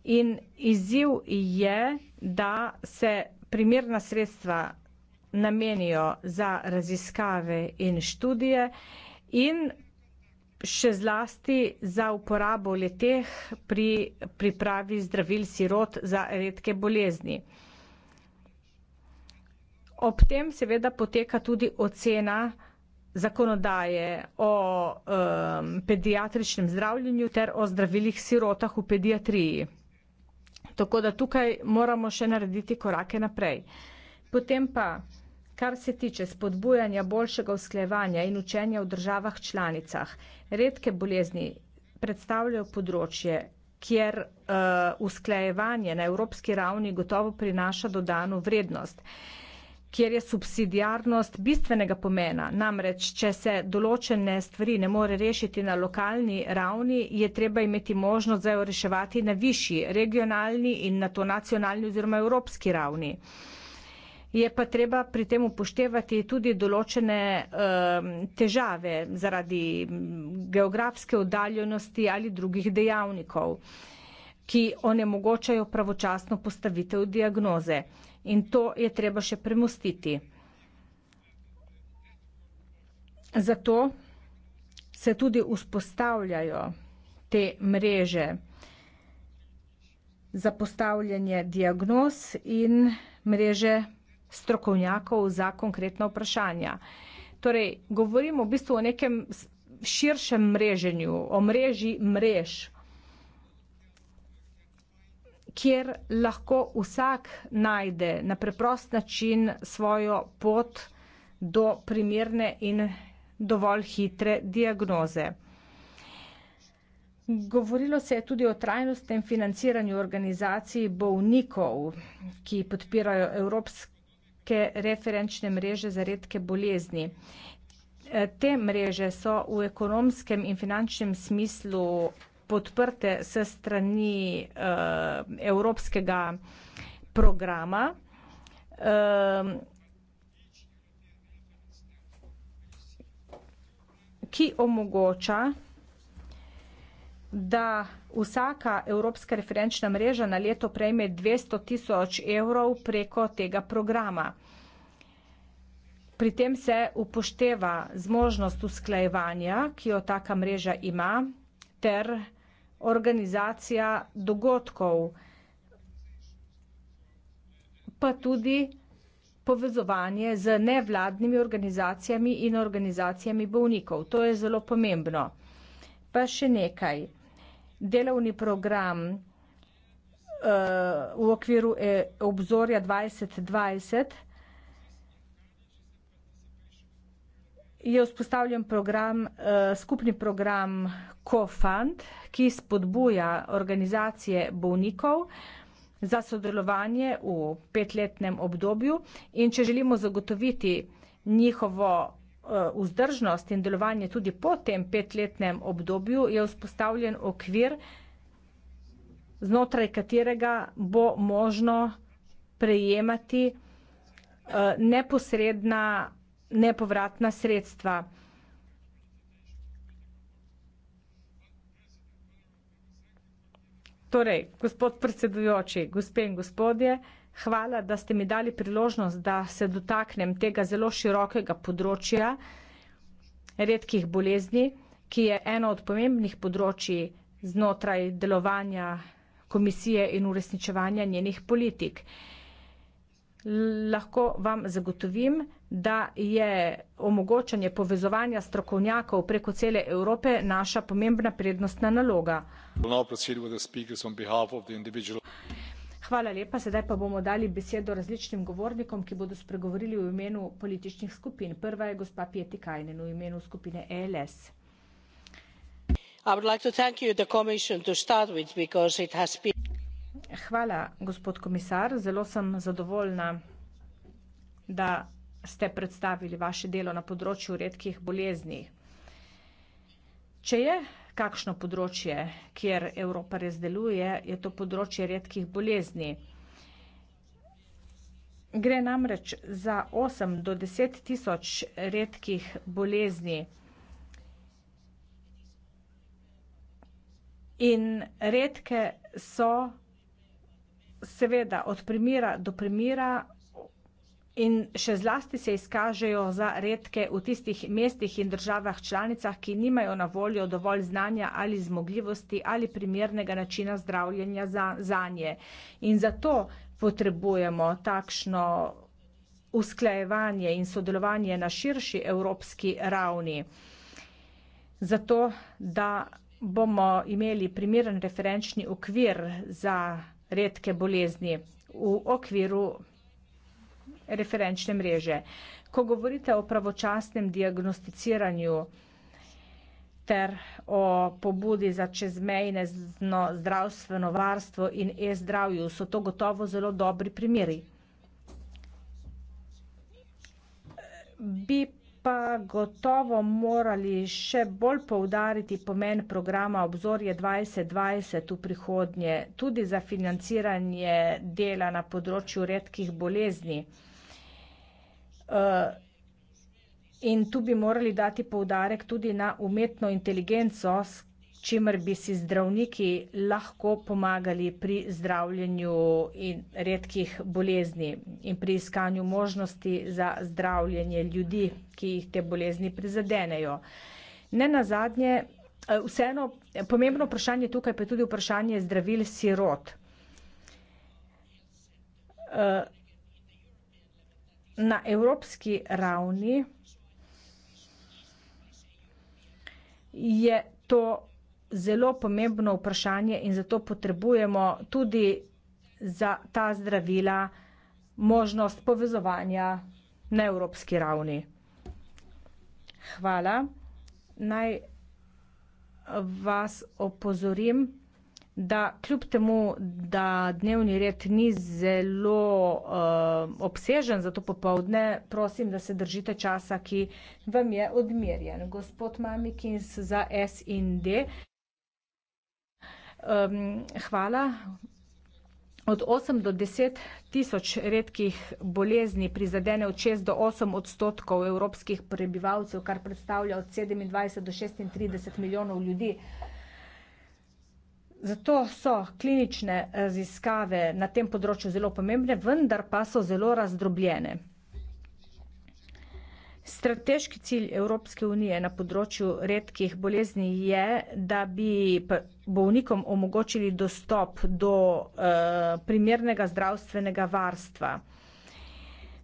in izziv je, da se primerna sredstva namenijo za raziskave in študije, in še zlasti za uporabo leteh pri pripravi zdravil sirot za redke bolezni. Ob tem seveda poteka tudi ocena zakonodaje o um, pediatričnem zdravljenju ter o zdravilih sirotah v pediatriji. Tako da tukaj moramo še narediti korake naprej. Potem pa Kar se tiče spodbujanja boljšega usklajevanja in učenja v državah članicah, redke bolezni predstavljajo področje, kjer uh, usklajevanje na evropski ravni gotovo prinaša dodano vrednost, kjer je subsidijarnost bistvenega pomena. Namreč, če se določene stvari ne more rešiti na lokalni ravni, je treba imeti možnost za jo reševati na višji regionalni in na to nacionalni oziroma evropski ravni. Je pa treba pri tem upoštevati tudi določene um, težave zaradi geografske oddaljenosti ali drugih dejavnikov, ki onemogočajo pravočasno postavitev diagnoze. In to je treba še premustiti. Zato se tudi vzpostavljajo te mreže za postavljanje diagnoz in mreže strokovnjakov za konkretna vprašanja. Torej, govorimo v bistvu o nekem širšem mreženju, o mreži mrež, kjer lahko vsak najde na preprost način svojo pot do primerne in dovolj hitre diagnoze. Govorilo se je tudi o trajnostnem financiranju organizacij bolnikov, ki podpirajo evropske redke referenčne mreže za redke bolezni. E, te mreže so v ekonomskem in finančnem smislu podprte s strani uh, evropskega programa. Um, ki omogoča da vsaka evropska referenčna mreža na leto prejme 200 tisoč evrov preko tega programa. Pri tem se upošteva zmožnost usklajevanja, ki jo taka mreža ima, ter organizacija dogodkov, pa tudi povezovanje z nevladnimi organizacijami in organizacijami bolnikov. To je zelo pomembno. Pa še nekaj delovni program uh, v okviru e obzorja 2020 je vzpostavljen program, uh, skupni program COFAND, ki spodbuja organizacije bolnikov za sodelovanje v petletnem obdobju in če želimo zagotoviti njihovo Eh, vzdržnost in delovanje tudi po tem petletnem obdobju, je vzpostavljen okvir, znotraj katerega bo možno prejemati eh, neposredna nepovratna sredstva. Torej, gospod predsedujoči, gospe in gospodje, Hvala, da ste mi dali priložnost, da se dotaknem tega zelo širokega področja redkih bolezni, ki je eno od pomembnih področji znotraj delovanja komisije in uresničevanja njenih politik. Lahko vam zagotovim, da je omogočanje povezovanja strokovnjakov preko cele Evrope naša pomembna prednostna naloga. We'll Hvala lepa, sedaj pa bomo dali besedo različnim govornikom, ki bodo spregovorili v imenu političnih skupin. Prva je gospa Pieti Kajnen v imenu skupine ELS. Hvala, gospod komisar. Zelo sem zadovoljna, da ste predstavili vaše delo na področju redkih bolezni. Če je kakšno področje, kjer Evropa res deluje, je to področje redkih bolezni. Gre namreč za 8 do 10 tisoč redkih bolezni. In redke so seveda od primera do primera in še zlasti se izkažejo za redke v tistih mestih in državah članicah, ki nimajo na voljo dovolj znanja ali zmogljivosti ali primernega načina zdravljenja za, za nje. In zato potrebujemo takšno usklajevanje in sodelovanje na širši evropski ravni. Zato, da bomo imeli primeren referenčni okvir za redke bolezni v okviru referenčne mreže. Ko govorite o pravočasnem diagnosticiranju ter o pobudi za čezmejne zdravstveno varstvo in e-zdravju, so to gotovo zelo dobri primeri. Bi pa gotovo morali še bolj poudariti pomen programa Obzorje 2020 v prihodnje, tudi za financiranje dela na področju redkih bolezni. Eh, in tu bi morali dati poudarek tudi na umetno inteligenco, s čimer bi si zdravniki lahko pomagali pri zdravljenju in redkih bolezni in pri iskanju možnosti za zdravljenje ljudi, ki jih te bolezni prizadenejo. Ne nazadnje, eh, vseeno, pomembno vprašanje tukaj pa je tudi vprašanje zdravil sirot. Eh, na evropski ravni je to zelo pomembno vprašanje in zato potrebujemo tudi za ta zdravila možnost povezovanja na evropski ravni. Hvala. Naj vas opozorim da kljub temu, da dnevni red ni zelo uh, obsežen za to popovdne, prosim, da se držite časa, ki vam je odmerjen. Gospod Mamikins za S in D. Um, hvala. Od 8 do 10 tisoč redkih bolezni prizadene od 6 do 8 odstotkov evropskih prebivalcev, kar predstavlja od 27 do 36 milijonov ljudi. Uh, Zato so klinične raziskave na tem področju zelo pomembne, vendar pa so zelo razdrobljene. Strateški cilj Evropske unije na področju redkih bolezni je, da bi bolnikom omogočili dostop do uh, primernega zdravstvenega varstva.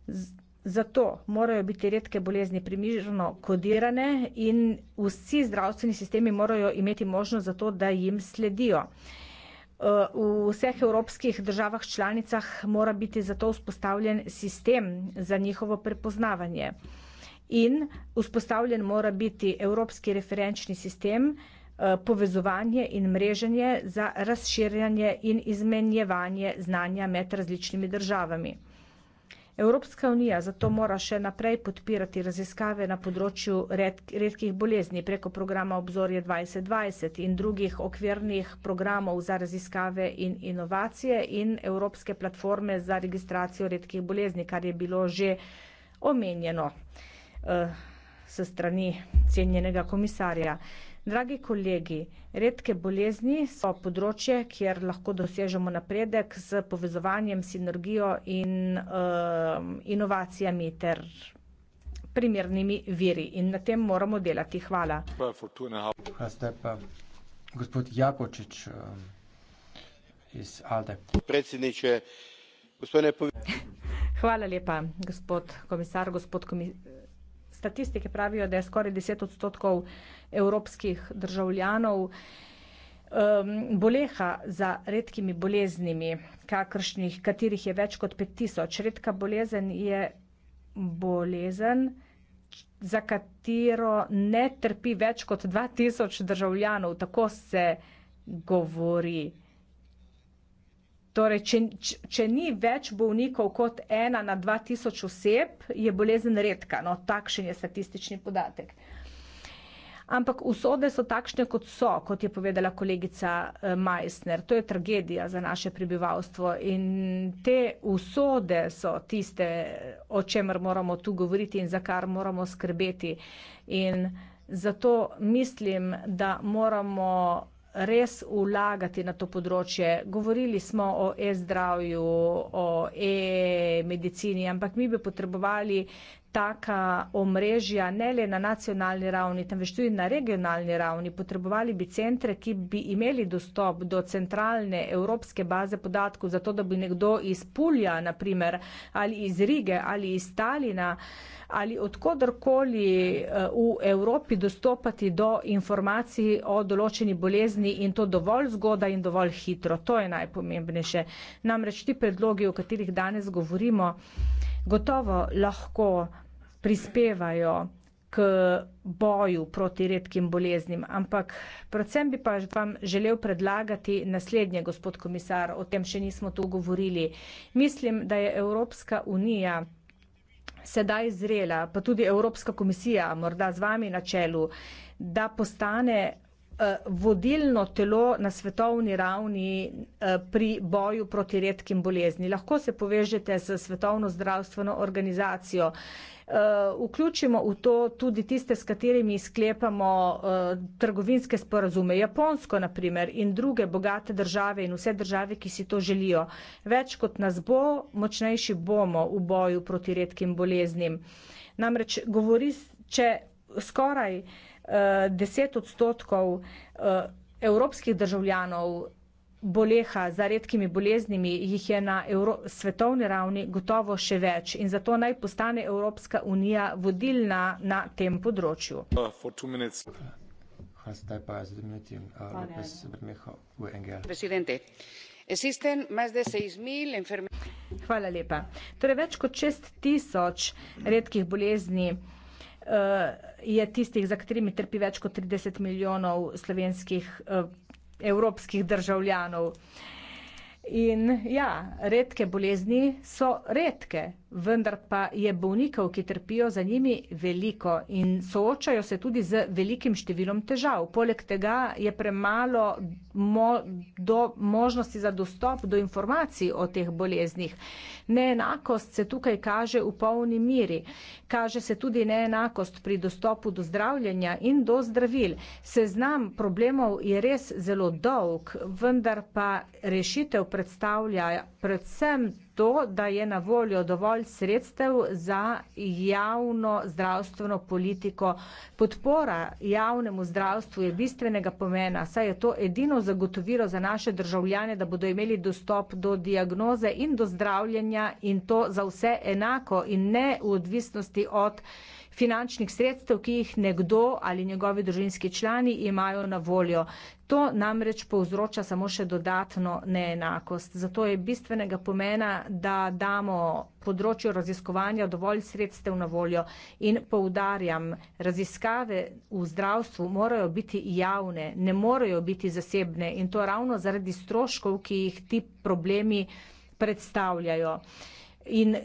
Z Zato morajo biti redke bolezni primirno kodirane in vsi zdravstveni sistemi morajo imeti možnost za to, da jim sledijo. V vseh evropskih državah članicah mora biti zato vzpostavljen sistem za njihovo prepoznavanje. In vzpostavljen mora biti evropski referenčni sistem, eh, povezovanje in mreženje za razširjanje in izmenjevanje znanja med različnimi državami. Evropska unija zato mora še naprej podpirati raziskave na področju redkih bolezni preko programa Obzorje 2020 in drugih okvirnih programov za raziskave in inovacije in Evropske platforme za registracijo redkih bolezni, kar je bilo že omenjeno uh, s strani cenjenega komisarja. Uh, Dragi kolegi, redke bolezni so področje, kjer lahko dosežemo napredek z povezovanjem, sinergijo in uh, inovacijami ter primernimi viri. In na tem moramo delati. Hvala. Hvala ste pa. Gospod Jakočič um, iz Alde. Predsedniče, gospodine Povjerenik. Hvala lepa, gospod komisar. Gospod komis... Statistike pravijo, da je skoraj 10 odstotkov evropskih državljanov um, boleha za redkimi boleznimi, kakršnih, katerih je več kot 5000. Redka bolezen je bolezen, za katero ne trpi več kot 2000 državljanov, tako se govori. Torej, če, če ni več bolnikov kot ena na 2000 oseb, je bolezen redka. No, takšen je statistični podatek. Uh, ampak usode so takšne, kot so, kot je povedala kolegica eh, Meissner. To je tragedija za naše prebivalstvo in te usode so tiste, o čemer moramo tu govoriti in za kar moramo skrbeti. In zato mislim, da moramo res ulagati na to področje. Govorili smo o e-zdravju, o e-medicini, ampak mi bi potrebovali taka omrežja ne le na nacionalni ravni, temveč tudi na regionalni ravni. Potrebovali bi centre, ki bi imeli dostop do centralne evropske baze podatkov, zato da bi nekdo iz Pulja, naprimer, ali iz Rige, ali iz Stalina, ali odkudorkoli eh, v Evropi dostopati do informacij o določeni bolezni in to dovolj zgoda in dovolj hitro. To je najpomembnejše. Namreč ti predlogi, o katerih danes govorimo, gotovo lahko prispevajo k boju proti redkim boleznim, ampak predvsem bi pa vam želel predlagati naslednje, gospod komisar, o tem še nismo to govorili. Mislim, da je Evropska unija sedaj zrela, pa tudi Evropska komisija, morda z vami na čelu, da postane Eh, vodilno telo na svetovni ravni eh, pri boju proti redkim bolezni. Lahko se povežete z Svetovno zdravstveno organizacijo. Eh, vključimo v to tudi tiste, s katerimi sklepamo trgovinske sporazume. Japonsko, na primer, in druge bogate države in vse države, ki si to želijo. Več kot nas bo, močnejši bomo v boju proti redkim boleznim. Namreč govori, če skoraj uh, eh, 10 odstotkov uh, evropskih državljanov boleha za redkimi boleznimi, jih je na Evro svetovni ravni gotovo še več in zato naj postane Evropska unija vodilna na tem področju. Uh, Hvala lepa. Torej, več kot 6 tisoč redkih bolezni Eh, je tistih, za katerimi trpi več kot 30 milijonov slovenskih eh, evropskih državljanov. In ja, redke bolezni so redke, vendar pa je bolnikov, ki trpijo za njimi, veliko in soočajo se tudi z velikim številom težav. Poleg tega je premalo mo do možnosti za dostop do informacij o teh boleznih. Neenakost se tukaj kaže v polni miri. Kaže se tudi neenakost pri dostopu do zdravljenja in do zdravil. Seznam problemov je res zelo dolg, vendar pa rešitev predstavlja predvsem to, da je na voljo dovolj sredstev za javno zdravstveno politiko. Podpora javnemu zdravstvu je bistvenega pomena, saj je to edino zagotovilo za naše državljane, da bodo imeli dostop do diagnoze in do zdravljenja in to za vse enako in ne v odvisnosti od finančnih sredstev, ki jih nekdo ali njegovi družinski člani imajo na voljo. To namreč povzroča samo še dodatno neenakost. Zato je bistvenega pomena, da damo področju raziskovanja dovolj sredstev na voljo in poudarjam, raziskave v zdravstvu morajo biti javne, ne morajo biti zasebne in to ravno zaradi stroškov, ki jih ti problemi predstavljajo. In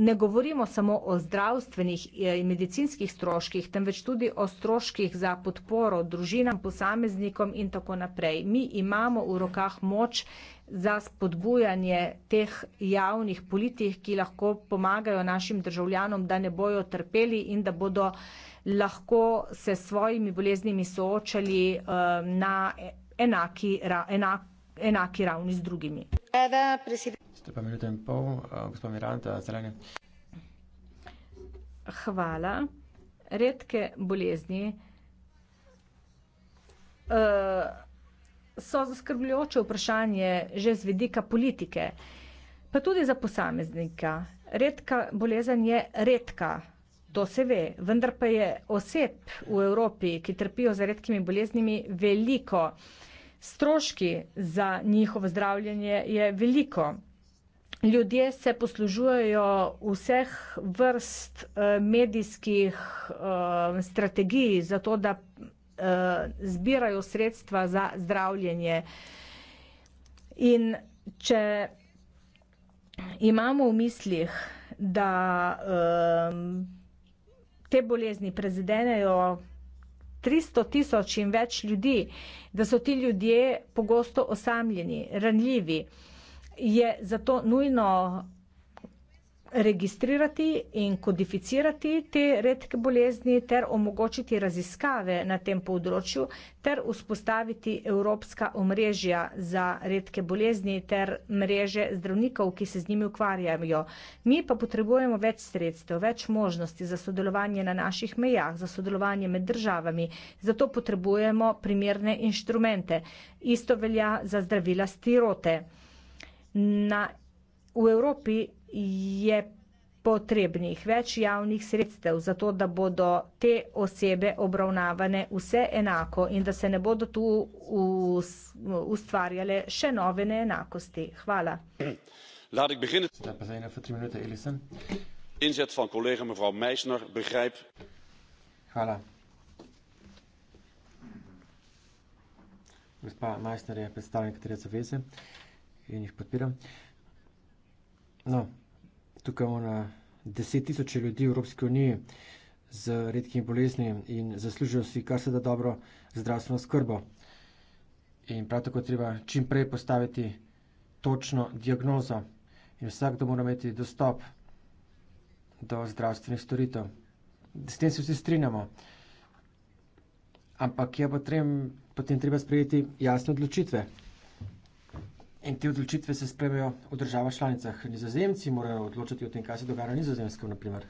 ne govorimo samo o zdravstvenih eh, in medicinskih stroških, temveč tudi o stroških za podporo družinam, posameznikom in tako naprej. Mi imamo v rokah moč za spodbujanje teh javnih politik, ki lahko pomagajo našim državljanom, da ne bojo trpeli in da bodo lahko se s svojimi boleznimi soočali eh, na enaki, enak, enaki ravni z drugimi. Ste pa minuto in pol, eh, gospod Miranda, zdravljenje. Hvala. Redke bolezni uh, so zaskrbljujoče vprašanje že z vedika politike, pa tudi za posameznika. Redka bolezen je redka, to se ve, vendar pa je oseb v Evropi, ki trpijo za redkimi boleznimi, veliko. Stroški za njihovo zdravljenje je veliko. Ljudje se poslužujejo vseh vrst uh, medijskih uh, strategij za to, da uh, zbirajo sredstva za zdravljenje. In če imamo v mislih, da uh, te bolezni prezidenejo 300 tisoč in več ljudi, da so ti ljudje pogosto osamljeni, ranljivi, je zato nujno registrirati in kodificirati te redke bolezni ter omogočiti raziskave na tem področju ter vzpostaviti evropska omrežja za redke bolezni ter mreže zdravnikov, ki se z njimi ukvarjajo. Mi pa potrebujemo več sredstev, več možnosti za sodelovanje na naših mejah, za sodelovanje med državami, zato potrebujemo primerne inštrumente. Isto velja za zdravila stirote na, v Evropi je potrebnih več javnih sredstev za to, da bodo te osebe obravnavane vse enako in da se ne bodo tu ustvarjale še nove neenakosti. Hvala. Inzet van collega mevrouw Meisner, begrijp. Hvala. Gospa Meisner je predstavnik Tereza Veze in jih podpiram. No, tukaj imamo na deset tisoče ljudi v Evropski uniji z redkimi bolezni in zaslužijo si kar se da dobro zdravstveno skrbo. In prav tako treba čim prej postaviti točno diagnozo in vsakdo mora imeti dostop do zdravstvenih storitev. S tem se vsi strinjamo. Ampak je potem, potem treba sprejeti jasne odločitve. In te odločitve se sprejmejo v državah članicah. Nizozemci morajo odločiti o tem, kaj se dogaja na nizozemskem, naprimer.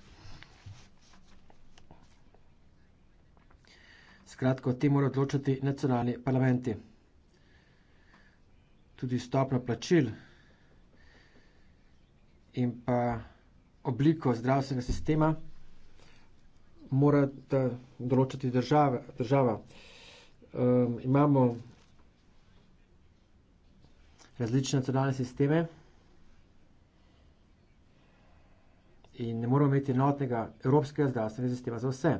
Skratka, o tem morajo odločiti nacionalni parlamenti. Tudi stopno plačil in pa obliko zdravstvenega sistema morajo določiti država. država. Um, ehm, imamo različne nacionalne sisteme in ne moramo imeti enotnega evropskega zdravstvenega sistema za vse.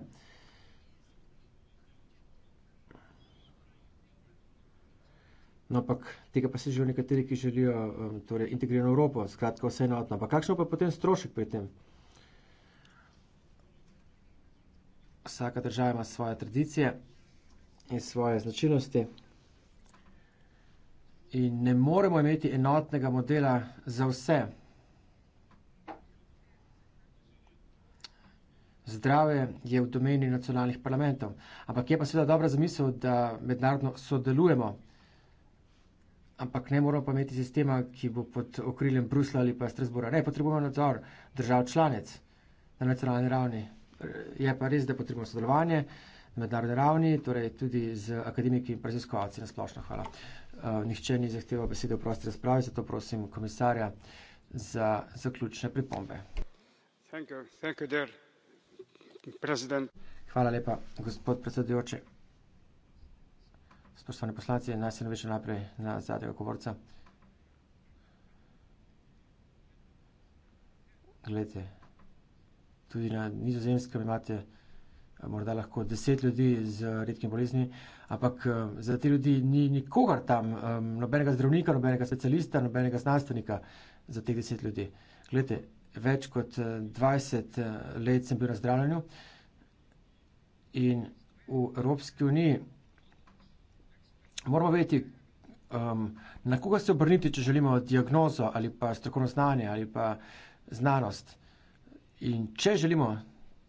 No, ampak tega pa se že nekateri, ki želijo um, torej, integrirano Evropo, skratka vse enotno. Ampak kakšno pa potem strošek pri tem? Vsaka država ima svoje tradicije in svoje značilnosti in ne moremo imeti enotnega modela za vse. Zdrave je v domeni nacionalnih parlamentov, ampak je pa seveda dobra zamisel, da mednarodno sodelujemo, ampak ne moramo pa imeti sistema, ki bo pod okriljem Brusla ali pa Strasbora. Ne, potrebujemo nadzor držav članec na nacionalni ravni. Je pa res, da potrebujemo sodelovanje na mednarodni ravni, torej tudi z akademiki in preziskovalci na splošno. Hvala. Eh, nihče ni zahteval besede v prosti razpravi, zato prosim komisarja za zaključne pripombe. Thank you. Thank you, Hvala lepa, gospod predsedujoči. Spoštovani poslanci, naj se navežem najprej na zadnjega govorca. Glejte, tudi na nizozemskem imate Eh, morda lahko deset ljudi z eh, redkimi boleznimi, ampak eh, za te ljudi ni nikogar tam, nobenega zdravnika, nobenega specialista, nobenega znanstvenika za teh deset ljudi. Glede, več kot 20 let sem bil na zdravljenju in v Evropski uniji moramo vedeti, ehm, na koga se obrniti, če želimo diagnozo ali pa strokovno znanje ali pa znanost. In če želimo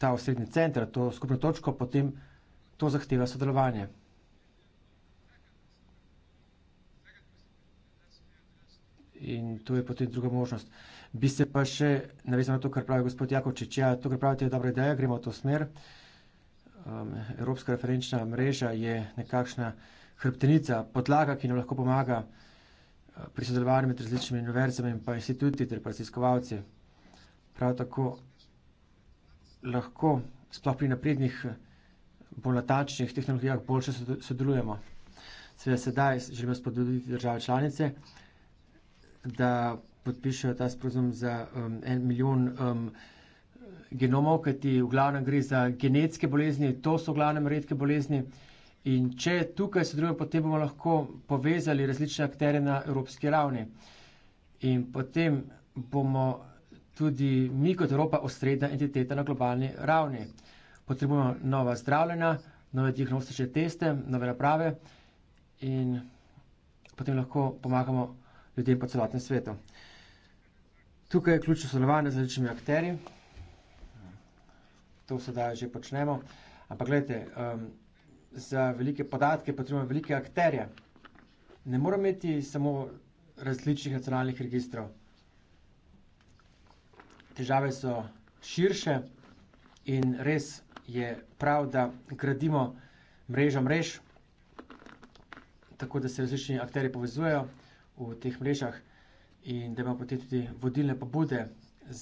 ta osrednji center, to skupno točko, potem to zahteva sodelovanje. In tu je potem druga možnost. Bi se pa še navezal na to, kar pravi gospod Jakočič. Ja, to, kar pravite, je dobra ideja, gremo v to smer. Um, Evropska referenčna mreža je nekakšna hrbtenica, podlaga, ki nam lahko pomaga uh, pri sodelovanju med različnimi univerzami in pa instituti ter raziskovalci. Prav tako lahko, sploh pri naprednih, bolj natančnih tehnologijah, boljše sodelujemo. Seveda sedaj želimo spodbuditi države članice, da podpišejo ta sporozum za um, en milijon um, genomov, kajti v glavnem gre za genetske bolezni, to so v glavnem redke bolezni. In če tukaj sodelujemo, potem bomo lahko povezali različne akterje na evropski ravni. In potem bomo tudi mi kot Evropa osrednja entiteta na globalni ravni. Potrebujemo nova zdravljena, nove diagnostične teste, nove naprave in potem lahko pomagamo ljudem po celotnem svetu. Tukaj je ključno sodelovanje z različnimi akterji. To sedaj že počnemo. Ampak gledajte, um, za velike podatke potrebujemo velike akterje. Ne moramo imeti samo različnih nacionalnih registrov težave so širše in res je prav, da gradimo mrežo mrež, tako da se različni akteri povezujejo v teh mrežah in da imamo potem tudi vodilne pobude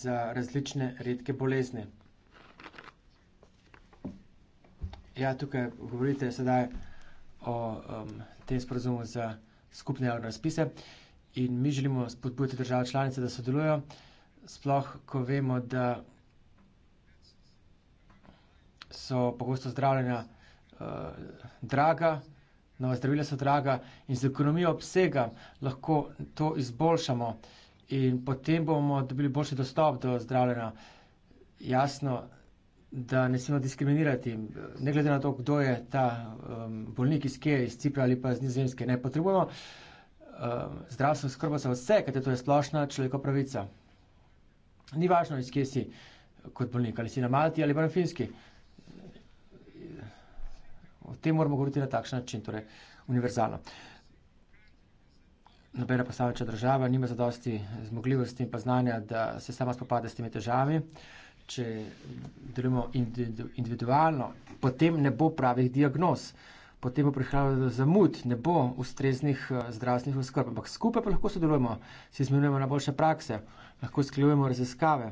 za različne redke bolezni. Ja, tukaj govorite sedaj o um, tem sporozumu za skupne javne razpise in mi želimo spodbujati države članice, da sodelujo sploh ko vemo, da so pogosto zdravljenja uh, draga, nova zdravila so draga in z ekonomijo obsega lahko to izboljšamo in potem bomo dobili boljši dostop do zdravljenja. Jasno, da ne smemo diskriminirati, ne glede na to, kdo je ta um, bolnik iz Kije, iz Cipra ali pa iz Nizozemske. Ne potrebujemo um, zdravstvene skrbe za vse, ker to je splošna človekova pravica. Ni važno, iz kje si kot bolnik, ali si na Malti ali pa na Finski. O tem moramo govoriti na takšen način, torej univerzalno. Nobena posameča država nima zadosti zmogljivosti in pa znanja, da se sama spopade s temi težavami. Če delimo individualno, potem ne bo pravih diagnoz. Uh, potem bo prihajalo do zamud, ne bo ustreznih eh, zdravstvenih oskrb. Ampak skupaj pa lahko sodelujemo, si izmenjujemo najboljše prakse, lahko sklepujemo raziskave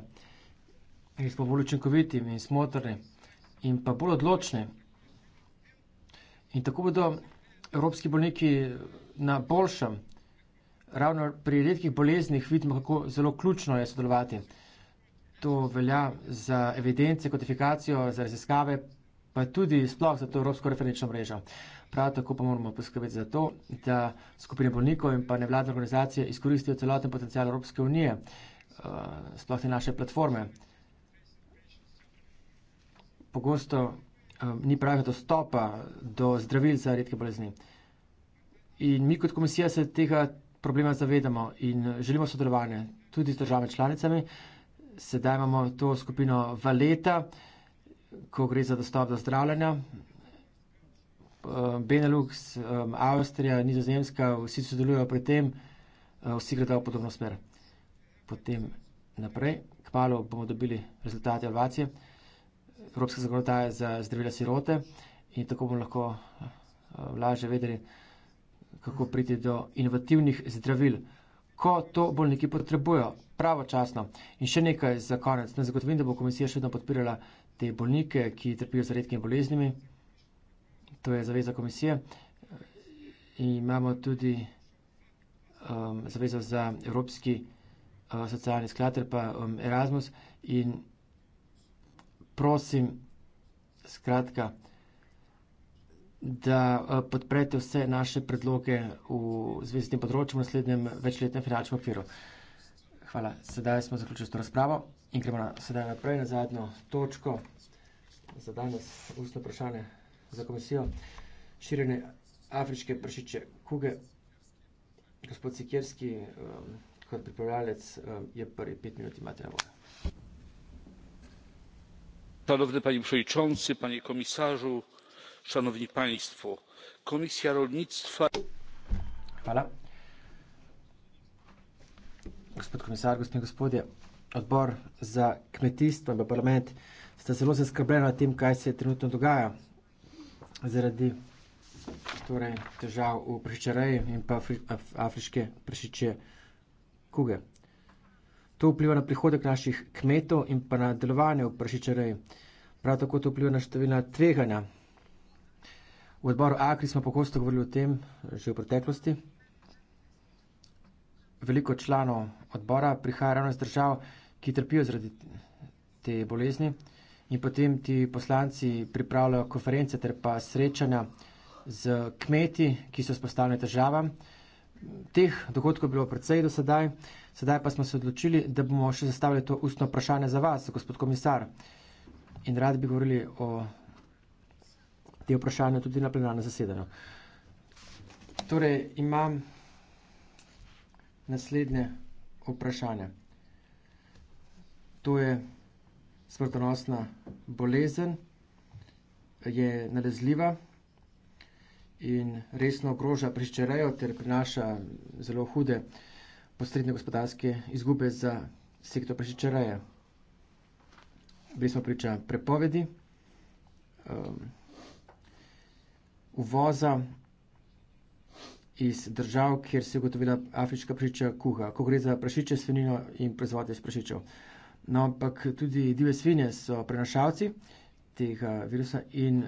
in smo bolj učinkoviti in smotrni in pa bolj odločni. In tako bodo evropski bolniki eh, na boljšem. Ravno pri redkih boleznih vidimo, kako zelo ključno je sodelovati. To velja za evidence, kodifikacijo, za raziskave, pa tudi sploh za to evropsko referenčno mrežo. Prav tako pa moramo poskrbeti za to, da skupine bolnikov in pa nevladne organizacije izkoristijo celoten potencial Evropske unije, eh, sploh te naše platforme. Pogosto eh, ni pravega dostopa do zdravil za redke bolezni. In mi kot komisija se tega problema zavedamo in želimo sodelovanje tudi z državami članicami. Sedaj imamo to skupino Valeta ko gre za dostop do zdravljenja. Eh, Benelux, Avstrija, Nizozemska, vsi sodelujo pri tem, eh, vsi gredo v podobno smer. Potem naprej, kmalo bomo dobili rezultate evalvacije Evropske zakonodaje za zdravila sirote in tako bomo lahko eh, lažje vedeli, kako priti do inovativnih zdravil, ko to bolniki potrebujo pravočasno. In še nekaj za konec. Ne zagotovim, da bo komisija še vedno podpirala te bolnike, ki trpijo za redkimi boleznimi. To je zaveza komisije. In imamo tudi um, zavezo za Evropski uh, socialni sklad, pa um, Erasmus. In prosim, skratka, da uh, podprete vse naše predloge v zvezi s tem področjem v naslednjem večletnem finančnem okviru. Hvala. Sedaj smo zaključili s to razpravo. In gremo sedaj naprej na zadnjo točko za danes, ustno vprašanje za komisijo. Širjenje afriške pršiče kuge. Gospod Sikirski, um, kot pripravljalec, um, je prvi pet minut imate na voljo. Szanowny Panie Przewodniczący, Panie Komisarzu, Szanowni Państwo, Komisja Rolnictwa. Hvala. Gospod komisar, gospodje, odbor za kmetijstvo in parlament sta zelo zaskrbljena nad tem, kaj se trenutno dogaja zaradi torej, težav v prišičareji in pa afri, af, afriške prišiče kuge. To vpliva na prihodek naših kmetov in pa na delovanje v prišičareji. Prav tako to vpliva na številna tveganja. V odboru Akri smo pogosto govorili o tem že v preteklosti veliko članov odbora prihaja ravno iz držav, ki trpijo zaradi te bolezni. In potem ti poslanci pripravljajo konference ter pa srečanja z kmeti, ki so spostavljeni težavam. Teh dogodkov je bilo predvsej do sedaj, sedaj pa smo se odločili, da bomo še zastavili to ustno vprašanje za vas, gospod komisar. In rad bi govorili o te vprašanje tudi na plenarnem zasedanju. Torej, imam naslednje vprašanje. To je smrtonosna bolezen, je nalezljiva in resno ogroža priščerejo ter prinaša zelo hude posredne gospodarske izgube za sektor priščereje. Bili smo priča prepovedi, um, uvoza iz držav, kjer se je ugotovila afriška prašiča kuha, ko gre za prašiče svinino in proizvode iz prašičev. No, ampak tudi divje svinje so prenašalci tega eh, virusa in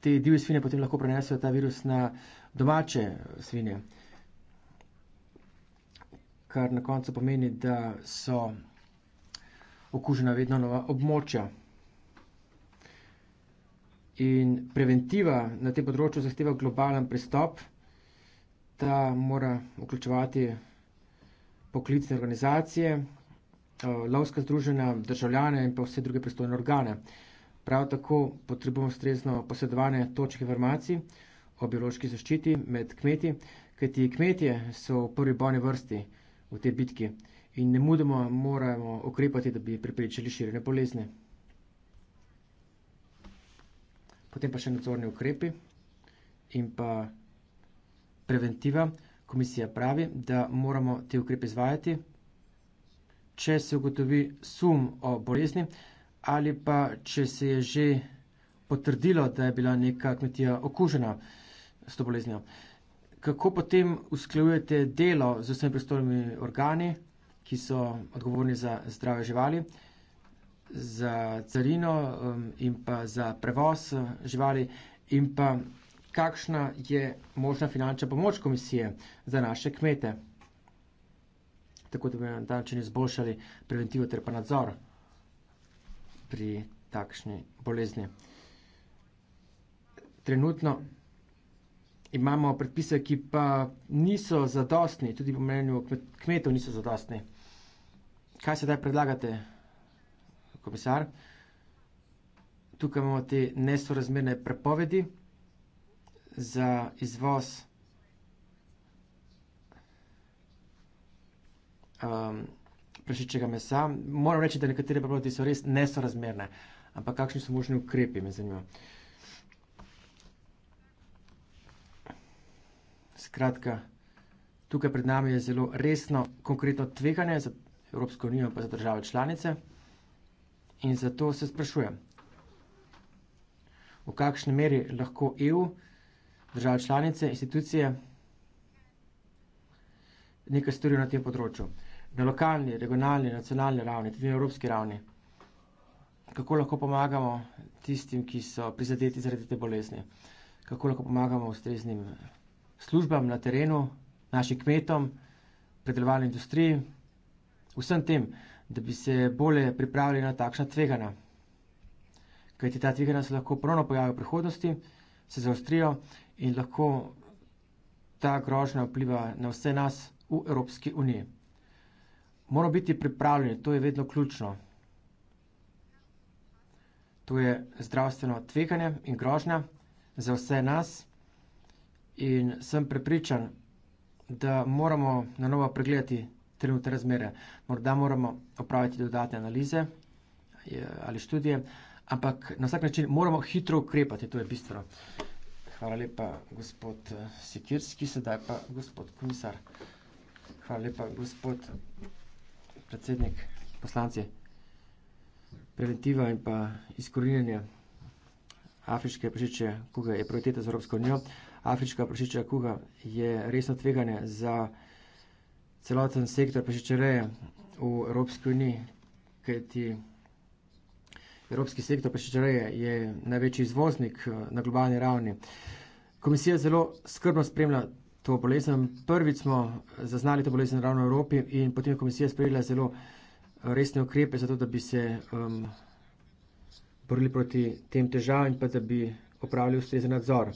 te divje svinje potem lahko prenesejo ta virus na domače eh, svinje. Kar na koncu pomeni, da so okužena vedno nova območja. In preventiva na tem področju zahteva globalen pristop da mora vključevati poklicne organizacije, eh, lovska združenja, državljane in pa vse druge pristojne organe. Prav tako potrebujemo strezno posedovanje točk informacij o biološki zaščiti med kmeti, kajti kmetje so v prvi bojni vrsti v tej bitki in ne mudimo, moramo ukrepati, da bi pripričali širjene bolezni. Potem pa še nadzorni ukrepi in pa nadzorni ukrepi preventiva. Komisija pravi, da moramo te ukrepe izvajati, če se ugotovi sum o bolezni ali pa če se je že potrdilo, da je bila neka kmetija okužena s to boleznjo. Kako potem usklajujete delo z vsemi pristojnimi organi, ki so odgovorni za zdrave živali, za carino um, in pa za prevoz uh, živali in pa kakšna je možna finančna pomoč komisije za naše kmete, tako da bi na ta način izboljšali preventivo ter pa nadzor pri takšni bolezni. Trenutno imamo predpise, ki pa niso zadostni, tudi po mnenju kmetov niso zadostni. Kaj se daj predlagate, komisar? Tukaj imamo te nesorazmerne prepovedi za izvoz um, prašičjega mesa. Moram reči, da nekatere prepovedi so res nesorazmerne, ampak kakšni so možni ukrepi, me zanima. Skratka, tukaj pred nami je zelo resno, konkretno tveganje za Evropsko unijo in pa za države članice. In zato se sprašujem, v kakšni meri lahko EU države članice, institucije nekaj storijo na tem področju. Na lokalni, regionalni, nacionalni ravni, tudi na evropski ravni. Kako lahko pomagamo tistim, ki so prizadeti zaradi te bolezni? Kako lahko pomagamo ustreznim službam na terenu, našim kmetom, predelovalni industriji, vsem tem, da bi se bolje pripravili na takšna tvegana? Kajti ta tvegana se lahko ponovno pojavijo v prihodnosti, se zaostrijo in lahko ta grožnja vpliva na vse nas v Evropski uniji. Moramo biti pripravljeni, to je vedno ključno. To je zdravstveno tveganje in grožnja za vse nas in sem prepričan, da moramo na novo pregledati trenutne razmere. Morda moramo opraviti dodatne analize eh, ali študije, ampak na vsak način moramo hitro ukrepati, to je bistveno. Hvala lepa, gospod eh, Sikirski, sedaj pa gospod komisar. Hvala lepa, gospod predsednik, poslanci. Preventiva in pa izkorinjanje afriške prašiče kuga je prioriteta za Evropsko unijo. Afriška prašiča kuga je resno tveganje za celoten sektor prašičereje v Evropski uniji, kajti. Evropski sektor pečečareje je največji izvoznik eh, na globalni ravni. Komisija zelo skrbno spremlja to bolezen. Prvič smo eh, zaznali to bolezen ravno v Evropi in potem je komisija sprejela zelo eh, resne ukrepe za to, da bi se um, borili proti tem težavam in pa da bi opravili ustrezen nadzor.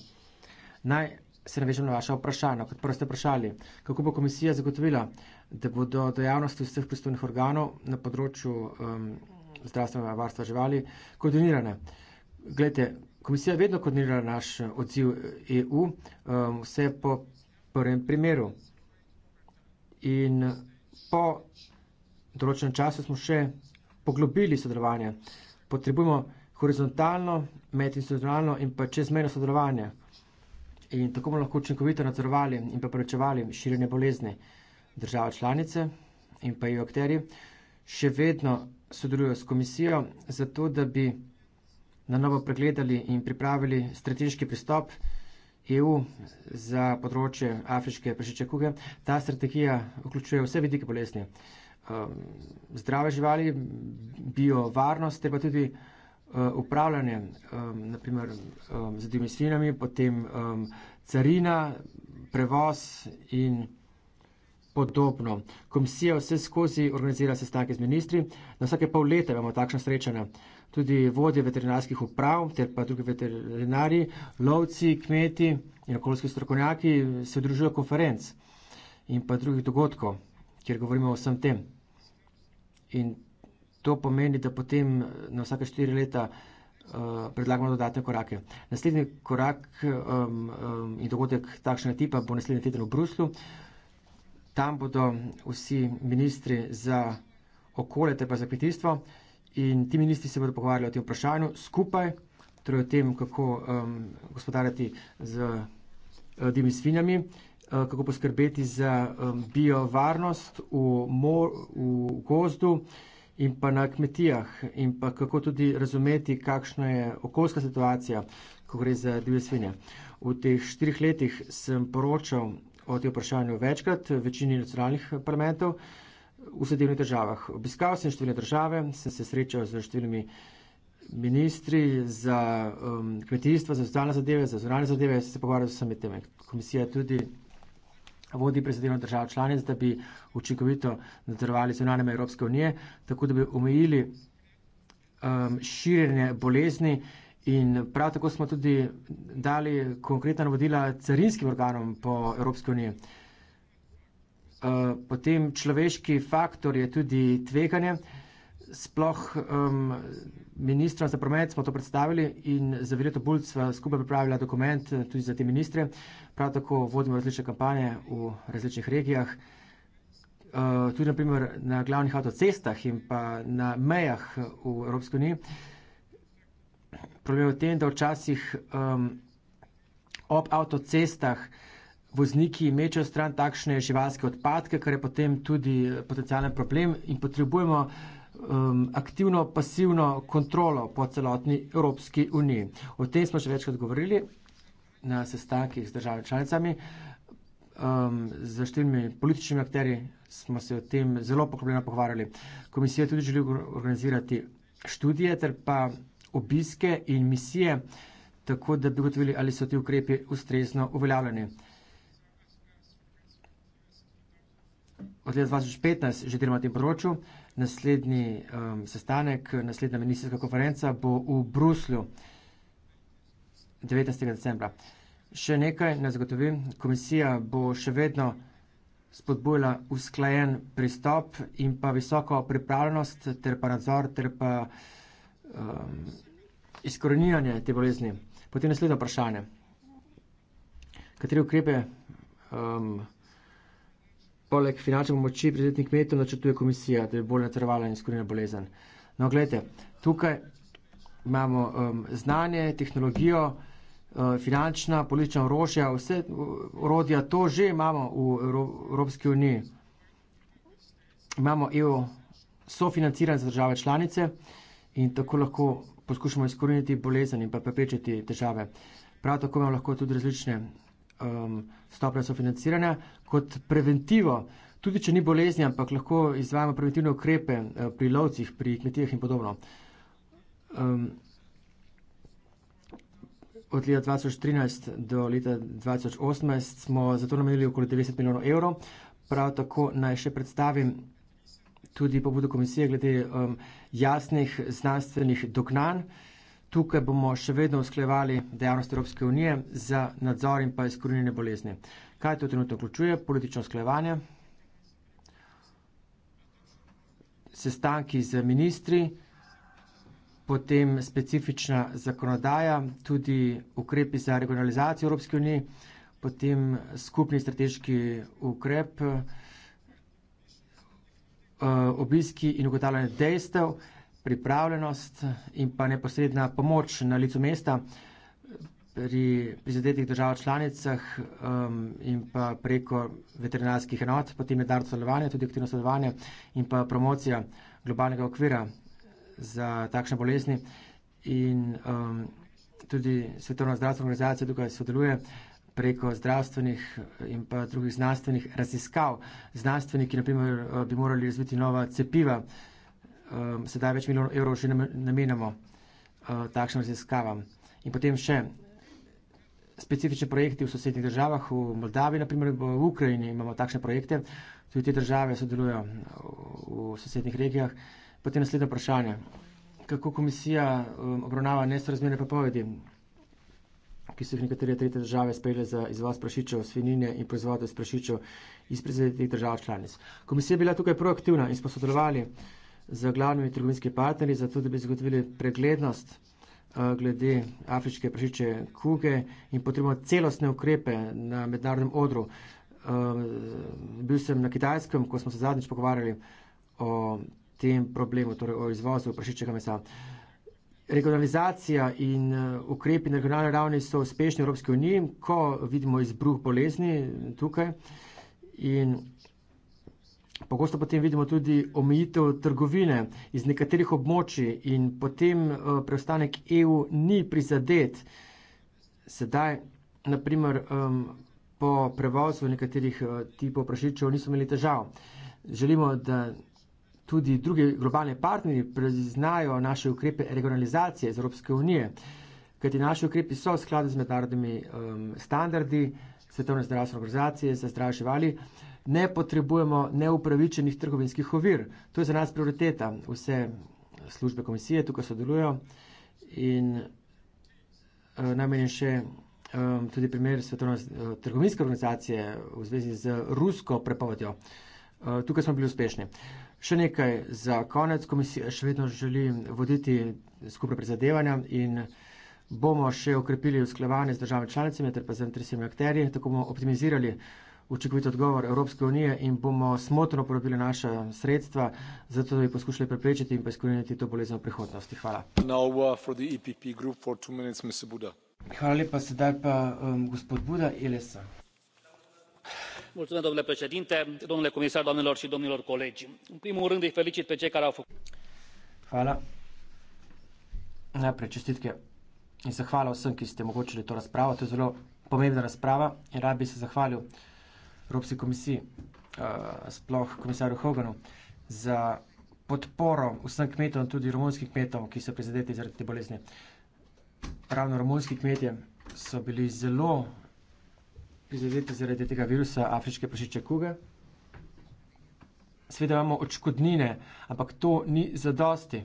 Naj se navežem na vaša vprašanja. Kot prvo ste vprašali, kako bo komisija zagotovila, da bodo dejavnosti vseh pristojnih organov na področju um, zdravstvenega varstva živali koordinirane. Glejte, komisija vedno koordinira naš eh, odziv EU, eh, e eh, vse po prvem primeru. In po določenem času smo še poglobili sodelovanje. Potrebujemo horizontalno, medinstitucionalno in pa čezmejno sodelovanje. In tako bomo lahko učinkovito nadzorovali in pa preprečevali širjenje bolezni države članice in pa jo e akteri. Še vedno sodelujejo s komisijo, zato da bi na novo pregledali in pripravili strateški pristop EU za področje afriške prašiče kuge. Ta strategija vključuje vse vidike bolesni. Um, zdrave živali, biovarnost, te pa tudi uh, upravljanje, um, naprimer um, z dimisinami, potem carina, prevoz in vse podobno. Komisija vse skozi organizira sestanke z ministri, na vsake pol leta imamo takšna srečanja. Tudi vodje veterinarskih uprav, ter pa drugi veterinari, lovci, kmeti in okoljski strokovnjaki se družijo konferenc in pa drugih dogodkov, kjer govorimo o vsem tem. In to pomeni, da potem na vsake štiri leta eh, predlagamo dodatne korake. Naslednji korak um, um, in dogodek takšnega tipa bo naslednji teden v Bruslu, uh, Tam bodo vsi ministri za okolje ter pa za kmetijstvo in ti ministri se bodo pogovarjali o tem vprašanju skupaj, torej o tem, kako um, gospodarjati z uh, divjimi svinjami, uh, kako poskrbeti za um, biovarnost v, mor, v gozdu in pa na kmetijah in pa kako tudi razumeti, kakšna je okoljska situacija, ko gre za divje svinje. V teh štirih letih sem poročal o tem vprašanju večkrat, v večini nacionalnih parlamentov, v sedemnih državah. Obiskal sem številne države, sem se srečal z številnimi ministri za um, kmetijstvo, za socialne zadeve, za zunanje zadeve, sem se pogovarjal s vsemi temi. Komisija tudi vodi prizadevno državo članic, da bi učinkovito nadzorovali zunanje Evropske unije, tako da bi omejili um, širjenje bolezni. In prav tako smo tudi dali konkretna navodila carinskim organom po Evropski uniji. Eh, potem človeški faktor je tudi tveganje. Sploh um, ministrom za promet smo to predstavili in za Virjeto Bulc skupaj pripravila dokument eh, tudi za te ministre. Prav tako vodimo različne kampanje v različnih regijah. Uh, tudi naprimer na glavnih avtocestah in pa na mejah v Evropski uniji. Uh, problem v tem, da včasih um, ob avtocestah vozniki mečejo stran takšne živalske odpadke, kar je potem tudi potencijalen problem in potrebujemo um, aktivno, pasivno kontrolo po celotni Evropski uniji. O tem smo že večkrat govorili na sestankih z državami članicami. Um, z številnimi političnimi akteri smo se o tem zelo poglobljeno pogovarjali. Komisija tudi želi organizirati študije ter pa obiske in misije, tako da bi gotovili, ali so ti ukrepi ustrezno uveljavljeni. Od leta 2015 že delamo na tem področju. Naslednji um, sestanek, naslednja ministrska konferenca bo v Bruslju 19. decembra. Še nekaj ne zagotovim. Komisija bo še vedno spodbujala usklajen pristop in pa visoko pripravljenost ter pa nadzor ter pa um, izkoreninjanje te bolezni. Potem naslednje vprašanje. Kateri ukrepe, um, poleg finančne pomoči pri zetnih kmetov, načrtuje komisija, da bi bolj natrvala in izkoreninila bolezen? No, gledajte, tukaj imamo um, znanje, tehnologijo, uh, finančna, politična orožja, vse orodja, to že imamo v Evro Evropski uniji. Imamo EU sofinanciran za države članice in tako lahko poskušamo izkoreniti bolezen in pa preprečiti težave. Prav tako imamo lahko tudi različne um, stopne sofinanciranja kot preventivo. Tudi če ni bolezni, ampak lahko izvajamo preventivne ukrepe eh, pri lovcih, pri kmetijah in podobno. Um, od leta 2013 do leta 2018 smo zato namenili okoli 90 milijonov evrov. Prav tako naj še predstavim tudi pobudo komisije glede um, jasnih znanstvenih dognanj. Tukaj bomo še vedno usklejevali dejavnost Evropske unije za nadzor in pa izkorenjene bolezni. Kaj to trenutno vključuje? Politično usklejevanje, sestanki z ministri, potem specifična zakonodaja, tudi ukrepi za regionalizacijo Evropske unije, potem skupni strateški ukrep. Eh, obiski in ugotavljanje dejstev, pripravljenost in pa neposredna pomoč na licu mesta pri prizadetih državah članicah um, in pa preko veterinarskih enot, potem mednarodno sodelovanje, tudi aktivno sodelovanje in pa promocija globalnega okvira za takšne bolezni in um, tudi Svetovna zdravstvena organizacija tukaj sodeluje uh, preko zdravstvenih eh, in pa drugih znanstvenih raziskav. Znanstveniki, naprimer, eh, bi morali razviti nova cepiva, ehm, sedaj več milijonov evrov že namenjamo eh, takšnim raziskavam. In potem še specifične projekte v sosednjih državah, v Moldavi, naprimer v Ukrajini imamo takšne projekte, tudi te države sodelujo v sosednjih regijah. Potem naslednje vprašanje. Kako komisija obravnava nesorazmerne prepovedi? ki so jih nekatere tretje države sprejele za izvoz prašičev, svinjine in proizvode s prašičev iz prizadetih držav članic. Komisija je bila tukaj proaktivna in smo sodelovali z glavnimi trgovinskimi partnerji, zato da bi zagotovili preglednost eh, glede afriške prašiče kuge in potrebno celostne ukrepe na mednarodnem odru. Eh, bil sem na kitajskem, ko smo se zadnjič pogovarjali o tem problemu, torej o izvozu prašičega mesa. Regionalizacija in eh, ukrepi na regionalni ravni so uspešni v Evropski uniji, ko vidimo izbruh bolezni tukaj in pogosto potem vidimo tudi omejitev trgovine iz nekaterih območij in potem eh, preostanek EU ni prizadet. Sedaj, naprimer, po prevozu nekaterih eh, tipov prašičev nismo imeli težav. Želimo, da tudi druge globalne partnerji priznajo naše ukrepe regionalizacije iz Evropske unije, kajti naši ukrepi so skladni z mednarodnimi um, standardi Svetovne zdravstvene organizacije za zdrave živali. Ne potrebujemo neupravičenih trgovinskih ovir. To je za nas prioriteta. Vse službe komisije tukaj sodelujo in uh, najmenim še um, tudi primer Svetovne uh, trgovinske organizacije v zvezi z rusko prepovedjo. Uh, tukaj smo bili uspešni. Uh, Še nekaj za konec. Komisija še vedno želi voditi skupaj prizadevanja in bomo še okrepili usklevanje z državami članicami ter pa z interesnimi akterji. Tako bomo optimizirali učinkovit odgovor Evropske unije in bomo smotno uporabili naša sredstva, zato da bi poskušali preprečiti in pa izkoreniti to bolezen v prihodnosti. Hvala. Uh, e Hvala lepa, sedaj pa um, gospod Buda Elesa domnule președinte domnule comisar doamnelor și domnilor colegi în primul rând îi felicit pe cei care au făcut. Hvala. Najprej čestitke in zahvala vsem, ki ste omogočili to razpravo. To je zelo pomembna razprava in rad bi se zahvalil Evropski komisiji, eh, sploh komisarju Hoganu, za podporo vsem kmetom, tudi romunskim kmetom, ki so prizadeti zaradi te bolezni. Ravno romunski kmetje so bili zelo prizadeti zaradi tega virusa afriške prašiče kuge. Sveda imamo očkodnine, ampak to ni zadosti.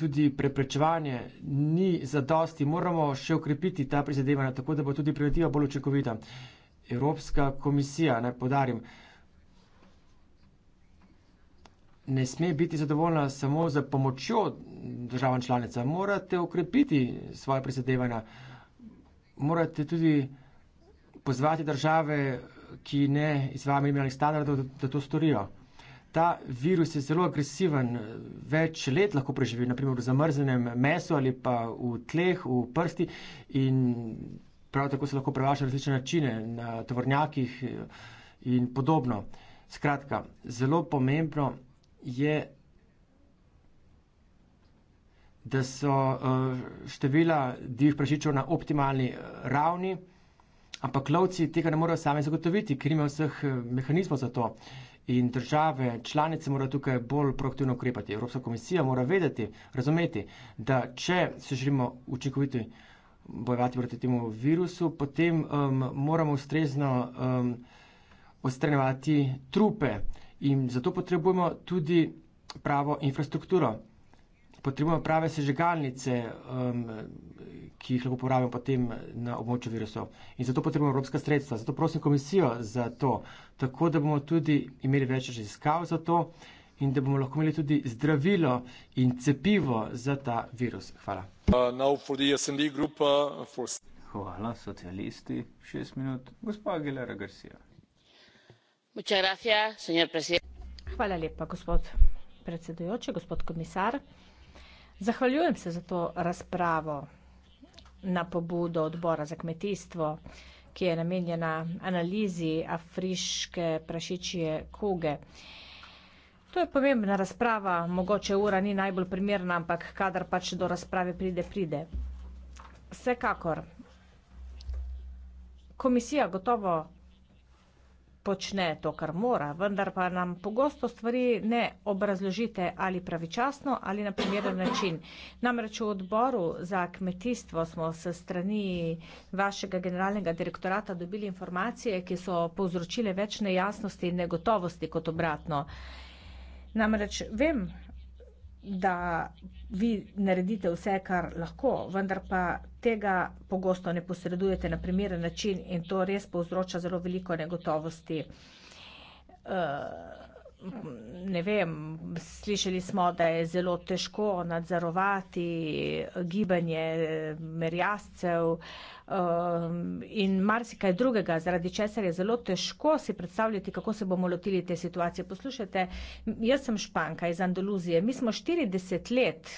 Tudi preprečevanje ni zadosti, moramo še ukrepiti ta prizadevanja, tako da bo tudi preventiva bolj učinkovita. Evropska komisija, naj podarim, ne sme biti zadovoljna samo za pomočjo državam članica. Morate ukrepiti svoje prizadevanja morate tudi pozvati države, ki ne izvajo minimalnih standardov, da, da to storijo. Ta virus je zelo agresiven, več let lahko preživi, naprimer v zamrznjenem mesu ali pa v tleh, v prsti in prav tako se lahko prevaša na različne načine, na tovornjakih in podobno. Skratka, zelo pomembno je, da so eh, števila divjih prašičev na optimalni eh, ravni, ampak lovci tega ne morejo sami zagotoviti, ker imajo vseh eh, mehanizmov za to. In države, članice morajo tukaj bolj proaktivno ukrepati. Evropska komisija mora vedeti, razumeti, da če se želimo učinkoviti bojevati proti temu virusu, potem um, moramo ustrezno um, ostrenevati trupe in zato potrebujemo tudi pravo infrastrukturo potrebujemo prave sežigalnice, um, ki jih lahko uporabljamo potem na območju virusov. In zato potrebujemo evropska sredstva. Zato prosim komisijo za to, tako da bomo tudi imeli več raziskav za to in da bomo lahko imeli tudi zdravilo in cepivo za ta virus. Hvala. Uh, group, uh, for... Hvala, socialisti. Šest minut. Gospa Aguilera Garcia. Gracias, Hvala lepa, gospod predsedujoči, gospod komisar. Zahvaljujem se za to razpravo na pobudo odbora za kmetijstvo, ki je namenjena analizi afriške prašičje kuge. To je pomembna razprava, mogoče ura ni najbolj primerna, ampak kadar pač do razprave pride, pride. Vsekakor, komisija gotovo počne to, kar mora, vendar pa nam pogosto stvari ne obrazložite ali pravičasno ali na primeren način. Namreč v odboru za kmetijstvo smo s strani vašega generalnega direktorata dobili informacije, ki so povzročile več nejasnosti in negotovosti kot obratno. Namreč vem, da vi naredite vse, kar lahko, vendar pa tega pogosto ne posredujete na primeren način in to res povzroča zelo veliko negotovosti. Uh, ne vem, slišali smo, da je zelo težko nadzorovati gibanje merjascev um, in marsikaj drugega, zaradi česar je zelo težko si predstavljati, kako se bomo lotili te situacije. Poslušajte, jaz sem Španka iz Andaluzije, mi smo 40 let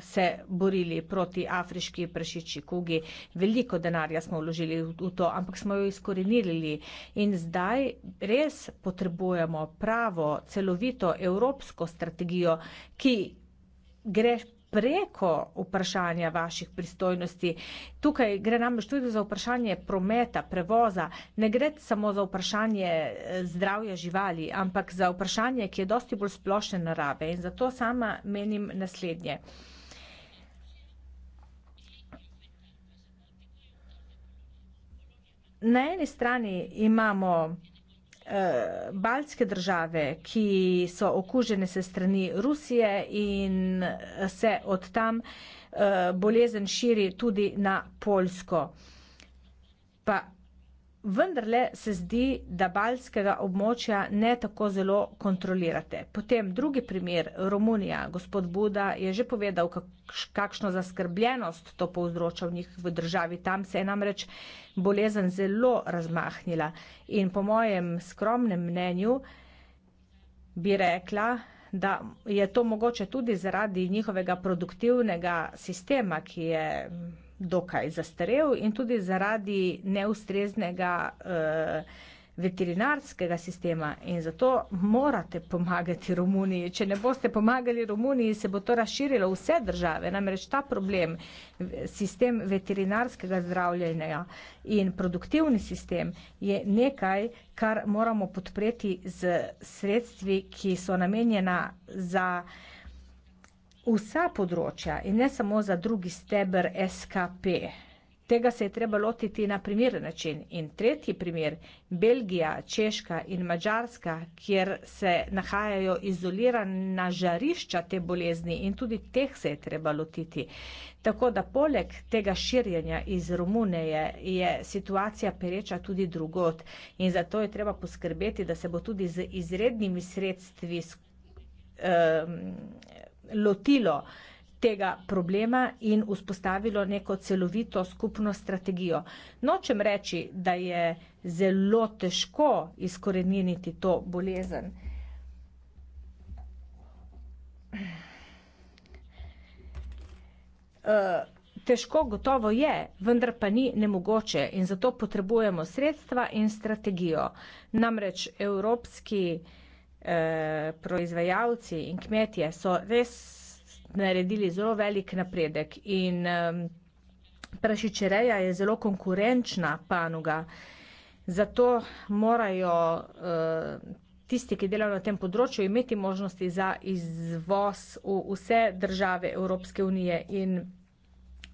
se borili proti afriški prašiči kugi. Veliko denarja smo vložili v to, ampak smo jo izkorenili in zdaj res potrebujemo pravo, celovito evropsko strategijo, ki gre preko vprašanja vaših pristojnosti. Tukaj gre namreč tudi za vprašanje prometa, prevoza, ne gre samo za vprašanje eh, zdravja živali, ampak za vprašanje, ki je dosti bolj splošne narave in zato sama menim naslednje. na eni strani imamo eh, baltske države, ki so okužene se strani Rusije in eh, se od tam eh, bolezen širi tudi na Poljsko. Pa vendarle se zdi, da balskega območja ne tako zelo kontrolirate. Potem drugi primer, Romunija. Gospod Buda je že povedal, kakšno zaskrbljenost to povzroča v njih v državi. Tam se je namreč bolezen zelo razmahnila. In po mojem skromnem mnenju bi rekla, da je to mogoče tudi zaradi njihovega produktivnega sistema, ki je dokaj zastarel in tudi zaradi neustreznega uh, veterinarskega sistema. In zato morate pomagati Romuniji. Če ne boste pomagali Romuniji, se bo to razširilo vse države. Namreč ta problem, sistem veterinarskega zdravljenja in produktivni sistem je nekaj, kar moramo podpreti z sredstvi, ki so namenjena za vsa področja in ne samo za drugi steber SKP. Tega se je treba lotiti na primeren način. In tretji primer, Belgija, Češka in Mačarska, kjer se nahajajo izolirana žarišča te bolezni in tudi teh se je treba lotiti. Tako da poleg tega širjenja iz Romuneje je situacija pereča tudi drugot in zato je treba poskrbeti, da se bo tudi z izrednimi sredstvi. Um, lotilo tega problema in vzpostavilo neko celovito skupno strategijo. Nočem reči, da je zelo težko izkoreniniti to bolezen. Eh, težko gotovo je, vendar pa ni nemogoče in zato potrebujemo sredstva in strategijo. Namreč evropski Eh, proizvajalci in kmetje so res naredili zelo velik napredek in prašičereja je zelo konkurenčna panoga. Zato morajo eh, tisti, ki delajo na tem področju, imeti možnosti za izvoz v vse države Evropske unije in Evropske unije.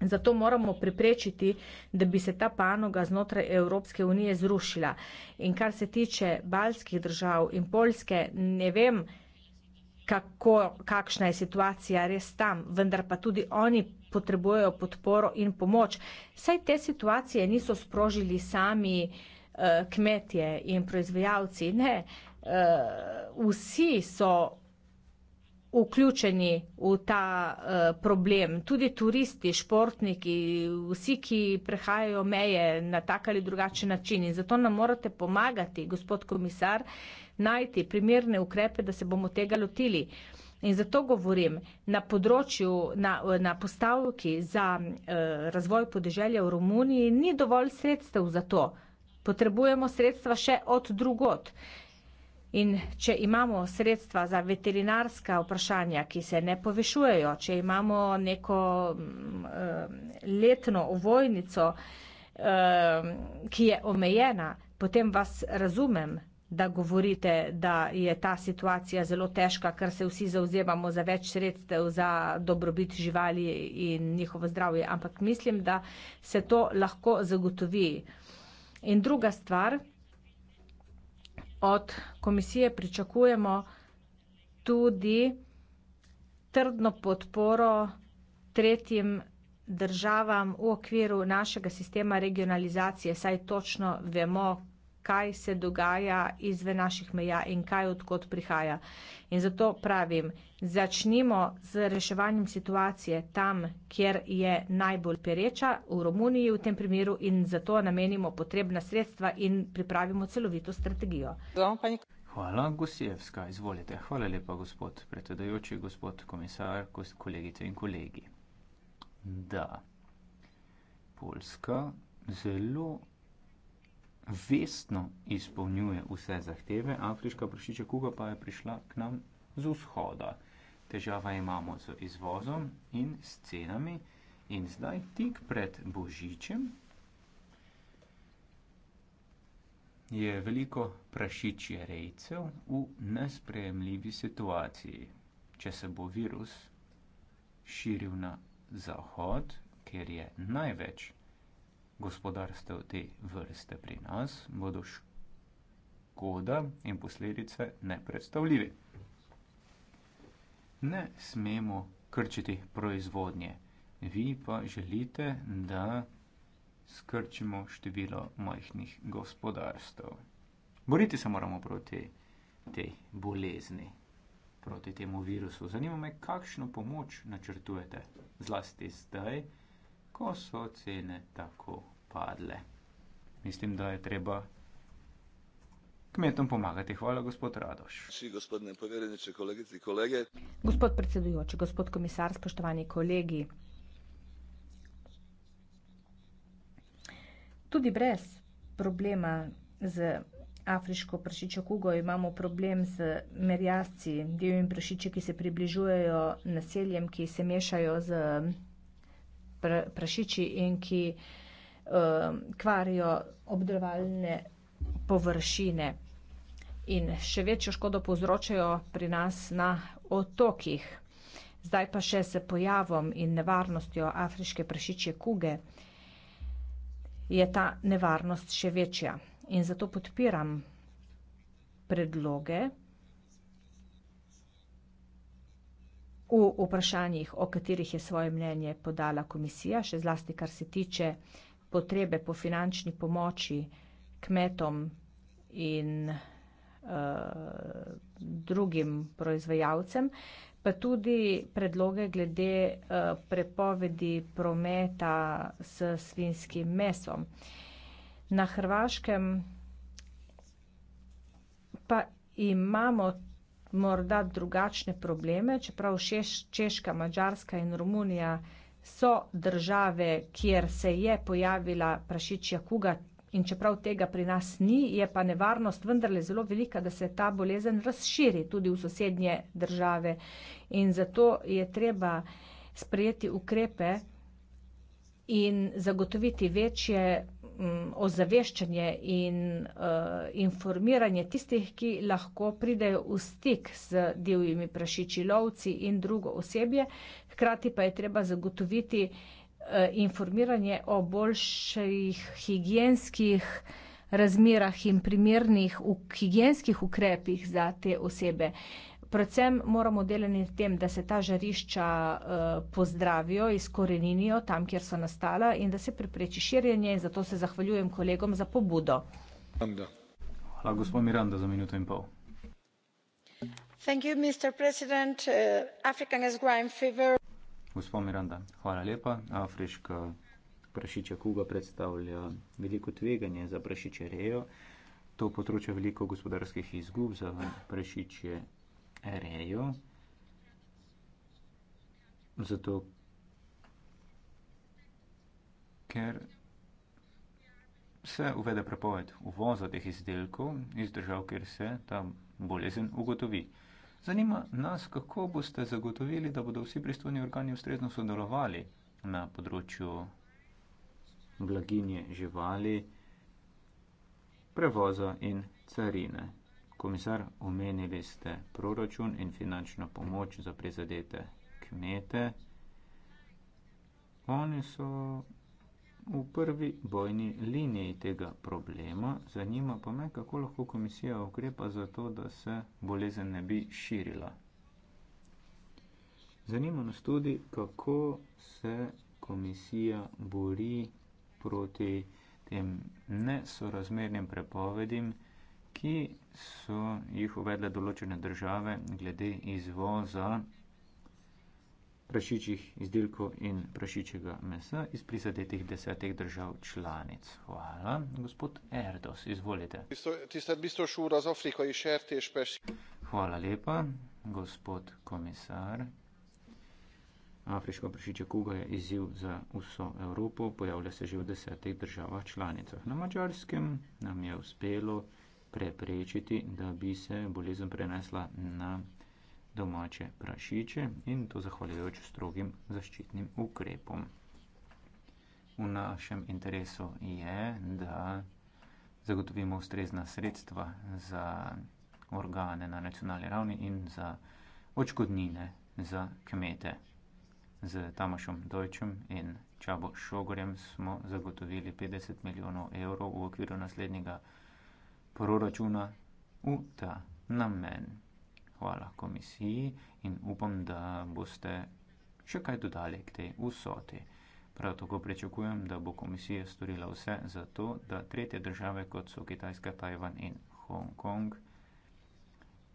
Zato moramo preprečiti, da bi se ta panoga znotraj Evropske unije zrušila. In kar se tiče balskih držav in Poljske, ne vem, kako, kakšna je situacija res tam, vendar pa tudi oni potrebujejo podporo in pomoč. Saj te situacije niso sprožili sami uh, kmetje in proizvajalci, ne. Uh, vsi so vključeni v ta eh, problem. Tudi turisti, športniki, vsi, ki prehajajo meje na tak ali drugačen način. In zato nam morate pomagati, gospod komisar, najti primerne ukrepe, da se bomo tega lotili. In zato govorim na področju, na, na postavki za eh, razvoj podeželja v Romuniji, ni dovolj sredstev za to. Potrebujemo sredstva še od drugot. In če imamo sredstva za veterinarska vprašanja, ki se ne povešujejo, če imamo neko mm, eh, letno ovojnico, eh, ki je omejena, potem vas razumem, da govorite, da je ta situacija zelo težka, ker se vsi zauzemamo za več sredstev za dobrobit živali in njihovo zdravje. Ampak mislim, da se to lahko zagotovi. In druga stvar od komisije pričakujemo tudi trdno podporo tretjim državam v okviru našega sistema regionalizacije, saj točno vemo, kaj se dogaja izven naših meja in kaj odkot prihaja. In zato pravim, začnimo z reševanjem situacije tam, kjer je najbolj pereča, v Romuniji v tem primeru in zato namenimo potrebna sredstva in pripravimo celovito strategijo. Hvala, Gusijevska, izvolite. Hvala lepa, gospod predsedajoči, gospod komisar, kolegice in kolegi. Da, Poljska zelo vestno izpolnjuje vse zahteve, afriška prašiča kuga pa je prišla k nam z vzhoda. Težava imamo z izvozom in s cenami in zdaj tik pred božičem je veliko prašičje rejcev v nesprejemljivi situaciji. Če se bo virus širil na zahod, kjer je največ gospodarstev te vrste pri nas, bodo škoda in posledice nepredstavljivi. Ne smemo krčiti proizvodnje. Vi pa želite, da skrčimo število majhnih gospodarstev. Boriti se moramo proti tej bolezni, proti temu virusu. Zanima me, kakšno pomoč načrtujete, zlasti zdaj, ko so cene tako padle. Mislim, da je treba kmetom pomagati. Hvala, gospod Radoš. Vsi, gospodine povedeniče, kolegice in kolege. Gospod predsedujoči, gospod komisar, spoštovani kolegi. Tudi brez problema z afriško prašičjo kugo imamo problem z merjasci, divjimi prašiči, ki se približujejo naseljem, ki se mešajo z prašiči in ki uh, Um, kvarijo obdelovalne površine in še večjo škodo povzročajo pri nas na otokih. Zdaj pa še se pojavom in nevarnostjo afriške prašičje kuge je ta nevarnost še večja. In zato podpiram predloge v vprašanjih, o katerih je svoje mnenje podala komisija, še zlasti kar se tiče vprašanja, potrebe po finančni pomoči kmetom in uh, drugim proizvajalcem, pa tudi predloge glede uh, prepovedi prometa s svinskim mesom. Na Hrvaškem pa imamo morda drugačne probleme, čeprav Češka, Mačarska in Romunija so države, kjer se je pojavila prašičja kuga in čeprav tega pri nas ni, je pa nevarnost vendarle zelo velika, da se ta bolezen razširi tudi v sosednje države. In zato je treba sprejeti ukrepe in zagotoviti večje mm, ozaveščanje in uh, informiranje tistih, ki lahko pridejo v stik z divjimi prašiči lovci in drugo osebje, Hkrati pa je treba zagotoviti eh, informiranje o boljših higijenskih razmerah in primernih higijenskih ukrepih za te osebe. Predvsem moramo delati na tem, da se ta žarišča eh, pozdravijo, izkoreninijo tam, kjer so nastala in da se prepreči širjenje in zato se zahvaljujem kolegom za pobudo. Miranda. Hvala, gospod Miranda, za minuto in pol. Thank you, Mr. President. Uh, African is growing fever. Gospod Miranda, hvala lepa. Afriška eh, prašiča kuga predstavlja veliko tveganje za prašiče rejo. To potroča veliko gospodarskih izgub za prašiče rejo. Zato, ker se uvede prepoved uvoza teh izdelkov iz držav, kjer se ta bolezen ugotovi. Zanima nas, kako boste zagotovili, da bodo vsi pristojni organi ustrezno sodelovali na področju blaginje živali, prevoza in carine. Komisar, omenili ste proračun in finančno pomoč za prizadete kmete. Oni so v prvi bojni liniji tega problema. Zanima pa me, kako lahko komisija ukrepa za to, da se bolezen ne bi širila. Zanima nas tudi, kako se komisija bori proti tem nesorazmernim prepovedim, ki so jih uvedle določene države glede izvoza prašičjih izdelkov in prašičjega mesa iz prizadetih desetih držav članic. Hvala. Gospod Erdos, izvolite. Hvala lepa, gospod komisar. Afriška prašičja kuga je izziv za vso Evropo, pojavlja se že v desetih državah članicah. Na mačarskem nam je uspelo preprečiti, da bi se bolezen prenesla na domače prašiče in to zahvaljujoč strogim zaščitnim ukrepom. V našem interesu je, da zagotovimo ustrezna sredstva za organe na nacionalni ravni in za očkodnine za kmete. Z Tamašom Dojčem in Čabo Šogorjem smo zagotovili 50 milijonov evrov v okviru naslednjega proračuna v ta namen hvala komisiji in upam, da boste še kaj dodali k tej vsoti. Prav tako prečakujem, da bo komisija storila vse za to, da tretje države, kot so Kitajska, Tajvan in Hongkong,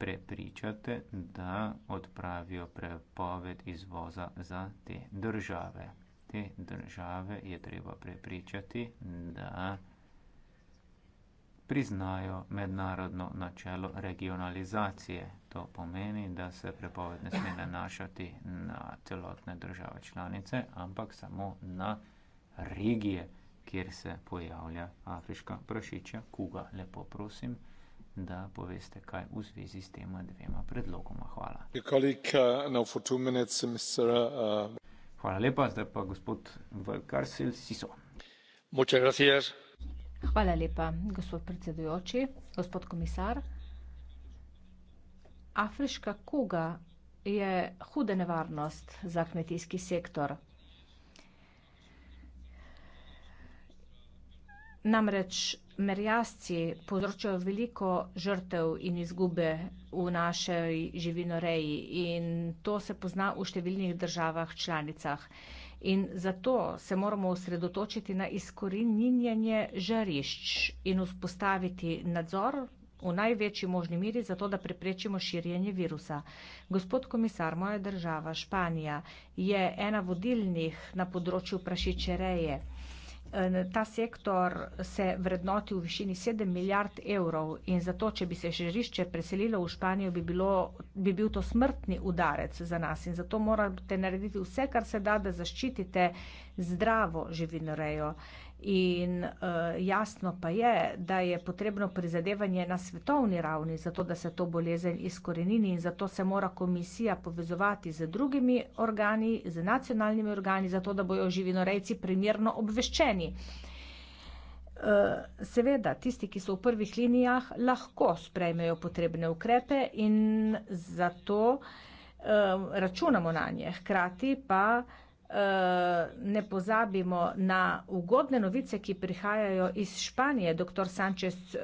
prepričate, da odpravijo prepoved izvoza za te države. Te države je treba prepričati, da priznajo mednarodno načelo regionalizacije. To pomeni, da se prepoved ne sme nanašati na celotne države članice, ampak samo na regije, kjer se pojavlja afriška prašiča kuga. Lepo prosim, da poveste kaj v zvezi s tema dvema predlogoma. Hvala. Uh, uh, uh, Hvala lepa, zdaj pa gospod Valkarsel Siso. Hvala lepa, gospod predsedujoči, gospod komisar afriška kuga je huda nevarnost za kmetijski sektor. Namreč merjasci povzročajo veliko žrtev in izgube v naši živinoreji in to se pozna v številnih državah članicah. In zato se moramo osredotočiti na izkoreninjanje žarišč in vzpostaviti nadzor v največji možni miri, zato da preprečimo širjenje virusa. Gospod komisar, moja država Španija je ena vodilnih na področju prašiče reje. E, ta sektor se vrednoti v višini 7 milijard evrov in zato, če bi se žarišče preselilo v Španijo, bi, bilo, bi bil to smrtni udarec za nas in zato morate narediti vse, kar se da, da zaščitite zdravo živinorejo. rejo. In eh, jasno pa je, da je potrebno prizadevanje na svetovni ravni, zato da se to bolezen izkorenini in zato se mora komisija povezovati z drugimi organi, z nacionalnimi organi, zato da bojo živinorejci primerno obveščeni. Eh, seveda, tisti, ki so v prvih linijah, lahko sprejmejo potrebne ukrepe in zato eh, računamo na nje. Hkrati pa. Eh, ne pozabimo na ugodne novice, ki prihajajo iz Španije. Dr. Sanchez uh,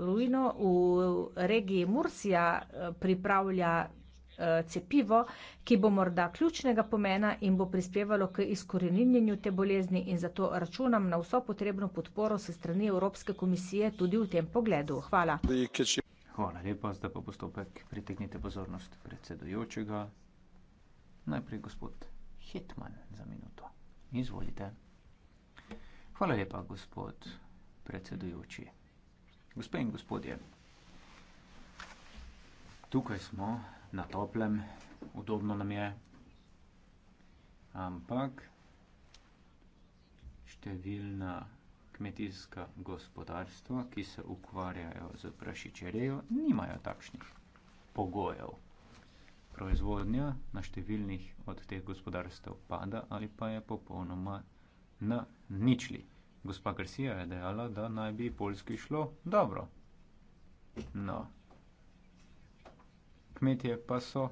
Ruino v regiji Mursija eh, pripravlja uh, cepivo, ki bo morda ključnega pomena in bo prispevalo k izkoreninjenju te bolezni in zato računam na vso potrebno podporo se strani Evropske komisije tudi v tem pogledu. Hvala. Hvala lepa, zdaj pa postopek. Pritegnite pozornost predsedujočega. Najprej gospod. Hetman za minuto. Izvolite. Hvala lepa, gospod predsedujoči. Gospe in gospodje, tukaj smo na toplem, udobno nam je, ampak številna kmetijska gospodarstva, ki se ukvarjajo z prašičerejo, nimajo takšnih pogojev proizvodnja na številnih od teh gospodarstev pada ali pa je popolnoma na ničli. Gospa Garcia je dejala, da naj bi Poljski šlo dobro. No. Kmetje pa so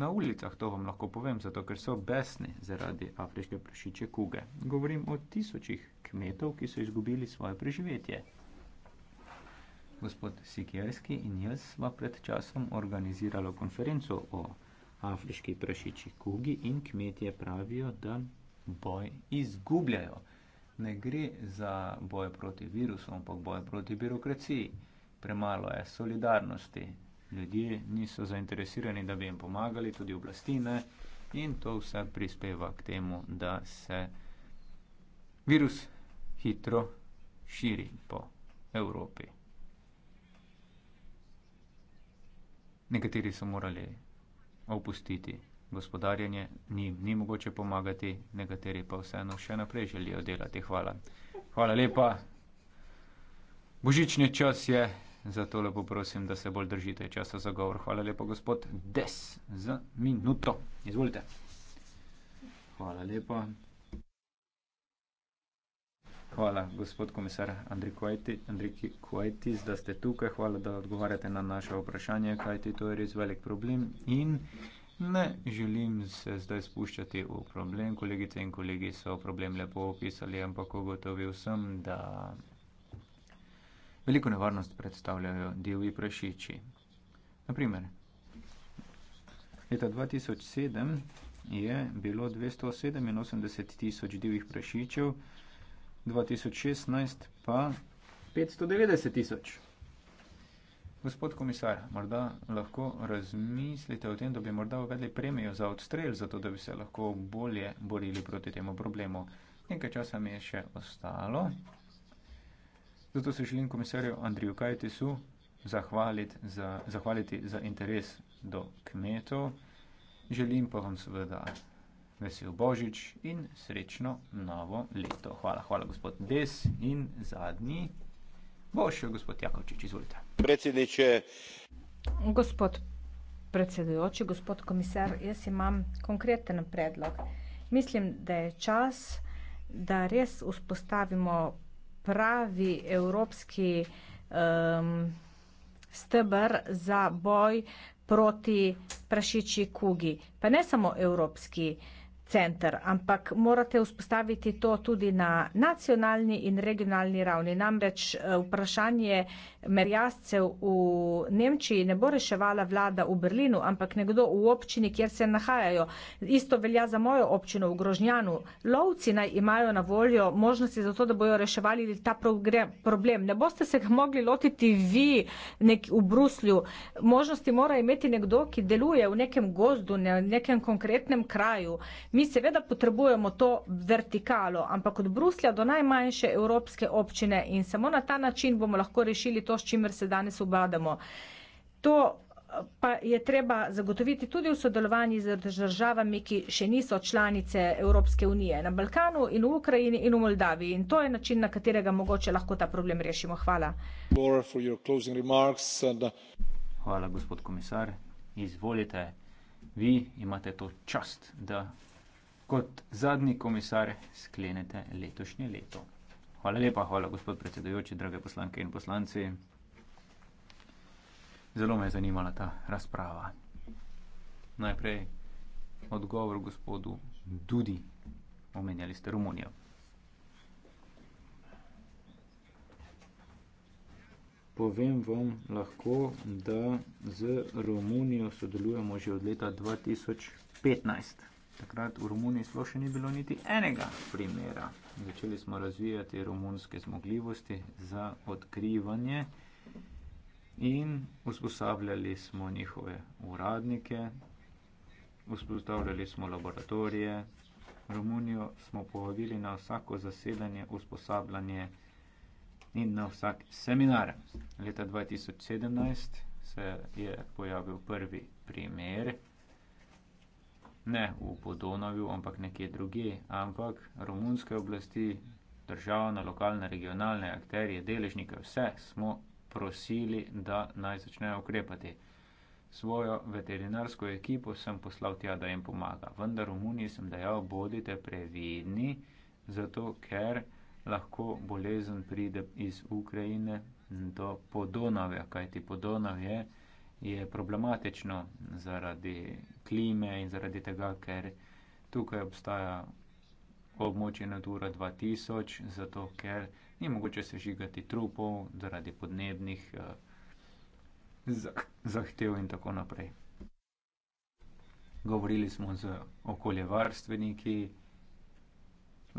na ulicah, to vam lahko povem, zato ker so besni zaradi afriške prašiče kuge. Govorim o tisočih kmetov, ki so izgubili svoje preživetje gospod Sikerski in jaz sva pred časom organizirala konferenco o afriški prašiči kugi in kmetje pravijo, da boj izgubljajo. Ne gre za boj proti virusu, ampak boj proti birokraciji. Premalo je solidarnosti. Ljudje niso zainteresirani, da bi jim pomagali, tudi oblasti ne. In to vse prispeva k temu, da se virus hitro širi po Evropi. Nekateri so morali opustiti gospodarjenje, njim ni mogoče pomagati, nekateri pa vseeno še naprej želijo delati. Hvala. Hvala lepa. Božični čas je, zato lepo prosim, da se bolj držite časa za govor. Hvala lepa, gospod Des, za minuto. Izvolite. Hvala lepa hvala, gospod komisar Andrej Kojtis, da ste tukaj. Hvala, da odgovarjate na naše vprašanje, kajti to je res velik problem. In ne želim se zdaj spuščati v problem. Kolegice in kolegi so problem lepo opisali, ampak ugotovil sem, da veliko nevarnost predstavljajo divji prašiči. Naprimer, leta 2007 je bilo 287 tisoč divjih prašičev. 2016 pa 590 tisoč. Gospod komisar, morda lahko razmislite o tem, da bi morda uvedli premijo za odstrel, zato da bi se lahko bolje borili proti temu problemu. Nekaj časa mi je še ostalo. Zato se želim komisarju Andriju Kajtisu zahvaliti za, zahvaliti za interes do kmetov. Želim pa vam seveda vesel božič in srečno novo leto. Hvala, hvala gospod Des in zadnji boš, gospod Jakovčič, izvolite. Predsedniče. Gospod predsedujoči, gospod komisar, jaz imam konkreten predlog. Mislim, da je čas, da res vzpostavimo pravi evropski um, stebr za boj proti prašiči kugi. Pa ne samo evropski, uh, center, ampak morate vzpostaviti to tudi na nacionalni in regionalni ravni. Namreč eh, vprašanje merjascev v Nemčiji ne bo reševala vlada v Berlinu, ampak nekdo v občini, kjer se nahajajo. Isto velja za mojo občino v Grožnjanu. Lovci naj imajo na voljo možnosti za to, da bojo reševali ta problem. Ne boste se ga mogli lotiti vi nek, v Bruslju. Možnosti mora imeti nekdo, ki deluje v nekem gozdu, na nekem konkretnem kraju. Mi seveda potrebujemo to vertikalo, ampak od Bruslja do najmanjše evropske občine in samo na ta način bomo lahko rešili to to, s čimer se danes obadamo. To eh, pa je treba zagotoviti tudi v sodelovanju z državami, ki še niso članice Evropske unije na Balkanu in v Ukrajini in v Moldaviji. In to je način, na katerega mogoče lahko ta problem rešimo. Hvala. Uh, Hvala, gospod komisar. Izvolite, vi imate to čast, da kot zadnji komisar sklenete letošnje leto. Hvala lepa, hvala gospod predsedujoči, drage poslanke in poslanci. Zelo me je zanimala ta razprava. Najprej odgovor gospodu Dudi. Omenjali ste Romunijo. Povem vam lahko, da z Romunijo sodelujemo že od leta 2015. Takrat v Romuniji sploh še ni bilo niti enega primera. Začeli smo razvijati romunske zmogljivosti za odkrivanje in usposabljali smo njihove uradnike, usposabljali smo laboratorije. Romunijo smo povabili na vsako zasedanje, usposabljanje in na vsak seminar. Leta 2017 se je pojavil prvi primer ne v Podonavju, ampak nekje druge, ampak romunske oblasti, državna, lokalna, regionalne akterije, deležnike, vse smo prosili, da naj začnejo ukrepati. Svojo veterinarsko ekipo sem poslal tja, da jim pomaga, vendar v Muniji sem dejal, bodite previdni, zato ker lahko bolezen pride iz Ukrajine do Podonavja, kajti Podonavje je problematično zaradi klime in zaradi tega, ker tukaj obstaja območje Natura 2000, zato ker ni mogoče sežigati trupov zaradi podnebnih eh, zahtev in tako naprej. Govorili smo z okoljevarstveniki,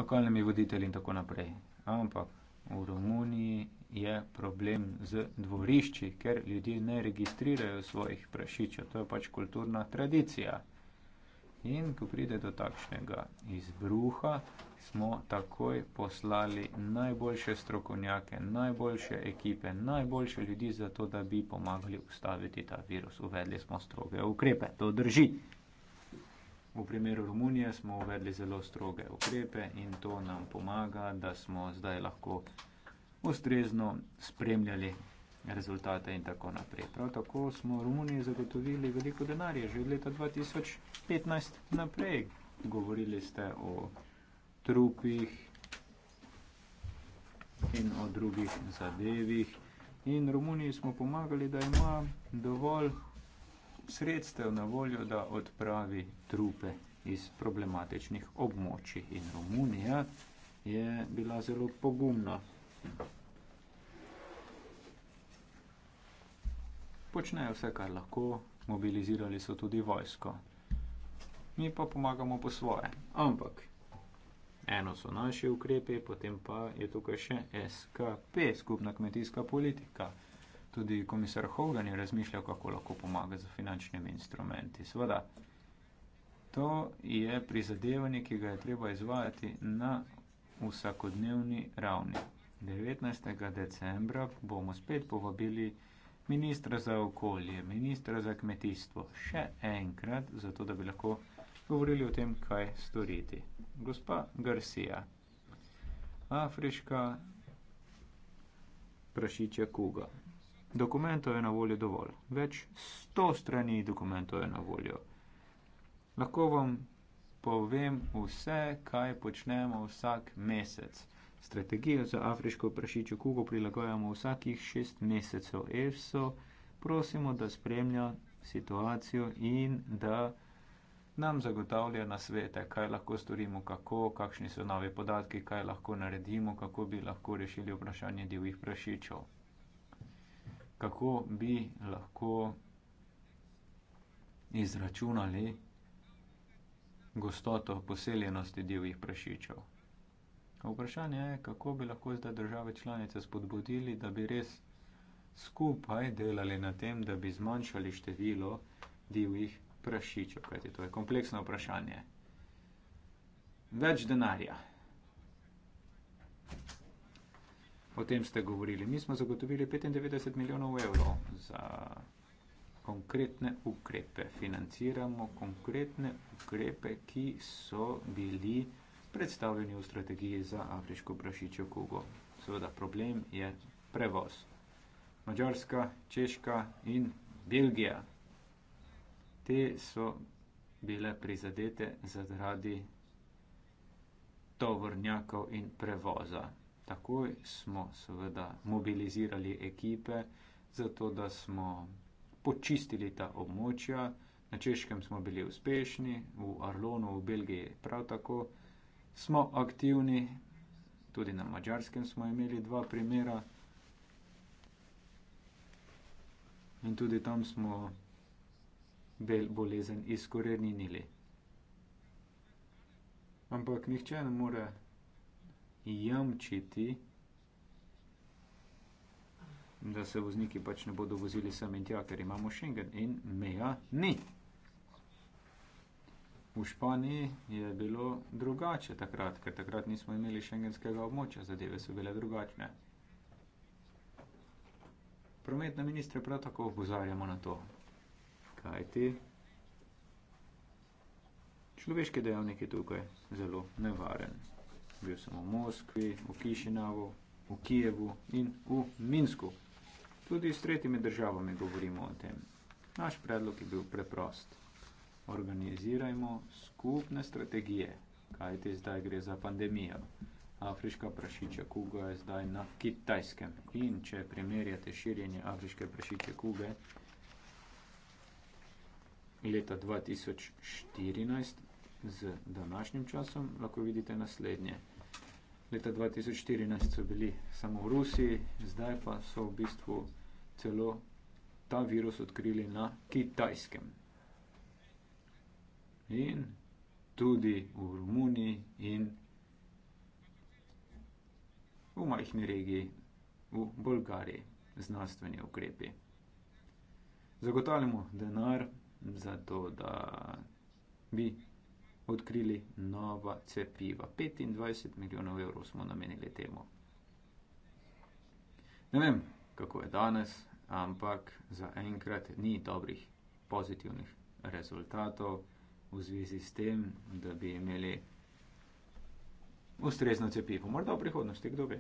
lokalnimi voditelji in tako naprej. Ampak V Romuniji je problem z dvorišči, ker ljudje ne registrirajo svojih prašičev, to je pač kulturna tradicija. In ko pride do takšnega izbruha, smo takoj poslali najboljše strokovnjake, najboljše ekipe, najboljše ljudi za to, da bi pomagali ustaviti ta virus. Uvedli smo stroge ukrepe, to drži. V primeru Romunije smo uvedli zelo stroge ukrepe in to nam pomaga, da smo zdaj lahko ustrezno spremljali rezultate in tako naprej. Prav tako smo Romuniji zagotovili veliko denarja že od leta 2015 naprej. Govorili ste o trupih in o drugih zadevih. In Romuniji smo pomagali, da ima dovolj sredstev na voljo, da odpravi trupe iz problematičnih območij. In Romunija je bila zelo pogumna. Počnejo vse, kar lahko, mobilizirali so tudi vojsko. Mi pa pomagamo po svoje. Ampak eno so naše ukrepe, potem pa je tukaj še SKP, skupna kmetijska politika tudi komisar Hogan je razmišljal, kako lahko pomaga z finančnimi instrumenti. Sveda, to je prizadevanje, ki ga je treba izvajati na vsakodnevni ravni. 19. decembra bomo spet povabili ministra za okolje, ministra za kmetijstvo, še enkrat, zato da bi lahko govorili o tem, kaj storiti. Gospa Garcia, afriška prašiča kuga dokumentov je na voljo dovolj. Več sto strani dokumentov je na voljo. Lahko vam povem vse, kaj počnemo vsak mesec. Strategijo za afriško prašičjo kugo prilagojamo vsakih šest mesecev. ESO prosimo, da spremlja situacijo in da nam zagotavlja na svete, kaj lahko storimo, kako, kakšni so nove podatki, kaj lahko naredimo, kako bi lahko rešili vprašanje divjih prašičev kako bi lahko izračunali gostoto poseljenosti divjih prašičev. Vprašanje je, kako bi lahko zdaj države članice spodbudili, da bi res skupaj delali na tem, da bi zmanjšali število divjih prašičev, kajti to je kompleksno vprašanje. Več denarja. O tem ste govorili. Mi smo zagotovili 95 milijonov evrov za konkretne ukrepe. Financiramo konkretne ukrepe, ki so bili predstavljeni v strategiji za afriško prašičjo kugo. Seveda, problem je prevoz. Mačarska, Češka in Belgija. Te so bile prizadete zaradi tovornjakov in prevoza. Takoj smo seveda mobilizirali ekipe, zato da smo počistili ta območja. Na Češkem smo bili uspešni, v Arlonu, v Belgiji prav tako smo aktivni, tudi na Mačarskem smo imeli dva primera. In tudi tam smo bel bolezen izkorenili. Ampak nihče ne more jamčiti, da se vozniki pač ne bodo vozili sem in tja, ker imamo Schengen in meja ni. V Španiji je bilo drugače takrat, ker takrat nismo imeli šengenskega območja, zadeve so bile drugačne. Prometne ministre prav tako opozarjamo na to, kaj ti človeški dejavnik je tukaj zelo nevaren bil sem v Moskvi, v Kišinavu, v Kijevu in v Minsku. Tudi s tretjimi državami govorimo o tem. Naš predlog je bil preprost. Organizirajmo skupne strategije, kaj ti zdaj gre za pandemijo. Afriška prašiča kuga je zdaj na kitajskem in če primerjate širjenje afriške prašiče kuge leta 2014 z današnjim časom, lahko vidite naslednje leta 2014 so bili samo v Rusiji, zdaj pa so v bistvu celo ta virus odkrili na Kitajskem. In tudi v Romuniji in v majhni regiji, v Bolgariji, znanstveni ukrepi. Zagotavljamo denar za to, da bi odkrili nova cepiva. 25 milijonov evrov smo namenili temu. Ne vem, kako je danes, ampak zaenkrat ni dobrih pozitivnih rezultatov v zvezi s tem, da bi imeli ustrezno cepivo. Morda v prihodnosti, kdo ve?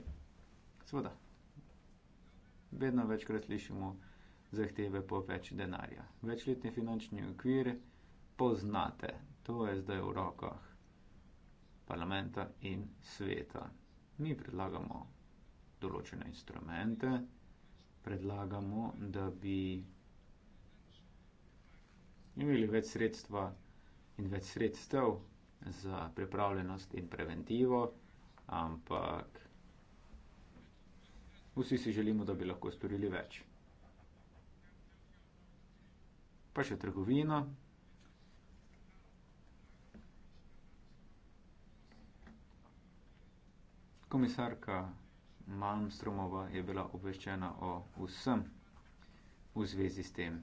Sveda. Vedno večkrat slišimo zahteve po več denarja. Večletni finančni okvir poznate, To je zdaj v rokah parlamenta in sveta. Mi predlagamo določene instrumente, predlagamo, da bi imeli več sredstva in več sredstev za pripravljenost in preventivo, ampak vsi si želimo, da bi lahko storili več. Pa še trgovina, Komisarka Malmstromova je bila obveščena o vsem v zvezi s tem.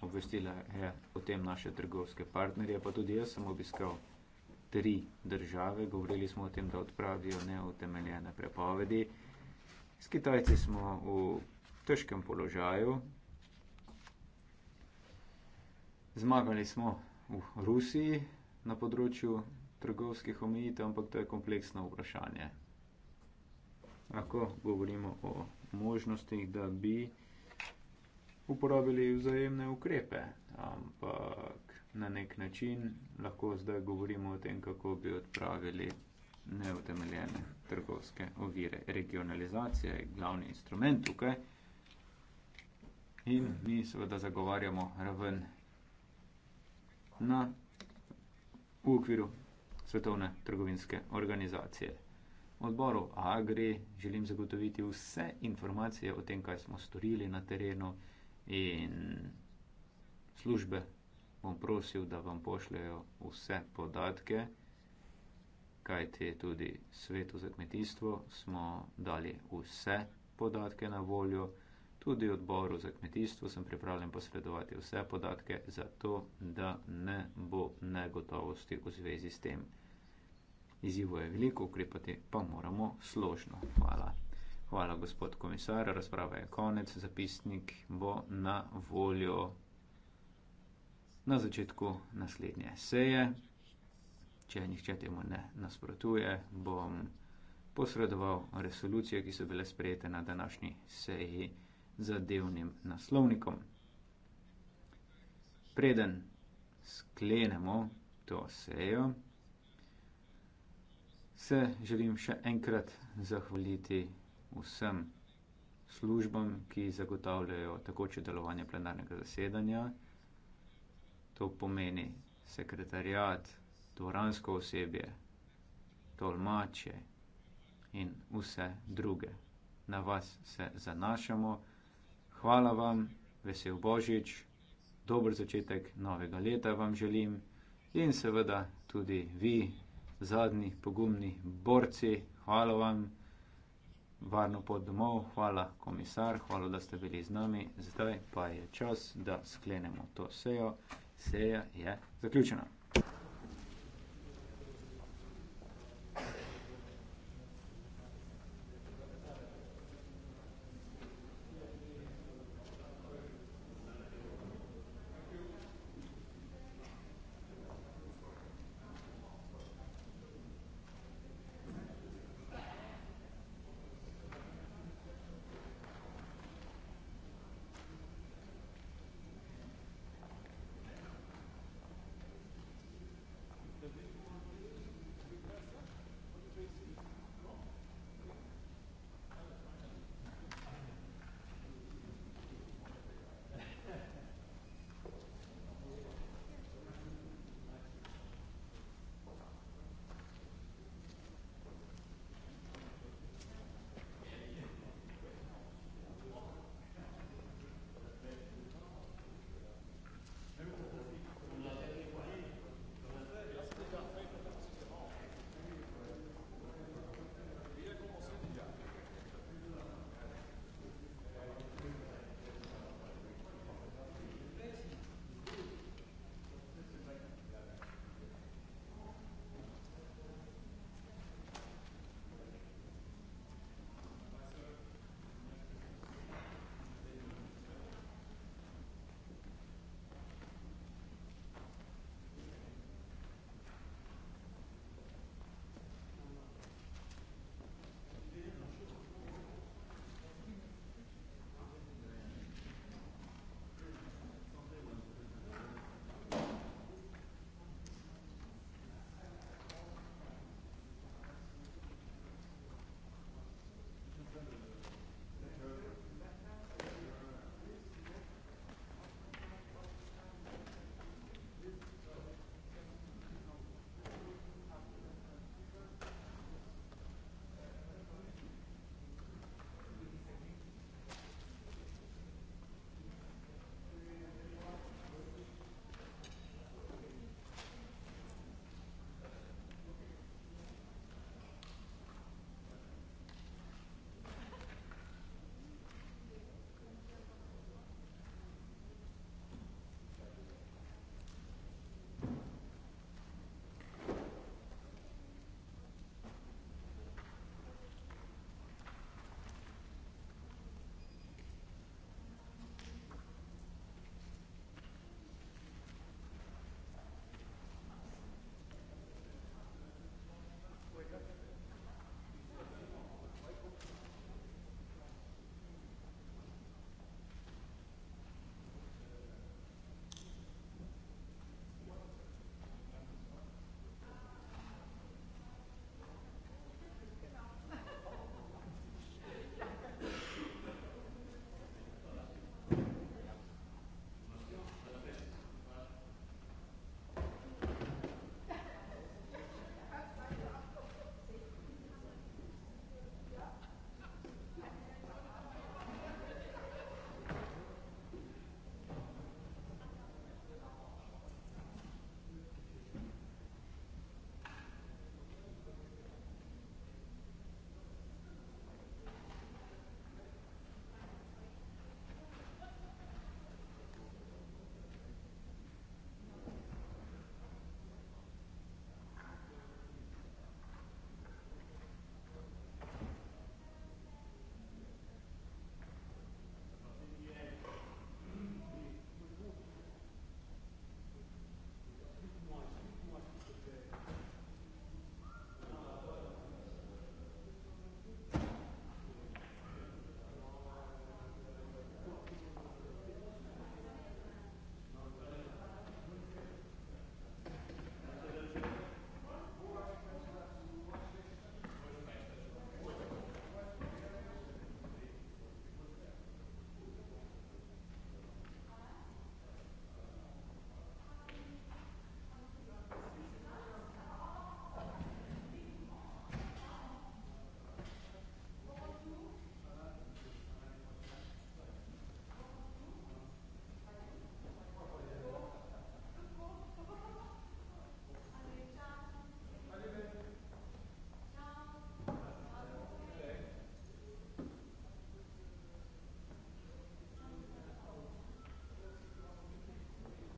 Obvestila je potem naše trgovske partnerje, pa tudi jaz sem obiskal tri države, govorili smo o tem, da odpravijo neutemeljene prepovedi. S Kitajci smo v težkem položaju. Zmagali smo v Rusiji na področju trgovskih omejitev, ampak to je kompleksno vprašanje lahko govorimo o možnostih, da bi uporabili vzajemne ukrepe, ampak na nek način lahko zdaj govorimo o tem, kako bi odpravili neutemeljene trgovske ovire. Regionalizacija je glavni instrument tukaj in mi seveda zagovarjamo raven na v okviru svetovne trgovinske organizacije odboru Agri želim zagotoviti vse informacije o tem, kaj smo storili na terenu in službe bom prosil, da vam pošljajo vse podatke, kaj te tudi svetu za kmetijstvo smo dali vse podatke na voljo, tudi odboru za kmetijstvo sem pripravljen posredovati vse podatke, zato da ne bo negotovosti v zvezi s tem. Izivo je veliko, ukrepati pa moramo složno. Hvala. Hvala, gospod komisar. Razprava je konec. Zapisnik bo na voljo na začetku naslednje seje. Če nihče temu ne nasprotuje, bom posredoval resolucije, ki so bile sprejete na današnji seji zadevnim naslovnikom. Preden sklenemo to sejo, se želim še enkrat zahvaliti vsem službam, ki zagotavljajo takoče delovanje plenarnega zasedanja. To pomeni sekretarjat, dvoransko osebje, tolmače in vse druge. Na vas se zanašamo. Hvala vam, vesel Božič, dober začetek novega leta vam želim in seveda tudi vi, zadnji pogumni borci, hvala vam, varno pot domov, hvala komisar, hvala, da ste bili z nami. Zdaj pa je čas, da sklenemo to sejo. Seja je zaključena.